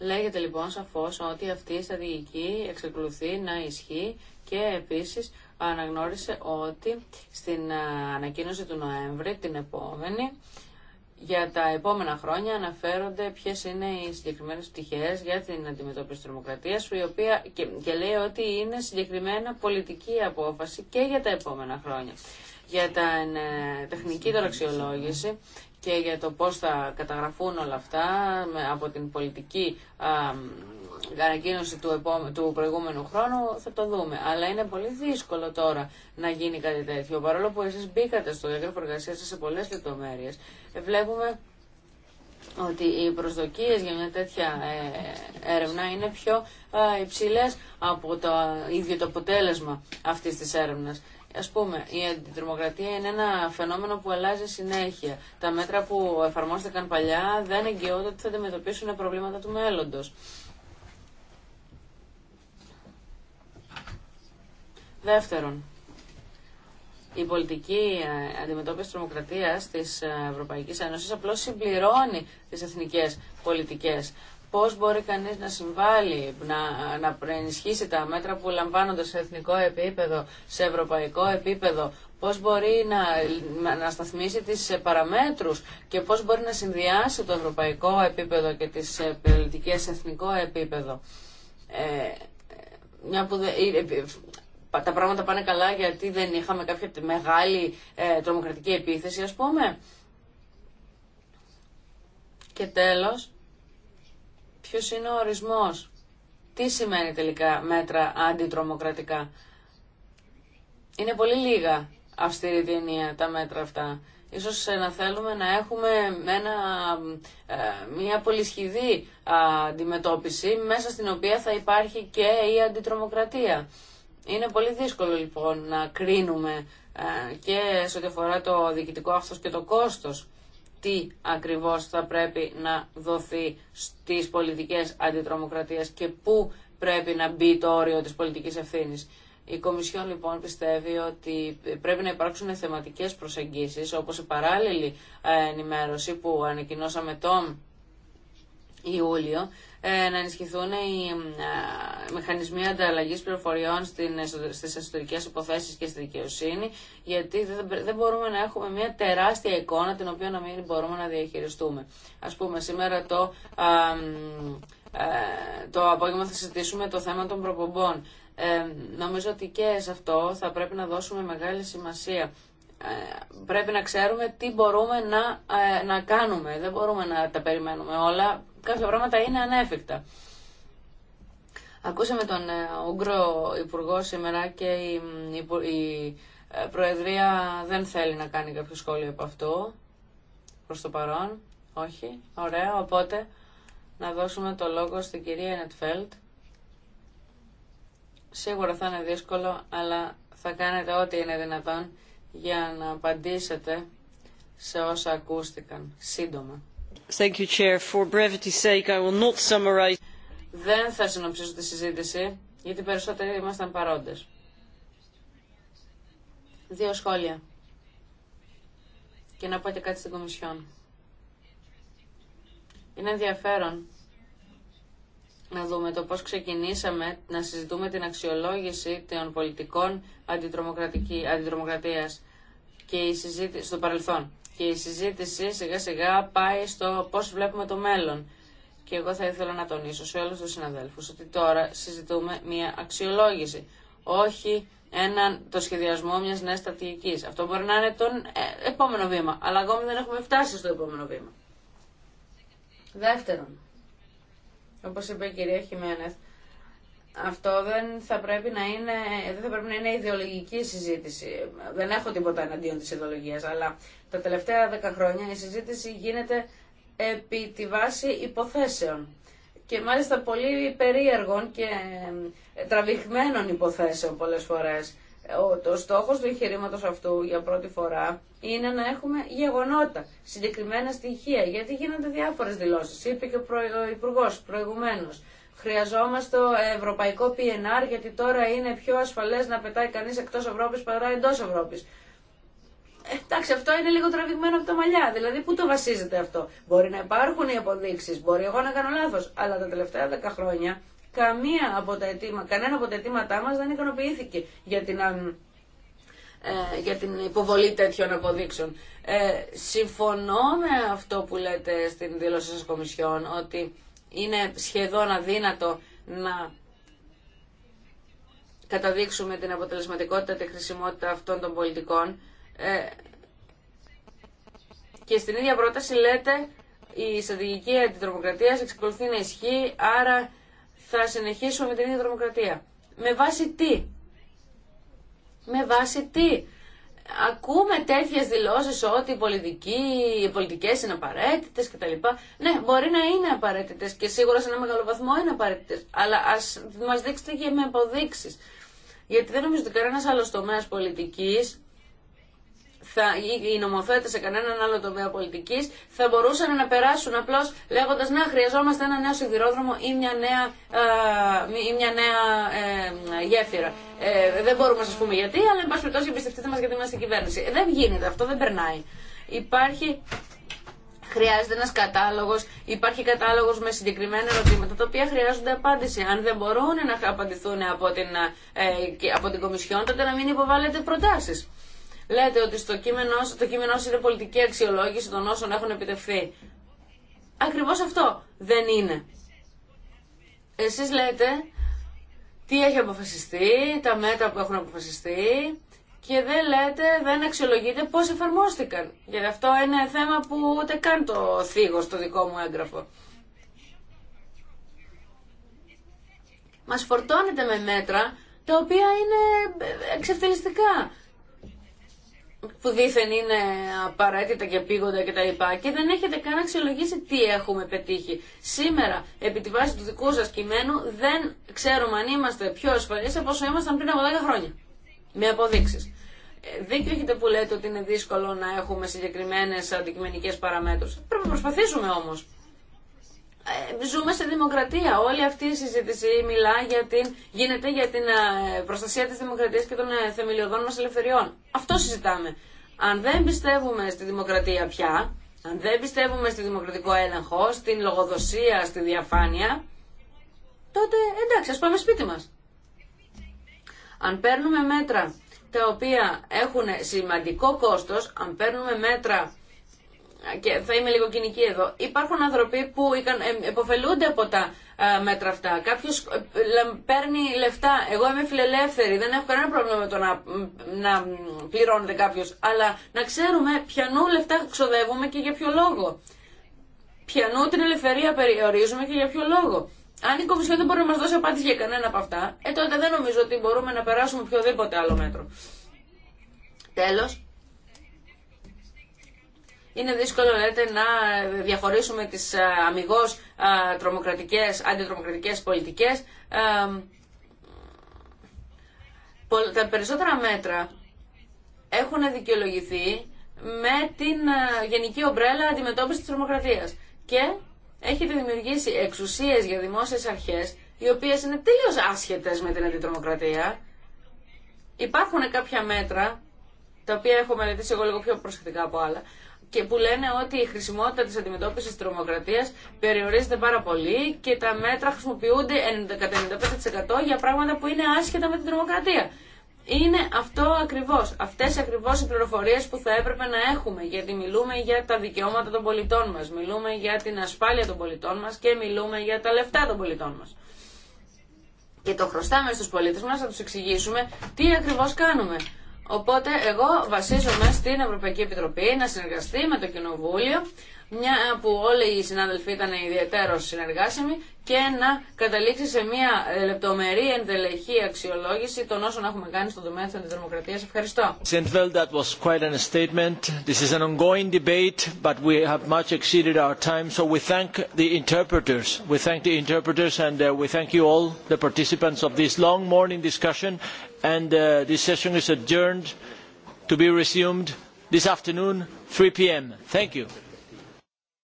[SPEAKER 4] Λέγεται λοιπόν σαφώς ότι αυτή η στρατηγική εξακολουθεί να ισχύει και επίσης αναγνώρισε ότι στην ε, ανακοίνωση του Νοέμβρη την επόμενη για τα επόμενα χρόνια αναφέρονται ποιε είναι οι συγκεκριμένε πτυχέ για την αντιμετώπιση τη τρομοκρατία, η οποία και, λέει ότι είναι συγκεκριμένα πολιτική απόφαση και για τα επόμενα χρόνια. Για την ε, τεχνική τώρα και για το πώς θα καταγραφούν όλα αυτά από την πολιτική ανακοίνωση του, επόμε... του προηγούμενου χρόνου θα το δούμε. Αλλά είναι πολύ δύσκολο τώρα να γίνει κάτι τέτοιο. Παρόλο που εσείς μπήκατε στο έγγραφο εργασία σας σε πολλές λεπτομέρειες, ε, βλέπουμε ότι οι προσδοκίες για μια τέτοια ε, έρευνα είναι πιο υψηλές από το ίδιο το αποτέλεσμα αυτής της έρευνας. Ας πούμε, η αντιτρομοκρατία είναι ένα φαινόμενο που αλλάζει συνέχεια. Τα μέτρα που εφαρμόστηκαν παλιά δεν εγγυώνται ότι θα αντιμετωπίσουν προβλήματα του μέλλοντος. Δεύτερον, η πολιτική ε, αντιμετώπιση τρομοκρατίας της ε, Ευρωπαϊκής Ένωσης απλώς συμπληρώνει τις εθνικές πολιτικές. Πώς μπορεί κανείς να συμβάλλει, να, να ενισχύσει τα μέτρα που λαμβάνονται σε εθνικό επίπεδο, σε ευρωπαϊκό επίπεδο, πώς μπορεί να, να σταθμίσει τις παραμέτρους και πώς μπορεί να συνδυάσει το ευρωπαϊκό επίπεδο και τις ε, πολιτικές σε εθνικό επίπεδο. Ε, τα πράγματα πάνε καλά γιατί δεν είχαμε κάποια μεγάλη ε, τρομοκρατική επίθεση ας πούμε. Και τέλος, ποιος είναι ο ορισμός. Τι σημαίνει τελικά μέτρα αντιτρομοκρατικά. Είναι πολύ λίγα αυστηρή ταινία τα μέτρα αυτά. Ίσως ε, να θέλουμε να έχουμε ένα, ε, μια πολυσχηδή αντιμετώπιση μέσα στην οποία θα υπάρχει και η αντιτρομοκρατία. Είναι πολύ δύσκολο λοιπόν να κρίνουμε ε, και σε ό,τι αφορά το διοικητικό αυτός και το κόστος τι ακριβώς θα πρέπει να δοθεί στις πολιτικές αντιτρομοκρατίες και πού πρέπει να μπει το όριο της πολιτικής ευθύνης. Η Κομισιόν λοιπόν πιστεύει ότι πρέπει να υπάρξουν θεματικές προσεγγίσεις όπως η παράλληλη ε, ενημέρωση που ανακοινώσαμε τον Ιούλιο ε, να ενισχυθούν οι μηχανισμοί ανταλλαγή πληροφοριών στι εσωτερικέ υποθέσει και στη δικαιοσύνη, γιατί δεν μπορούμε να έχουμε μια τεράστια εικόνα την οποία να μην μπορούμε να διαχειριστούμε. Α πούμε, σήμερα το, ε, το απόγευμα θα συζητήσουμε το θέμα των προπομπών. Ε, νομίζω ότι και σε αυτό θα πρέπει να δώσουμε μεγάλη σημασία ε, πρέπει να ξέρουμε τι μπορούμε να, ε, να κάνουμε. Δεν μπορούμε να τα περιμένουμε όλα κάποια πράγματα είναι ανέφικτα. Ακούσαμε τον ε, Ούγκρο Υπουργό σήμερα και η, ε, Προεδρία δεν θέλει να κάνει κάποιο σχόλιο από αυτό. Προς το παρόν, όχι. Ωραία, οπότε να δώσουμε το λόγο στην κυρία Νετφέλτ. Σίγουρα θα είναι δύσκολο, αλλά θα κάνετε ό,τι είναι δυνατόν για να απαντήσετε σε όσα ακούστηκαν. Σύντομα. Δεν θα συνοψίσω τη συζήτηση, γιατί περισσότεροι ήμασταν παρόντες. Δύο σχόλια. Και να πω και κάτι στην Κομισιόν. Είναι ενδιαφέρον να δούμε το πώς ξεκινήσαμε να συζητούμε την αξιολόγηση των πολιτικών αντιτρομοκρατίας και η συζήτηση στο παρελθόν και η συζήτηση σιγά σιγά πάει στο πώς βλέπουμε το μέλλον. Και εγώ θα ήθελα να τονίσω σε όλους τους συναδέλφους ότι τώρα συζητούμε μια αξιολόγηση, όχι έναν, το σχεδιασμό μιας νέας στρατηγικής. Αυτό μπορεί να είναι το ε, επόμενο βήμα, αλλά ακόμη δεν έχουμε φτάσει στο επόμενο βήμα. Δεύτερον, όπως είπε η κυρία Χιμένεθ, αυτό δεν θα πρέπει να είναι, δεν θα πρέπει να είναι ιδεολογική συζήτηση. Δεν έχω τίποτα εναντίον της ιδεολογίας, αλλά τα τελευταία δέκα χρόνια η συζήτηση γίνεται επί τη βάση υποθέσεων και μάλιστα πολύ περίεργων και ε, τραβηγμένων υποθέσεων πολλές φορές. Ο, το στόχος του εγχειρήματο αυτού για πρώτη φορά είναι να έχουμε γεγονότα, συγκεκριμένα στοιχεία, γιατί γίνονται διάφορες δηλώσεις. Είπε και ο, ο Υπουργός Χρειαζόμαστε ευρωπαϊκό PNR γιατί τώρα είναι πιο ασφαλές να πετάει κανείς εκτός Ευρώπης παρά εντός Ευρώπης. Ε, εντάξει, αυτό είναι λίγο τραβηγμένο από τα μαλλιά. Δηλαδή, πού το βασίζεται αυτό. Μπορεί να υπάρχουν οι αποδείξει, μπορεί εγώ να κάνω λάθο. Αλλά τα τελευταία δέκα χρόνια καμία από τα αιτήμα, κανένα από τα αιτήματά μα δεν ικανοποιήθηκε για την, ε, για την υποβολή τέτοιων αποδείξεων. Ε, συμφωνώ με αυτό που λέτε στην δήλωσή σα Κομισιόν ότι είναι σχεδόν αδύνατο να καταδείξουμε την αποτελεσματικότητα και χρησιμότητα αυτών των πολιτικών. Ε, και στην ίδια πρόταση λέτε η στρατηγική αντιτρομοκρατία εξακολουθεί να ισχύει, άρα θα συνεχίσουμε με την ίδια τρομοκρατία. Με βάση τι? Με βάση τι? ακούμε τέτοιες δηλώσεις ότι οι, πολιτικοί, πολιτικές είναι απαραίτητες κτλ. Ναι, μπορεί να είναι απαραίτητες και σίγουρα σε ένα μεγάλο βαθμό είναι απαραίτητες, αλλά ας μας δείξετε και με αποδείξεις. Γιατί δεν νομίζω ότι κανένας άλλος τομέας πολιτικής θα, οι νομοθέτε σε κανέναν άλλο τομέα πολιτική θα μπορούσαν να περάσουν απλώ λέγοντα να χρειαζόμαστε ένα νέο σιδηρόδρομο ή μια νέα, ε, μια νέα ε, γέφυρα. Ε, δεν μπορούμε να σα πούμε γιατί, αλλά εν πάση περιπτώσει εμπιστευτείτε μα γιατί είμαστε κυβέρνηση. Ε, δεν γίνεται αυτό, δεν περνάει. Υπάρχει χρειάζεται ένα κατάλογο, υπάρχει κατάλογο με συγκεκριμένα ερωτήματα τα οποία χρειάζονται απάντηση. Αν δεν μπορούν να απαντηθούν από την, ε, από την Κομισιόν, τότε να μην υποβάλλετε προτάσει λέτε ότι στο κείμενο, το κείμενο είναι πολιτική αξιολόγηση των όσων έχουν επιτευχθεί. Ακριβώς αυτό δεν είναι. Εσείς λέτε τι έχει αποφασιστεί, τα μέτρα που έχουν αποφασιστεί και δεν λέτε, δεν αξιολογείτε πώς εφαρμόστηκαν. Γιατί αυτό είναι θέμα που ούτε καν το θίγω στο δικό μου έγγραφο. Μας φορτώνετε με μέτρα τα οποία είναι εξευθελιστικά που δήθεν είναι απαραίτητα και πήγοντα και τα λοιπά και δεν έχετε καν αξιολογήσει τι έχουμε πετύχει. Σήμερα, επί τη βάση του δικού σας κειμένου, δεν ξέρουμε αν είμαστε πιο ασφαλείς από όσο ήμασταν πριν από 10 χρόνια. Με αποδείξεις. Ε, δίκιο έχετε που λέτε ότι είναι δύσκολο να έχουμε συγκεκριμένες αντικειμενικές παραμέτρους. Πρέπει να προσπαθήσουμε όμως. Ε, ζούμε σε δημοκρατία. Όλη αυτή η συζήτηση μιλά για την, γίνεται για την ε, προστασία της δημοκρατίας και των ε, θεμελιωδών μας ελευθεριών. Αυτό συζητάμε. Αν δεν πιστεύουμε στη δημοκρατία πια, αν δεν πιστεύουμε στη δημοκρατικό έλεγχο, στην λογοδοσία, στη διαφάνεια, τότε εντάξει, ας πάμε σπίτι μας. Αν παίρνουμε μέτρα τα οποία έχουν σημαντικό κόστος, αν παίρνουμε μέτρα και θα είμαι λίγο κοινική εδώ, υπάρχουν άνθρωποι που υποφελούνται ε, από τα ε, μέτρα αυτά. Κάποιο ε, παίρνει λεφτά. Εγώ είμαι φιλελεύθερη, δεν έχω κανένα πρόβλημα με το να, να πληρώνεται κάποιο. Αλλά να ξέρουμε ποιανού λεφτά ξοδεύουμε και για ποιο λόγο. Ποιανού την ελευθερία περιορίζουμε και για ποιο λόγο. Αν η Κομισιόν δεν μπορεί να μα δώσει απάντηση για κανένα από αυτά, ε, τότε δεν νομίζω ότι μπορούμε να περάσουμε οποιοδήποτε άλλο μέτρο. Τέλος, είναι δύσκολο, λέτε, να διαχωρίσουμε τι ε, αμυγό ε, τρομοκρατικές, αντιτρομοκρατικέ πολιτικέ. Ε, τα περισσότερα μέτρα έχουν δικαιολογηθεί με την γενική ομπρέλα αντιμετώπιση της τρομοκρατίας. Και έχετε δημιουργήσει εξουσίε για δημόσιε αρχέ οι οποίε είναι τελείω άσχετε με την αντιτρομοκρατία. Υπάρχουν κάποια μέτρα, τα οποία έχω μελετήσει εγώ λίγο πιο προσεκτικά από άλλα, και που λένε ότι η χρησιμότητα της αντιμετώπισης της τρομοκρατίας περιορίζεται πάρα πολύ και τα μέτρα χρησιμοποιούνται κατά 95% για πράγματα που είναι άσχετα με την τρομοκρατία. Είναι αυτό ακριβώς, αυτές ακριβώς οι πληροφορίες που θα έπρεπε να έχουμε, γιατί μιλούμε για τα δικαιώματα των πολιτών μας, μιλούμε για την ασφάλεια των πολιτών μας και μιλούμε για τα λεφτά των πολιτών μας. Και το χρωστάμε στους πολίτες μας να τους εξηγήσουμε τι ακριβώς κάνουμε. Οπότε εγώ βασίζομαι στην Ευρωπαϊκή Επιτροπή να συνεργαστεί με το Κοινοβούλιο, μια που όλοι οι συνάδελφοι ήταν ιδιαίτερο συνεργάσιμοι, και να καταλήξει σε μια λεπτομερή εντελεχή αξιολόγηση των όσων έχουμε κάνει στον τομέα της δημοκρατίας. Ευχαριστώ.
[SPEAKER 1] that was quite an statement. This is an ongoing debate, but we have much exceeded our time, so we thank the interpreters. We thank the interpreters and uh, we thank you all, the participants of this long morning discussion and this session is adjourned to be resumed this afternoon 3 p.m. Thank you.